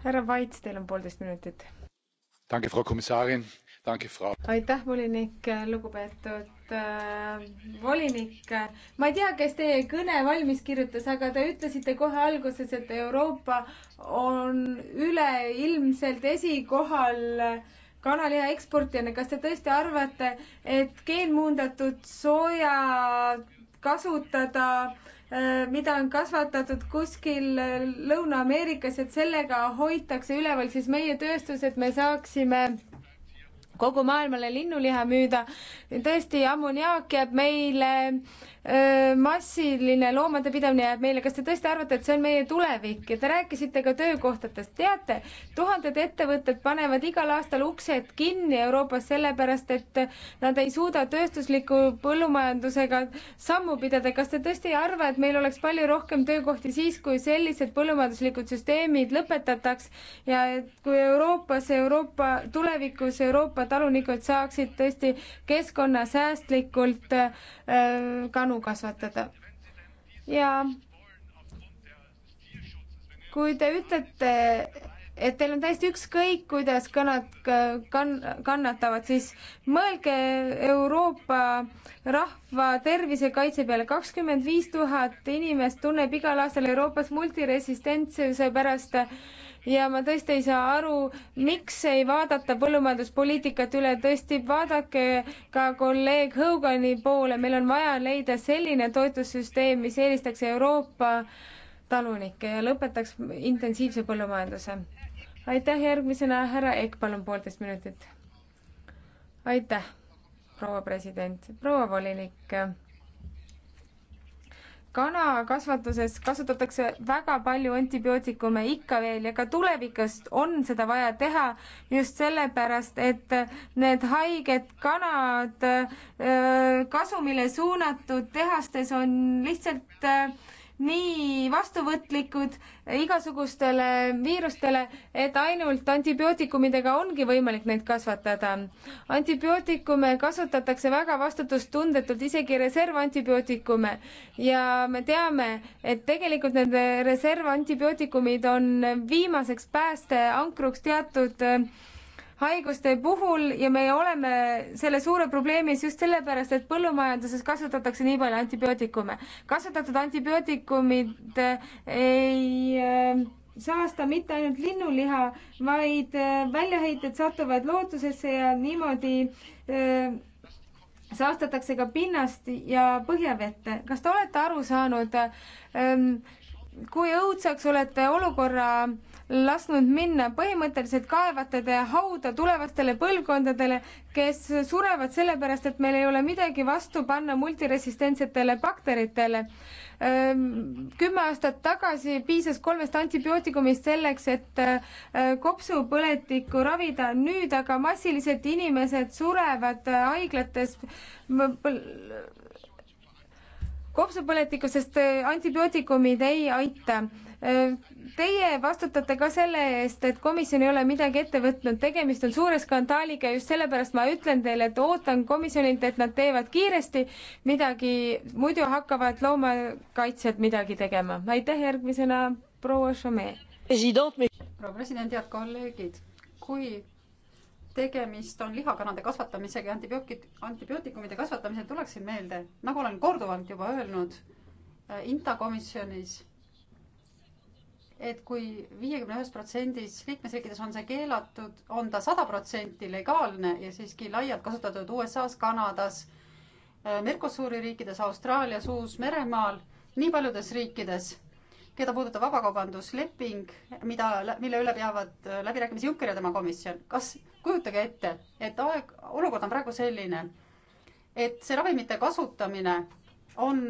Speaker 5: härra Vaits, teil on poolteist minutit.
Speaker 1: Danke, Frau Kommissarin
Speaker 5: aitäh, volinik, lugupeetud äh, volinik. ma ei tea, kes teie kõne valmis kirjutas, aga te ütlesite kohe alguses, et Euroopa on üleilmselt esikohal äh, kanaliha eksportijana, kas te tõesti arvate, et geenmuundatud sooja kasutada, äh, mida on kasvatatud kuskil Lõuna-Ameerikas, et sellega hoitakse üleval siis meie tööstus, et me saaksime kogu maailmale linnuliha müüda. tõesti, ammoniaak jääb meile massiline loomade pidamine jääb meile, kas te tõesti arvate, et see on meie tulevik ja te rääkisite ka töökohtadest, teate, tuhanded ettevõtted panevad igal aastal uksed kinni Euroopas sellepärast, et nad ei suuda tööstusliku põllumajandusega sammu pidada. kas te tõesti ei arva, et meil oleks palju rohkem töökohti siis, kui sellised põllumajanduslikud süsteemid lõpetataks ja et kui Euroopas, Euroopa tulevikus Euroopa talunikud saaksid tõesti keskkonnasäästlikult äh, kanu kasu kasvatada. ja kui te ütlete, et teil on täiesti ükskõik, kuidas kannad kann,, kannatavad, siis mõelge Euroopa rahva tervisekaitse peale. kakskümmend viis tuhat inimest tunneb igal aastal Euroopas multiresistentsuse pärast äh, ja ma tõesti ei saa aru, miks ei vaadata põllumajanduspoliitikat üle, tõesti vaadake ka kolleeg Hogani poole, meil on vaja leida selline toetussüsteem, mis eelistaks Euroopa talunikke ja lõpetaks intensiivse põllumajanduse. aitäh, järgmisena härra Ekk, palun poolteist minutit. aitäh, proua president, proua volinik kanakasvatuses kasutatakse väga palju antibiootikume ikka veel ja ka tulevikus on seda vaja teha just sellepärast, et need haiged kanad äh, kasumile suunatud tehastes on lihtsalt äh, nii vastuvõtlikud igasugustele viirustele, et ainult antibiootikumidega ongi võimalik neid kasvatada. antibiootikume kasutatakse väga vastutustundetult, isegi reservantibiootikume ja me teame, et tegelikult need reservantibiootikumid on viimaseks päästeankruks teatud haiguste puhul ja me oleme selle suure probleemis just sellepärast, et põllumajanduses kasutatakse nii palju antibiootikume. kasutatud antibiootikumid äh, ei äh, saasta mitte ainult linnuliha, vaid äh, väljaheited satuvad loodusesse ja niimoodi äh, saastatakse ka pinnast ja põhjavett. kas te olete aru saanud ähm,, kui õudseks olete olukorra lasknud minna, põhimõtteliselt kaevate te hauda tulevastele põlvkondadele, kes surevad sellepärast, et meil ei ole midagi vastu panna multiresistentsetele bakteritele. Ehm, kümme aastat tagasi piisas kolmest antibiootikumist selleks, et äh, kopsupõletikku ravida, nüüd aga massiliselt inimesed surevad äh, haiglates kopsupõletikku, sest äh, antibiootikumid ei aita Teie vastutate ka selle eest, et komisjon ei ole midagi ette võtnud, tegemist on suure skandaaliga, just sellepärast ma ütlen teile, et ootan komisjonilt, et nad teevad kiiresti midagi, muidu hakkavad loomakaitsjad midagi tegema. aitäh, järgmisena proua Šomee. proua
Speaker 7: president, head kolleegid, kui tegemist on lihakanade kasvatamisega ja antibiootid, antibiootikumide kasvatamisel, tuleksin meelde, nagu olen korduvalt juba öelnud, äh, Inta komisjonis et kui viiekümne ühes protsendis liikmesriikides on see keelatud, on ta sada protsenti legaalne ja siiski laialt kasutatud USA-s, Kanadas, äh, Mercosuri riikides, Austraalias, Uus-Meremaal, nii paljudes riikides, keda puudutab vabakaubandusleping, mida, mille üle peavad äh, läbirääkimisi Juncker ja tema komisjon. kas, kujutage ette, et aeg, olukord on praegu selline, et see ravimite kasutamine on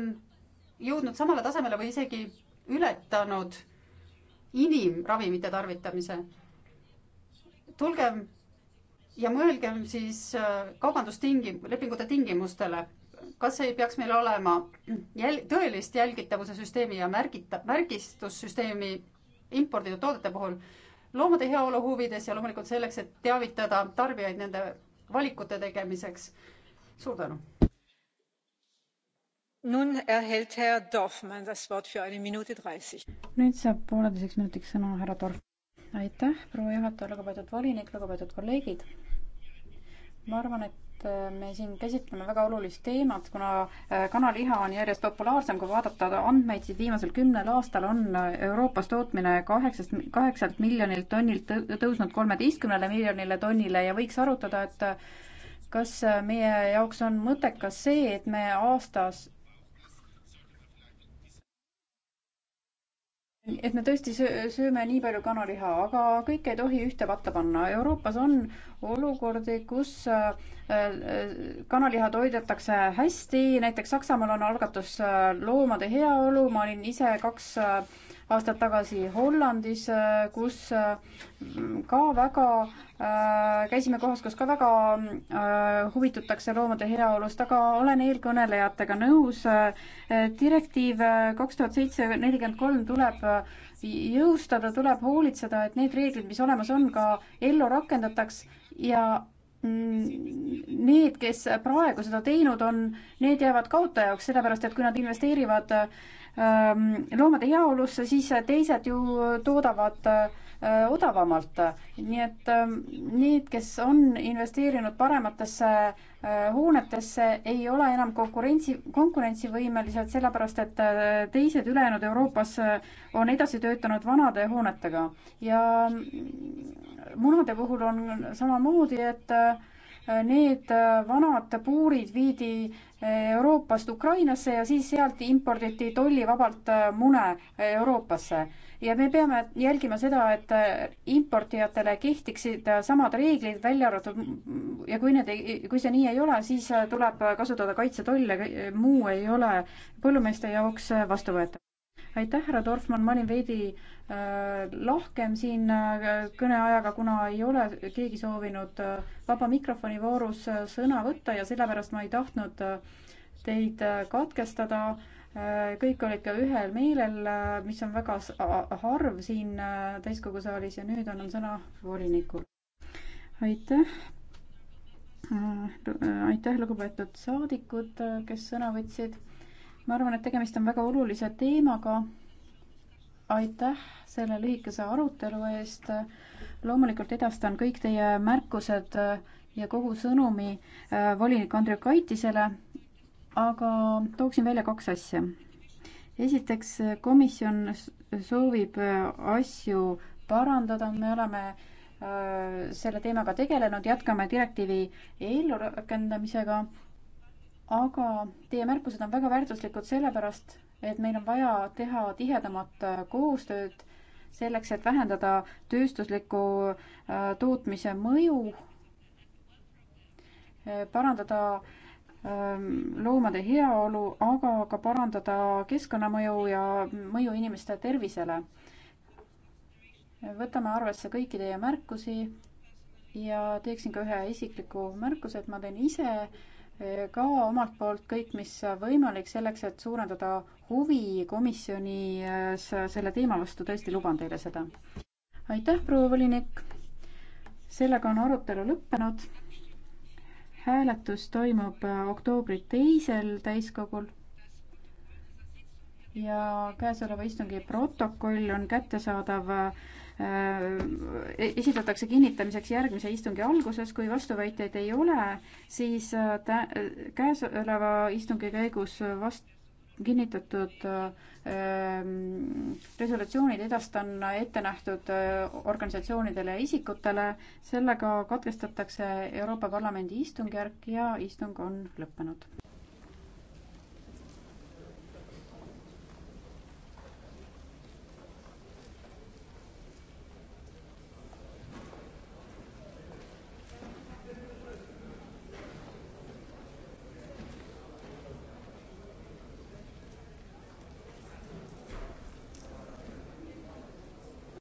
Speaker 7: jõudnud samale tasemele või isegi ületanud äh, inimravimite tarvitamise. tulgem ja mõelgem siis äh, kaubandustingi-, lepingute tingimustele. kas ei peaks meil olema jäl-, tõelist jälgitavuse süsteemi ja märgita-, märgistussüsteemi imporditud toodete puhul loomade heaolu huvides ja loomulikult selleks, et teavitada tarbijaid nende valikute tegemiseks. suur tänu! nüüd saab pooleteiseks minutiks sõna härra Dorfmann. aitäh, proua juhataja, lugupeetud volinik, lugupeetud kolleegid. ma arvan, et äh, me siin käsitleme väga olulist teemat, kuna äh, kanaliha on järjest populaarsem, kui vaadata andmeid, siis viimasel kümnel aastal on äh, Euroopas tootmine kaheksast, kaheksalt miljonilt tonnilt tõusnud kolmeteistkümnele miljonile tonnile ja võiks arutada, et kas meie jaoks on mõttekas see, et me aastas et me tõesti sööme nii palju kanaliha, aga kõike ei tohi ühte patta panna. Euroopas on olukordi, kus äh, kanaliha toidetakse hästi, näiteks Saksamaal on algatus äh, Loomade heaolu, ma olin ise kaks äh, aastat tagasi Hollandis, äh, kus äh, ka väga äh,, käisime kohas, kus ka väga äh, huvitutakse loomade heaolust, aga olen eelkõnelejatega nõus. Äh, direktiiv kaks tuhat seitse nelikümmend kolm tuleb jõustada, tuleb hoolitseda, et need reeglid, mis olemas on, ka ellu rakendataks ja need, kes praegu seda teinud on, need jäävad kaotajaks, sellepärast et kui nad investeerivad äh, Ähm, loomade heaolusse, siis teised ju toodavad äh, odavamalt. nii et ähm, need, kes on investeerinud parematesse äh, hoonetesse, ei ole enam konkurentsi, konkurentsivõimelised, sellepärast et äh, teised ülejäänud Euroopas on edasi töötanud vanade hoonetega ja mm, munade puhul on samamoodi, et Need äh, vanad puurid viidi äh, Euroopast Ukrainasse ja siis sealt imporditi tollivabalt äh, mune Euroopasse. ja me peame jälgima seda, et importijatele kehtiksid samad reeglid, välja arvatud ja kui need ei, kui see nii ei ole, siis tuleb kasutada kaitsetolle, muu ei ole põllumeeste jaoks vastuvõetav aitäh, härra Dorfmann, ma olin veidi äh, lahkem siin äh, kõneajaga, kuna ei ole keegi soovinud äh, vaba mikrofoni voorus äh, sõna võtta ja sellepärast ma ei tahtnud äh, teid äh, katkestada äh,. kõik olid ka ühel meelel äh,, mis on väga harv siin äh, täiskogu saalis ja nüüd annan sõna volinikule. aitäh äh,. aitäh, lugupeetud saadikud, äh, kes sõna võtsid ma arvan, et tegemist on väga olulise teemaga. aitäh selle lühikese arutelu eest. loomulikult edastan kõik teie märkused ja kogu sõnumi äh, volinik Andriukaitisele, aga tooksin välja kaks asja. esiteks, komisjon soovib äh, asju parandada, me oleme äh, selle teemaga tegelenud, jätkame direktiivi ellurakendamisega aga teie märkused on väga väärtuslikud sellepärast, et meil on vaja teha tihedamat äh, koostööd selleks, et vähendada tööstusliku äh, tootmise mõju, äh, parandada ähm, loomade heaolu, aga ka parandada keskkonnamõju ja mõju inimeste tervisele. võtame arvesse kõiki teie märkusi ja teeksin ka ühe isikliku märkuse, et ma teen ise ka omalt poolt kõik, mis võimalik selleks, et suurendada huvi komisjonis äh, selle teema vastu, tõesti luban teile seda. aitäh, proua volinik. sellega on arutelu lõppenud. hääletus toimub äh, oktoobri teisel täiskogul. ja käesoleva istungi protokoll on kättesaadav äh, Äh, e-, esitatakse kinnitamiseks järgmise istungi alguses, kui vastuväiteid ei ole, siis äh, tä-, äh, käesoleva istungi käigus vast-, kinnitatud ähm, resolutsioonid edastan ettenähtud organisatsioonidele ja isikutele. sellega katkestatakse Euroopa Parlamendi istungjärk ja istung on lõppenud.